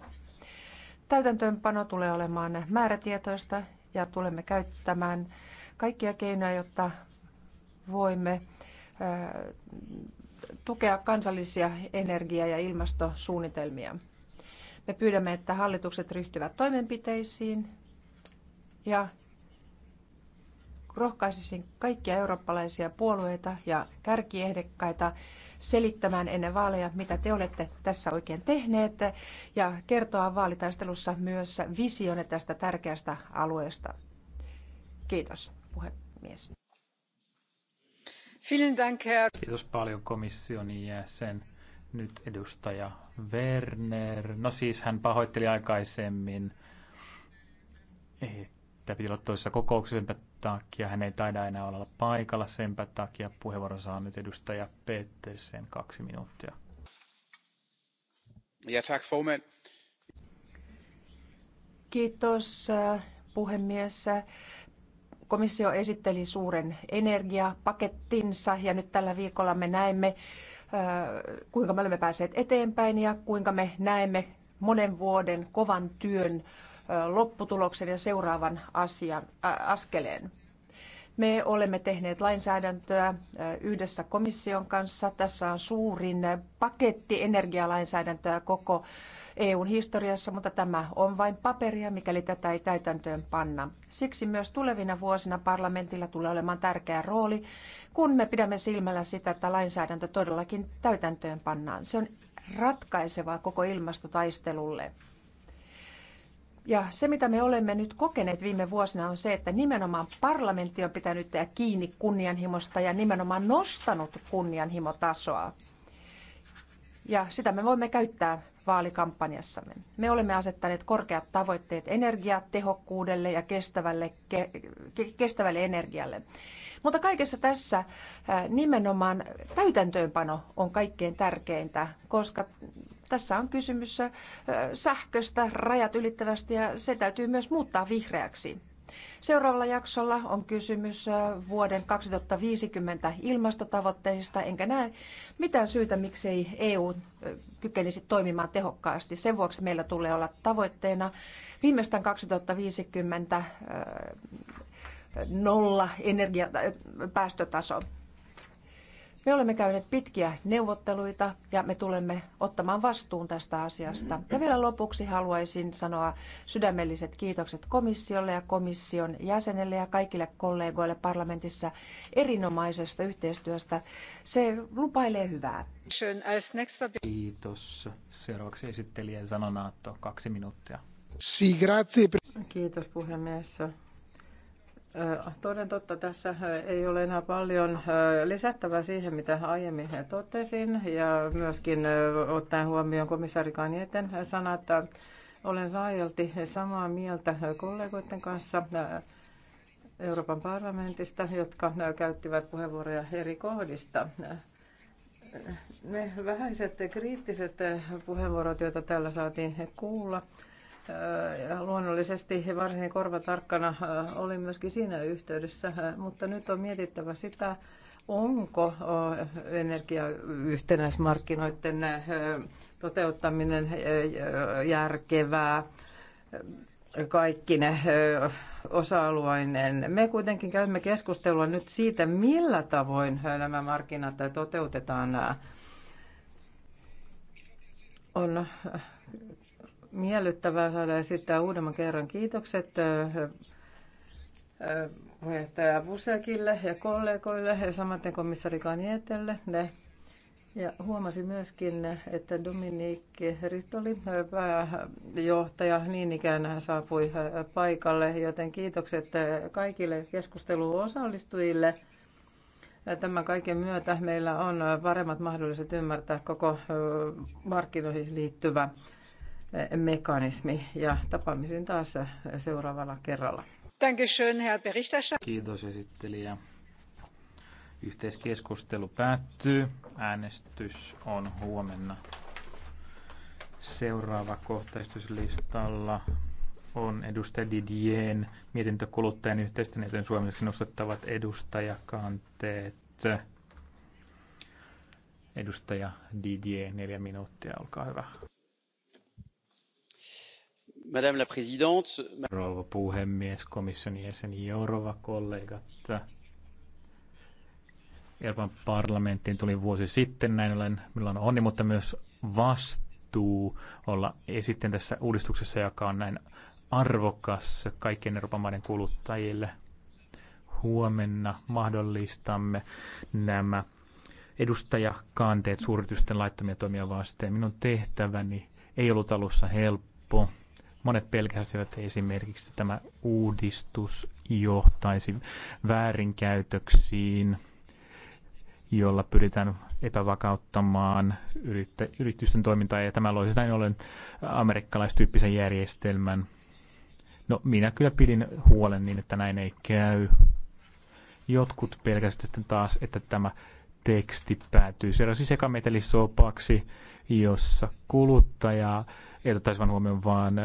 Täytäntöönpano tulee olemaan määrätietoista ja tulemme käyttämään kaikkia keinoja, jotta voimme tukea kansallisia energia- ja ilmastosuunnitelmia. Me pyydämme, että hallitukset ryhtyvät toimenpiteisiin ja rohkaisisin kaikkia eurooppalaisia puolueita ja kärkiehdekkaita selittämään ennen vaaleja, mitä te olette tässä oikein tehneet ja kertoa vaalitaistelussa myös visione tästä tärkeästä alueesta. Kiitos, puhemies. Kiitos paljon komission jäsen. Nyt edustaja Werner. No siis hän pahoitteli aikaisemmin, että piti olla toisessa kokouksessa, takia hän ei taida enää olla paikalla. Senpä takia puheenvuoron saa nyt edustaja Petersen kaksi minuuttia. Ja tack formen. Kiitos äh, puhemies. Komissio esitteli suuren energiapakettinsa ja nyt tällä viikolla me näemme, äh, kuinka me olemme päässeet eteenpäin ja kuinka me näemme monen vuoden kovan työn lopputuloksen ja seuraavan asian, askeleen. Me olemme tehneet lainsäädäntöä yhdessä komission kanssa. Tässä on suurin paketti energialainsäädäntöä koko EUn historiassa, mutta tämä on vain paperia, mikäli tätä ei täytäntöön panna. Siksi myös tulevina vuosina parlamentilla tulee olemaan tärkeä rooli, kun me pidämme silmällä sitä, että lainsäädäntö todellakin täytäntöön pannaan. Se on ratkaisevaa koko ilmastotaistelulle. Ja se, mitä me olemme nyt kokeneet viime vuosina, on se, että nimenomaan parlamentti on pitänyt kiinni kunnianhimosta ja nimenomaan nostanut kunnianhimotasoa. Ja sitä me voimme käyttää vaalikampanjassamme. Me olemme asettaneet korkeat tavoitteet energiatehokkuudelle ja kestävälle, ke, kestävälle energialle. Mutta kaikessa tässä nimenomaan täytäntöönpano on kaikkein tärkeintä, koska tässä on kysymys sähköstä rajat ylittävästi ja se täytyy myös muuttaa vihreäksi. Seuraavalla jaksolla on kysymys vuoden 2050 ilmastotavoitteista, enkä näe mitään syytä, miksei EU kykenisi toimimaan tehokkaasti. Sen vuoksi meillä tulee olla tavoitteena viimeistään 2050 nolla energiapäästötaso. päästötaso. Me olemme käyneet pitkiä neuvotteluita ja me tulemme ottamaan vastuun tästä asiasta. Ja vielä lopuksi haluaisin sanoa sydämelliset kiitokset komissiolle ja komission jäsenelle ja kaikille kollegoille parlamentissa erinomaisesta yhteistyöstä. Se lupailee hyvää. Kiitos. Seuraavaksi esittelijän Sanonaatto, kaksi minuuttia. Kiitos puhemies. Toden totta tässä ei ole enää paljon lisättävää siihen, mitä aiemmin totesin ja myöskin ottaen huomioon komissaari Kanieten sanat, olen laajalti samaa mieltä kollegoiden kanssa Euroopan parlamentista, jotka käyttivät puheenvuoroja eri kohdista. Ne vähäiset kriittiset puheenvuorot, joita täällä saatiin kuulla, luonnollisesti varsin korvatarkkana olin myöskin siinä yhteydessä, mutta nyt on mietittävä sitä, onko energiayhtenäismarkkinoiden toteuttaminen järkevää kaikki ne osa-alueinen. Me kuitenkin käymme keskustelua nyt siitä, millä tavoin nämä markkinat toteutetaan. On miellyttävää saada esittää uudemman kerran kiitokset puheenjohtaja Busekille ja kollegoille ja samaten komissari Kanietelle. Ja huomasin myöskin, että Dominique Ristoli, pääjohtaja, niin ikään hän saapui paikalle, joten kiitokset kaikille keskusteluun osallistujille. Tämän kaiken myötä meillä on paremmat mahdollisuudet ymmärtää koko markkinoihin liittyvä mekanismi ja tapaamisen taas seuraavalla kerralla. Kiitos esittelijä. Yhteiskeskustelu päättyy. Äänestys on huomenna. Seuraava kohtaistuslistalla on edustaja Didien mietintö kuluttajan yhteisten ja suomeksi nostettavat edustajakanteet. Edustaja Didier, neljä minuuttia, olkaa hyvä. Madame la présidente. Rouva puhemies, komission jäsen Jourova, kollegat. Euroopan parlamenttiin tuli vuosi sitten, näin ollen minulla on onni, mutta myös vastuu olla sitten tässä uudistuksessa, joka on näin arvokas kaikkien Euroopan maiden kuluttajille. Huomenna mahdollistamme nämä edustajakanteet suuritysten laittomia toimia vasten. Minun tehtäväni ei ollut alussa helppo. Monet pelkäsivät esimerkiksi, että tämä uudistus johtaisi väärinkäytöksiin, jolla pyritään epävakauttamaan yrittä, yritysten toimintaa, ja tämä loisi näin ollen amerikkalaistyyppisen järjestelmän. No, minä kyllä pidin huolen niin, että näin ei käy. Jotkut pelkäsivät sitten taas, että tämä teksti päätyy seuraavaksi sekametelisopaksi, jossa kuluttaja ei ottaisi vain huomioon, vaan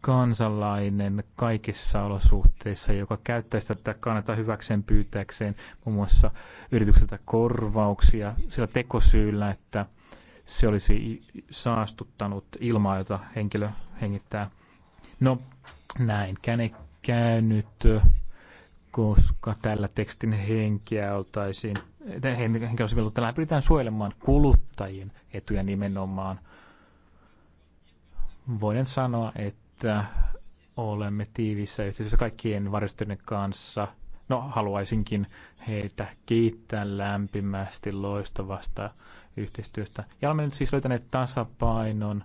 kansalainen kaikissa olosuhteissa, joka käyttäisi tätä kannata hyväkseen pyytäkseen muun muassa yritykseltä korvauksia sillä tekosyyllä, että se olisi saastuttanut ilmaa, jota henkilö hengittää. No, näinkään ei käynyt, koska tällä tekstin henkeä oltaisiin, henkeä olisi vielä, tällä pyritään suojelemaan kuluttajien etuja nimenomaan. Voin sanoa, että että olemme tiivissä yhteistyössä kaikkien varjostyöiden kanssa. No, haluaisinkin heitä kiittää lämpimästi loistavasta yhteistyöstä. Ja olemme nyt siis löytäneet tasapainon,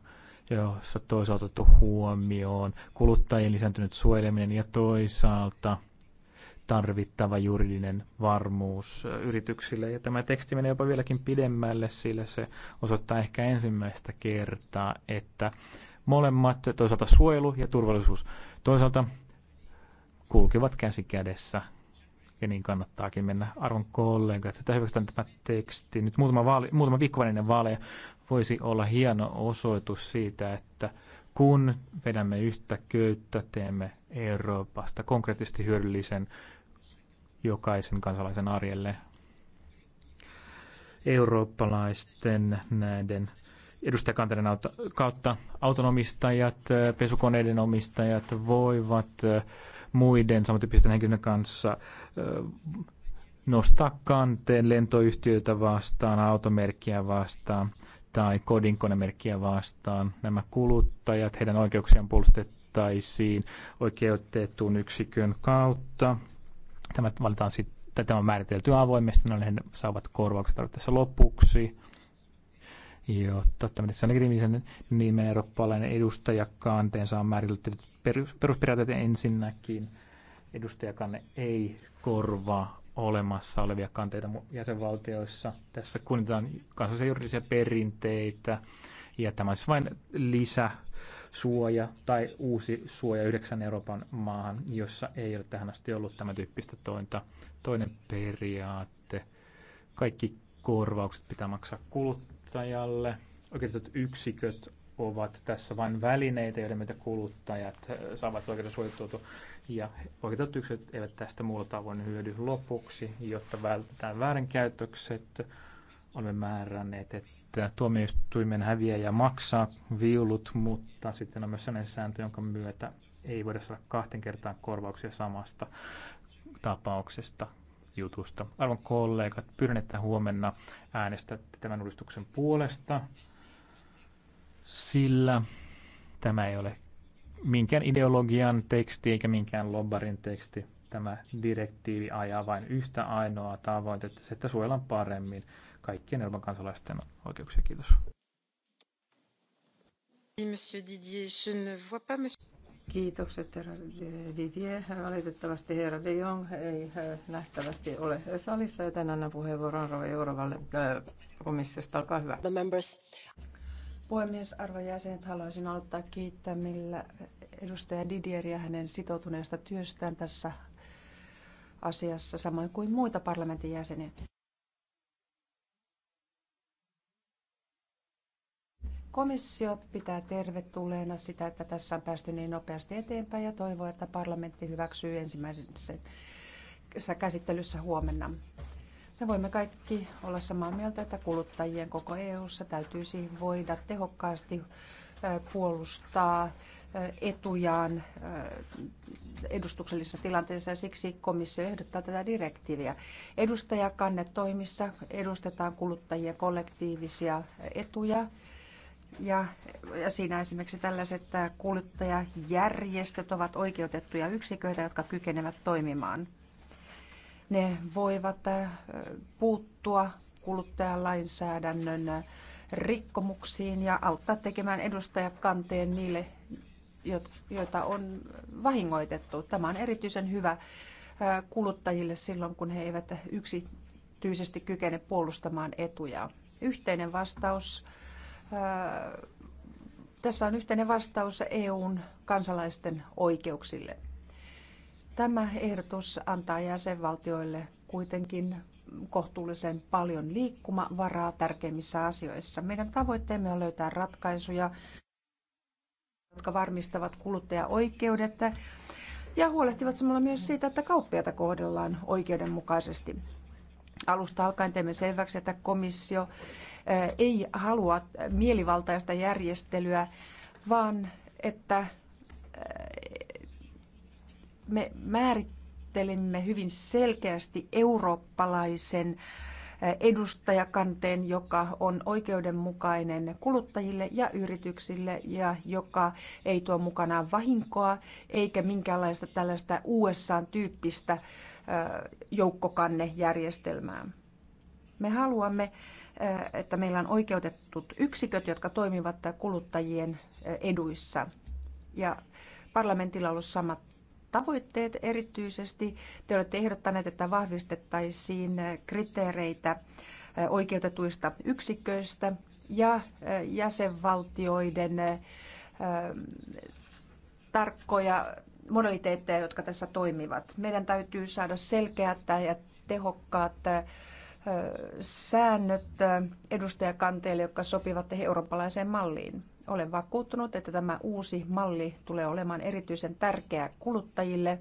jossa toisaalta otettu huomioon kuluttajien lisääntynyt suojeleminen ja toisaalta tarvittava juridinen varmuus yrityksille. Ja tämä teksti menee jopa vieläkin pidemmälle, sillä se osoittaa ehkä ensimmäistä kertaa, että Molemmat, toisaalta suojelu ja turvallisuus, toisaalta kulkevat käsi kädessä. Ja niin kannattaakin mennä. Arvon kollega, että hyväksytään tämä teksti. Nyt muutama, vaali, muutama viikko ennen vaaleja voisi olla hieno osoitus siitä, että kun vedämme yhtä köyttä, teemme Euroopasta konkreettisesti hyödyllisen jokaisen kansalaisen arjelle. Eurooppalaisten näiden edustajakantelun kautta autonomistajat, pesukoneiden omistajat voivat muiden samantyyppisten henkilöiden kanssa nostaa kanteen lentoyhtiöitä vastaan, automerkkiä vastaan tai kodinkonemerkkiä vastaan. Nämä kuluttajat, heidän oikeuksiaan puolustettaisiin oikeutettuun yksikön kautta. Tämä valitaan sitten tämä on määritelty avoimesti, niin he saavat korvaukset tarvittaessa lopuksi jotta tämmöisessä legitiimisen nimen eurooppalainen edustaja kanteensa on määritelty perusperiaatteet ensinnäkin. Edustajakanne ei korvaa olemassa olevia kanteita jäsenvaltioissa. Tässä kunnitetaan kansallisia juridisia perinteitä ja tämä olisi vain lisäsuoja tai uusi suoja yhdeksän Euroopan maahan, jossa ei ole tähän asti ollut tämä tyyppistä tointa. Toinen periaate. Kaikki korvaukset pitää maksaa kuluttajille kuluttajalle. Oikeutetut yksiköt ovat tässä vain välineitä, joiden myötä kuluttajat eh, saavat oikeuden suojattua ja oikeutetut yksiköt eivät tästä muulla tavoin hyödy lopuksi, jotta vältetään väärinkäytökset. Olemme määränneet, että tuomioistuimen häviää ja maksaa viulut, mutta sitten on myös sellainen sääntö, jonka myötä ei voida saada kahteen kertaan korvauksia samasta tapauksesta jutusta. Arvon kollegat, pyydän, että huomenna äänestätte tämän uudistuksen puolesta, sillä tämä ei ole minkään ideologian teksti eikä minkään lobbarin teksti. Tämä direktiivi ajaa vain yhtä ainoaa tavoitetta, se, että suojellaan paremmin kaikkien Euroopan kansalaisten oikeuksia. Kiitos. Monsieur Didier, je ne vois pas monsieur... Kiitokset herra Didier. Valitettavasti herra De Jong ei nähtävästi ole salissa, joten annan puheenvuoron Rova Eurovalle komissiosta. Olkaa hyvä. The members. Puhemies, arvo jäsenet, haluaisin aloittaa kiittämillä edustaja Didieria hänen sitoutuneesta työstään tässä asiassa, samoin kuin muita parlamentin jäseniä. Komissio pitää tervetulleena sitä, että tässä on päästy niin nopeasti eteenpäin ja toivoo, että parlamentti hyväksyy ensimmäisessä käsittelyssä huomenna. Me voimme kaikki olla samaa mieltä, että kuluttajien koko EU:ssa täytyisi voida tehokkaasti puolustaa etujaan edustuksellisessa tilanteessa ja siksi komissio ehdottaa tätä direktiiviä. Edustajakannetoimissa edustetaan kuluttajien kollektiivisia etuja ja, ja siinä esimerkiksi tällaiset äh, kuluttajajärjestöt ovat oikeutettuja yksiköitä, jotka kykenevät toimimaan. Ne voivat äh, puuttua kuluttajalainsäädännön äh, rikkomuksiin ja auttaa tekemään edustajakanteen niille, joita on vahingoitettu. Tämä on erityisen hyvä kuluttajille silloin, kun he eivät yksityisesti kykene puolustamaan etuja. Yhteinen vastaus tässä on yhteinen vastaus EUn kansalaisten oikeuksille. Tämä ehdotus antaa jäsenvaltioille kuitenkin kohtuullisen paljon liikkumavaraa tärkeimmissä asioissa. Meidän tavoitteemme on löytää ratkaisuja, jotka varmistavat kuluttajaoikeudet ja huolehtivat samalla myös siitä, että kauppiaita kohdellaan oikeudenmukaisesti. Alusta alkaen teemme selväksi, että komissio ei halua mielivaltaista järjestelyä, vaan että me määrittelimme hyvin selkeästi eurooppalaisen edustajakanteen, joka on oikeudenmukainen kuluttajille ja yrityksille ja joka ei tuo mukanaan vahinkoa eikä minkäänlaista tällaista USA-tyyppistä joukkokannejärjestelmää. Me haluamme Eh, että meillä on oikeutetut yksiköt, jotka toimivat kuluttajien eh, eduissa. Ja parlamentilla on ollut samat tavoitteet erityisesti. Te olette ehdottaneet, että vahvistettaisiin eh, kriteereitä oikeutetuista yksiköistä ja jäsenvaltioiden tarkkoja modaliteetteja, jotka tässä toimivat. Meidän täytyy saada selkeät ja tehokkaat säännöt edustajakanteille, jotka sopivat eurooppalaiseen malliin. Olen vakuuttunut, että tämä uusi malli tulee olemaan erityisen tärkeä kuluttajille.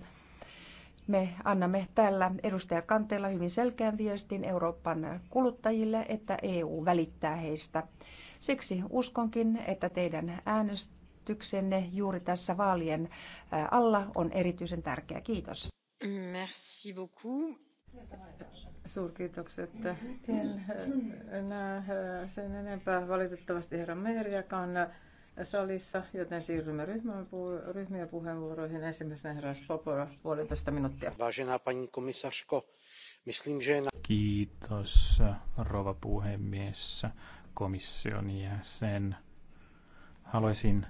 Me annamme tällä edustajakanteella hyvin selkeän viestin Euroopan kuluttajille, että EU välittää heistä. Siksi uskonkin, että teidän äänestyksenne juuri tässä vaalien alla on erityisen tärkeä. Kiitos. Merci beaucoup. Suurkiitokset. En eh, näe eh, sen enempää valitettavasti herra Meeriäkaan eh, salissa, joten siirrymme ryhmien puheenvuoroihin. Ensimmäisenä herra Spopora, puolitoista minuuttia. Vážená pani komisarsko, myslím, že... Kiitos, rova puhemies, komission jäsen. Haluaisin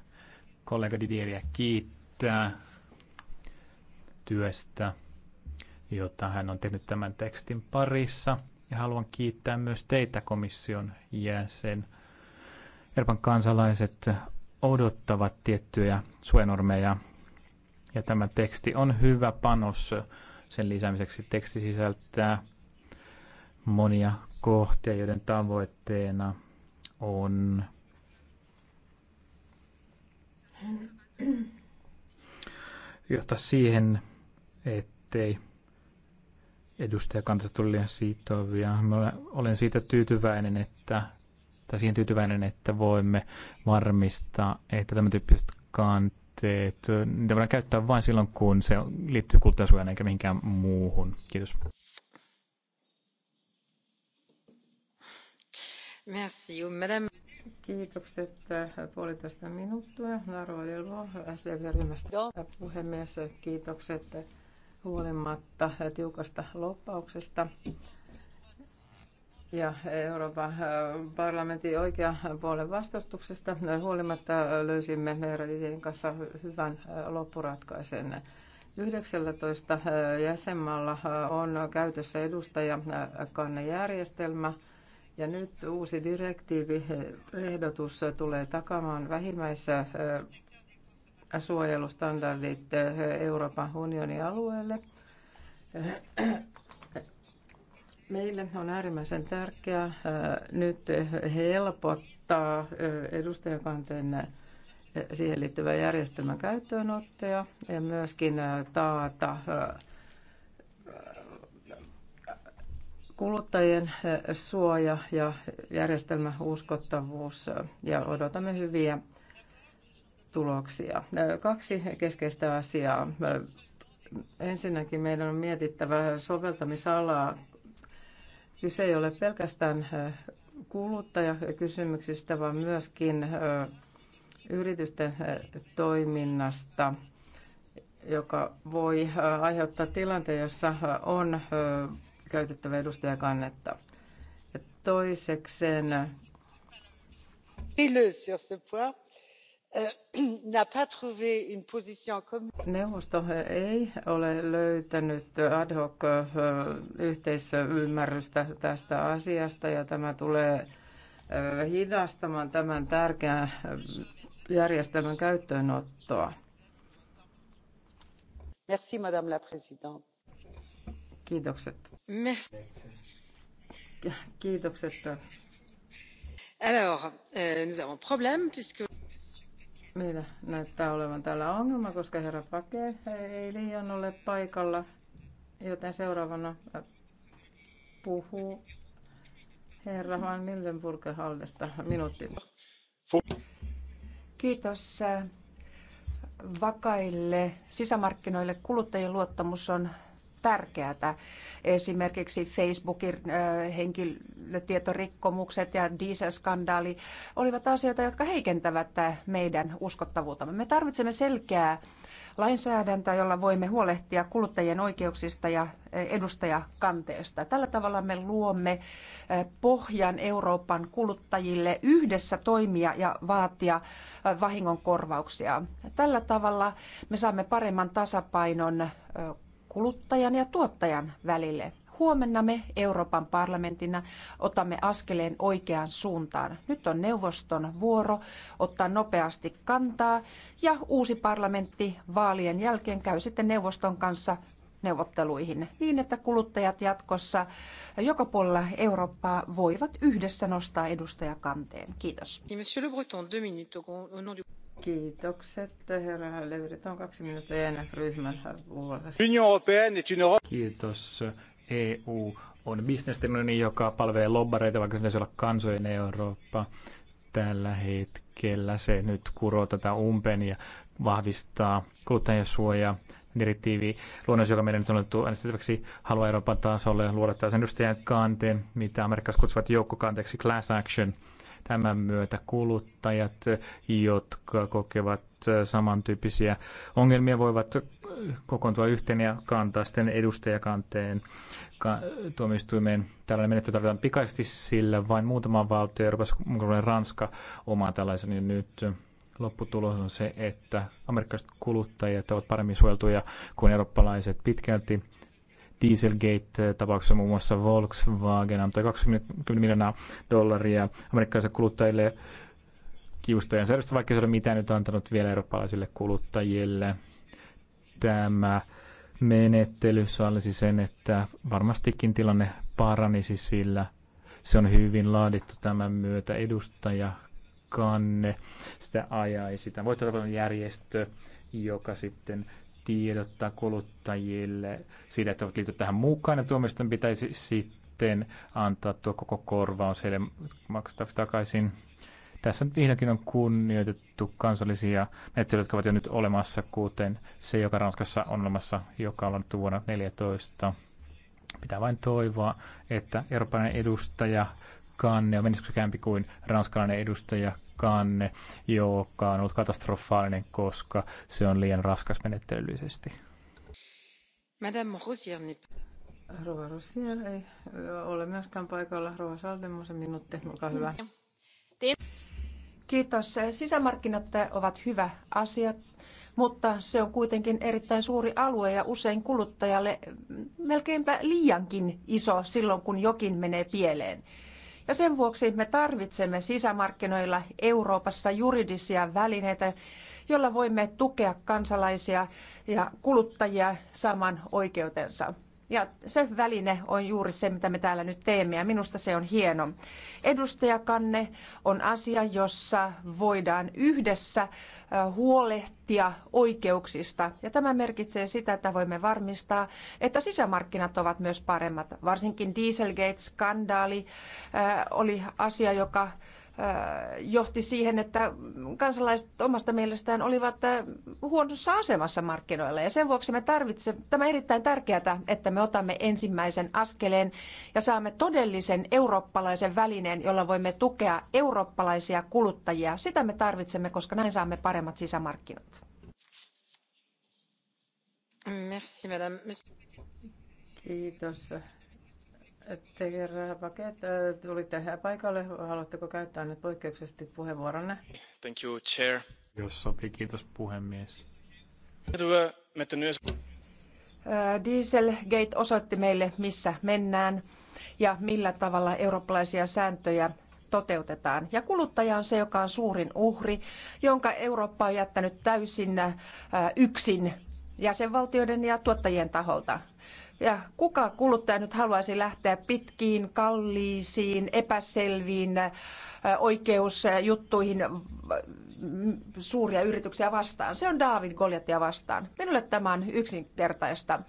kollega Didieriä kiittää työstä jota hän on tehnyt tämän tekstin parissa. Ja haluan kiittää myös teitä komission jäsen. Euroopan kansalaiset odottavat tiettyjä suojanormeja ja tämä teksti on hyvä panos sen lisäämiseksi. Teksti sisältää monia kohtia, joiden tavoitteena on johtaa siihen, ettei edustajakanta tuli liian sitovia. Mä olen siitä tyytyväinen, että, tai siihen tyytyväinen, että voimme varmistaa, että tämän tyyppiset kanteet, niitä voidaan käyttää vain silloin, kun se liittyy kulttuurisuojaan eikä mihinkään muuhun. Kiitos. Merci, madame. Kiitokset äh, puolitoista minuuttia. Naro Ilvo, SD-ryhmästä äh, puhemies. Kiitokset huolimatta tiukasta loppauksesta. Ja Euroopan äh, parlamentin oikea puolen vastustuksesta huolimatta löysimme Meiralidin kanssa hyvän äh, loppuratkaisun. 19 äh, jäsenmaalla on käytössä edustajakannejärjestelmä, ja nyt uusi direktiivi ehdotus tulee takamaan vähimmäisessä suojelustandardit eh, Euroopan unionin alueelle. Meille on äärimmäisen tärkeää eh, nyt helpottaa eh, edustajakanteen siihen liittyvän järjestelmän käyttöönottoja ja myöskin taata kuluttajien suoja ja järjestelmän uskottavuus ja odotamme hyviä tuloksia. Kaksi keskeistä asiaa. Ensinnäkin meidän on mietittävä soveltamisalaa. Kyse ei ole pelkästään kuluttajakysymyksistä, vaan myöskin yritysten toiminnasta, joka voi aiheuttaa tilanteen, jossa on käytettävä edustajakannetta. Ja toisekseen... jos se point Euh, Neuvosto eh, ei ole löytänyt ad hoc eh, yhteisymmärrystä tästä asiasta ja tämä tulee eh, hidastamaan tämän tärkeän järjestelmän käyttöönottoa. Merci, Madame la Présidente. Kiitokset. Merci. Kiitokset. Alors, euh, nous avons problème puisque... Meillä näyttää olevan täällä ongelma, koska herra Pake ei liian ole paikalla, joten seuraavana äh, puhuu herra Van Millenburg Haldesta minuutti. Kiitos. Äh, vakaille sisämarkkinoille kuluttajien luottamus on tärkeää. Esimerkiksi Facebookin henkilötietorikkomukset ja dieselskandaali olivat asioita, jotka heikentävät meidän uskottavuutta. Me tarvitsemme selkeää lainsäädäntöä, jolla voimme huolehtia kuluttajien oikeuksista ja edustajakanteesta. Tällä tavalla me luomme pohjan Euroopan kuluttajille yhdessä toimia ja vaatia vahingonkorvauksia. Tällä tavalla me saamme paremman tasapainon kuluttajan ja tuottajan välille. Huomenna me Euroopan parlamentina otamme askeleen oikeaan suuntaan. Nyt on neuvoston vuoro ottaa nopeasti kantaa ja uusi parlamentti vaalien jälkeen käy sitten neuvoston kanssa neuvotteluihin niin, että kuluttajat jatkossa joka puolella Eurooppaa voivat yhdessä nostaa edustajakanteen. Kiitos. Kiitokset. Herra Levyrit on kaksi minuuttia enää ryhmän puolesta. Kiitos. EU on bisnesunioni, joka palvelee lobbareita, vaikka se olla kansojen Eurooppa. Tällä hetkellä se nyt kuroo tätä umpeen ja vahvistaa kuluttajansuojaa direktiivi luonnos, joka meidän nyt on otettu äänestettäväksi, halua Euroopan tasolle luoda sen edustajan kanteen, mitä Amerikassa kutsuvat joukkokanteeksi class action – Tämän myötä kuluttajat, jotka kokevat samantyyppisiä ongelmia, voivat kokoontua yhteen ja kantaa sitten edustajakanteen ka- tuomioistuimeen. Tällainen menettely tarvitaan pikaisesti, sillä vain muutama valtio, Euroopassa mukaan Ranska, omaa tällaisen niin nyt lopputulos on se, että amerikkalaiset kuluttajat ovat paremmin suojeltuja kuin eurooppalaiset pitkälti Dieselgate-tapauksessa muun muassa Volkswagen antoi 20 miljoonaa dollaria amerikkalaisille kuluttajille kiustojen säädöstä, vaikka se ole mitään nyt antanut vielä eurooppalaisille kuluttajille. Tämä menettely sallisi sen, että varmastikin tilanne paranisi sillä. Se on hyvin laadittu tämän myötä edustaja Kanne sitä ajaisi. Tämä voittotapoinen järjestö, joka sitten tiedottaa kuluttajille siitä, että ovat liittyä tähän mukaan, ja tuomioistuin pitäisi sitten antaa tuo koko korvaus heille maksettavaksi takaisin. Tässä nyt vihdoinkin on kunnioitettu kansallisia menettelyjä, jotka ovat jo nyt olemassa, kuten se, joka Ranskassa on olemassa, joka on annettu vuonna 2014. Pitää vain toivoa, että eurooppalainen edustaja Kanne on menestyksekämpi kuin ranskalainen edustaja kanne, joka on ollut katastrofaalinen, koska se on liian raskas menettelyllisesti. Madame Rosier, Rova Rosier ei ole myöskään paikalla. Rova Saldemusen minuutti, olkaa hyvä. Kiitos. Sisämarkkinat ovat hyvä asia, mutta se on kuitenkin erittäin suuri alue ja usein kuluttajalle melkeinpä liiankin iso silloin, kun jokin menee pieleen. Ja sen vuoksi me tarvitsemme sisämarkkinoilla Euroopassa juridisia välineitä, joilla voimme tukea kansalaisia ja kuluttajia saamaan oikeutensa. Ja se väline on juuri se, mitä me täällä nyt teemme, ja minusta se on hieno. Edustajakanne on asia, jossa voidaan yhdessä huolehtia oikeuksista. Ja tämä merkitsee sitä, että voimme varmistaa, että sisämarkkinat ovat myös paremmat. Varsinkin Dieselgate-skandaali oli asia, joka johti siihen, että kansalaiset omasta mielestään olivat huonossa asemassa markkinoilla. Ja sen vuoksi me tarvitsemme, tämä on erittäin tärkeää, että me otamme ensimmäisen askeleen ja saamme todellisen eurooppalaisen välineen, jolla voimme tukea eurooppalaisia kuluttajia. Sitä me tarvitsemme, koska näin saamme paremmat sisämarkkinat. Merci, madame. Kiitos, Tegerä Paket, äh, tulitte tähän paikalle. Haluatteko käyttää nyt poikkeuksellisesti puheenvuoronne? Thank you, Chair. Jos sopii, kiitos puhemies. Äh, Dieselgate osoitti meille, missä mennään ja millä tavalla eurooppalaisia sääntöjä toteutetaan. Ja kuluttaja on se, joka on suurin uhri, jonka Eurooppa on jättänyt täysin äh, yksin jäsenvaltioiden ja tuottajien taholta. Ja kuka kuluttaja nyt haluaisi lähteä pitkiin, kalliisiin, epäselviin oikeusjuttuihin mm, suuria yrityksiä vastaan. Se on David Goljatia vastaan. Minulle tämä on yksinkertaista.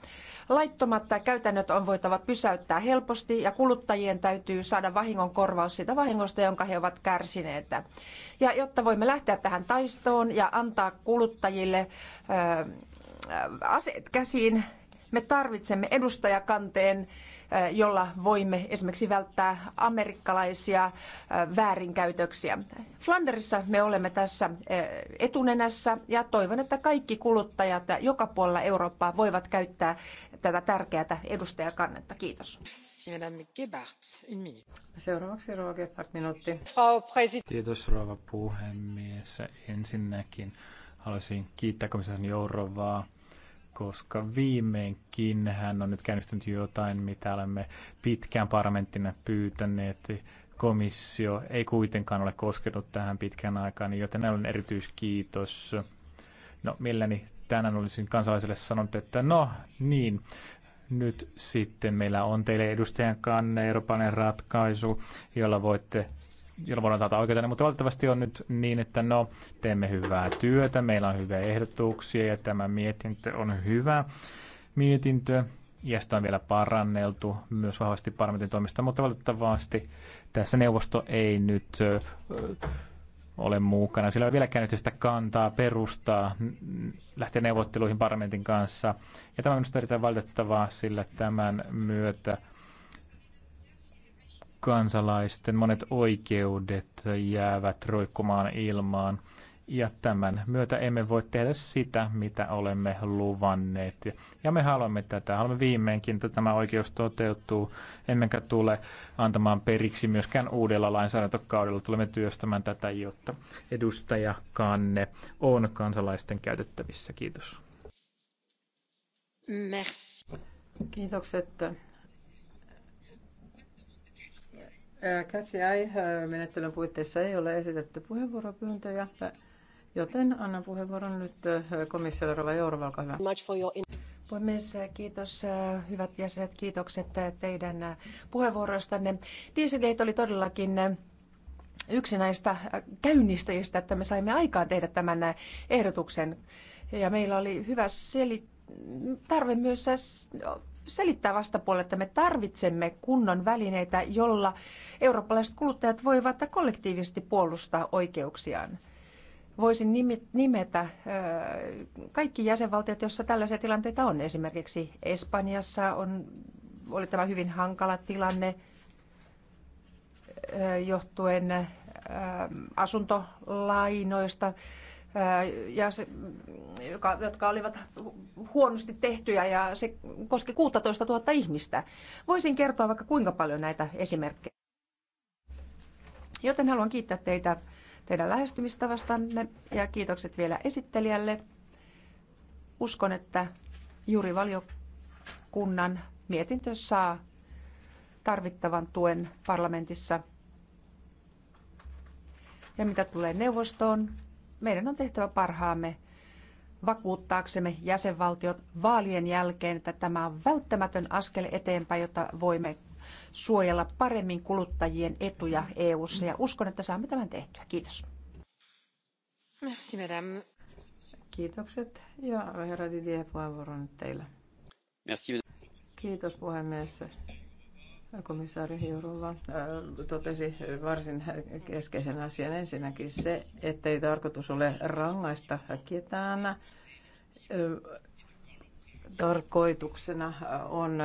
Laittomat käytännöt on voitava pysäyttää helposti ja kuluttajien täytyy saada vahingon korvaus sitä vahingosta, jonka he ovat kärsineet. Ja jotta voimme lähteä tähän taistoon ja antaa kuluttajille ö, aseet käsiin, me tarvitsemme edustajakanteen, jolla voimme esimerkiksi välttää amerikkalaisia väärinkäytöksiä. Flanderissa me olemme tässä etunenässä ja toivon, että kaikki kuluttajat joka puolella Eurooppaa voivat käyttää tätä tärkeää edustajakannetta. Kiitos. Seuraavaksi Rova Gebhardt, minuutti. Kiitos rouva puhemies. Ensinnäkin haluaisin kiittää komissaari Jourovaa koska viimeinkin hän on nyt käynnistänyt jotain, mitä olemme pitkään parlamenttina pyytäneet. Komissio ei kuitenkaan ole koskenut tähän pitkään aikaan, joten näillä on erityiskiitos. No, milläni tänään olisin kansalaiselle sanonut, että no niin, nyt sitten meillä on teille edustajan kanne, eurooppalainen ratkaisu, jolla voitte ilmoilla tätä oikeuteen, niin, mutta valitettavasti on nyt niin, että no, teemme hyvää työtä, meillä on hyviä ehdotuksia ja tämä mietintö on hyvä mietintö ja sitä on vielä paranneltu myös vahvasti parlamentin toimista, mutta valitettavasti tässä neuvosto ei nyt ole mukana. Sillä ei vieläkään nyt sitä kantaa, perustaa, lähteä neuvotteluihin parlamentin kanssa. Ja tämä on minusta erittäin valitettavaa, sillä tämän myötä kansalaisten monet oikeudet jäävät roikkumaan ilmaan. Ja tämän myötä emme voi tehdä sitä, mitä olemme luvanneet. Ja me haluamme tätä. Haluamme viimeinkin, että tämä oikeus toteutuu. Emmekä tule antamaan periksi myöskään uudella lainsäädäntökaudella. Tulemme työstämään tätä, jotta edustajakanne on kansalaisten käytettävissä. Kiitos. Merci. Kiitokset. ei menettelyn puitteissa ei ole esitetty puheenvuoropyyntöjä, joten annan puheenvuoron nyt komissiolle Rova Jourova, olkaa hyvä. Puhemies, kiitos hyvät jäsenet, kiitokset teidän puheenvuoroistanne. Dieselgate oli todellakin yksi näistä käynnistäjistä, että me saimme aikaan tehdä tämän ehdotuksen. Ja meillä oli hyvä selittää tarve myös selittää vastapuolelle, että me tarvitsemme kunnon välineitä, jolla eurooppalaiset kuluttajat voivat kollektiivisesti puolustaa oikeuksiaan. Voisin nimetä kaikki jäsenvaltiot, joissa tällaisia tilanteita on. Esimerkiksi Espanjassa on, oli tämä hyvin hankala tilanne johtuen asuntolainoista ja se, joka, jotka olivat huonosti tehtyjä ja se koski 16 000 ihmistä. Voisin kertoa vaikka kuinka paljon näitä esimerkkejä. Joten haluan kiittää teitä teidän lähestymistavastanne ja kiitokset vielä esittelijälle. Uskon, että juuri valiokunnan mietintö saa tarvittavan tuen parlamentissa. Ja mitä tulee neuvostoon, meidän on tehtävä parhaamme vakuuttaaksemme jäsenvaltiot vaalien jälkeen, että tämä on välttämätön askel eteenpäin, jotta voimme suojella paremmin kuluttajien etuja EU:ssa ja uskon, että saamme tämän tehtyä. Kiitos. Merci, madame. Kiitokset ja herra Didier Merci. Kiitos puhemies komissaari Hiurulla totesi varsin keskeisen asian ensinnäkin se, ettei tarkoitus ole rangaista ketään. Tarkoituksena on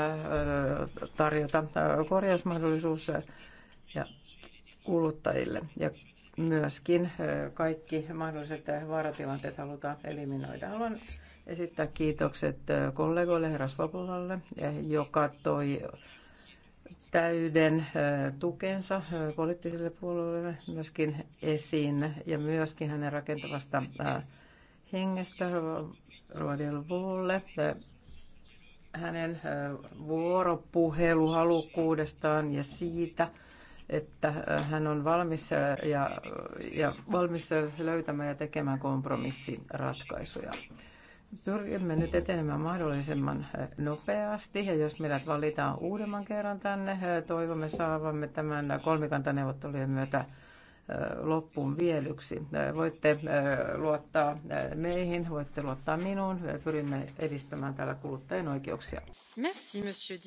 tarjota korjausmahdollisuus ja kuluttajille. Ja myöskin kaikki mahdolliset vaaratilanteet halutaan eliminoida. Haluan esittää kiitokset kollegoille Rasvapulalle, joka toi täyden tukensa poliittiselle puolueelle myöskin esiin ja myöskin hänen rakentavasta hengestä Wolle. hänen vuoropuheluhalukkuudestaan ja siitä, että hän on valmis ja, ja valmis löytämään ja tekemään kompromissiratkaisuja. Pyrimme nyt etenemään mahdollisimman eh, nopeasti ja jos meidät valitaan uudemman kerran tänne, eh, toivomme saavamme tämän kolmikantaneuvottelujen myötä eh, loppuun vielyksi. Voitte luottaa meihin, voitte luottaa minuun. Pyrimme edistämään täällä kuluttajien oikeuksia. Merci, monsieur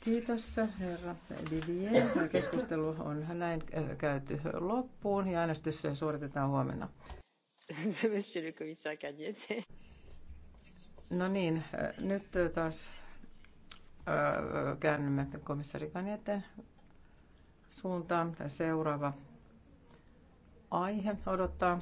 Kiitos, herra Didier. Keskustelu on näin käyty loppuun ja äänestys suoritetaan huomenna. monsieur le commissaire Cagnette. No niin, äh, nyt taas äh, käännymme komissari Kanieten suuntaan. Seuraava aihe odottaa.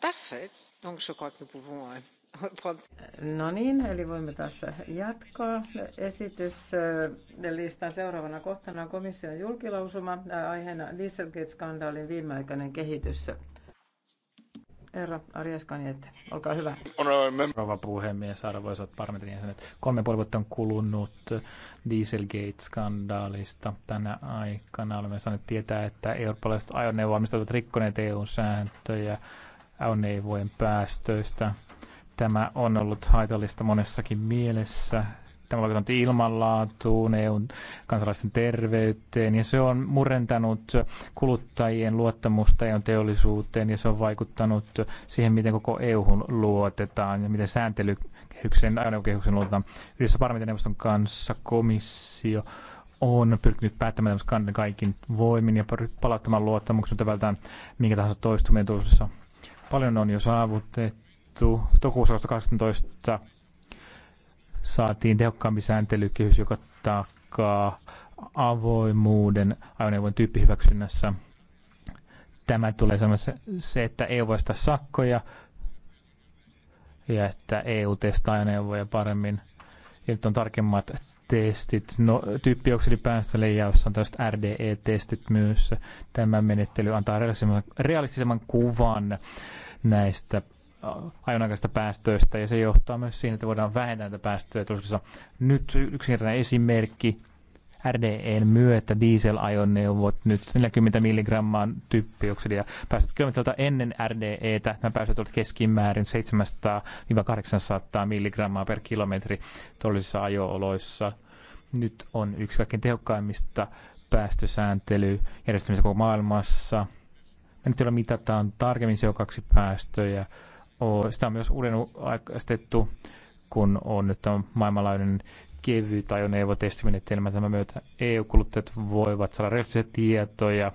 Parfait. Donc je crois que nous pouvons euh, No niin, eli voimme tässä jatkaa. Esityslistan seuraavana kohtana on komission julkilausuma aiheena Dieselgate-skandaalin viimeaikainen kehitys. Herra Arias Kanjette, olkaa hyvä. Rouva puhemies, arvoisat parlamentin jäsenet. Kolme puoli vuotta on kulunut Dieselgate-skandaalista. Tänä aikana olemme saaneet tietää, että eurooppalaiset ajoneuvovalmistajat ovat rikkoneet EU-sääntöjä ajoneuvojen päästöistä Tämä on ollut haitallista monessakin mielessä. Tämä on vaikuttanut ilmanlaatuun, EUn kansalaisten terveyteen ja se on murentanut kuluttajien luottamusta EUn teollisuuteen ja se on vaikuttanut siihen, miten koko EUhun luotetaan ja miten sääntelykehyksen, ajoneuvokehyksen luotetaan. Yhdessä parlamentin kanssa komissio on pyrkinyt päättämään tämän kaikin voimin ja palauttamaan luottamuksen, mutta minkä tahansa toistuminen tuossa. Paljon on jo saavutettu valittu toukokuussa 2018 saatiin tehokkaampi sääntelykehys, joka takaa avoimuuden ajoneuvon tyyppihyväksynnässä. Tämä tulee samassa se, että EU voi sakkoja ja että EU testaa ajoneuvoja paremmin. Ja nyt on tarkemmat testit. No, tyyppioksidipäästölle on tällaiset RDE-testit myös. Tämä menettely antaa realistisemman, realistisemman kuvan näistä ajonaikaisista päästöistä, ja se johtaa myös siihen, että voidaan vähentää näitä päästöjä. Tosiaan nyt yksinkertainen esimerkki, RDEn myötä dieselajoneuvot nyt 40 milligrammaa typpioksidia päästöt kilometriltä ennen RDEtä. Nämä päästöt ovat keskimäärin 700-800 milligrammaa per kilometri todellisissa ajooloissa. Nyt on yksi kaikkein tehokkaimmista päästösääntelyjärjestelmistä koko maailmassa. Nyt mitataan tarkemmin CO2-päästöjä sitä on myös uuden aikaistettu, kun on nyt tämä maailmanlainen kevyt ajoneuvotestimenetelmä. Tämän myötä EU-kuluttajat voivat saada realistisia tietoja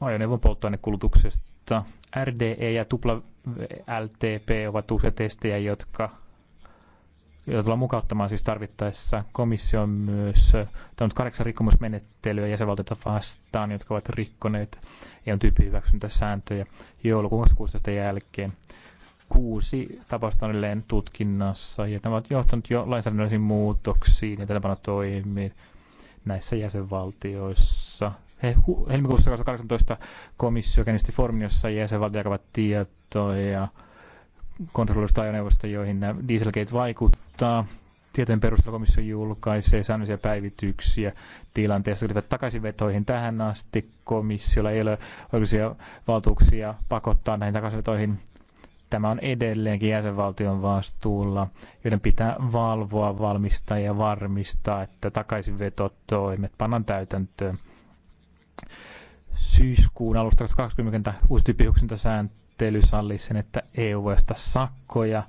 ajoneuvon polttoainekulutuksesta. RDE ja WLTP ovat uusia testejä, jotka jota tullaan mukauttamaan siis tarvittaessa. Komissio on myös tehnyt kahdeksan rikkomusmenettelyä jäsenvaltiota vastaan, jotka ovat rikkoneet EUn sääntöjä joulukuun 16 jälkeen. Kuusi tapausta on edelleen tutkinnassa ja nämä ovat johtaneet jo lainsäädännöllisiin muutoksiin ja tätä toimii näissä jäsenvaltioissa. He, helmikuussa 2018 komissio käynnisti formiossa jossa jäsenvaltiot jakavat tietoja kontrolloista ajoneuvosta, joihin nämä dieselgate vaikuttaa. Tietojen perusteella komissio julkaisee säännöllisiä päivityksiä tilanteessa, olivat takaisinvetoihin tähän asti. Komissiolla ei ole oikeuksia valtuuksia pakottaa näihin takaisinvetoihin. Tämä on edelleenkin jäsenvaltion vastuulla, joiden pitää valvoa, valmistaa ja varmistaa, että takaisinvetotoimet pannaan täytäntöön. Syyskuun alusta 2020 uusi tyyppihyksyntäsääntö menettely sallii sen, että EU voi ostaa sakkoja.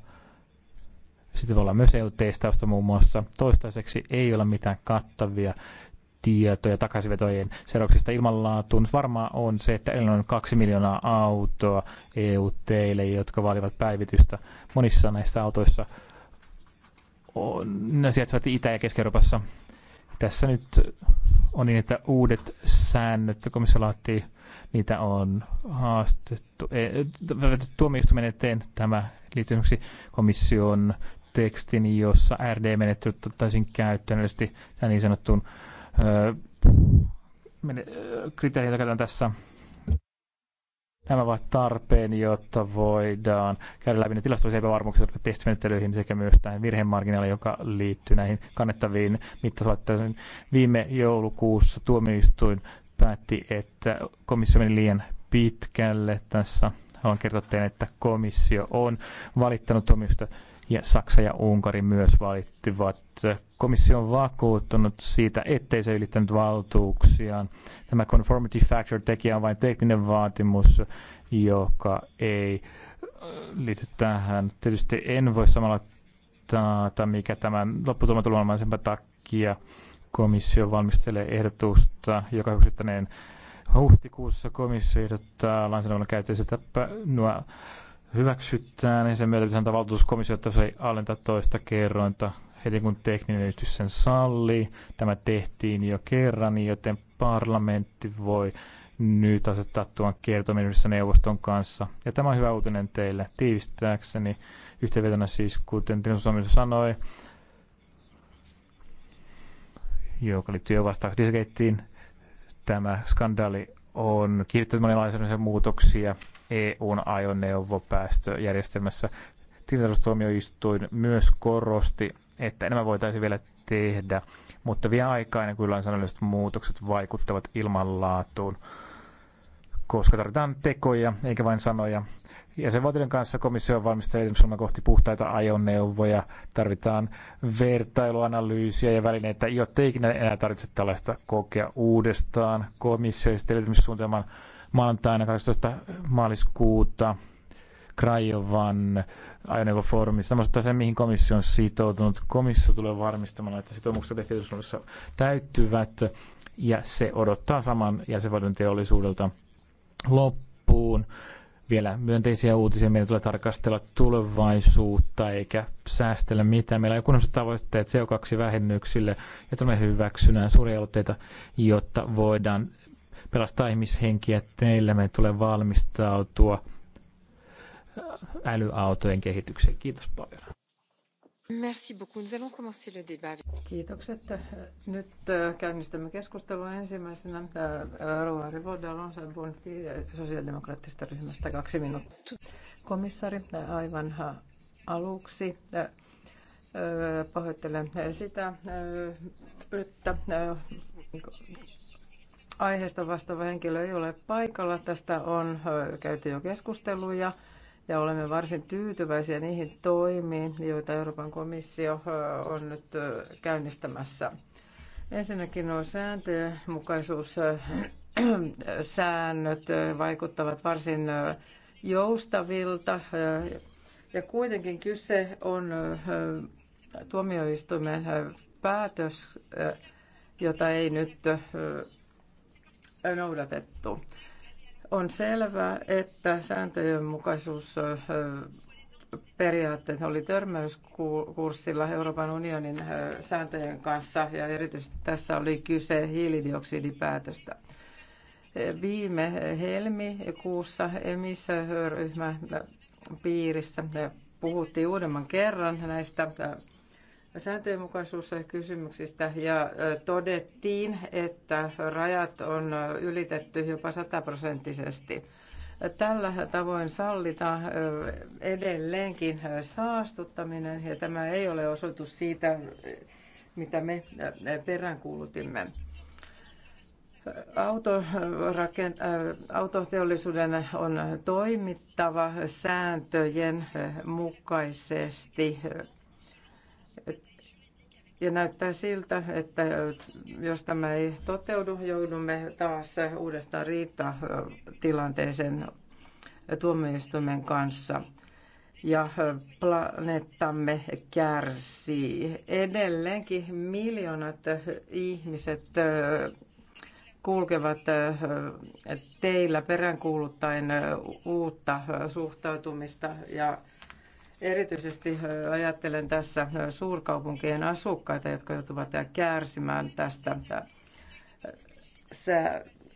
Sitten voi olla myös EU-testausta muun muassa. Toistaiseksi ei ole mitään kattavia tietoja takaisinvetojen seurauksista ilmanlaatuun. Varmaan on se, että on kaksi miljoonaa autoa EU-teille, jotka vaalivat päivitystä. Monissa näissä autoissa on, ne sijaitsevat Itä- ja Keski-Euroopassa. Tässä nyt on niin, että uudet säännöt, komissio laatii mitä on haastettu e, tuomioistuimen eteen. Tämä liittyy komission tekstin, jossa RD-menettely ottaisiin käyttöön, eli tämä niin sanottuun kriteeriin, jota käytetään tässä. Nämä ovat tarpeen, jotta voidaan käydä läpi ne tilastollisia epävarmuuksia, jotka testimenettelyihin sekä myös tähän virhemarginaaliin, joka liittyy näihin kannettaviin mittasuoritteisiin. Viime joulukuussa tuomioistuin päätti, että komissio meni liian pitkälle tässä. Haluan kertoa teille, että komissio on valittanut tuomioista ja Saksa ja Unkari myös valittivat. Komissio on vakuuttunut siitä, ettei se ylittänyt valtuuksiaan. Tämä conformity factor tekijä on vain tekninen vaatimus, joka ei äh, liity tähän. Tietysti en voi samalla taata, mikä tämä lopputulman tulee olemaan sen takia komissio valmistelee ehdotusta, joka hyväksyttäneen huhtikuussa komissio ehdottaa lainsäädännön käytössä, että nuo hyväksytään, niin sen myötä pitäisi antaa valtuutus että se ei alenta toista kerrointa heti kun tekninen yhdistys sen sallii. Tämä tehtiin jo kerran, joten parlamentti voi nyt asettaa tuon kertomin yhdessä neuvoston kanssa. Ja tämä on hyvä uutinen teille tiivistääkseni. Yhteenvetona siis, kuten Tino Suomi sanoi, joka liittyy vastaaksi Dieselgateen. Tämä skandaali on kiihdyttänyt monenlaisia muutoksia EUn ajoneuvopäästöjärjestelmässä. Tilintarvostuomioistuin myös korosti, että enemmän voitaisiin vielä tehdä, mutta vielä aikaa ennen kuin lainsäädännölliset muutokset vaikuttavat ilmanlaatuun, koska tarvitaan tekoja eikä vain sanoja. Jäsenvaltioiden kanssa komissio on valmistelemassa kohti puhtaita ajoneuvoja. Tarvitaan vertailuanalyysiä ja välineitä, jotta ei ikinä enää tarvitse tällaista kokea uudestaan. Komissio esitteli suunnitelman maanantaina 12. maaliskuuta Krajovan ajoneuvofoorumissa. Tämä osoittaa sen, mihin komissio on sitoutunut. Komissio tulee varmistamaan, että sitoumukset tehtävissä täyttyvät ja se odottaa saman jäsenvaltion teollisuudelta loppuun vielä myönteisiä uutisia. Meidän tulee tarkastella tulevaisuutta eikä säästellä mitään. Meillä on kunnolliset tavoitteet CO2-vähennyksille jotta me hyväksynään suuria aloitteita, jotta voidaan pelastaa ihmishenkiä teille meidän tulee valmistautua älyautojen kehitykseen. Kiitos paljon. Merci beaucoup. Nous allons commencer le débat. Kiitokset. Nyt äh, käynnistämme keskustelun ensimmäisenä. Äh, Rouva Rivodalonsa Bonfi sosiaalidemokraattisesta ryhmästä kaksi minuuttia. Komissari, äh, aivan aluksi pahoittelen sitä, että aiheesta vastaava henkilö ei ole paikalla. Tästä on käyty jo keskusteluja ja olemme varsin tyytyväisiä niihin toimiin, joita Euroopan komissio on nyt käynnistämässä. Ensinnäkin nuo sääntöjenmukaisuussäännöt vaikuttavat varsin joustavilta ja kuitenkin kyse on tuomioistuimen päätös, jota ei nyt noudatettu. On selvää, että sääntöjen mukaisuus periaatteet oli törmäyskurssilla Euroopan unionin sääntöjen kanssa ja erityisesti tässä oli kyse hiilidioksidipäätöstä. Viime helmikuussa emisa ryhmän piirissä puhuttiin uudemman kerran näistä sääntöjenmukaisuuskysymyksistä ja todettiin, että rajat on ylitetty jopa sataprosenttisesti. Tällä tavoin sallita edelleenkin saastuttaminen ja tämä ei ole osoitus siitä, mitä me peräänkuulutimme. Autorakent- autoteollisuuden on toimittava sääntöjen mukaisesti ja näyttää siltä, että jos tämä ei toteudu, joudumme taas uudestaan riita tilanteeseen tuomioistuimen kanssa. Ja planeettamme kärsii. Edelleenkin miljoonat ihmiset kulkevat teillä peräänkuuluttaen uutta suhtautumista ja Erityisesti ajattelen tässä suurkaupunkien asukkaita, jotka joutuvat kärsimään tästä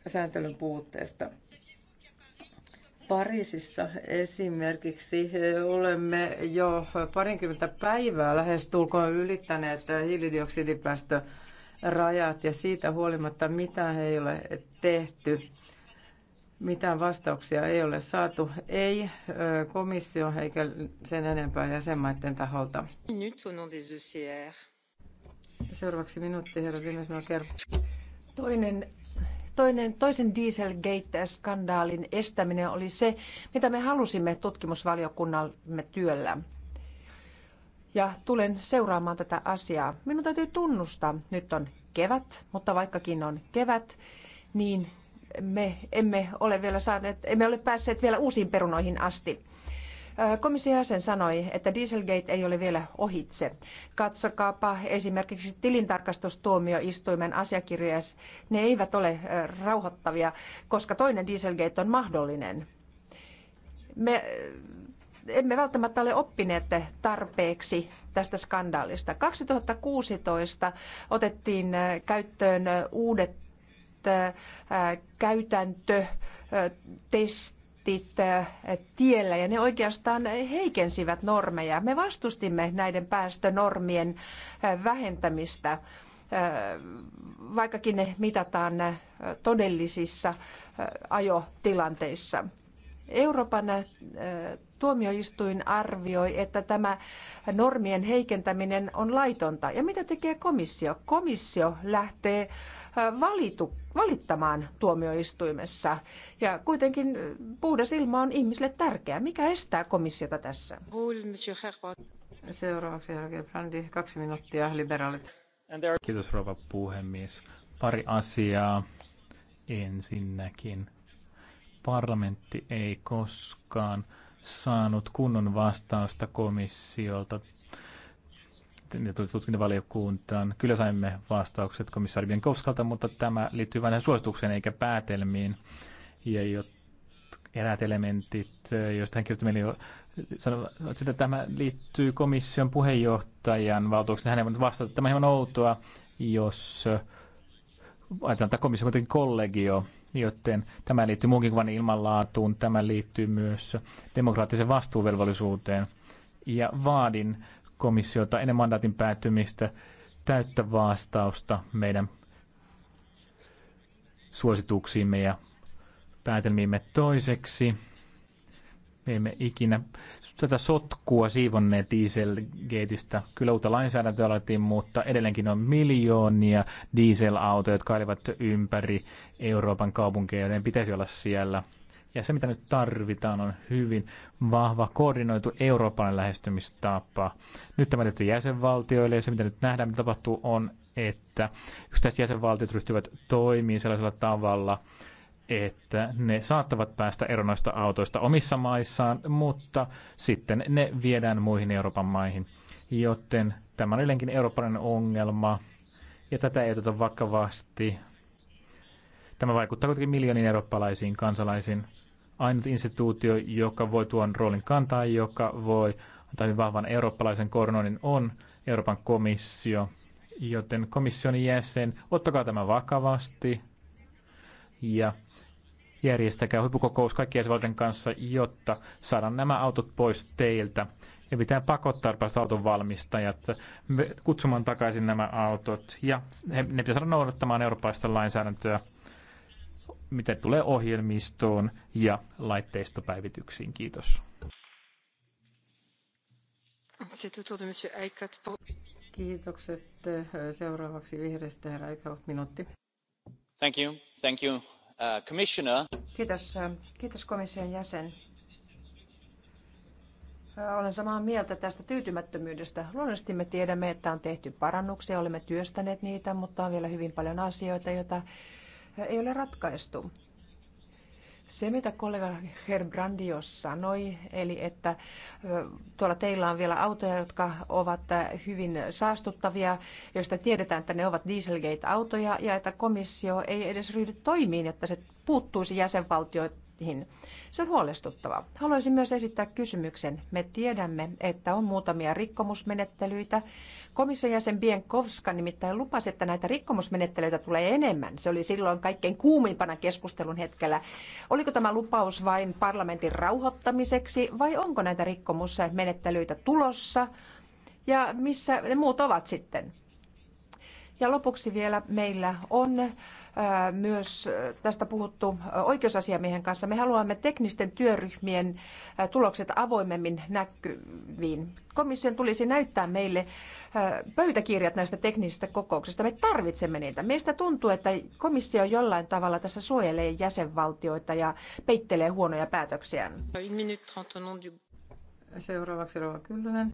sääntelyn puutteesta. Pariisissa esimerkiksi olemme jo parinkymmentä päivää lähestulkoon ylittäneet hiilidioksidipäästörajat ja siitä huolimatta mitä ei ole tehty. Mitään vastauksia ei ole saatu, ei komissio eikä sen enempää jäsenmaiden taholta. E Seuraavaksi minuutti, herra Dimesmaker. Toinen toinen, toisen Dieselgate-skandaalin estäminen oli se, mitä me halusimme tutkimusvaliokunnalle työllä. Ja tulen seuraamaan tätä asiaa. Minun täytyy tunnustaa, nyt on kevät, mutta vaikkakin on kevät, niin me emme ole vielä saaneet, emme ole päässeet vielä uusiin perunoihin asti. Komission jäsen sanoi, että Dieselgate ei ole vielä ohitse. Katsokaapa esimerkiksi tilintarkastustuomioistuimen asiakirjoja. Ne eivät ole rauhoittavia, koska toinen Dieselgate on mahdollinen. Me emme välttämättä ole oppineet tarpeeksi tästä skandaalista. 2016 otettiin käyttöön uudet Äh, Käytäntötestit äh, testit äh, tiellä ja ne oikeastaan heikensivät normeja. Me vastustimme näiden päästönormien vähentämistä vaikkakin ne mitataan todellisissa ajotilanteissa. Euroopan tuomioistuin arvioi, että tämä normien heikentäminen on laitonta. Ja mitä tekee komissio? Komissio lähtee valitu, valittamaan tuomioistuimessa. Ja kuitenkin puhdas ilma on ihmisille tärkeä. Mikä estää komissiota tässä? Seuraavaksi Herra Brandi, kaksi minuuttia, liberaalit. Kiitos rouva puhemies. Pari asiaa. Ensinnäkin parlamentti ei koskaan saanut kunnon vastausta komissiolta ja tutkintavaliokuntaan. Kyllä saimme vastaukset komissaari Bienkowskalta, mutta tämä liittyy vain suositukseen eikä päätelmiin. Ja jo eräät elementit, joista hän kirjoitti meille jo sanoi, että tämä liittyy komission puheenjohtajan valtuuksiin. Hän ei voinut vastata. Tämä on hieman outoa, jos ajatellaan, että komissio on kuitenkin kollegio, joten tämä liittyy muunkin kuin ilmanlaatuun. Tämä liittyy myös demokraattiseen vastuuvelvollisuuteen. Ja vaadin Komissiota ennen mandaatin päättymistä täyttä vastausta meidän suosituksiimme ja päätelmiimme toiseksi. Me emme ikinä tätä sotkua siivonneet dieselgeetistä. Kyllä uutta lainsäädäntöä alettiin, mutta edelleenkin on miljoonia dieselautoja, jotka olivat ympäri Euroopan kaupunkeja, joiden pitäisi olla siellä – ja se, mitä nyt tarvitaan, on hyvin vahva, koordinoitu Euroopan lähestymistapa. Nyt tämä tehty jäsenvaltioille, ja se, mitä nyt nähdään, mitä tapahtuu, on, että yksittäiset jäsenvaltiot ryhtyvät toimiin sellaisella tavalla, että ne saattavat päästä eronoista autoista omissa maissaan, mutta sitten ne viedään muihin Euroopan maihin. Joten tämä on edelleenkin eurooppalainen ongelma, ja tätä ei oteta vakavasti Tämä vaikuttaa kuitenkin miljooniin eurooppalaisiin kansalaisiin. Ainut instituutio, joka voi tuon roolin kantaa, joka voi antaa hyvin vahvan eurooppalaisen koronoinnin, on Euroopan komissio. Joten komission jäsen, ottakaa tämä vakavasti ja järjestäkää huippukokous kaikkien jäsenvaltojen kanssa, jotta saadaan nämä autot pois teiltä. Ja pitää pakottaa päästä auton valmistajat kutsumaan takaisin nämä autot. Ja he, ne pitää saada noudattamaan eurooppalaista lainsäädäntöä mitä tulee ohjelmistoon ja laitteistopäivityksiin. Kiitos. Kiitokset. Seuraavaksi vihreistä herra Eichhout, minuutti. Thank you. Thank you. Uh, commissioner. Kiitos. Äh, kiitos komission jäsen. Äh, olen samaa mieltä tästä tyytymättömyydestä. Luonnollisesti me tiedämme, että on tehty parannuksia, olemme työstäneet niitä, mutta on vielä hyvin paljon asioita, joita ei ole ratkaistu. Se, mitä kollega Herbrandios sanoi, eli että tuolla teillä on vielä autoja, jotka ovat hyvin saastuttavia, joista tiedetään, että ne ovat Dieselgate-autoja, ja että komissio ei edes ryhdy toimiin, että se puuttuisi jäsenvaltioiden prosenttiin. Se on huolestuttava. Haluaisin myös esittää kysymyksen. Me tiedämme, että on muutamia rikkomusmenettelyitä. Komission jäsen Bienkowska nimittäin lupasi, että näitä rikkomusmenettelyitä tulee enemmän. Se oli silloin kaikkein kuumimpana keskustelun hetkellä. Oliko tämä lupaus vain parlamentin rauhoittamiseksi vai onko näitä rikkomusmenettelyitä tulossa? Ja missä ne muut ovat sitten? Ja lopuksi vielä meillä on myös tästä puhuttu oikeusasiamiehen kanssa. Me haluamme teknisten työryhmien tulokset avoimemmin näkyviin. Komission tulisi näyttää meille pöytäkirjat näistä teknisistä kokouksista. Me tarvitsemme niitä. Meistä tuntuu, että komissio jollain tavalla tässä suojelee jäsenvaltioita ja peittelee huonoja päätöksiään. Seuraavaksi Rova Kyllönen.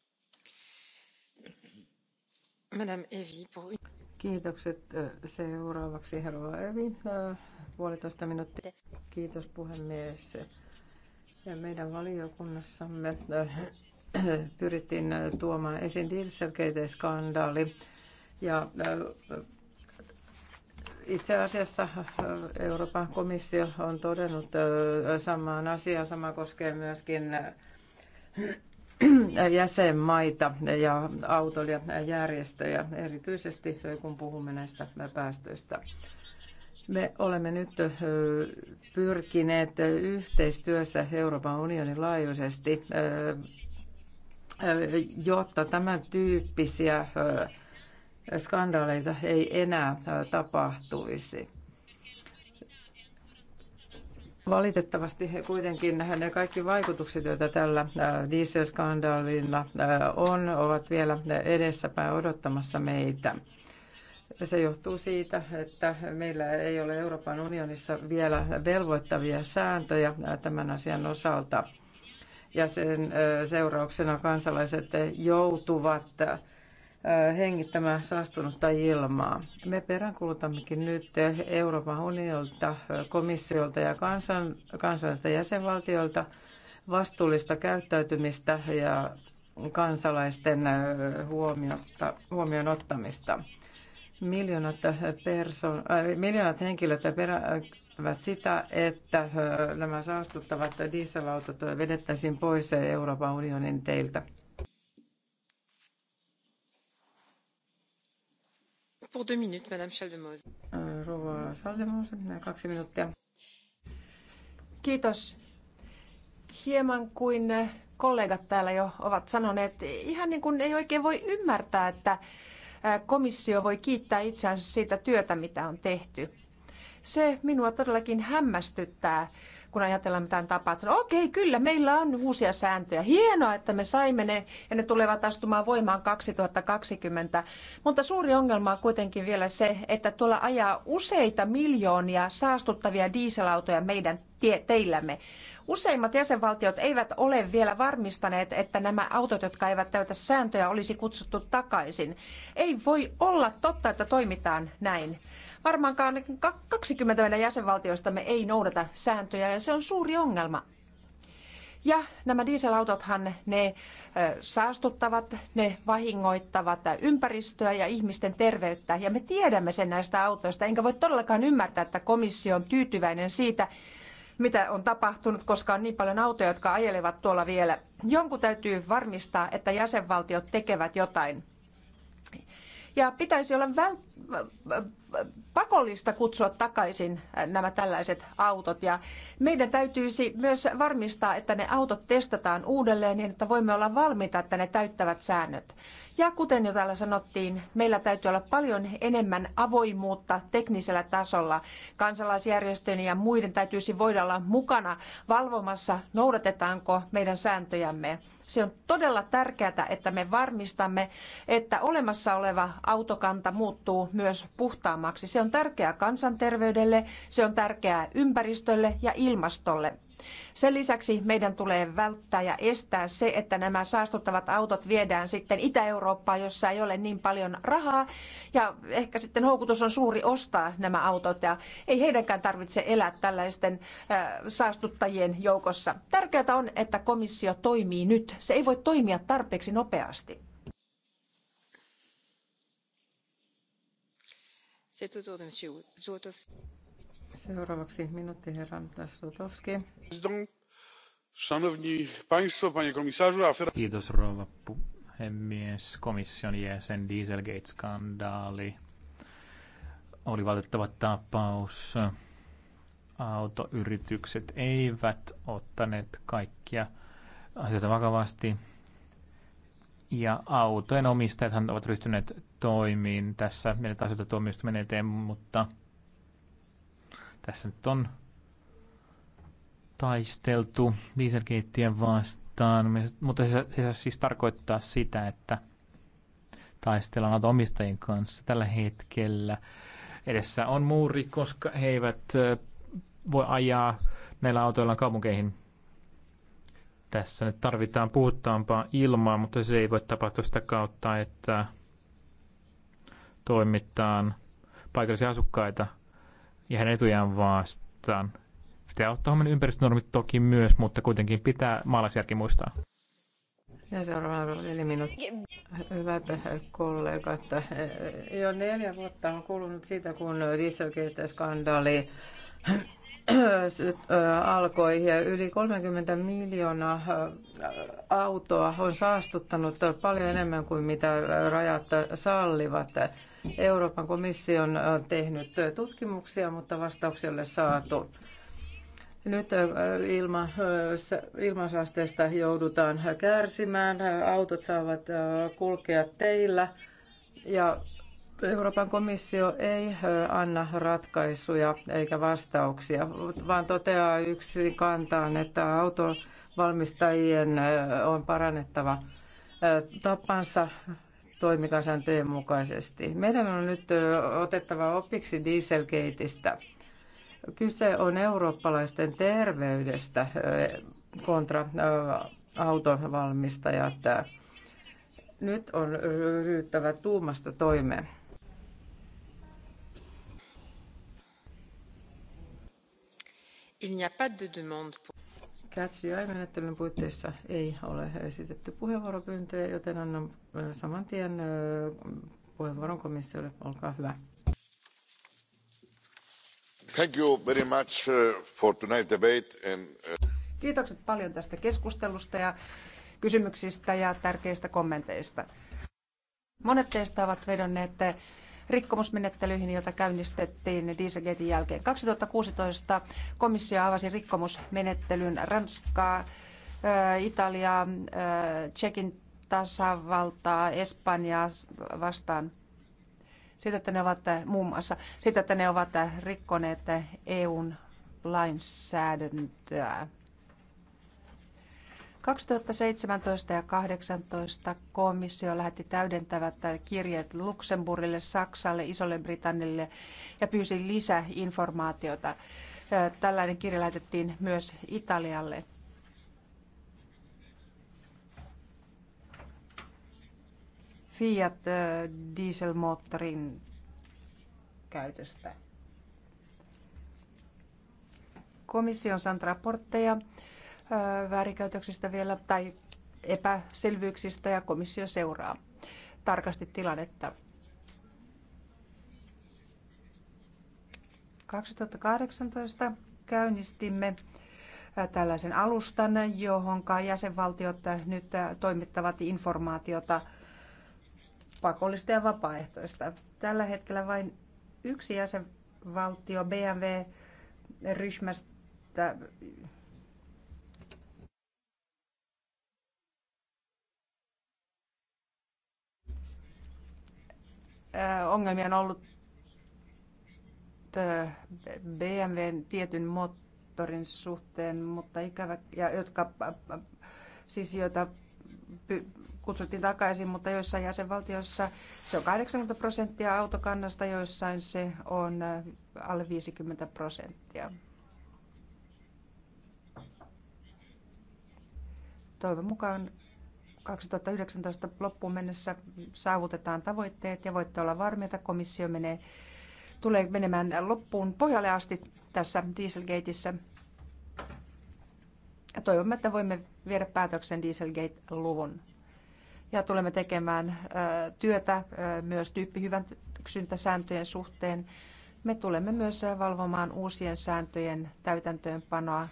Madame Evi, pour... Kiitokset seuraavaksi Herra Evi, puolitoista minuuttia. Kiitos puhemies. Ja meidän valiokunnassamme äh, pyrittiin tuomaan esiin dieselgate-skandaali. Ja äh, itse asiassa äh, Euroopan komissio on todennut samaan asiaan. Sama koskee myöskin jäsenmaita ja autoilijajärjestöjä, erityisesti kun puhumme näistä päästöistä. Me olemme nyt pyrkineet yhteistyössä Euroopan unionin laajuisesti, jotta tämän tyyppisiä skandaaleita ei enää tapahtuisi. Valitettavasti kuitenkin ne kaikki vaikutukset, joita tällä äh, dieselskandaalilla äh, on, ovat vielä edessäpäin odottamassa meitä. Se johtuu siitä, että meillä ei ole Euroopan unionissa vielä velvoittavia sääntöjä äh, tämän asian osalta. Ja sen seurauksena kansalaiset joutuvat hengittämään saastunutta ilmaa. Me peräänkuulutammekin nyt Euroopan unionilta, komissiolta ja kansan, kansallisilta jäsenvaltioilta vastuullista käyttäytymistä ja kansalaisten huomiota, huomioon ottamista. Miljoonat, perso- äh, miljoonat henkilöt peräävät sitä, että nämä saastuttavat dieselautot vedettäisiin pois Euroopan unionin teiltä. Äh, Rouva Schaldemose, kaksi minuuttia. Kiitos. Hieman kuin kollegat täällä jo ovat sanoneet, ihan niin kuin ei oikein voi ymmärtää, että äh, komissio voi kiittää itseänsä siitä työtä, mitä on tehty. Se minua todellakin hämmästyttää kun ajatellaan mitään tapahtunut. Okei, kyllä, meillä on uusia sääntöjä. Hienoa, että me saimme ne ja ne tulevat astumaan voimaan 2020. Mutta suuri ongelma on kuitenkin vielä se, että tuolla ajaa useita miljoonia saastuttavia dieselautoja meidän tie- teillämme. Useimmat jäsenvaltiot eivät ole vielä varmistaneet, että nämä autot, jotka eivät täytä sääntöjä, olisi kutsuttu takaisin. Ei voi olla totta, että toimitaan näin. Varmaankaan 20 niin meidän jäsenvaltioistamme ei noudata sääntöjä ja se on suuri ongelma. Ja nämä dieselautothan ne saastuttavat, ne vahingoittavat ympäristöä ja ihmisten terveyttä. Ja me tiedämme sen näistä autoista, enkä voi todellakaan ymmärtää, että komissio on tyytyväinen siitä, mitä on tapahtunut, koska on niin paljon autoja, jotka ajelevat tuolla vielä. Jonkun täytyy varmistaa, että jäsenvaltiot tekevät jotain. Ja pitäisi olla välttämättä pakollista kutsua takaisin nämä tällaiset autot. Ja meidän täytyisi myös varmistaa, että ne autot testataan uudelleen niin, että voimme olla valmiita, että ne täyttävät säännöt. Ja kuten jo täällä sanottiin, meillä täytyy olla paljon enemmän avoimuutta teknisellä tasolla. Kansalaisjärjestöjen ja muiden täytyisi voida olla mukana valvomassa, noudatetaanko meidän sääntöjämme. Se on todella tärkeää, että me varmistamme, että olemassa oleva autokanta muuttuu myös puhtaammaksi. Se on tärkeää kansanterveydelle, se on tärkeää ympäristölle ja ilmastolle. Sen lisäksi meidän tulee välttää ja estää se, että nämä saastuttavat autot viedään sitten Itä-Eurooppaan, jossa ei ole niin paljon rahaa. Ja ehkä sitten houkutus on suuri ostaa nämä autot ja ei heidänkään tarvitse elää tällaisten saastuttajien joukossa. Tärkeää on, että komissio toimii nyt. Se ei voi toimia tarpeeksi nopeasti. Seuraavaksi rouva puhemies. Komission jäsen Dieselgate-skandaali oli valitettava tapaus. Autoyritykset eivät ottaneet kaikkia asioita vakavasti. Ja autojen omistajathan ovat ryhtyneet toimiin tässä. Meidän asioita tuomioistuimen eteen, mutta tässä nyt on taisteltu dieselgeittien vastaan, mutta se, se siis tarkoittaa sitä, että taistellaan omistajien kanssa tällä hetkellä. Edessä on muuri, koska he eivät voi ajaa näillä autoilla kaupunkeihin. Tässä nyt tarvitaan puhtaampaa ilmaa, mutta se ei voi tapahtua sitä kautta, että toimitaan paikallisia asukkaita ja hänen etujaan vastaan. Pitää ottaa huomioon ympäristönormit toki myös, mutta kuitenkin pitää maalaisjärki muistaa. Ja seuraavana neljä minut Hyvät kollegat, jo neljä vuotta on kulunut siitä, kun dieselgate-skandaali alkoi ja yli 30 miljoonaa autoa on saastuttanut paljon enemmän kuin mitä rajat sallivat. Euroopan komission on tehnyt tutkimuksia, mutta vastauksia ei ole saatu. Nyt ilma, ilmansaasteesta joudutaan kärsimään, autot saavat kulkea teillä ja Euroopan komissio ei anna ratkaisuja eikä vastauksia, vaan toteaa yksi kantaan, että autovalmistajien on parannettava tapansa toimikaan mukaisesti. Meidän on nyt otettava opiksi dieselgateista. Kyse on eurooppalaisten terveydestä kontra autovalmistajat. Nyt on ryhdyttävä tuumasta toimeen. Il n'y a pas de demande pour... Catch menettelyn puitteissa ei ole esitetty puheenvuoropyyntöjä, joten annan saman tien puheenvuoron komissiolle. Olkaa hyvä. Thank you very much for tonight's debate and... Kiitokset paljon tästä keskustelusta ja kysymyksistä ja tärkeistä kommenteista. Monet teistä ovat vedonneet rikkomusmenettelyihin, joita käynnistettiin Dieselgatein jälkeen. 2016 komissio avasi rikkomusmenettelyn Ranskaa, Italiaa, Tsekin tasavaltaa Espanjaa vastaan Sitä että ne ovat eh, muun muassa sitä, että ne ovat eh, rikkoneet eh, EUn lainsäädäntöä. 2017 ja 2018 komissio lähetti täydentävät kirjeet Luxemburgille, Saksalle, Isolle Britannille ja pyysi lisäinformaatiota. Tällainen kirja lähetettiin myös Italialle. Fiat äh, dieselmoottorin käytöstä. Komissio on saanut raportteja äh, väärinkäytöksistä vielä tai epäselvyyksistä ja komissio seuraa tarkasti tilannetta. 2018 käynnistimme äh, tällaisen alustan, johon jäsenvaltiot nyt toimittavat informaatiota pakollista ja vapaaehtoista. Tällä hetkellä vain yksi jäsenvaltio BMW-ryhmästä ongelmia on ollut BMWn tietyn moottorin suhteen, mutta ikävä, ja jotka, siis joita kutsuttiin takaisin, mutta joissain jäsenvaltioissa se on 80 prosenttia autokannasta, joissain se on äh, alle 50 prosenttia. Toivon mukaan 2019 loppuun mennessä saavutetaan tavoitteet ja voitte olla varmia, että komissio menee, tulee menemään loppuun pohjalle asti tässä Dieselgateissa. toivomme, että voimme viedä päätöksen Dieselgate-luvun ja tulemme tekemään työtä myös tyyppihyväksyntäsääntöjen suhteen. Me tulemme myös valvomaan uusien sääntöjen täytäntöönpanoa.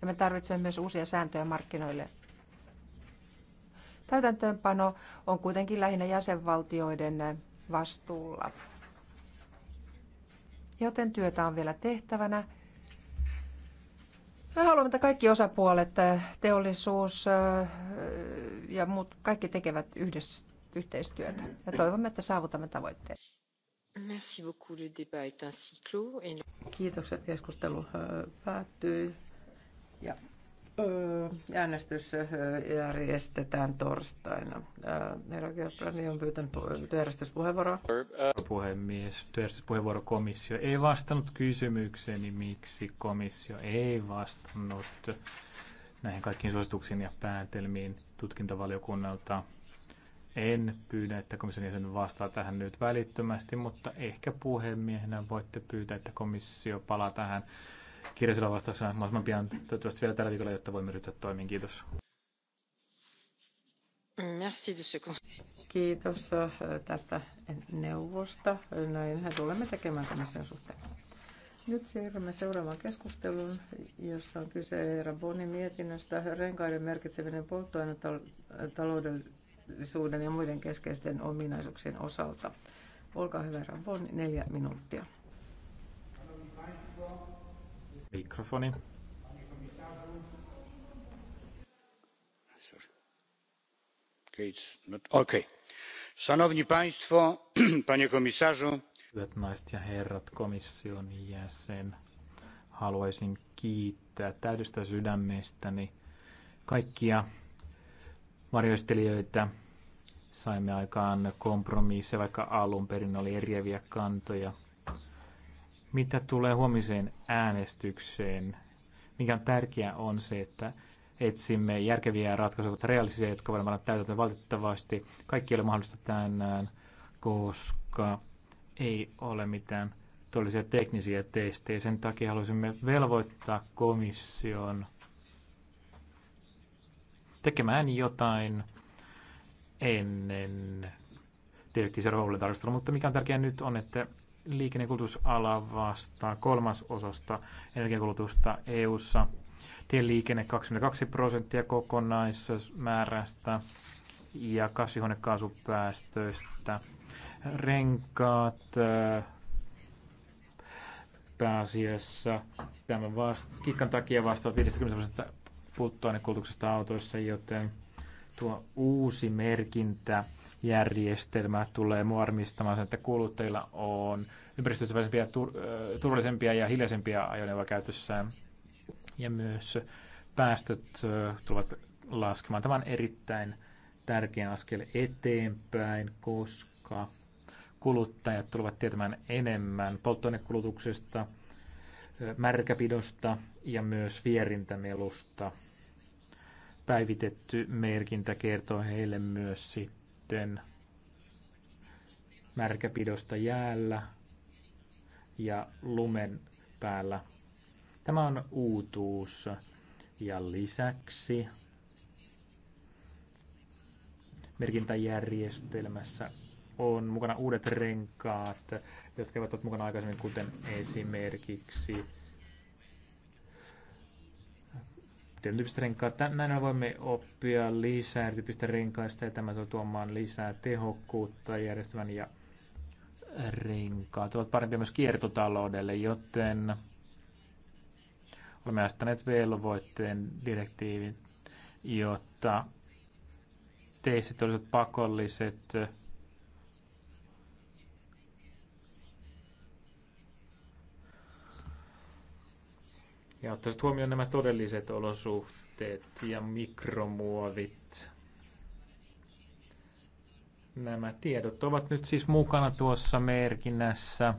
Ja me tarvitsemme myös uusia sääntöjä markkinoille. Täytäntöönpano on kuitenkin lähinnä jäsenvaltioiden vastuulla. Joten työtä on vielä tehtävänä me haluamme, että kaikki osapuolet, äh, teollisuus äh, ja muut, kaikki tekevät yhdessä, yhteistyötä ja toivomme, että saavutamme tavoitteet. Merci beaucoup. Le débat est ainsi clos. Kiitokset, keskustelu äh, päättyy ja Äänestys järjestetään torstaina. Herra Gerbrandi on pyytänyt työjärjestyspuheenvuoroa. Puhemies, työjärjestyspuheenvuorokomissio komissio ei vastannut kysymykseeni, miksi komissio ei vastannut näihin kaikkiin suosituksiin ja päätelmiin tutkintavaliokunnalta. En pyydä, että komission jäsen vastaa tähän nyt välittömästi, mutta ehkä puhemiehenä voitte pyytää, että komissio palaa tähän kirjallisella vastauksella mahdollisimman pian, toivottavasti vielä tällä viikolla, jotta voimme ryhtyä toimiin. Kiitos. Merci, Kiitos äh, tästä neuvosta. Näinhän tulemme tekemään komission suhteen. Nyt siirrymme seuraavaan keskusteluun, jossa on kyse Rabonin mietinnöstä renkaiden merkitseminen polttoainetaloudellisuuden äh, ja muiden keskeisten ominaisuuksien osalta. Olkaa hyvä, Rabon, neljä minuuttia. Mikrofoni. Okay. Szanowni Państwo, Panie Komisarzu. Hyvät naiset ja herrat, komission jäsen, haluaisin kiittää täydestä sydämestäni kaikkia varjoistelijoita. Saimme aikaan kompromisseja, vaikka alun perin oli eriäviä kantoja mitä tulee huomiseen äänestykseen, mikä on tärkeää on se, että etsimme järkeviä ratkaisuja, mutta realistisia, jotka voidaan panna täytäntöön valitettavasti. Kaikki ei ole mahdollista tänään, koska ei ole mitään todellisia teknisiä testejä. Sen takia haluaisimme velvoittaa komission tekemään jotain ennen direktiivisen roolitarkastelua, mutta mikä on tärkeää nyt on, että liikennekulutusala vastaa kolmas osasta energiakulutusta EU-ssa. Tieliikenne 22 prosenttia kokonaismäärästä ja kasvihuonekaasupäästöistä. Renkaat äh, pääasiassa tämän vast- kitkan takia vastaavat 50 prosenttia polttoainekulutuksesta autoissa, joten tuo uusi merkintä – järjestelmä tulee varmistamaan sen, että kuluttajilla on ympäristöystävällisempiä, turvallisempia ja hiljaisempia ajoneuvoja käytössään. Ja myös päästöt tulevat laskemaan. Tämä on erittäin tärkeä askel eteenpäin, koska kuluttajat tulevat tietämään enemmän polttoainekulutuksesta, märkäpidosta ja myös vierintämelusta. Päivitetty merkintä kertoo heille myös siitä, sitten märkäpidosta jäällä ja lumen päällä. Tämä on uutuus. Ja lisäksi merkintäjärjestelmässä on mukana uudet renkaat, jotka eivät ole mukana aikaisemmin, kuten esimerkiksi tietyistä renkaista. Näin voimme oppia lisää erityyppistä renkaista ja tämä tuo tuomaan lisää tehokkuutta järjestelmän ja renkaat ovat parempia myös kiertotaloudelle, joten olemme astaneet velvoitteen direktiivin, jotta teistit olisivat pakolliset ja ottaisivat huomioon nämä todelliset olosuhteet ja mikromuovit. Nämä tiedot ovat nyt siis mukana tuossa merkinnässä.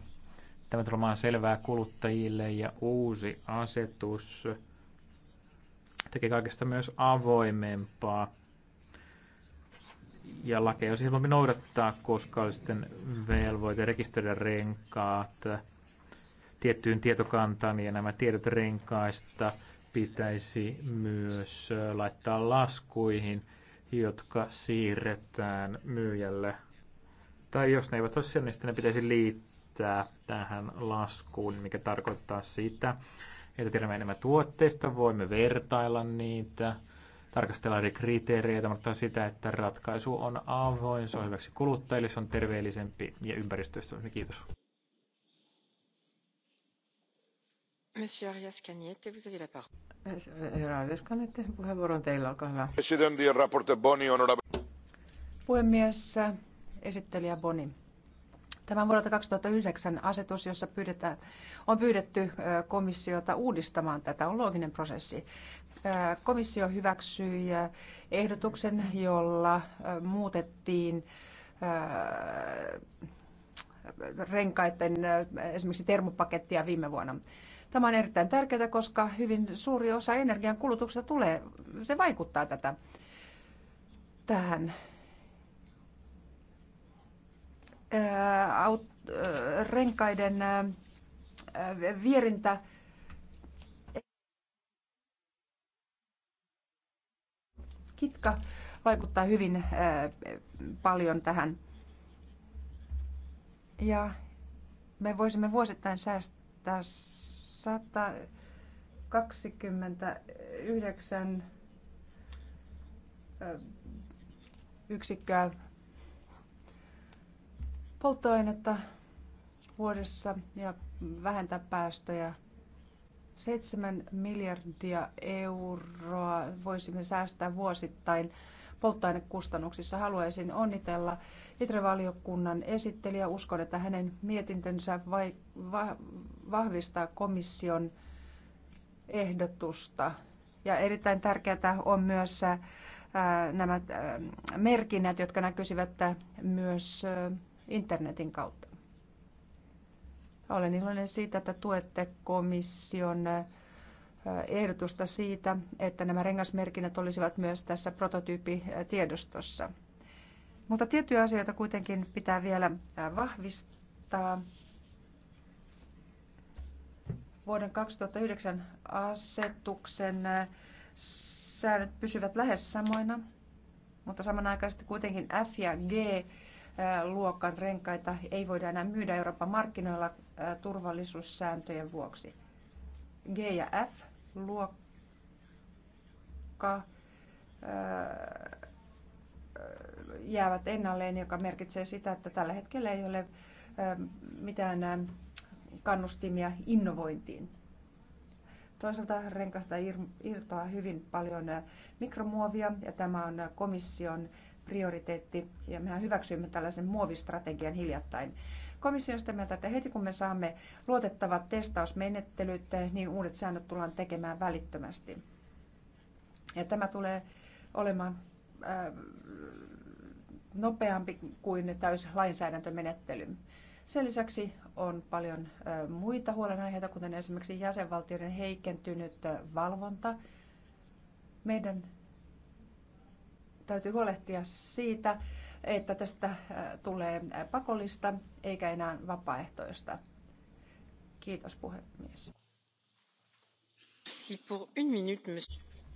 Tämä tulee olemaan selvää kuluttajille ja uusi asetus tekee kaikesta myös avoimempaa. Ja lakeja on siis helpompi noudattaa, koska on sitten velvoite rekisteröidä renkaat tiettyyn tietokantaan ja nämä tiedot renkaista pitäisi myös laittaa laskuihin, jotka siirretään myyjälle. Tai jos ne eivät ole siellä, niin ne pitäisi liittää tähän laskuun, mikä tarkoittaa sitä, että tiedämme enemmän tuotteista, voimme vertailla niitä, tarkastella eri kriteereitä, mutta sitä, että ratkaisu on avoin, se on hyväksi kuluttajille, se on terveellisempi ja ympäristöystävällinen. Kiitos. Monsieur Arias Cagnette, vous avez la parole. Herra Arias Cagnette, puheenvuoron teillä, olkaa hyvä. Puhemies, esittelijä Boni. Tämän vuodelta 2009 asetus, jossa pyydetään, on pyydetty komissiota uudistamaan tätä, on looginen prosessi. Komissio hyväksyi ehdotuksen, jolla muutettiin renkaiden esimerkiksi termopakettia viime vuonna. Tämä on erittäin tärkeää, koska hyvin suuri osa energian kulutuksesta tulee, se vaikuttaa tätä, tähän ää, aut, ää, renkaiden ää, vierintä. Kitka vaikuttaa hyvin ää, paljon tähän. Ja me voisimme vuosittain säästää 29 yksikköä polttoainetta vuodessa ja vähentää päästöjä. 7 miljardia euroa voisimme säästää vuosittain polttoainekustannuksissa. Haluaisin onnitella Itrevaliokunnan esittelijä. Uskon, että hänen mietintönsä vai, va, vahvistaa komission ehdotusta. Ja erittäin tärkeää on myös äh, nämä äh, merkinnät, jotka näkyisivät myös äh, internetin kautta. Olen iloinen siitä, että tuette komission ehdotusta siitä, että nämä rengasmerkinnät olisivat myös tässä prototyyppitiedostossa. Mutta tiettyjä asioita kuitenkin pitää vielä vahvistaa. Vuoden 2009 asetuksen säännöt pysyvät lähes samoina, mutta samanaikaisesti kuitenkin F ja G luokan renkaita ei voida enää myydä Euroopan markkinoilla turvallisuussääntöjen vuoksi. G ja F luokka äh, jäävät ennalleen, joka merkitsee sitä, että tällä hetkellä ei ole äh, mitään äh, kannustimia innovointiin. Toisaalta renkaista irtoaa hyvin paljon mikromuovia ja tämä on komission prioriteetti ja mehän hyväksyimme tällaisen muovistrategian hiljattain. Komissio on sitä mieltä, että heti kun me saamme luotettavat testausmenettelyt, niin uudet säännöt tullaan tekemään välittömästi. Ja tämä tulee olemaan äh, nopeampi kuin täys lainsäädäntömenettely. Sen lisäksi on paljon äh, muita huolenaiheita, kuten esimerkiksi jäsenvaltioiden heikentynyt äh, valvonta. Meidän täytyy huolehtia siitä, että tästä äh, tulee äh, pakollista eikä enää vapaaehtoista. Kiitos puhemies.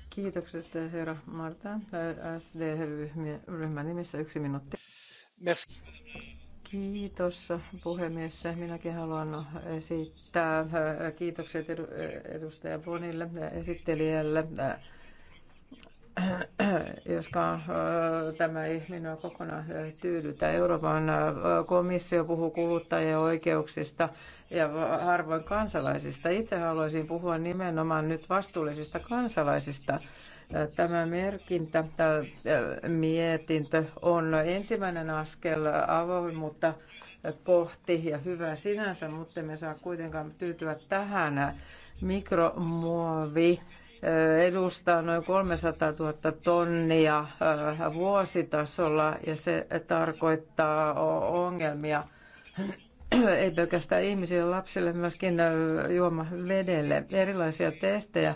Kiitokset äh, herra Marta. SD-ryhmän nimissä yksi minuutti. Merci. Kiitos puhemies. Minäkin haluan esittää kiitokset edustaja Bonille esittelijälle. Äh, äh, joska äh, tämä ei minua kokonaan tyydytä. Euroopan komissio puhuu kuluttajien oikeuksista ja harvoin kansalaisista. Itse haluaisin puhua nimenomaan nyt vastuullisista kansalaisista. Tämä merkintä, tämä mietintö on ensimmäinen askel avoimuutta kohti ja hyvä sinänsä, mutta me saa kuitenkaan tyytyä tähän mikromuovi edustaa noin 300 000 tonnia äh, vuositasolla ja se tarkoittaa ongelmia ei pelkästään ihmisille, lapsille, myöskin äh, juomavedelle. Erilaisia testejä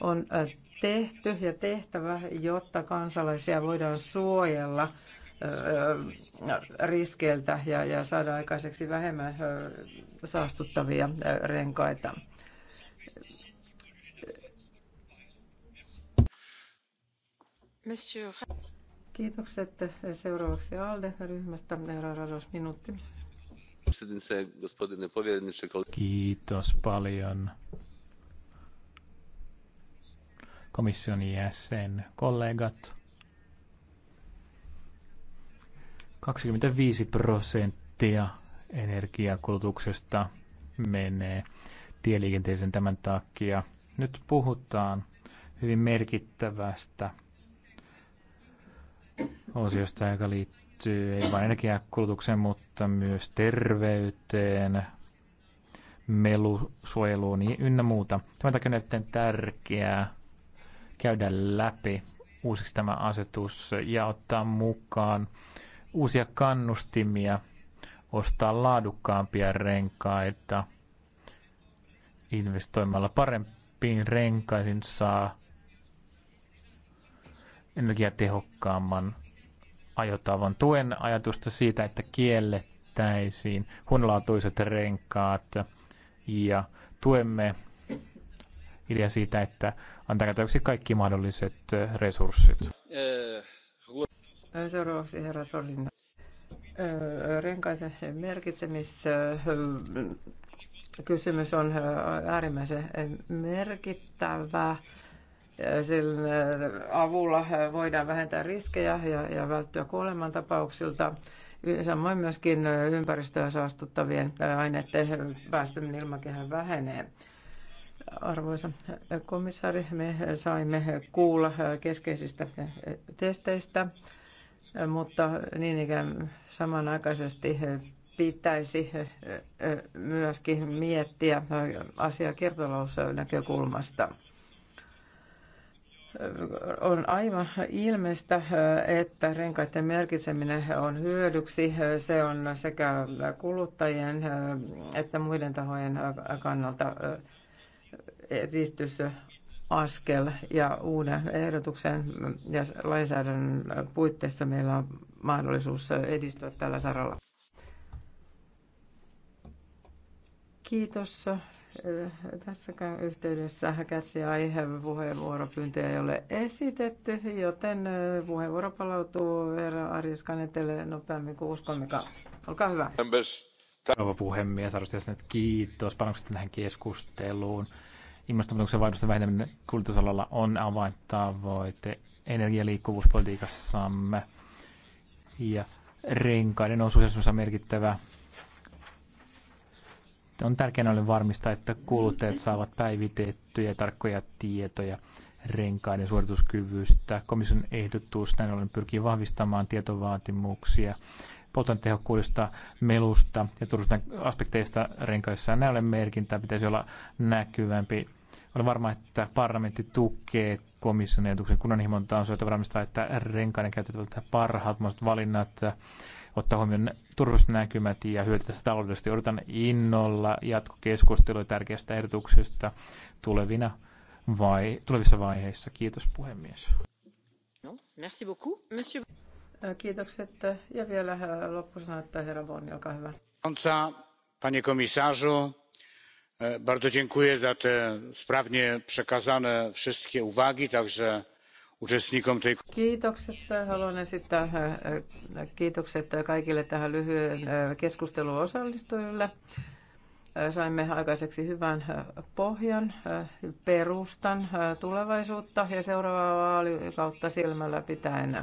on äh, tehty ja tehtävä, jotta kansalaisia voidaan suojella riskeiltä ja, ja saada aikaiseksi vähemmän saastuttavia renkaita. Monsieur... Kiitokset. Seuraavaksi ALDE-ryhmästä Eero Rados, minuutti. Kiitos paljon. Komission jäsen, kollegat. 25 prosenttia energiakulutuksesta menee tieliikenteeseen tämän takia. Nyt puhutaan hyvin merkittävästä osiosta, joka liittyy ei vain energiakulutukseen, mutta myös terveyteen, melusuojeluun ynnä muuta. Tämän takia on erittäin tärkeää käydä läpi uusiksi tämä asetus ja ottaa mukaan uusia kannustimia ostaa laadukkaampia renkaita investoimalla parempiin renkaisiin saa energiatehokkaamman ajotavan tuen ajatusta siitä, että kiellettäisiin huonolaatuiset renkaat ja tuemme idea siitä, että antaa käytöksi kaikki mahdolliset resurssit. Seuraavaksi herra Solinna, Renkaiden merkitsemis kysymys on äärimmäisen merkittävä sen avulla voidaan vähentää riskejä ja, ja välttyä kuolemantapauksilta. Samoin myöskin ympäristöä saastuttavien aineiden päästöminen ilmakehän vähenee. Arvoisa komissaari, me saimme kuulla keskeisistä testeistä, mutta niin ikään samanaikaisesti pitäisi myöskin miettiä asiaa kiertotalousnäkökulmasta. näkökulmasta on aivan ilmeistä, että renkaiden merkitseminen on hyödyksi. Se on sekä kuluttajien että muiden tahojen kannalta edistysaskel ja uuden ehdotuksen ja lainsäädännön puitteissa meillä on mahdollisuus edistyä tällä saralla. Kiitos. Tässäkään yhteydessä käsiaiheen puheenvuoropyyntöjä ei ole esitetty, joten puheenvuoro palautuu Vera Ariskanetelle nopeammin kuin uskommekaan. Olkaa hyvä. Rouva puhemies, arvoisat että kiitos panokset tähän keskusteluun. Ilmastonmuutoksen vaikutusten vähentäminen kulutusalalla on avaintavoite energialiikkuvuuspolitiikassamme. Ja renkaiden osuus on merkittävä on tärkeää ole varmistaa, että kuluttajat saavat päivitettyjä tarkkoja tietoja renkaiden suorituskyvystä. Komission ehdotus näin ollen pyrkii vahvistamaan tietovaatimuksia tehokkuudesta, melusta ja turvallisuuden aspekteista renkaissa. Näin ollen merkintää pitäisi olla näkyvämpi. Olen varma, että parlamentti tukee komission ehdotuksen kunnanhimon tasoa, varmistaa, että renkaiden käytettävät parhaat mahdolliset valinnat ottaa huomioon turvallisuusnäkymät ja hyötyä tästä taloudellisesti. Odotan innolla jatkokeskustelua tärkeästä ehdotuksesta tulevina vai, tulevissa vaiheissa. Kiitos puhemies. No, merci beaucoup. Monsieur... Kiitokset. Ja vielä loppusana, että herra Bonni, olkaa hyvä. Panie komisarzu, bardzo dziękuję za te sprawnie przekazane wszystkie uwagi, także Kiitokset. Haluan esittää eh, kiitokset kaikille tähän lyhyen eh, keskusteluun osallistujille. Eh, saimme aikaiseksi hyvän pohjan, perustan tulevaisuutta ja seuraavaa vaalikautta silmällä pitäen.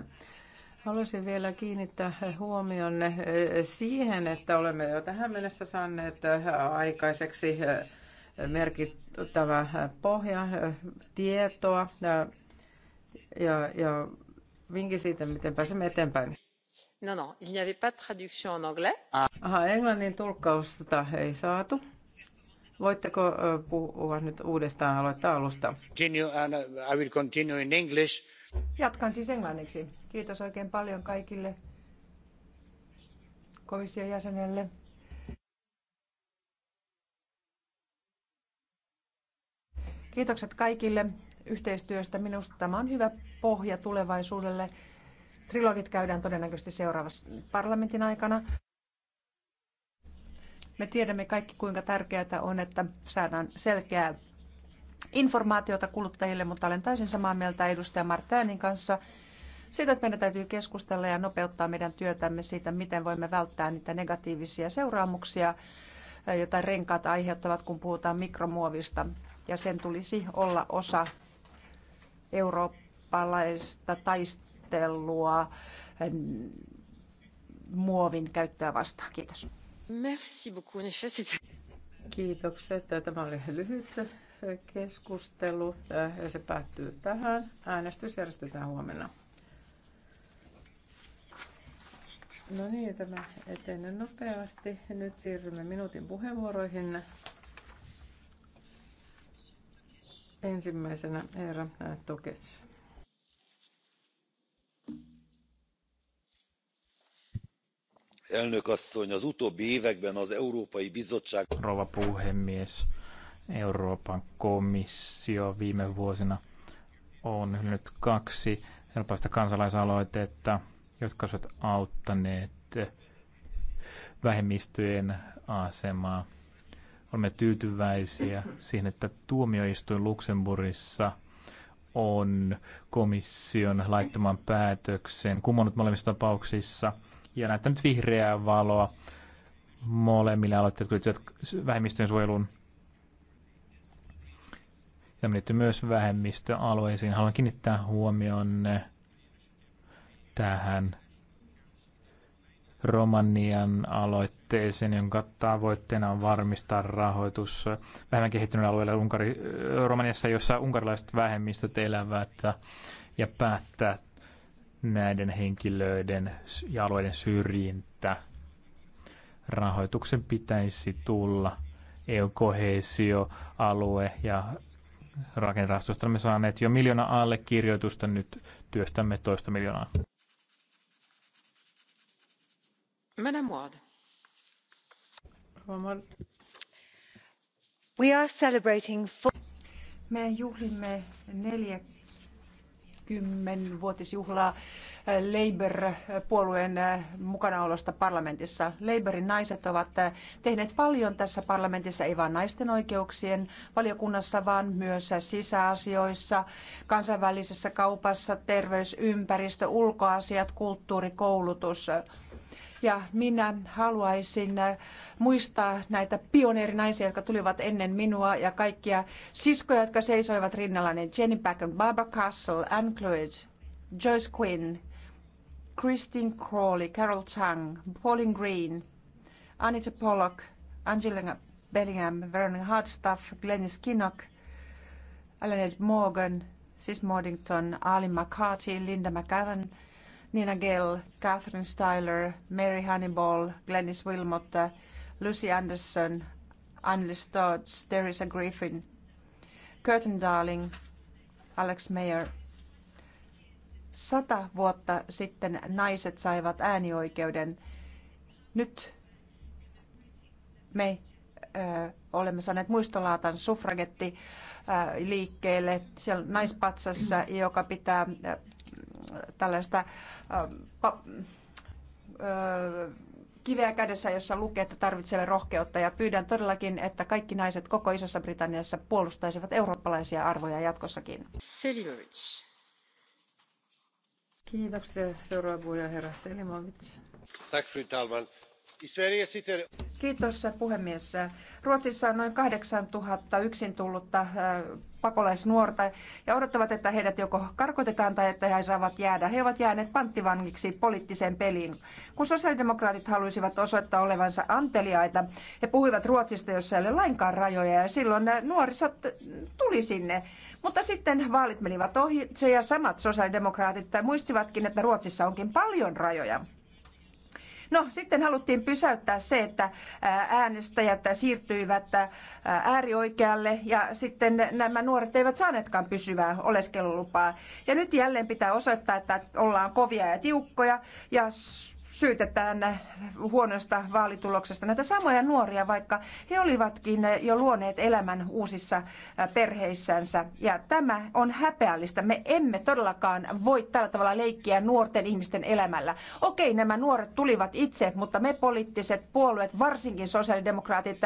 Haluaisin vielä kiinnittää huomionne siihen, että olemme jo tähän mennessä saaneet aikaiseksi merkittävä pohja tietoa ja, ja vinkin siitä, miten pääsemme eteenpäin. No no, il n'y avait pas de traduction en anglais. Ah, Aha, englannin tulkkausta ei saatu. Voitteko puhua nyt uudestaan aloittaa alusta? Continue and I will continue in English. Jatkan siis englanniksi. Kiitos oikein paljon kaikille komission jäsenelle. Kiitokset kaikille yhteistyöstä. Minusta tämä on hyvä pohja tulevaisuudelle. Trilogit käydään todennäköisesti seuraavassa parlamentin aikana. Me tiedämme kaikki, kuinka tärkeää on, että saadaan selkeää informaatiota kuluttajille, mutta olen täysin samaa mieltä edustaja Martäänin kanssa siitä, että meidän täytyy keskustella ja nopeuttaa meidän työtämme siitä, miten voimme välttää niitä negatiivisia seuraamuksia, joita renkaat aiheuttavat, kun puhutaan mikromuovista. Ja sen tulisi olla osa eurooppalaista taistelua eh, muovin käyttöä vastaan. Kiitos. Merci beaucoup. Kiitokset. Tämä oli lyhyt keskustelu eh, ja se päättyy tähän. Äänestys järjestetään huomenna. No niin, tämä etenee nopeasti. Nyt siirrymme minuutin puheenvuoroihin. Ensimmäisenä Eera Tokes. Elnök asszony, az utóbbi években az Európai Bizottság... Rova puhemies, Euroopan komissio viime vuosina on nyt kaksi helpoista kansalaisaloitetta, jotka ovat auttaneet vähemmistöjen asemaa Olemme tyytyväisiä siihen, että tuomioistuin Luxemburgissa on komission laittoman päätöksen kumonnut molemmissa tapauksissa ja näyttänyt vihreää valoa molemmille aloitteet, jotka liittyvät vähemmistöjen suojeluun. ja liittyy myös vähemmistöalueisiin. Haluan kiinnittää huomioon tähän Romanian aloitteeseen, jonka tavoitteena on varmistaa rahoitus vähemmän kehittyneillä alueilla Unkari, Romaniassa, jossa unkarilaiset vähemmistöt elävät ja päättää näiden henkilöiden ja alueiden syrjintä. Rahoituksen pitäisi tulla EU-kohesio, alue ja rakennerahastosta me saaneet jo miljoona allekirjoitusta, nyt työstämme toista miljoonaa me juhlimme neljäkymmentä vuotisjuhlaa eh, labour puolueen eh, mukanaolosta parlamentissa. labourin naiset ovat eh, tehneet paljon tässä parlamentissa ei vain naisten oikeuksien valiokunnassa vaan myös sisäasioissa kansainvälisessä kaupassa terveys ympäristö ulkoasiat kulttuuri koulutus. Ja minä haluaisin äh, muistaa näitä pioneerinaisia, jotka tulivat ennen minua ja kaikkia siskoja, jotka seisoivat rinnallani. Niin Jenny Packham, Barbara Castle, Anne Cluage, Joyce Quinn, Christine Crawley, Carol Chang, Pauline Green, Anita Pollock, Angela Bellingham, Vernon Hardstaff, Glennis Kinnock, Alan Morgan, Sis Mordington, Ali McCarthy, Linda McGavin, Nina Gill, Catherine Styler, Mary Hannibal, Glennis Wilmot, Lucy Anderson, Anneli Stodds, Teresa Griffin, Curtin Darling, Alex Mayer. Sata vuotta sitten naiset saivat äänioikeuden. Nyt me ö, olemme saaneet muistolaatan suffragetti liikkeelle. Siellä naispatsassa, joka pitää tällaista kiveä kädessä, jossa lukee, että tarvitsemme rohkeutta. Ja pyydän todellakin, että kaikki naiset koko Isossa Britanniassa puolustaisivat eurooppalaisia arvoja jatkossakin. Selimovic. Kiitoksia. Seuraava puhuja herra Selimovic. Tack, fru talman. Kiitos puhemies. Ruotsissa on noin 8000 yksin tullutta äh, pakolaisnuorta ja odottavat, että heidät joko karkotetaan tai että he saavat jäädä. He ovat jääneet panttivangiksi poliittiseen peliin. Kun sosiaalidemokraatit halusivat osoittaa olevansa anteliaita, he puhuivat Ruotsista, jossa ei ole lainkaan rajoja ja silloin äh, nuorisot äh, tuli sinne. Mutta sitten vaalit menivät ohi ja samat sosiaalidemokraatit muistivatkin, että Ruotsissa onkin paljon rajoja. No sitten haluttiin pysäyttää se, että äänestäjät siirtyivät äärioikealle ja sitten nämä nuoret eivät saaneetkaan pysyvää oleskelulupaa. Ja nyt jälleen pitää osoittaa, että ollaan kovia ja tiukkoja ja syytetään huonosta vaalituloksesta näitä samoja nuoria, vaikka he olivatkin jo luoneet elämän uusissa perheissänsä. Ja tämä on häpeällistä. Me emme todellakaan voi tällä tavalla leikkiä nuorten ihmisten elämällä. Okei, nämä nuoret tulivat itse, mutta me poliittiset puolueet, varsinkin sosiaalidemokraatit,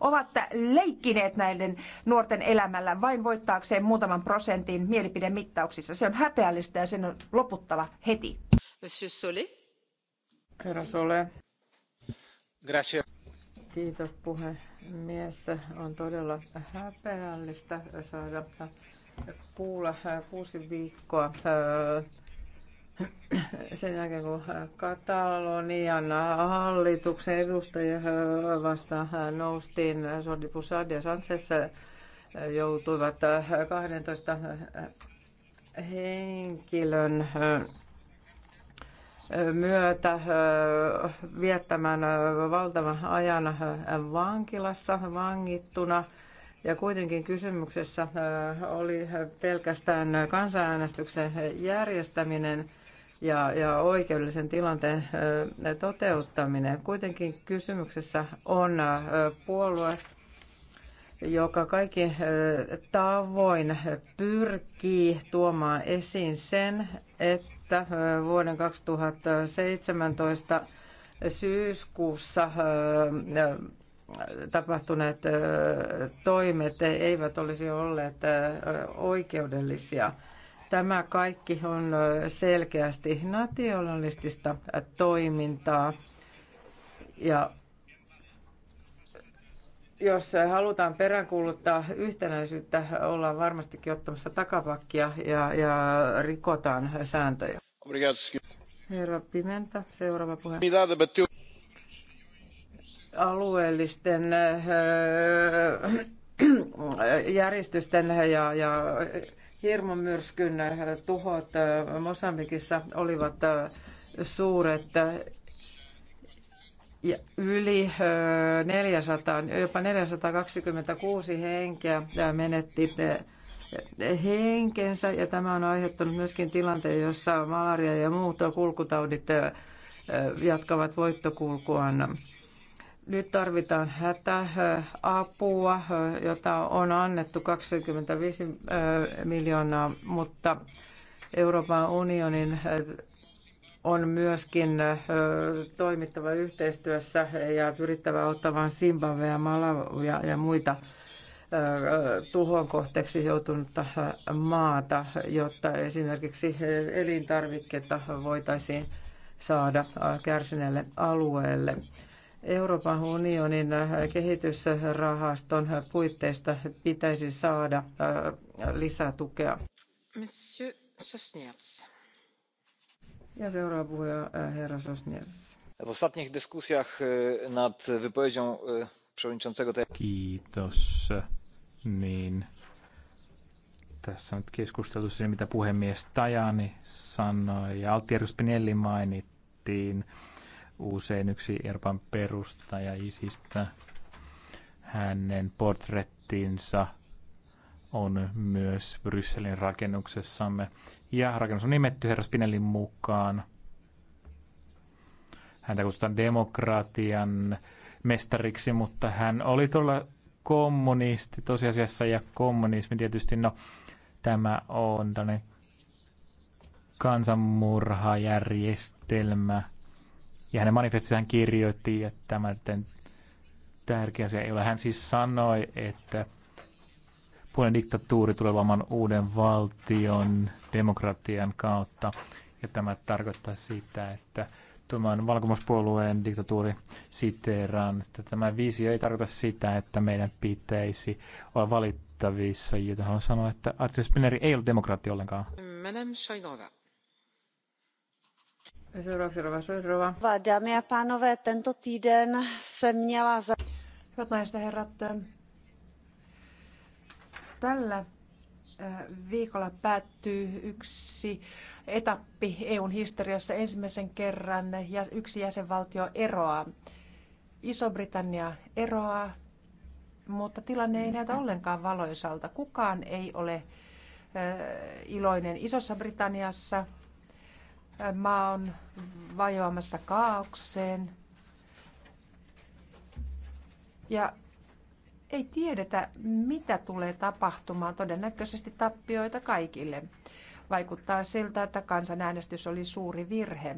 ovat leikkineet näiden nuorten elämällä vain voittaakseen muutaman prosentin mielipidemittauksissa. Se on häpeällistä ja sen on loputtava heti. Monsieur Solé. Herra Sole. Gracias. Kiitos puhemies. On todella häpeällistä saada kuulla kuusi viikkoa äh, sen jälkeen, kun Katalonian hallituksen edustaja vastaan noustiin, Jordi Pussad ja Sanchez joutuivat 12 henkilön myötä viettämään valtavan ajan vankilassa vangittuna. Ja kuitenkin kysymyksessä oli pelkästään kansanäänestyksen järjestäminen ja, ja oikeudellisen tilanteen toteuttaminen. Kuitenkin kysymyksessä on puolue, joka kaikki tavoin pyrkii tuomaan esiin sen, että vuoden 2017 syyskuussa tapahtuneet toimet eivät olisi olleet oikeudellisia. Tämä kaikki on selkeästi nationalistista toimintaa ja jos halutaan peräänkuuluttaa yhtenäisyyttä, ollaan varmastikin ottamassa takapakkia ja, ja rikotaan sääntöjä. Herra Pimenta, seuraava puhe. Alueellisten äh, järjestysten ja, ja hirmomyrskyn tuhot äh, Mosambikissa olivat äh, suuret ja yli 400, jopa 426 henkeä menetti henkensä ja tämä on aiheuttanut myöskin tilanteen, jossa malaria ja muut kulkutaudit jatkavat voittokulkuaan. Nyt tarvitaan hätäapua, jota on annettu 25 miljoonaa, mutta Euroopan unionin on myöskin toimittava yhteistyössä ja pyrittävä ottamaan Simbabwe ja Malawi ja muita tuhon kohteeksi joutunutta maata, jotta esimerkiksi elintarvikkeita voitaisiin saada kärsineelle alueelle. Euroopan unionin kehitysrahaston puitteista pitäisi saada lisätukea. Monsieur Sosniers. Ja seuraava puhuja, herra Sosnes. W ostatnich dyskusjach nad wypowiedzią przewodniczącego... Kiitos. Niin. Tässä on nyt keskusteltu siitä, mitä puhemies Tajani sanoi ja Altiero Spinelli mainittiin usein yksi Erpan perustaja isistä. Hänen portrettinsa on myös Brysselin rakennuksessamme ja rakennus on nimetty herra Spinellin mukaan. Häntä kutsutaan demokratian mestariksi, mutta hän oli tuolla kommunisti tosiasiassa ja kommunismi tietysti, no tämä on tällainen kansanmurhajärjestelmä. Ja hänen manifestissaan kirjoitti, että tämä tärkeä asia ei ole. Hän siis sanoi, että Puolen diktatuuri tulee luomaan uuden valtion demokratian kautta. Ja tämä tarkoittaa sitä, että tämän valkomuspuolueen diktatuuri siteeraan, että tämä visio ei tarkoita sitä, että meidän pitäisi olla valittavissa, joten haluan sanoa, että Arthur Spineri ei ole demokraatti ollenkaan. Madame Shoidova. Seuraavaksi Rova Soirova. rova. a tento týden se měla za... Hyvät naiset ja herrat, Tällä viikolla päättyy yksi etappi EUn historiassa ensimmäisen kerran ja yksi jäsenvaltio eroaa. Iso-Britannia eroaa, mutta tilanne ei näytä ollenkaan valoisalta. Kukaan ei ole iloinen Isossa Britanniassa. Maa on vajoamassa kaaukseen. Ja ei tiedetä, mitä tulee tapahtumaan. Todennäköisesti tappioita kaikille. Vaikuttaa siltä, että kansanäänestys oli suuri virhe.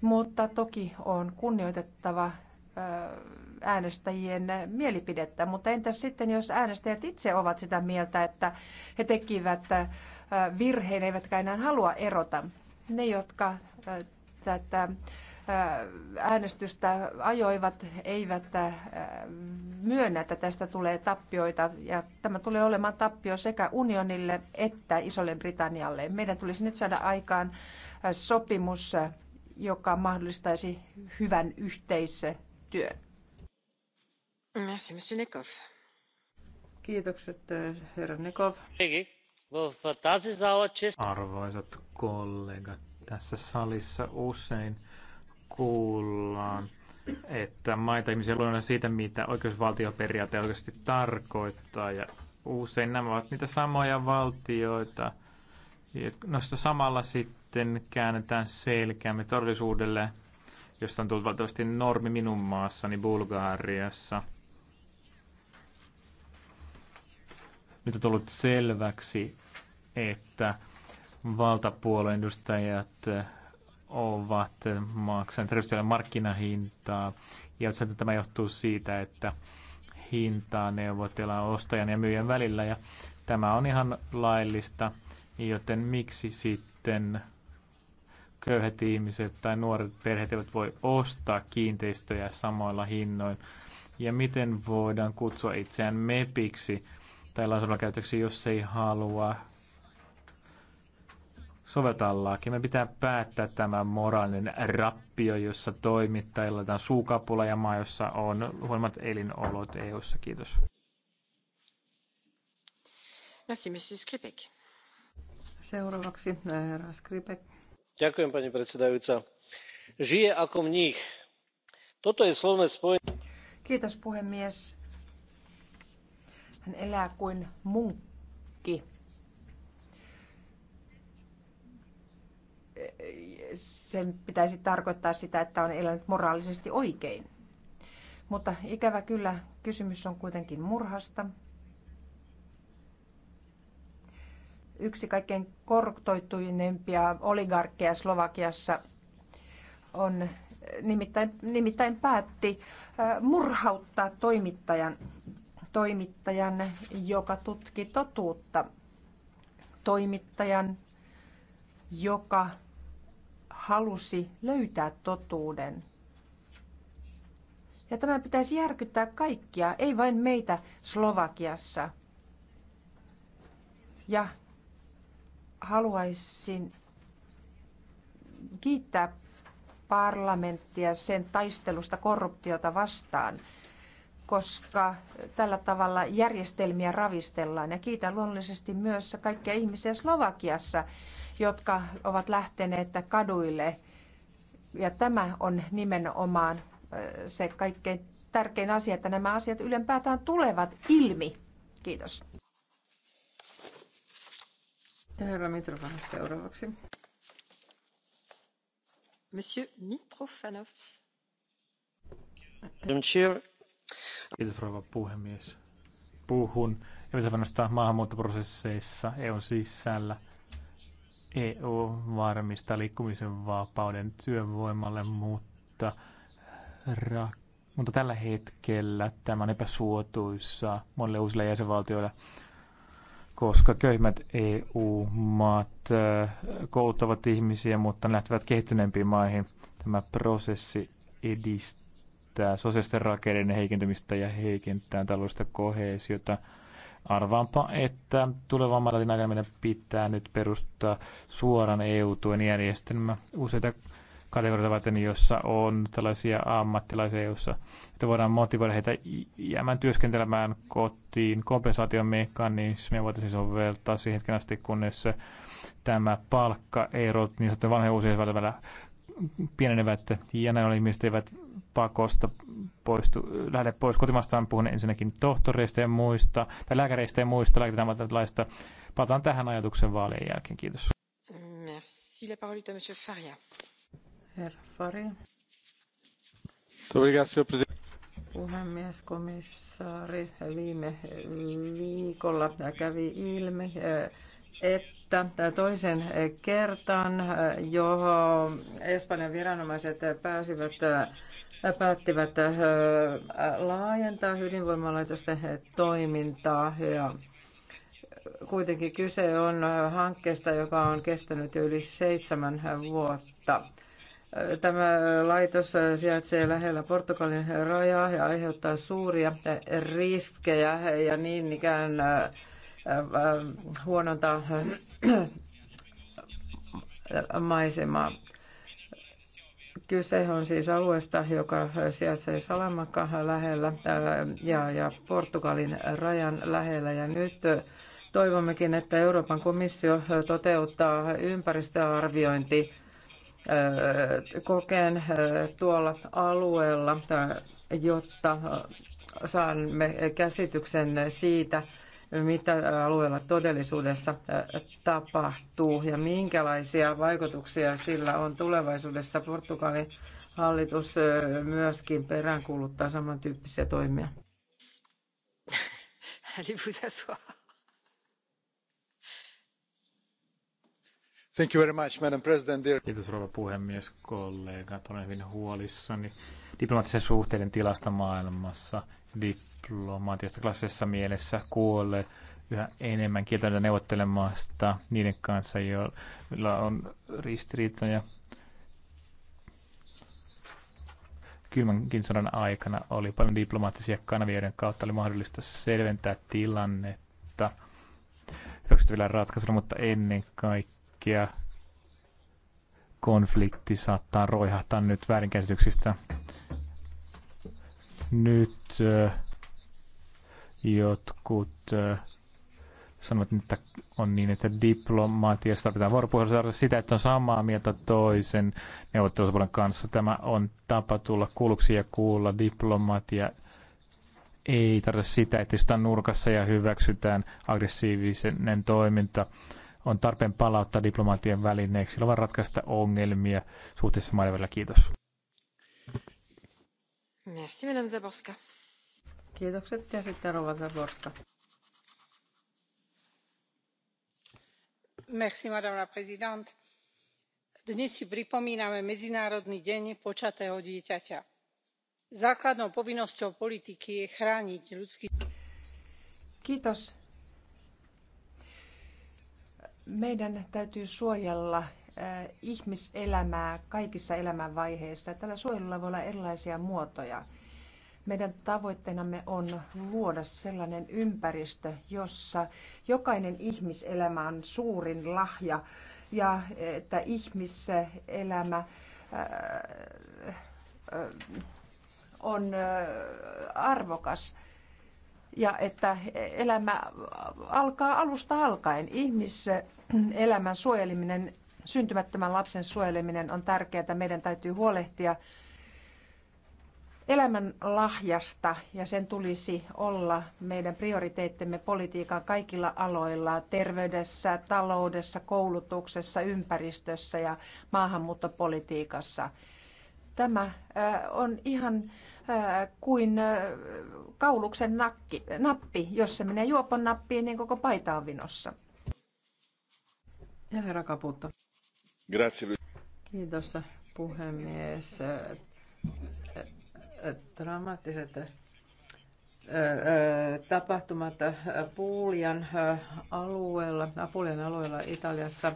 Mutta toki on kunnioitettava äänestäjien mielipidettä, mutta entäs sitten, jos äänestäjät itse ovat sitä mieltä, että he tekivät virheen, eivätkä enää halua erota. Ne, jotka tätä Äh, äänestystä ajoivat, eivät äh, myönnä, että tästä tulee tappioita. Ja tämä tulee olemaan tappio sekä unionille että Isolle Britannialle. Meidän tulisi nyt saada aikaan äh, sopimus, joka mahdollistaisi hyvän yhteistyön. Merci, monsieur Nekov. Kiitokset, herra Nekov. Arvoisat kollegat, tässä salissa usein kuullaan, että maita ihmisiä luonnolla siitä, mitä oikeusvaltioperiaate oikeasti tarkoittaa. Ja usein nämä ovat niitä samoja valtioita. Noista samalla sitten käännetään selkäämme todellisuudelle, josta on tullut valtavasti normi minun maassani Bulgaariassa. Nyt on tullut selväksi, että valtapuolueen edustajat ovat eh, maksaneet redustajalle markkinahintaa. Ja tämä johtuu siitä, että hintaa neuvotellaan ostajan ja myyjän välillä ja tämä on ihan laillista, joten miksi sitten köyhät ihmiset tai nuoret perheet eivät voi ostaa kiinteistöjä samoilla hinnoin ja miten voidaan kutsua itseään MEPiksi tai lainsäädännön käytöksi, jos ei halua soveltaa laki, Me pitää päättää tämä moraalinen rappio, jossa toimittajilla on suukapula ja maa, jossa on huonommat elinolot eu Kiitos. Merci, monsieur Skripek. Seuraavaksi äh, herra Skripek. Ďakujem, pani predsedajúca. Žije ako mních. Toto je slovné spojenie. Kiitos, puhemies. Hän elää kuin munkki sen pitäisi tarkoittaa sitä, että on elänyt moraalisesti oikein. Mutta ikävä kyllä kysymys on kuitenkin murhasta. Yksi kaikkein korktoituinempia oligarkkeja Slovakiassa on nimittäin, nimittäin päätti murhauttaa toimittajan, toimittajan, joka tutki totuutta. Toimittajan, joka halusi löytää totuuden. Ja tämä pitäisi järkyttää kaikkia, ei vain meitä Slovakiassa. Ja haluaisin kiittää parlamenttia sen taistelusta korruptiota vastaan, koska tällä tavalla järjestelmiä ravistellaan. Ja kiitän luonnollisesti myös kaikkia ihmisiä Slovakiassa, jotka ovat lähteneet kaduille. Ja tämä on nimenomaan se kaikkein tärkein asia, että nämä asiat ylempäätään tulevat ilmi. Kiitos. Herra Mitrofanov seuraavaksi. Monsieur Mitrofanov. Kiitos rouva puhemies. Puhun epätavannosta maahanmuuttoprosesseissa EUn sisällä EU varmistaa liikkumisen vapauden työvoimalle, mutta, ra- mutta tällä hetkellä tämä on epäsuotuissa monille uusille jäsenvaltioille, koska köyhimmät EU-maat kouluttavat ihmisiä, mutta ne lähtevät kehittyneempiin maihin. Tämä prosessi edistää sosiaalisten rakenteiden heikentymistä ja heikentää taloudellista kohesiota. Arvaanpa, että tulevan mandatin aikana meidän pitää nyt perustaa suoran EU-tuen järjestelmä useita kategorioita varten, jossa on tällaisia ammattilaisia, joissa e että voidaan motivoida heitä jäämään työskentelemään kotiin. Kompensaation mekanismia voitaisiin soveltaa siihen hetken asti, kunnes tämä palkkaerot niin sanottu vanhojen uusien välillä pienenevät ja näin ollen ihmiset eivät pakosta poistu, lähde pois kotimaastaan. Puhun ensinnäkin tohtoreista ja muista, tai lääkäreistä ja muista lääketeammattilaisista. Palataan tähän ajatuksen vaalien jälkeen. Kiitos. Merci. La parole est à monsieur Faria. Herra Faria. Obrigado, puhemies, komissaari, viime viikolla kävi ilmi, että toisen kertaan, johon Espanjan viranomaiset pääsivät päättivät äh, laajentaa ydinvoimalaitosten toimintaa ja kuitenkin kyse on äh, hankkeesta, joka on kestänyt jo yli seitsemän vuotta. Äh, tämä laitos sijaitsee lähellä Portugalin rajaa ja aiheuttaa suuria riskejä ja niin ikään huonontaa maisemaa. Kyse on siis alueesta, joka sijaitsee Salamakan lähellä ja, ja Portugalin rajan lähellä. Ja nyt toivommekin, että Euroopan komissio toteuttaa ympäristöarviointi kokeen tuolla alueella, jotta saamme käsityksen siitä, mitä alueella todellisuudessa tapahtuu ja minkälaisia vaikutuksia sillä on tulevaisuudessa. Portugalin hallitus myöskin peräänkuuluttaa samantyyppisiä toimia. Thank you very much, Madam President. Dear... Kiitos rouva puhemies, kollegat. Olen hyvin huolissani diplomaattisen suhteiden tilasta maailmassa. Di- diplomatiasta klassisessa mielessä kuolee yhä enemmän kieltä neuvottelemasta niiden kanssa, joilla on ristiriitoja. Kylmänkin sodan aikana oli paljon diplomaattisia kanavia, joiden kautta oli mahdollista selventää tilannetta hyväksyttävillä ratkaisuilla, mutta ennen kaikkea konflikti saattaa roihahtaa nyt väärinkäsityksistä. Nyt äh, Jotkut äh, sanovat, että on niin, että diplomaatiassa pitää vuoropuhelussa sitä, että on samaa mieltä toisen neuvottelusopuolen kanssa. Tämä on tapa tulla kuulluksi ja kuulla diplomaatia. Ei tarvitse sitä, että istutaan nurkassa ja hyväksytään aggressiivinen toiminta. On tarpeen palauttaa diplomaatien välineeksi. Sillä vaan ratkaista ongelmia suhteessa maailmalla. Kiitos. Merci, Madame Zaborska. Kiitokset ja sitten Rova Zaborska. Merci, madame la présidente. Dnes si pripomíname Medzinárodný deň počatého dieťaťa. Základnou povinnosťou politiky je chrániť ľudský... Kiitos. Meidän täytyy suojella eh, ihmiselämää kaikissa elämänvaiheissa. Tällä suojelulla voi olla erilaisia muotoja meidän tavoitteenamme on luoda sellainen ympäristö, jossa jokainen ihmiselämä on suurin lahja ja että ihmiselämä äh, äh, on äh, arvokas ja että elämä alkaa alusta alkaen. Ihmiselämän suojeleminen, syntymättömän lapsen suojeleminen on tärkeää. Meidän täytyy huolehtia elämän lahjasta ja sen tulisi olla meidän prioriteettimme politiikan kaikilla aloilla, terveydessä, taloudessa, koulutuksessa, ympäristössä ja maahanmuuttopolitiikassa. Tämä on ihan kuin kauluksen nakki, nappi. Jos se menee juopon nappiin, niin koko paita on vinossa. Ja herra Kaputto. Grazie. Kiitos puhemies dramaattiset tapahtumat Puulian alueella, Apulian alueella Italiassa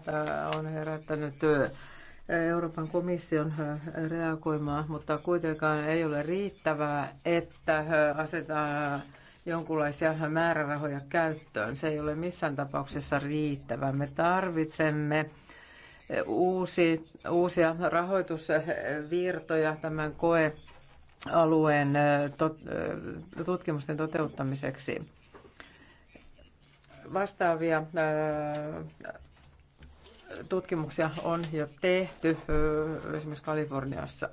on herättänyt Euroopan komission reagoimaan, mutta kuitenkaan ei ole riittävää, että asetetaan jonkinlaisia määrärahoja käyttöön. Se ei ole missään tapauksessa riittävää. Me tarvitsemme uusi, uusia rahoitusvirtoja tämän koe alueen tutkimusten toteuttamiseksi. Vastaavia tutkimuksia on jo tehty esimerkiksi Kaliforniassa.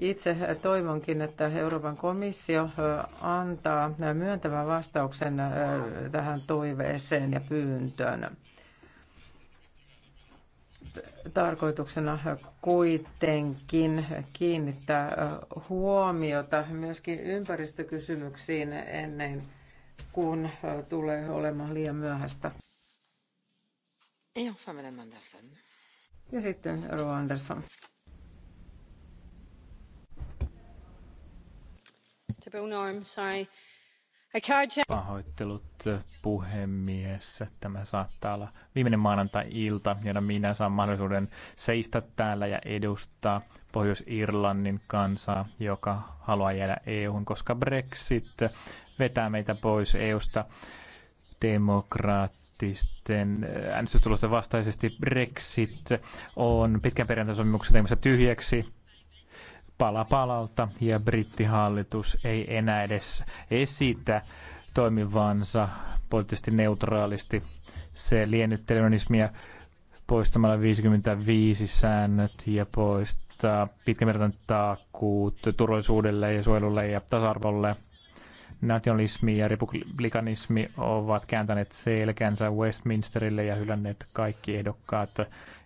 Itse toivonkin, että Euroopan komissio antaa myöntävän vastauksen tähän toiveeseen ja pyyntöön tarkoituksena kuitenkin kiinnittää huomiota myöskin ympäristökysymyksiin ennen kuin tulee olemaan liian myöhäistä. Ja sitten Rova Andersson. Te no, sorry. Pahoittelut puhemies. Tämä saattaa olla viimeinen maanantai-ilta, jona minä saan mahdollisuuden seistä täällä ja edustaa Pohjois-Irlannin kansaa, joka haluaa jäädä EU:hun, koska Brexit vetää meitä pois EUsta demokraattisten äänestystulosten vastaisesti. Brexit on pitkän perjantaisomimuksen sopimuksen tekemässä tyhjäksi pala palalta ja brittihallitus ei enää edes esitä toimivansa poliittisesti neutraalisti. Se liennyttää poistamalla 55 säännöt ja poistaa pitkämertan taakkuut turvallisuudelle ja suojelulle ja tasa-arvolle. Nationalismi ja republikanismi ovat kääntäneet selkänsä Westminsterille ja hylänneet kaikki ehdokkaat,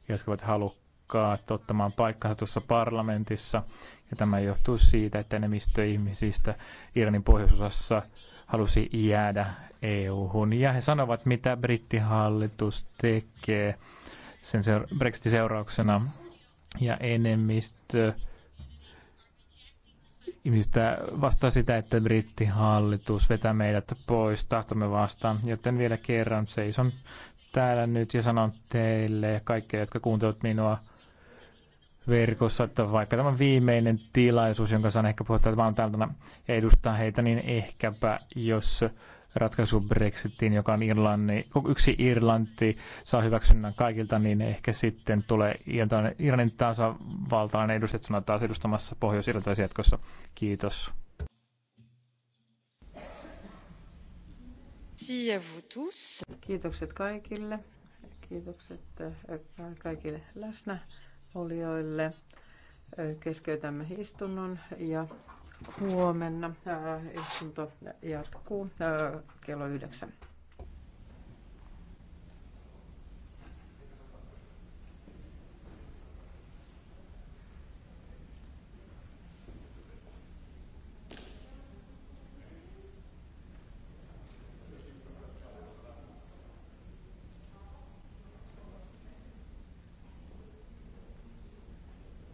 jotka ovat halukkaat ottamaan paikkansa tuossa parlamentissa. Ja tämä johtuu siitä, että enemmistö ihmisistä Iranin pohjoisosassa halusi jäädä EU-hun. Ja he sanovat, mitä brittihallitus tekee sen seura- Brexitin seurauksena. Ja enemmistö ihmisistä vastaa sitä, että brittihallitus vetää meidät pois tahtomme vastaan. Joten vielä kerran seison täällä nyt ja sanon teille ja kaikille, jotka kuuntelut minua – verkossa, että vaikka tämä viimeinen tilaisuus, jonka saan ehkä että vaan täältä edustaa heitä, niin ehkäpä jos ratkaisu Brexitiin, joka on Irlanti, yksi Irlanti saa hyväksynnän kaikilta, niin ehkä sitten tulee Irlannin valtaan edustettuna taas edustamassa Pohjois-Irlantia jatkossa. Kiitos. Kiitokset kaikille. Kiitokset äh, kaikille läsnä olijoille. Keskeytämme istunnon ja huomenna istunto jatkuu kello yhdeksän.